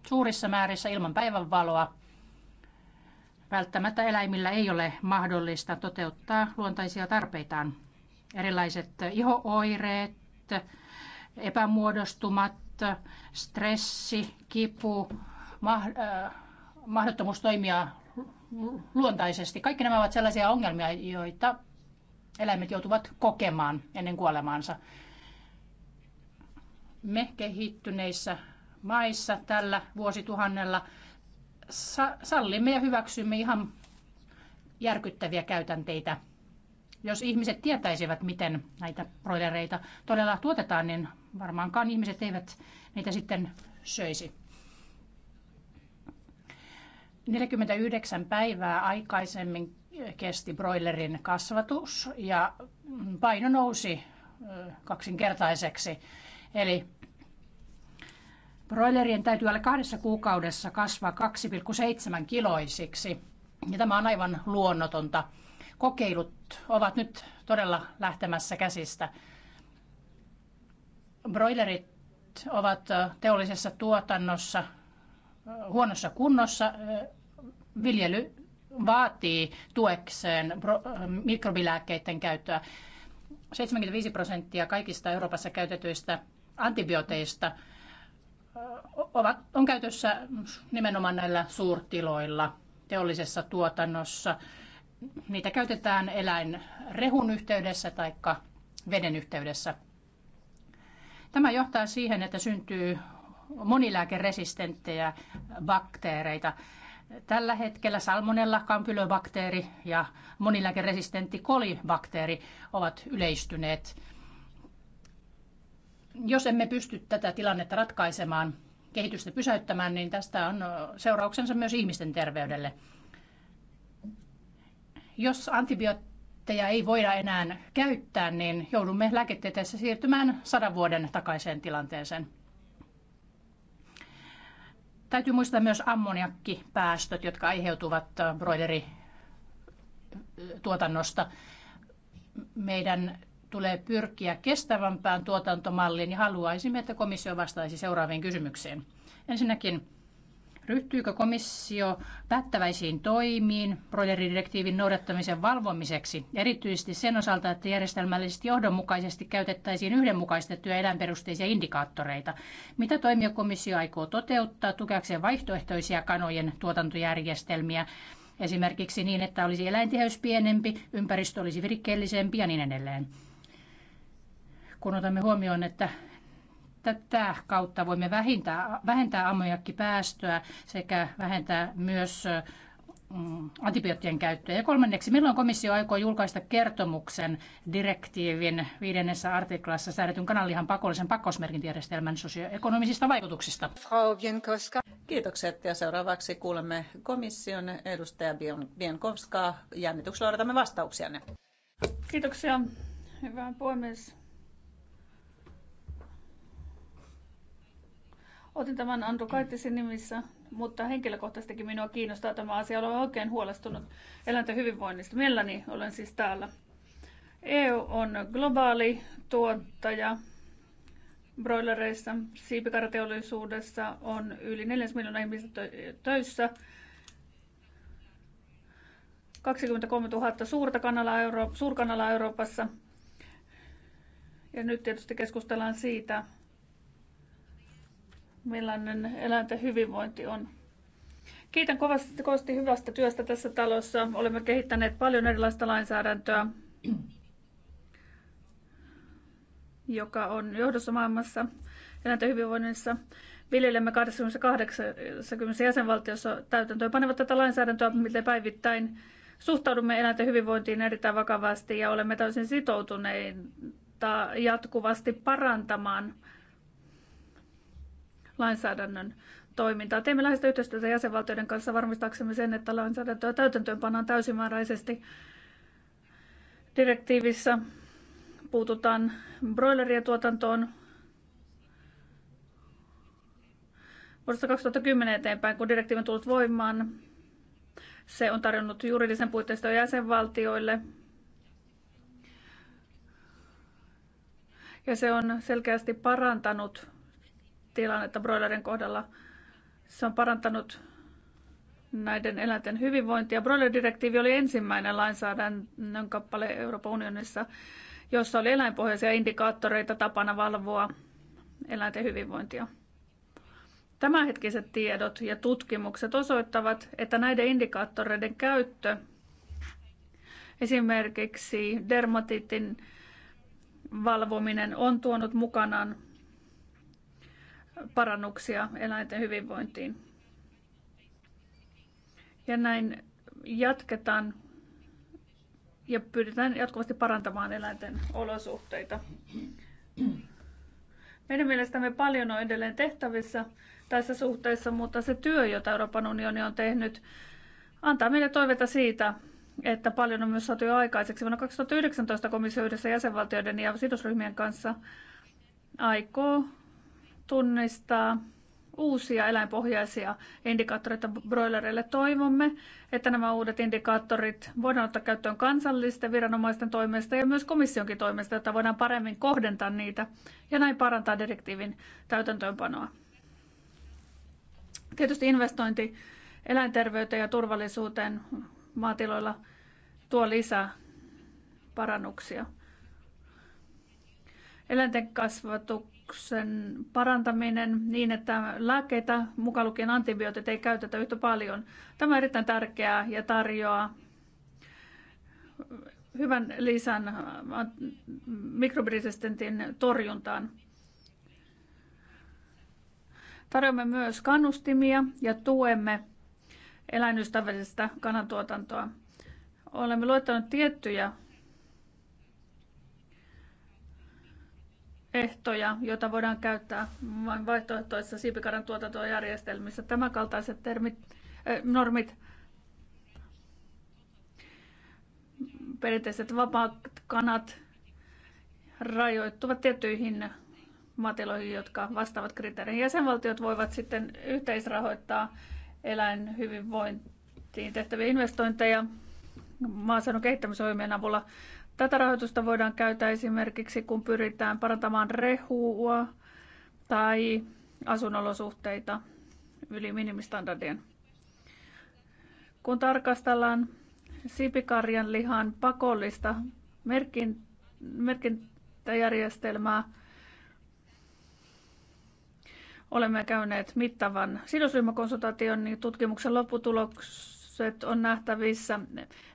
suurissa määrissä ilman päivänvaloa. Välttämättä eläimillä ei ole mahdollista toteuttaa luontaisia tarpeitaan. Erilaiset ihooireet, epämuodostumat, käyttö, stressi, kipu, mah, äh, mahdottomuus toimia luontaisesti. Kaikki nämä ovat sellaisia ongelmia, joita eläimet joutuvat kokemaan ennen kuolemaansa. Me kehittyneissä maissa tällä vuosituhannella sallimme ja hyväksymme ihan järkyttäviä käytänteitä jos ihmiset tietäisivät, miten näitä broilereita todella tuotetaan, niin varmaankaan ihmiset eivät niitä sitten söisi. 49 päivää aikaisemmin kesti broilerin kasvatus ja paino nousi kaksinkertaiseksi. Eli broilerien täytyy alle kahdessa kuukaudessa kasvaa 2,7 kiloisiksi. Ja tämä on aivan luonnotonta kokeilut ovat nyt todella lähtemässä käsistä. Broilerit ovat teollisessa tuotannossa huonossa kunnossa. Viljely vaatii tuekseen mikrobilääkkeiden käyttöä. 75 prosenttia kaikista Euroopassa käytetyistä antibiooteista ovat, on käytössä nimenomaan näillä suurtiloilla, teollisessa tuotannossa, Niitä käytetään eläinrehun yhteydessä tai veden yhteydessä. Tämä johtaa siihen, että syntyy monilääkeresistenttejä bakteereita. Tällä hetkellä salmonella, kampylobakteeri ja monilääkeresistentti kolibakteeri ovat yleistyneet. Jos emme pysty tätä tilannetta ratkaisemaan, kehitystä pysäyttämään, niin tästä on seurauksensa myös ihmisten terveydelle. Jos antibiootteja ei voida enää käyttää, niin joudumme lääketieteessä siirtymään sadan vuoden takaiseen tilanteeseen. Täytyy muistaa myös ammoniakkipäästöt, jotka aiheutuvat äh, broilerituotannosta. Äh, Meidän tulee pyrkiä kestävämpään tuotantomalliin ja haluaisimme, että komissio vastaisi seuraaviin kysymyksiin. Ensinnäkin, Ryhtyykö komissio päättäväisiin toimiin broileridirektiivin noudattamisen valvomiseksi, erityisesti sen osalta, että järjestelmällisesti johdonmukaisesti käytettäisiin yhdenmukaistettuja eläinperusteisia indikaattoreita? Mitä toimia komissio aikoo toteuttaa tukeakseen vaihtoehtoisia kanojen tuotantojärjestelmiä, esimerkiksi niin, että olisi eläintiheys pienempi, ympäristö olisi virikkeellisempi ja niin edelleen? kun otamme huomioon, että Tätä kautta voimme vähentää, vähentää ammoniakkipäästöä sekä vähentää myös mm, antibioottien käyttöä. Ja kolmanneksi, milloin komissio aikoo julkaista kertomuksen direktiivin viidennessä artiklassa säädetyn kananlihan pakollisen pakkausmerkintäjärjestelmän sosioekonomisista vaikutuksista? Frau Bienkowska. Kiitokset ja seuraavaksi kuulemme komission edustaja Bienkowskaa. Jännityksellä odotamme vastauksianne. Kiitoksia. Hyvä puhemies. Otin tämän anto Kaittisin nimissä, mutta henkilökohtaisestikin minua kiinnostaa tämä asia. Olen oikein huolestunut eläinten hyvinvoinnista. Mielelläni olen siis täällä. EU on globaali tuottaja broilereissa. siipikarateollisuudessa on yli 4 miljoonaa ihmistä töissä. 23 000 suurta kanalaa Euroop- suurkanalaa Euroopassa. Ja nyt tietysti keskustellaan siitä, millainen eläinten hyvinvointi on. Kiitän kovasti kovasti hyvästä työstä tässä talossa. Olemme kehittäneet paljon erilaista lainsäädäntöä, joka on johdossa maailmassa eläinten hyvinvoinnissa. Viljelemme 28 jäsenvaltiossa täytäntöön panevat tätä lainsäädäntöä, miten päivittäin suhtaudumme eläinten hyvinvointiin erittäin vakavasti ja olemme täysin sitoutuneita jatkuvasti parantamaan lainsäädännön toimintaa. Teemme läheistä yhteistyötä jäsenvaltioiden kanssa varmistaaksemme sen, että lainsäädäntöä täytäntöön pannaan täysimääräisesti. Direktiivissä puututaan broilerien tuotantoon vuodesta 2010 eteenpäin, kun direktiivi on tullut voimaan. Se on tarjonnut juridisen puitteista jäsenvaltioille ja se on selkeästi parantanut tilannetta broilerin kohdalla. Se on parantanut näiden eläinten hyvinvointia. Broiler-direktiivi oli ensimmäinen lainsäädännön kappale Euroopan unionissa, jossa oli eläinpohjaisia indikaattoreita tapana valvoa eläinten hyvinvointia. Tämänhetkiset tiedot ja tutkimukset osoittavat, että näiden indikaattoreiden käyttö esimerkiksi dermatiitin valvominen on tuonut mukanaan parannuksia eläinten hyvinvointiin. Ja näin jatketaan ja pyritään jatkuvasti parantamaan eläinten olosuhteita. Meidän mielestämme paljon on edelleen tehtävissä tässä suhteessa, mutta se työ, jota Euroopan unioni on tehnyt, antaa meille toiveita siitä, että paljon on myös saatu jo aikaiseksi. Vuonna 2019 komissio yhdessä jäsenvaltioiden ja sidosryhmien kanssa aikoo tunnistaa uusia eläinpohjaisia indikaattoreita broilereille. Toivomme, että nämä uudet indikaattorit voidaan ottaa käyttöön kansallisten viranomaisten toimesta ja myös komissionkin toimesta, jotta voidaan paremmin kohdentaa niitä ja näin parantaa direktiivin täytäntöönpanoa. Tietysti investointi eläinterveyteen ja turvallisuuteen maatiloilla tuo lisää parannuksia. Eläinten kasvatuksen kierrätyksen parantaminen niin, että lääkkeitä, mukaan lukien antibiootit, ei käytetä yhtä paljon. Tämä on erittäin tärkeää ja tarjoaa hyvän lisän äh, mikrobiresistentin torjuntaan. Tarjoamme myös kannustimia ja tuemme eläinystävällistä kanantuotantoa. Olemme luettaneet tiettyjä ehtoja, joita voidaan käyttää vain vaihtoehtoisissa siipikarjan tuotantojärjestelmissä. Tämän kaltaiset termit, äh, normit, perinteiset vapaat kanat rajoittuvat tiettyihin maatiloihin, jotka vastaavat kriteereihin. Jäsenvaltiot voivat sitten yhteisrahoittaa eläinhyvinvointiin tehtäviä investointeja maaseudun kehittämisohjelmien avulla Tätä rahoitusta voidaan käyttää esimerkiksi, kun pyritään parantamaan rehua tai asunolosuhteita yli minimistandardien. Kun tarkastellaan sipikarjan lihan pakollista merkintäjärjestelmää, olemme käyneet mittavan sidosryhmäkonsultaation, niin tutkimuksen lopputulokset on nähtävissä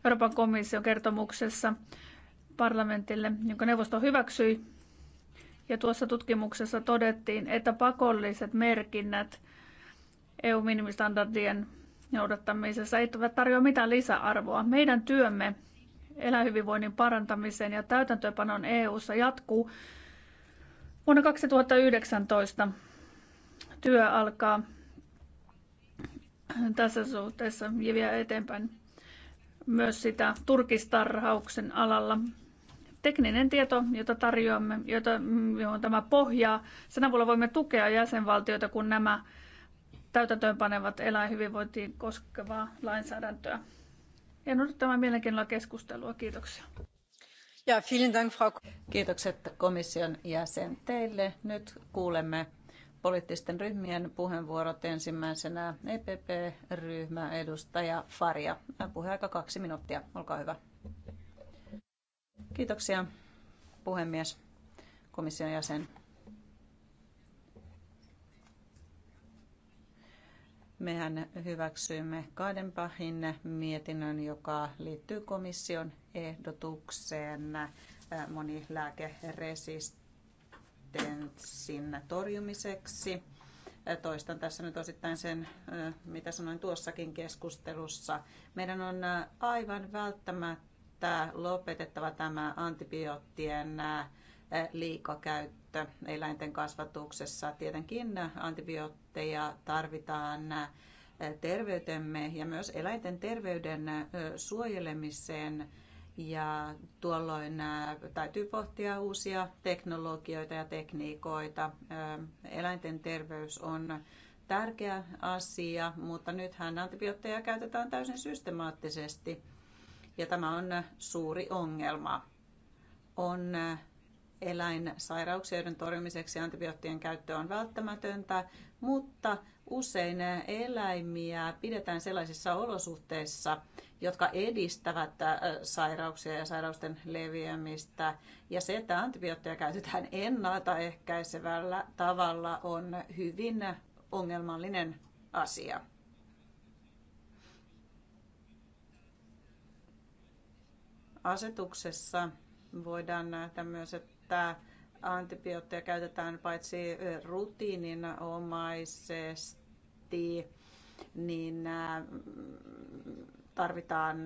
Euroopan komission kertomuksessa – parlamentille, jonka neuvosto hyväksyi. Ja tuossa tutkimuksessa todettiin, että pakolliset merkinnät EU-minimistandardien noudattamisessa eivät tarjoa mitään lisäarvoa. Meidän työmme eläinhyvinvoinnin parantamiseen ja täytäntöönpanon EU-ssa jatkuu. Vuonna 2019 työ alkaa tässä suhteessa ja vie eteenpäin myös sitä turkistarhauksen alalla tekninen tieto, jota tarjoamme, jota, mm, johon tämä pohjaa. Sen avulla voimme tukea jäsenvaltioita, kun nämä täytäntöönpanevat eläinhyvinvointiin koskevaa lainsäädäntöä. Ja nyt tämä mielenkiinnolla keskustelua. Kiitoksia. Ja, vielen Dank, Frau... Kiitokset komission jäsen teille. Nyt kuulemme poliittisten ryhmien puheenvuorot. Ensimmäisenä EPP-ryhmä edustaja Faria. Puheaika kaksi minuuttia. Olkaa hyvä. Kiitoksia, puhemies, komission jäsen. Mehän hyväksyimme Kadenbachin mietinnön, joka liittyy komission ehdotukseen eh, monilääkeresistenssin torjumiseksi. Eh, toistan tässä nyt osittain sen, eh, mitä sanoin tuossakin keskustelussa. Meidän on aivan välttämättä että lopetettava tämä antibioottien liikakäyttö eläinten kasvatuksessa. Tietenkin antibiootteja tarvitaan terveytemme ja myös eläinten terveyden suojelemiseen ja tuolloin täytyy pohtia uusia teknologioita ja tekniikoita. Eläinten terveys on tärkeä asia, mutta nythän antibiootteja käytetään täysin systemaattisesti – ja tämä on suuri ongelma. On eläinsairauksien torjumiseksi antibioottien käyttö on välttämätöntä, mutta usein eläimiä pidetään sellaisissa olosuhteissa, jotka edistävät äh, sairauksia ja sairausten leviämistä. Ja se, että antibiootteja käytetään ennaltaehkäisevällä tavalla, on hyvin ongelmallinen asia. asetuksessa voidaan nähdä myös, että antibiootteja käytetään paitsi rutiininomaisesti, niin tarvitaan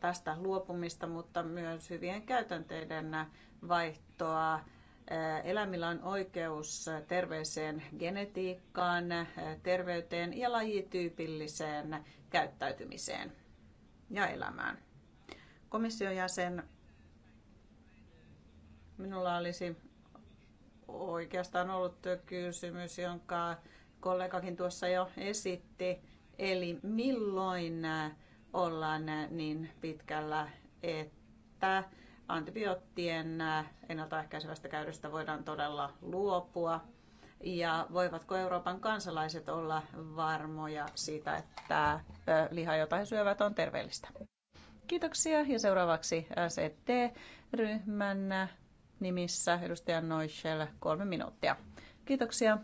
tästä luopumista, mutta myös hyvien käytänteiden vaihtoa. Eläimillä on oikeus terveeseen genetiikkaan, terveyteen ja lajityypilliseen käyttäytymiseen ja elämään komission jäsen, minulla olisi oikeastaan ollut kysymys, jonka kollegakin tuossa jo esitti. Eli milloin ollaan niin pitkällä, että antibioottien ennaltaehkäisevästä käytöstä voidaan todella luopua? Ja voivatko Euroopan kansalaiset olla varmoja siitä, että liha, jota he syövät, on terveellistä? Kiitoksia ja seuraavaksi st e ryhmän nimissä edustaja Noichel kolme minuuttia. Kiitoksia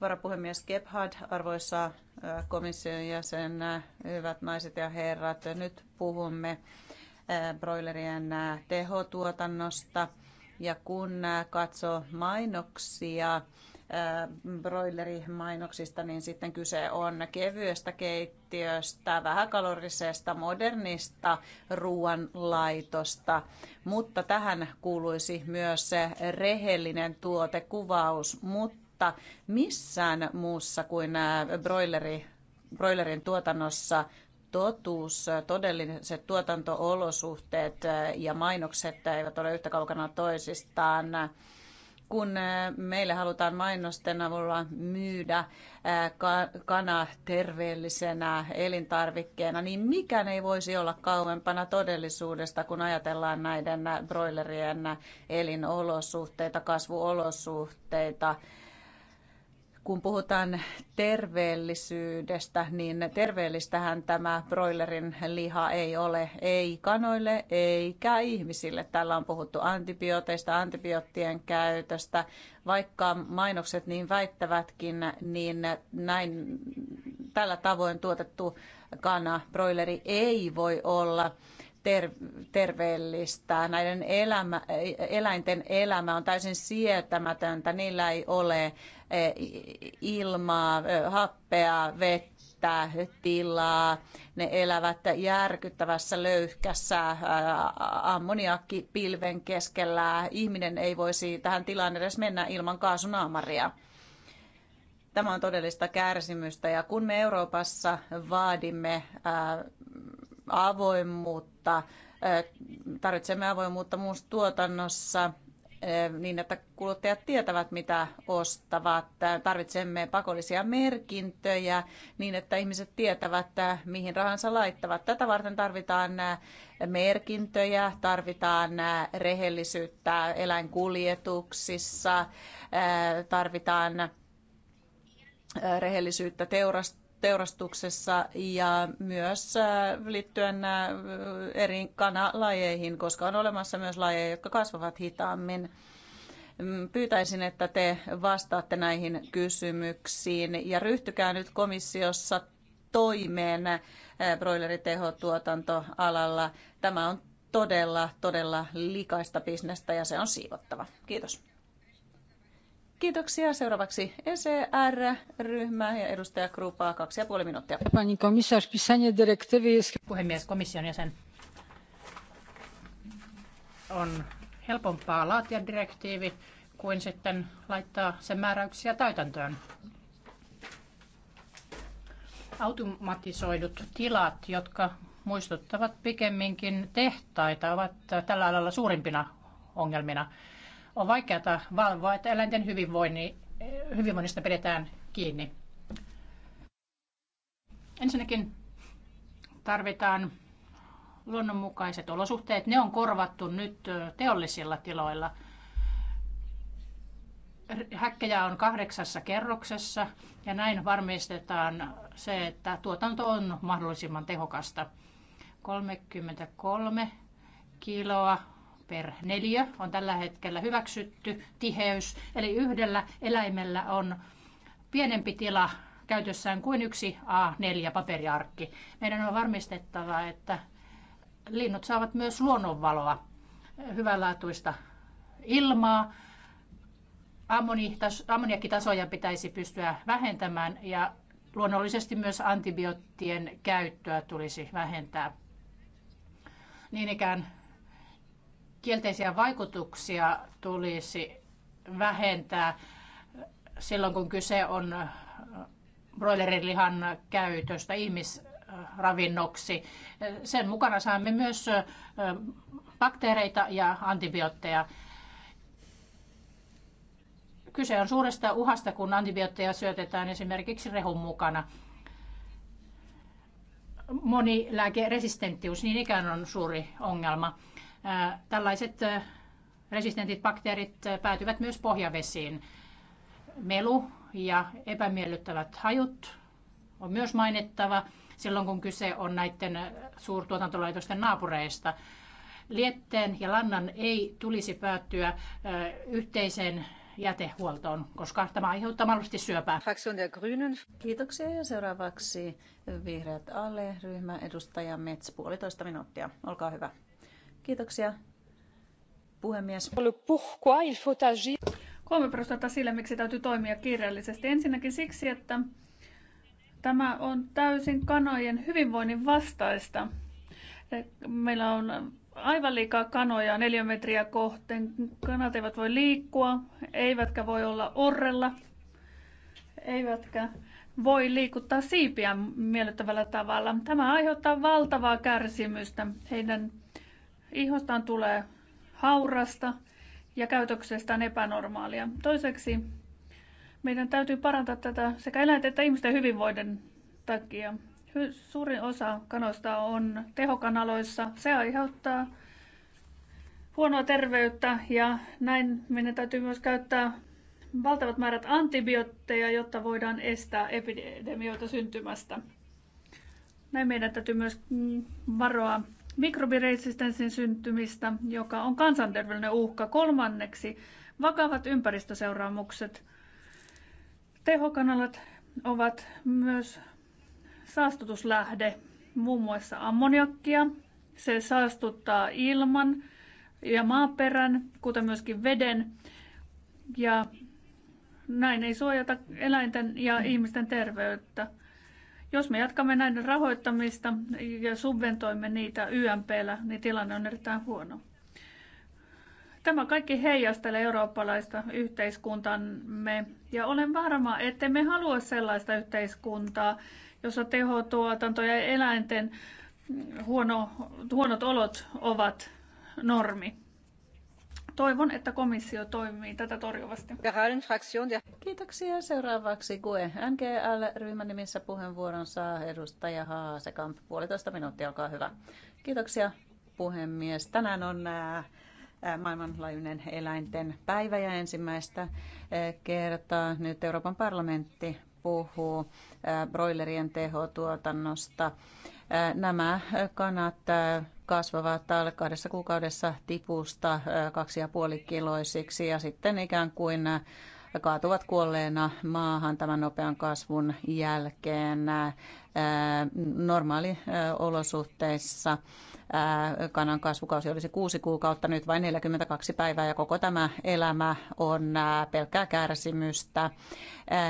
varapuhemies Gebhard, arvoisa komission jäsen, hyvät naiset ja herrat. Nyt puhumme broilerien tehotuotannosta ja kun katsoo mainoksia, broilerimainoksista, niin sitten kyse on kevyestä keittiöstä, vähäkalorisesta, modernista ruoanlaitosta. Mutta tähän kuuluisi myös se rehellinen tuotekuvaus, mutta missään muussa kuin broileri, broilerin tuotannossa totuus, todelliset tuotantoolosuhteet ja mainokset eivät ole yhtä kaukana toisistaan kun äh, meille halutaan mainosten avulla myydä äh, kana terveellisenä elintarvikkeena, niin mikään ei voisi olla kauempana todellisuudesta, kun ajatellaan näiden äh, broilerien elinolosuhteita, kasvuolosuhteita kun puhutaan terveellisyydestä, niin terveellistähän tämä broilerin liha ei ole, ei kanoille eikä ihmisille. Tällä on puhuttu antibiooteista, antibioottien käytöstä. Vaikka mainokset niin väittävätkin, niin näin tällä tavoin tuotettu kana, broileri ei voi olla terveellistä. Näiden elämä, eläinten elämä on täysin sietämätöntä. Niillä ei ole E, ilmaa, e, happea, vettä, tilaa. Ne elävät järkyttävässä löyhkässä e, ammoniakkipilven keskellä. Ihminen ei voisi tähän tilaan edes mennä ilman kaasunaamaria. Tämä on todellista kärsimystä ja kun me Euroopassa vaadimme avoimuutta, tarvitsemme avoimuutta muussa tuotannossa – Eh, niin, että kuluttajat tietävät, mitä ostavat. Tarvitsemme pakollisia merkintöjä niin, että ihmiset tietävät, mihin rahansa laittavat. Tätä varten tarvitaan eh, merkintöjä, tarvitaan eh, rehellisyyttä eläinkuljetuksissa, tarvitaan rehellisyyttä teurastuksissa teurastuksessa ja myös äh, liittyen äh, eri kanalajeihin, koska on olemassa myös lajeja, jotka kasvavat hitaammin. Mm, pyytäisin, että te vastaatte näihin kysymyksiin ja ryhtykää nyt komissiossa toimeen äh, broileritehotuotantoalalla. Tämä on todella, todella likaista bisnestä ja se on siivottava. Kiitos. Kiitoksia. Seuraavaksi ECR-ryhmä ja edustaja Krupaa, kaksi ja puoli minuuttia. Pani komissaari, pisanie direktiivi... Puhemies, komission jäsen. On helpompaa laatia direktiivi kuin sitten laittaa sen määräyksiä täytäntöön. Automatisoidut tilat, jotka muistuttavat pikemminkin tehtaita, ovat tällä alalla suurimpina ongelmina on vaikeata valvoa, että eläinten hyvinvoinnista pidetään kiinni. Ensinnäkin tarvitaan luonnonmukaiset olosuhteet. Ne on korvattu nyt teollisilla tiloilla. Häkkejä on kahdeksassa kerroksessa ja näin varmistetaan se, että tuotanto on mahdollisimman tehokasta. 33 kiloa per neliö on tällä hetkellä hyväksytty tiheys, eli yhdellä eläimellä on pienempi tila käytössään kuin yksi A4-paperiarkki. Meidän on varmistettava, että linnut saavat myös luonnonvaloa, hyvänlaatuista ilmaa, ammoniakkitasoja pitäisi pystyä vähentämään ja luonnollisesti myös antibioottien käyttöä tulisi vähentää. Niin ikään kielteisiä vaikutuksia tulisi vähentää silloin, kun kyse on broilerilihan käytöstä ihmisravinnoksi. Sen mukana saamme myös bakteereita ja antibiootteja. Kyse on suuresta uhasta, kun antibiootteja syötetään esimerkiksi rehun mukana. Monilääkeresistenttius niin ikään on suuri ongelma. Äh, tällaiset äh, resistentit bakteerit äh, päätyvät myös pohjavesiin. Melu ja epämiellyttävät hajut on myös mainittava silloin, kun kyse on näiden suurtuotantolaitosten naapureista. Lietteen ja lannan ei tulisi päättyä yhteiseen jätehuoltoon, koska tämä aiheuttaa mahdollisesti syöpää. Kiitoksia ja seuraavaksi vihreät alle ryhmä edustaja Mets, puolitoista minuuttia. Olkaa hyvä. Kiitoksia, puhemies. Kolme perustetta sille, miksi täytyy toimia kiireellisesti. Ensinnäkin siksi, että tämä on täysin kanojen hyvinvoinnin vastaista. Eh, meillä on aivan liikaa kanoja neliömetriä kohten. Kanat eivät voi liikkua, eivätkä voi olla orrella, eivätkä voi liikuttaa siipiä miellyttävällä tavalla. Tämä aiheuttaa valtavaa kärsimystä heidän ihostaan tulee haurasta ja käytöksestään epänormaalia. Toiseksi meidän täytyy parantaa tätä sekä eläinten että ihmisten hyvinvoiden takia. Suurin osa kanoista on tehokanaloissa. Se aiheuttaa huonoa terveyttä ja näin meidän täytyy myös käyttää valtavat määrät antibiootteja, jotta voidaan estää epidemioita syntymästä. Näin meidän täytyy myös mm, varoa mikrobiresistenssin syntymistä, joka on kansanterveydellinen uhka. Kolmanneksi vakavat ympäristöseuraamukset. Tehokanalat ovat myös saastutuslähde, muun muassa ammoniakkia. Se saastuttaa ilman ja maaperän, kuten myöskin veden. Ja näin ei suojata eläinten ja ihmisten terveyttä. Jos me jatkamme näiden rahoittamista ja subventoimme niitä YMPllä, niin tilanne on erittäin huono. Tämä kaikki heijastelee eurooppalaista yhteiskuntamme ja olen varma, että me halua sellaista yhteiskuntaa, jossa tehotuotanto ja eläinten huono, huonot olot ovat normi. Toivon, että komissio toimii tätä torjuvasti. Kiitoksia. Seuraavaksi GUE NGL-ryhmän nimissä puheenvuoron saa edustaja Haasekamp. Puolitoista minuuttia, olkaa hyvä. Kiitoksia puhemies. Tänään on äh, äh, maailmanlaajuinen eläinten päivä ja ensimmäistä äh, kertaa nyt Euroopan parlamentti puhuu broilerien tehotuotannosta. Nämä kanat kasvavat alle kahdessa kuukaudessa tipusta kaksi ja puoli kiloisiksi ja sitten ikään kuin kaatuvat kuolleena maahan tämän nopean kasvun jälkeen normaaliolosuhteissa kanan kasvukausi olisi kuusi kuukautta, nyt vain 42 päivää ja koko tämä elämä on pelkkää kärsimystä.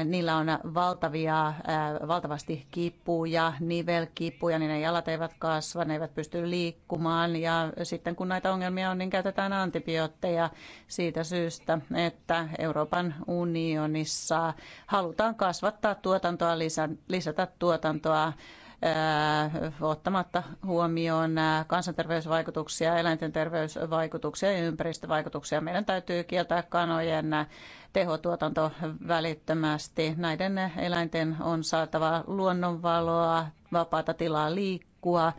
Niillä on valtavia, valtavasti kipuja, nivelkipuja, niin ne jalat eivät kasva, ne eivät pysty liikkumaan ja sitten kun näitä ongelmia on, niin käytetään antibiootteja siitä syystä, että Euroopan unionissa halutaan kasvattaa tuotantoa, lisätä tuotantoa tuotantoa ottamatta huomioon kansanterveysvaikutuksia, eläinten terveysvaikutuksia ja ympäristövaikutuksia. Meidän täytyy kieltää kanojen tehotuotanto välittömästi. Näiden eläinten on saatava luonnonvaloa, vapaata tilaa liikkua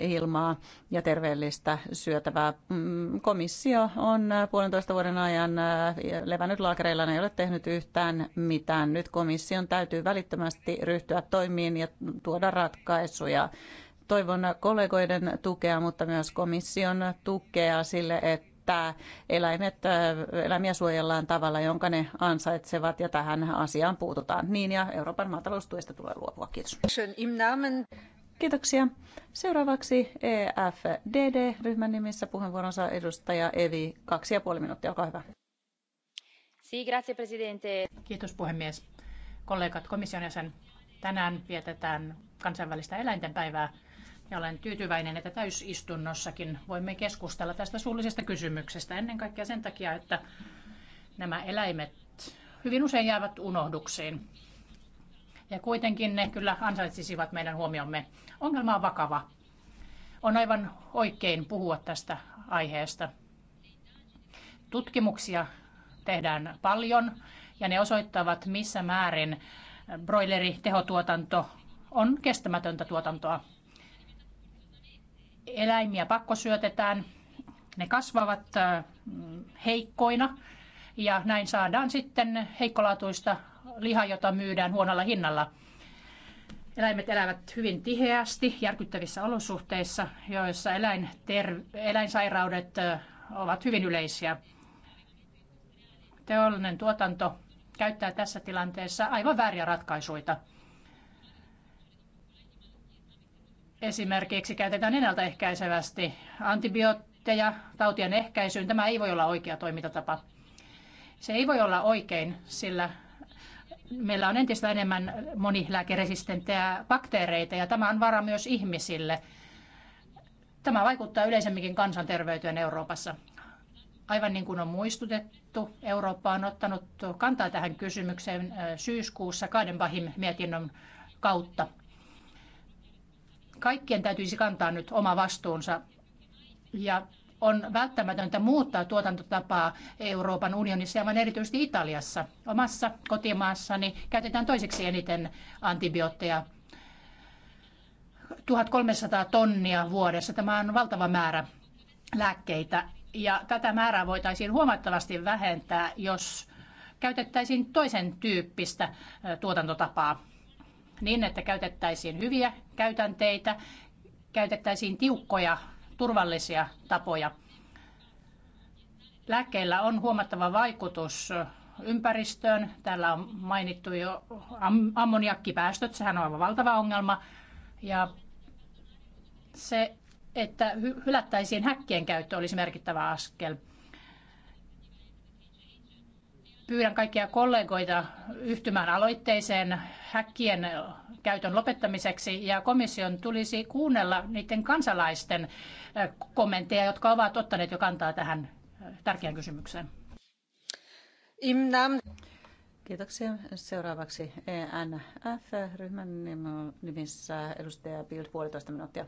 ilmaa ja terveellistä syötävää. Mm, komissio on puolentoista vuoden ajan levännyt laakereillaan, ei ole tehnyt yhtään mitään. Nyt komission täytyy välittömästi ryhtyä toimiin ja tuoda ratkaisuja toivon kollegoiden tukea, mutta myös komission tukea sille, että eläimet, eläimiä suojellaan tavalla, jonka ne ansaitsevat ja tähän asiaan puututaan. Niin ja Euroopan maataloustuesta tulee luopua. Kiitos. Kiitoksia. Seuraavaksi EFDD-ryhmän nimissä puheenvuoronsa edustaja Evi. Kaksi ja puoli minuuttia, olkaa hyvä. Kiitos puhemies. Kollegat, komission jäsen, tänään vietetään kansainvälistä eläintenpäivää ja olen tyytyväinen, että täysistunnossakin voimme keskustella tästä suullisesta kysymyksestä ennen kaikkea sen takia, että nämä eläimet hyvin usein jäävät unohduksiin. Ja kuitenkin ne kyllä ansaitsisivat meidän huomiomme. Ongelma on vakava. On aivan oikein puhua tästä aiheesta. Tutkimuksia tehdään paljon ja ne osoittavat, missä määrin broileritehotuotanto on kestämätöntä tuotantoa. Eläimiä pakkosyötetään, ne kasvavat äh, heikkoina ja näin saadaan sitten heikkolaatuista liha, jota myydään huonolla hinnalla. Eläimet elävät hyvin tiheästi järkyttävissä olosuhteissa, joissa eläinter- eläinsairaudet ovat hyvin yleisiä. Teollinen tuotanto käyttää tässä tilanteessa aivan vääriä ratkaisuja. Esimerkiksi käytetään ennaltaehkäisevästi antibiootteja tautien ehkäisyyn. Tämä ei voi olla oikea toimintatapa. Se ei voi olla oikein, sillä meillä on entistä enemmän monilääkeresistenttejä bakteereita ja tämä on vara myös ihmisille. Tämä vaikuttaa yleisemminkin kansanterveyteen Euroopassa. Aivan niin kuin on muistutettu, Eurooppa on ottanut kantaa tähän kysymykseen syyskuussa Kadenbahin mietinnön kautta. Kaikkien täytyisi kantaa nyt oma vastuunsa ja on välttämätöntä muuttaa tuotantotapaa Euroopan unionissa ja erityisesti Italiassa. Omassa kotimaassani käytetään toiseksi eniten antibiootteja 1300 tonnia vuodessa. Tämä on valtava määrä lääkkeitä ja tätä määrää voitaisiin huomattavasti vähentää, jos käytettäisiin toisen tyyppistä tuotantotapaa niin, että käytettäisiin hyviä käytänteitä, käytettäisiin tiukkoja turvallisia tapoja. Lääkkeillä on huomattava vaikutus ympäristöön. Täällä on mainittu jo ammoniakkipäästöt, sehän on aivan valtava ongelma. Ja se, että hylättäisiin häkkien käyttö, olisi merkittävä askel. Pyydän kaikkia kollegoita yhtymään aloitteeseen häkkien käytön lopettamiseksi ja komission tulisi kuunnella niiden kansalaisten eh, kommentteja, jotka ovat ottaneet jo kantaa tähän eh, tärkeään kysymykseen. Kiitoksia. Seuraavaksi ENF-ryhmän nimissä edustaja Bild puolitoista minuuttia.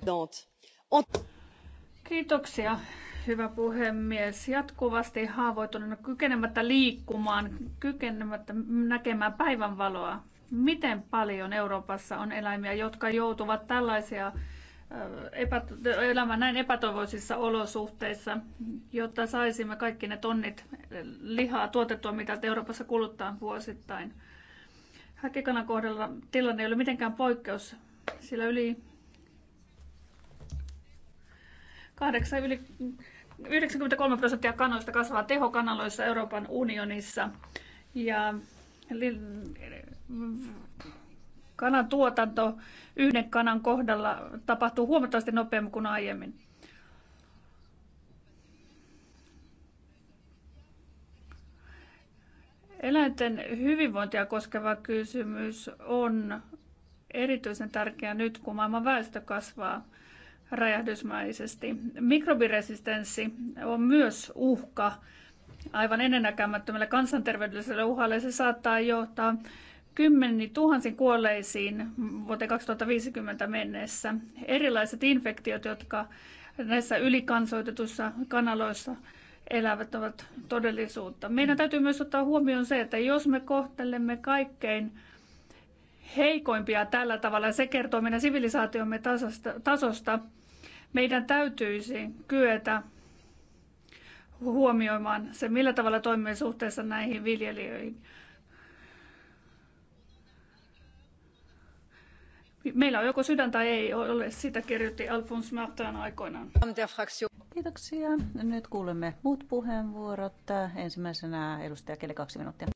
Kiitoksia, hyvä puhemies. Jatkuvasti haavoittuneena kykenemättä liikkumaan, kykenemättä näkemään päivänvaloa. Miten paljon Euroopassa on eläimiä, jotka joutuvat tällaisia elämään näin epätoivoisissa olosuhteissa, jotta saisimme kaikki ne tonnit lihaa tuotettua, mitä Euroopassa kuluttaa vuosittain. Häkikanan kohdalla tilanne ei ole mitenkään poikkeus, sillä yli 8 yli 93 prosenttia kanoista kasvaa tehokanaloissa Euroopan unionissa. Ja kanan tuotanto yhden kanan kohdalla tapahtuu huomattavasti nopeammin kuin aiemmin. Eläinten hyvinvointia koskeva kysymys on erityisen tärkeä nyt, kun maailman väestö kasvaa räjähdysmäisesti. Mikrobiresistenssi on myös uhka aivan ennennäkemättömälle kansanterveydelliselle uhalle. Se saattaa johtaa kymmeni tuhansin kuolleisiin vuoteen 2050 mennessä. Erilaiset infektiot, jotka näissä ylikansoitetuissa kanaloissa elävät, ovat todellisuutta. Meidän täytyy myös ottaa huomioon se, että jos me kohtelemme kaikkein heikoimpia tällä tavalla. Se kertoo meidän sivilisaatiomme tasosta. Meidän täytyisi kyetä huomioimaan se, millä tavalla toimimme suhteessa näihin viljelijöihin. Meillä on joko sydän tai ei ole, sitä kirjoitti Alphonse Martin aikoinaan. Kiitoksia. Nyt kuulemme muut puheenvuorot. Ensimmäisenä edustaja Kelle kaksi minuuttia.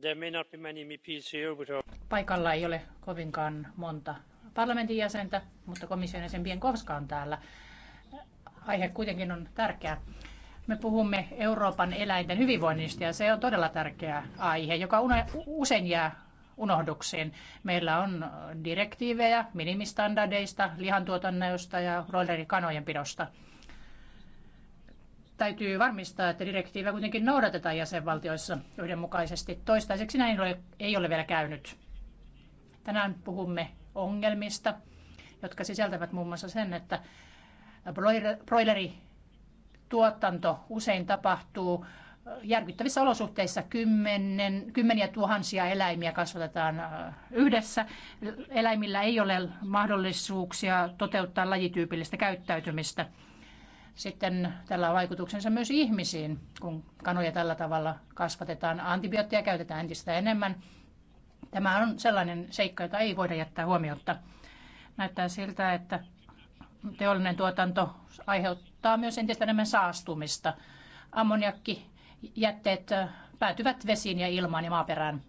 Uh, Paikalla ei ole kovinkaan monta parlamentin jäsentä, mutta komission jäsen Bienkovska on täällä. Aihe kuitenkin on tärkeä. Me puhumme Euroopan eläinten hyvinvoinnista ja se on todella tärkeä aihe, joka usein jää unohdukseen. Meillä on direktiivejä minimistandardeista, lihantuotannosta ja broilerikanojen pidosta täytyy varmistaa, että direktiiviä kuitenkin noudatetaan jäsenvaltioissa yhdenmukaisesti. Toistaiseksi näin ei ole vielä käynyt. Tänään puhumme ongelmista, jotka sisältävät muun muassa sen, että broileri tuotanto usein tapahtuu järkyttävissä olosuhteissa kymmenen, kymmeniä tuhansia eläimiä kasvatetaan äh, yhdessä. Eläimillä ei ole mahdollisuuksia toteuttaa lajityypillistä käyttäytymistä sitten tällä on vaikutuksensa myös ihmisiin, kun kanoja tällä tavalla kasvatetaan. Antibioottia käytetään entistä enemmän. Tämä on sellainen seikka, jota ei voida jättää huomiota. Näyttää siltä, että teollinen tuotanto aiheuttaa myös entistä enemmän saastumista. Ammoniakki, jätteet päätyvät vesiin ja ilmaan ja maaperään.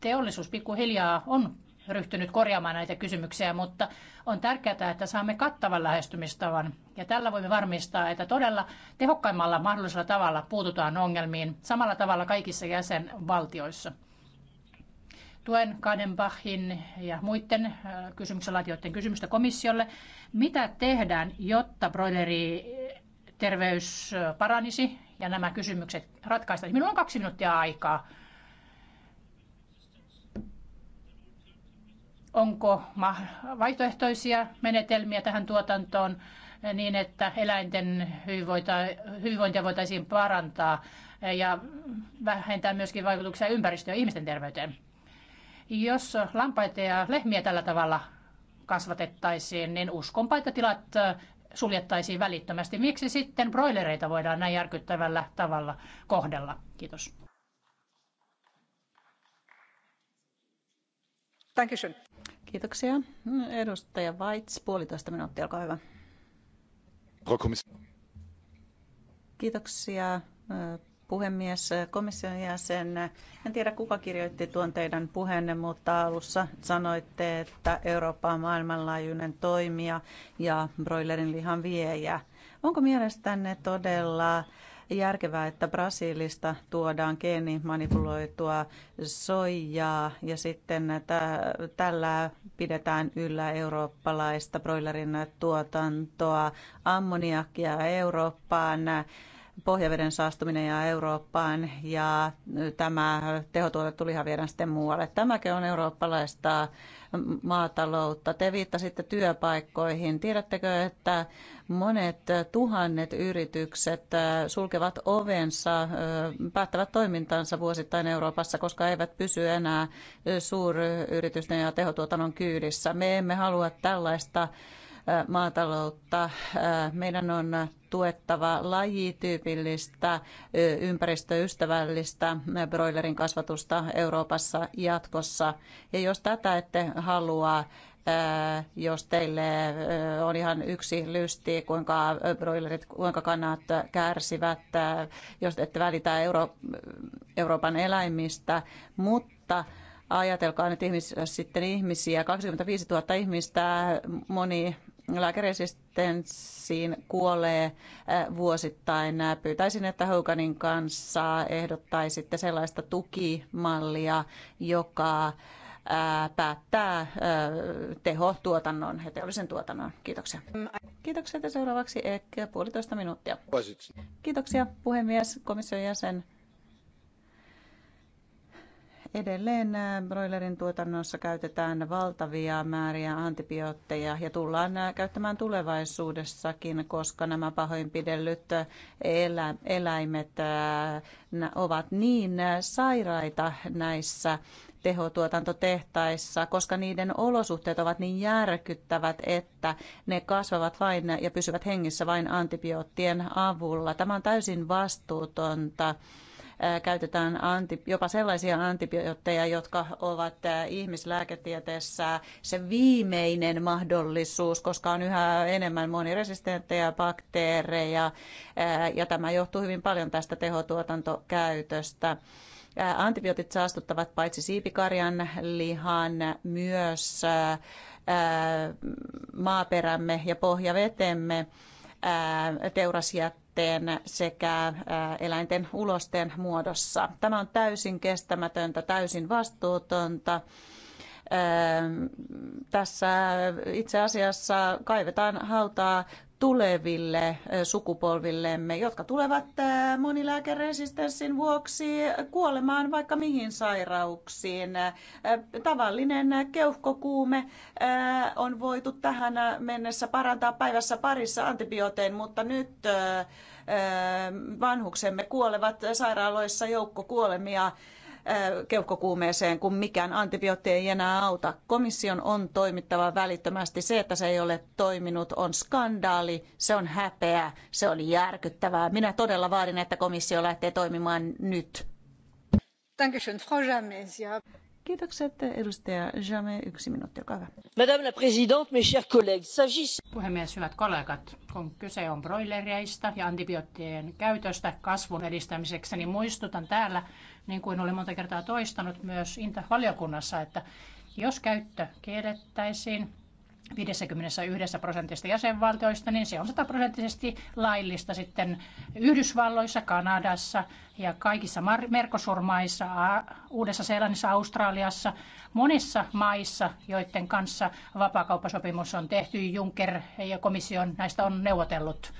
Teollisuus pikkuhiljaa on ryhtynyt korjaamaan näitä kysymyksiä, mutta on tärkeää, että saamme kattavan lähestymistavan. Ja tällä voimme varmistaa, että todella tehokkaimmalla mahdollisella tavalla puututaan ongelmiin samalla tavalla kaikissa jäsenvaltioissa. Tuen Kadenbachin ja muiden äh, kysymyksenlaatijoiden kysymystä komissiolle. Mitä tehdään, jotta broileri äh, terveys äh, paranisi ja nämä kysymykset ratkaistaan? Minulla on kaksi minuuttia aikaa onko vaihtoehtoisia menetelmiä tähän tuotantoon niin, että eläinten hyvinvointia voitaisiin parantaa ja vähentää myöskin vaikutuksia ympäristöön ja ihmisten terveyteen. Jos lampaita ja lehmiä tällä tavalla kasvatettaisiin, niin uskon että suljettaisiin välittömästi. Miksi sitten broilereita voidaan näin järkyttävällä tavalla kohdella? Kiitos. Dankeschön. Kiitoksia. Edustaja Vaits, puolitoista minuuttia, olkaa hyvä. Kiitoksia puhemies, komission jäsen. En tiedä kuka kirjoitti tuon teidän puheenne, mutta alussa sanoitte, että Eurooppa on maailmanlaajuinen toimija ja broilerin lihan viejä. Onko mielestänne todella järkevää, että Brasilista tuodaan geenimanipuloitua soijaa ja sitten tällä pidetään yllä eurooppalaista broilerin tuotantoa, ammoniakkia Eurooppaan, pohjaveden saastuminen ja Eurooppaan ja tämä tehotuotettu liha viedään sitten muualle. Tämäkin on eurooppalaista maataloutta. Te viittasitte työpaikkoihin. Tiedättekö, että monet tuhannet yritykset sulkevat ovensa, päättävät toimintansa vuosittain Euroopassa, koska eivät pysy enää suuryritysten ja tehotuotannon kyydissä. Me emme halua tällaista maataloutta. Meidän on tuettava lajityypillistä, ympäristöystävällistä broilerin kasvatusta Euroopassa jatkossa. Ja jos tätä ette halua, jos teille on ihan yksi lysti, kuinka broilerit, kuinka kannat kärsivät, jos ette välitä Euro- Euroopan eläimistä, mutta ajatelkaa nyt ihmis, sitten ihmisiä, 25 000 ihmistä, moni lääkeresistenssiin kuolee äh, vuosittain. Äh, pyytäisin, että Hoganin kanssa ehdottaisitte sellaista tukimallia, joka äh, päättää tehotuotannon ja teollisen tuotannon. Kiitoksia. Kiitoksia ja seuraavaksi ehkä puolitoista minuuttia. Kiitoksia puhemies, komission jäsen. Edelleen broilerin tuotannossa käytetään valtavia määriä antibiootteja ja tullaan käyttämään tulevaisuudessakin, koska nämä pahoinpidellyt eläimet ovat niin sairaita näissä tehotuotantotehtaissa, koska niiden olosuhteet ovat niin järkyttävät, että ne kasvavat vain ja pysyvät hengissä vain antibioottien avulla. Tämä on täysin vastuutonta käytetään jopa sellaisia antibiootteja, jotka ovat ihmislääketieteessä se viimeinen mahdollisuus, koska on yhä enemmän moniresistenttejä bakteereja ja tämä johtuu hyvin paljon tästä tehotuotantokäytöstä. Antibiootit saastuttavat paitsi siipikarjan lihan myös maaperämme ja pohjavetemme teurasjätteet jätteen sekä eläinten ulosten muodossa. Tämä on täysin kestämätöntä, täysin vastuutonta. Tässä itse asiassa kaivetaan hautaa tuleville sukupolvillemme, jotka tulevat monilääkeresistenssin vuoksi kuolemaan vaikka mihin sairauksiin. Tavallinen keuhkokuume on voitu tähän mennessä parantaa päivässä parissa antibiootein, mutta nyt vanhuksemme kuolevat sairaaloissa joukko kuolemia keuhkokuumeeseen, kun mikään antibiootti ei enää auta. Komission on toimittava välittömästi. Se, että se ei ole toiminut, on skandaali, se on häpeä, se on järkyttävää. Minä todella vaadin, että komissio lähtee toimimaan nyt. Kiitokset edustaja Jame, Yksi minuutti, olkaa hyvä. Madame la présidente, mes chers collègues, s'agisse... Puhemies, hyvät kollegat, kun kyse on broilereista ja antibioottien käytöstä kasvun edistämiseksi, niin muistutan täällä, niin kuin olen monta kertaa toistanut myös Inta-valiokunnassa, että jos käyttö kiellettäisiin 51 prosentista jäsenvaltioista, niin se on sataprosenttisesti laillista sitten Yhdysvalloissa, Kanadassa ja kaikissa merkosurmaissa, Uudessa-Seelannissa, Australiassa, monissa maissa, joiden kanssa vapaakauppasopimus on tehty, Juncker ja komission näistä on neuvotellut.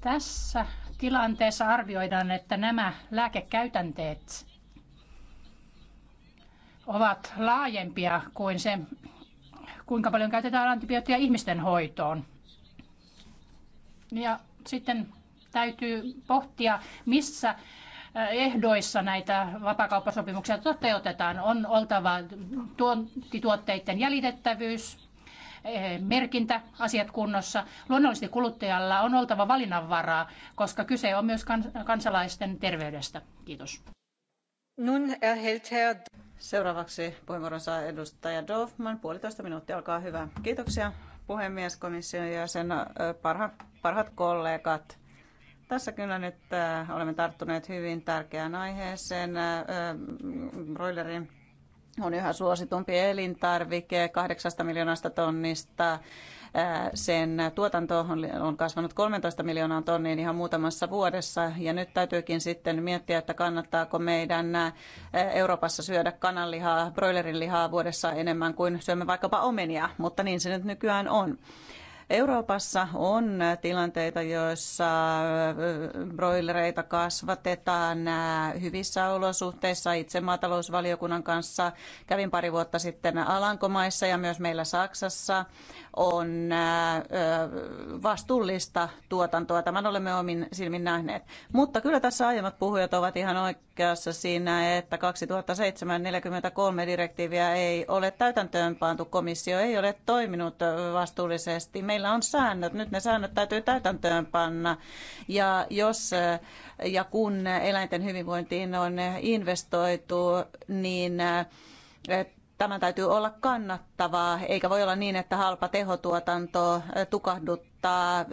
Tässä tilanteessa arvioidaan, että nämä lääkekäytänteet ovat laajempia kuin se, kuinka paljon käytetään antibiootteja ihmisten hoitoon. Ja sitten täytyy pohtia, missä äh, ehdoissa näitä vapakauppasopimuksia toteutetaan. On oltava tuontituotteiden jäljitettävyys, Eh, merkintä, asiat kunnossa. Luonnollisesti kuluttajalla on oltava valinnanvaraa, koska kyse on myös kansalaisten terveydestä. Kiitos. Nun erhält Herr... Seuraavaksi puheenvuoron saa edustaja Dorfman. Puolitoista minuuttia, olkaa hyvä. Kiitoksia puhemies, ja sen parha, parhaat kollegat. Tässä kyllä nyt olemme tarttuneet hyvin tärkeään aiheeseen, broilerin on yhä suositumpi elintarvike 8 miljoonasta tonnista. Sen tuotanto on kasvanut 13 miljoonaa tonniin ihan muutamassa vuodessa ja nyt täytyykin sitten miettiä, että kannattaako meidän Euroopassa syödä kananlihaa, broilerin lihaa vuodessa enemmän kuin syömme vaikkapa omenia, mutta niin se nyt nykyään on. Euroopassa on tilanteita, joissa broilereita kasvatetaan hyvissä olosuhteissa. Itse maatalousvaliokunnan kanssa kävin pari vuotta sitten Alankomaissa ja myös meillä Saksassa on äh, äh, vastuullista tuotantoa. Tämän olemme omin silmin nähneet. Mutta kyllä tässä aiemmat puhujat ovat ihan oikeassa siinä, että 2007-43 direktiiviä ei ole täytäntöön pantu. Komissio ei ole toiminut vastuullisesti. Meillä on säännöt. Nyt ne säännöt täytyy täytäntöön panna. Ja jos äh, ja kun eläinten hyvinvointiin on investoitu, niin Tämän täytyy olla kannattavaa, eikä voi olla niin, että halpa tehotuotanto tukahduttaa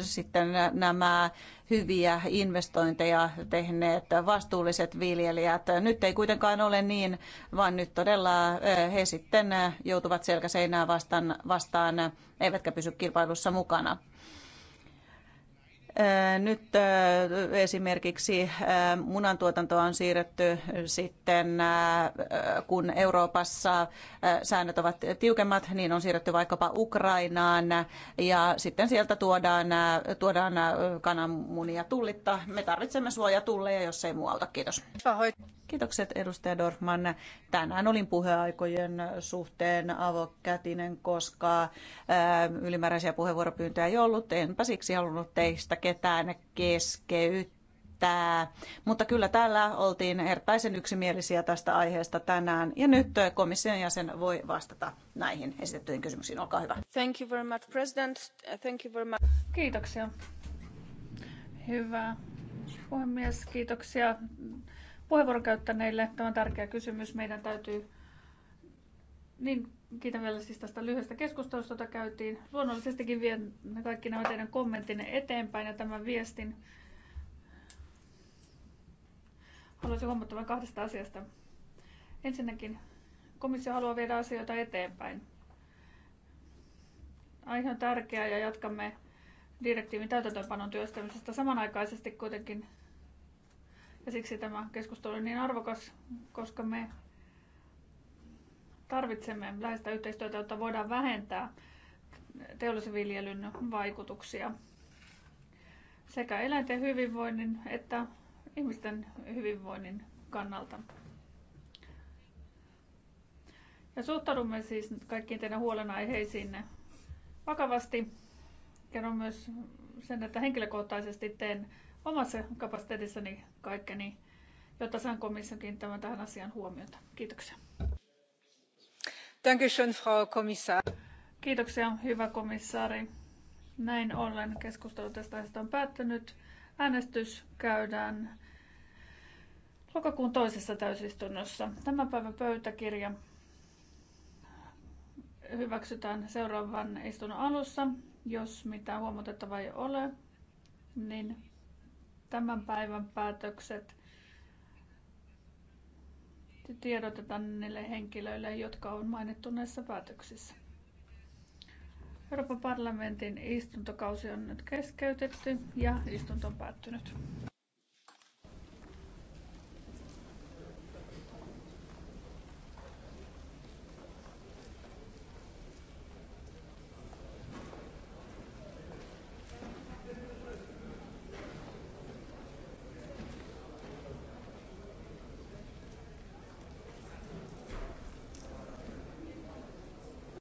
sitten nämä hyviä investointeja tehneet vastuulliset viljelijät. Nyt ei kuitenkaan ole niin, vaan nyt todella he sitten joutuvat selkäseinää vastaan, vastaan eivätkä pysy kilpailussa mukana. Äh, nyt äh, esimerkiksi äh, munantuotanto on siirretty sitten, kun Euroopassa säännöt ovat tiukemmat, niin on siirretty vaikkapa Ukrainaan ja sitten sieltä tuodaan, tuodaan kananmunia tullitta. Me tarvitsemme suojatulleja, jos ei muualta. Kiitos. Kiitokset edustaja Dorfman. Tänään olin puheaikojen suhteen avokätinen, koska ylimääräisiä puheenvuoropyyntöjä ei ollut. Enpä siksi halunnut teistä ketään keskeyttää. Mutta kyllä täällä oltiin hertaisen yksimielisiä tästä aiheesta tänään. Ja nyt komission jäsen voi vastata näihin esitettyihin kysymyksiin. Olkaa hyvä. Thank you very much, President. Thank you very much. Kiitoksia. Hyvä. Puhemies, kiitoksia puheenvuoron käyttäneille. Tämä on tärkeä kysymys. Meidän täytyy niin, kiitän vielä siis tästä lyhyestä keskustelusta, jota käytiin. Luonnollisestikin vien kaikki nämä teidän kommenttinne eteenpäin ja tämän viestin. Haluaisin huomattavan kahdesta asiasta. Ensinnäkin komissio haluaa viedä asioita eteenpäin. Aihe on tärkeä ja jatkamme direktiivin täytäntöönpanon työstämisestä samanaikaisesti kuitenkin ja siksi tämä keskustelu on niin arvokas, koska me tarvitsemme läheistä yhteistyötä, jotta voidaan vähentää teollisen viljelyn vaikutuksia sekä eläinten hyvinvoinnin että ihmisten hyvinvoinnin kannalta. Ja suhtaudumme siis kaikkiin teidän huolenaiheisiinne vakavasti. Kerron myös sen, että henkilökohtaisesti teen omassa kapasiteetissani kaikkeni, jotta saan komission kiinnittämään tähän asian huomiota. Kiitoksia. Dankeschön, Frau Kommissar. Kiitoksia, hyvä komissaari. Näin ollen keskustelu tästä aiheesta on päättynyt. Äänestys käydään lokakuun toisessa täysistunnossa. Tämä päivän pöytäkirja hyväksytään seuraavan istunnon alussa. Jos mitään huomautettavaa ei ole, niin tämän päivän päätökset tiedotetaan niille henkilöille, jotka on mainittu näissä päätöksissä. Euroopan parlamentin istuntokausi on nyt keskeytetty ja istunto on päättynyt.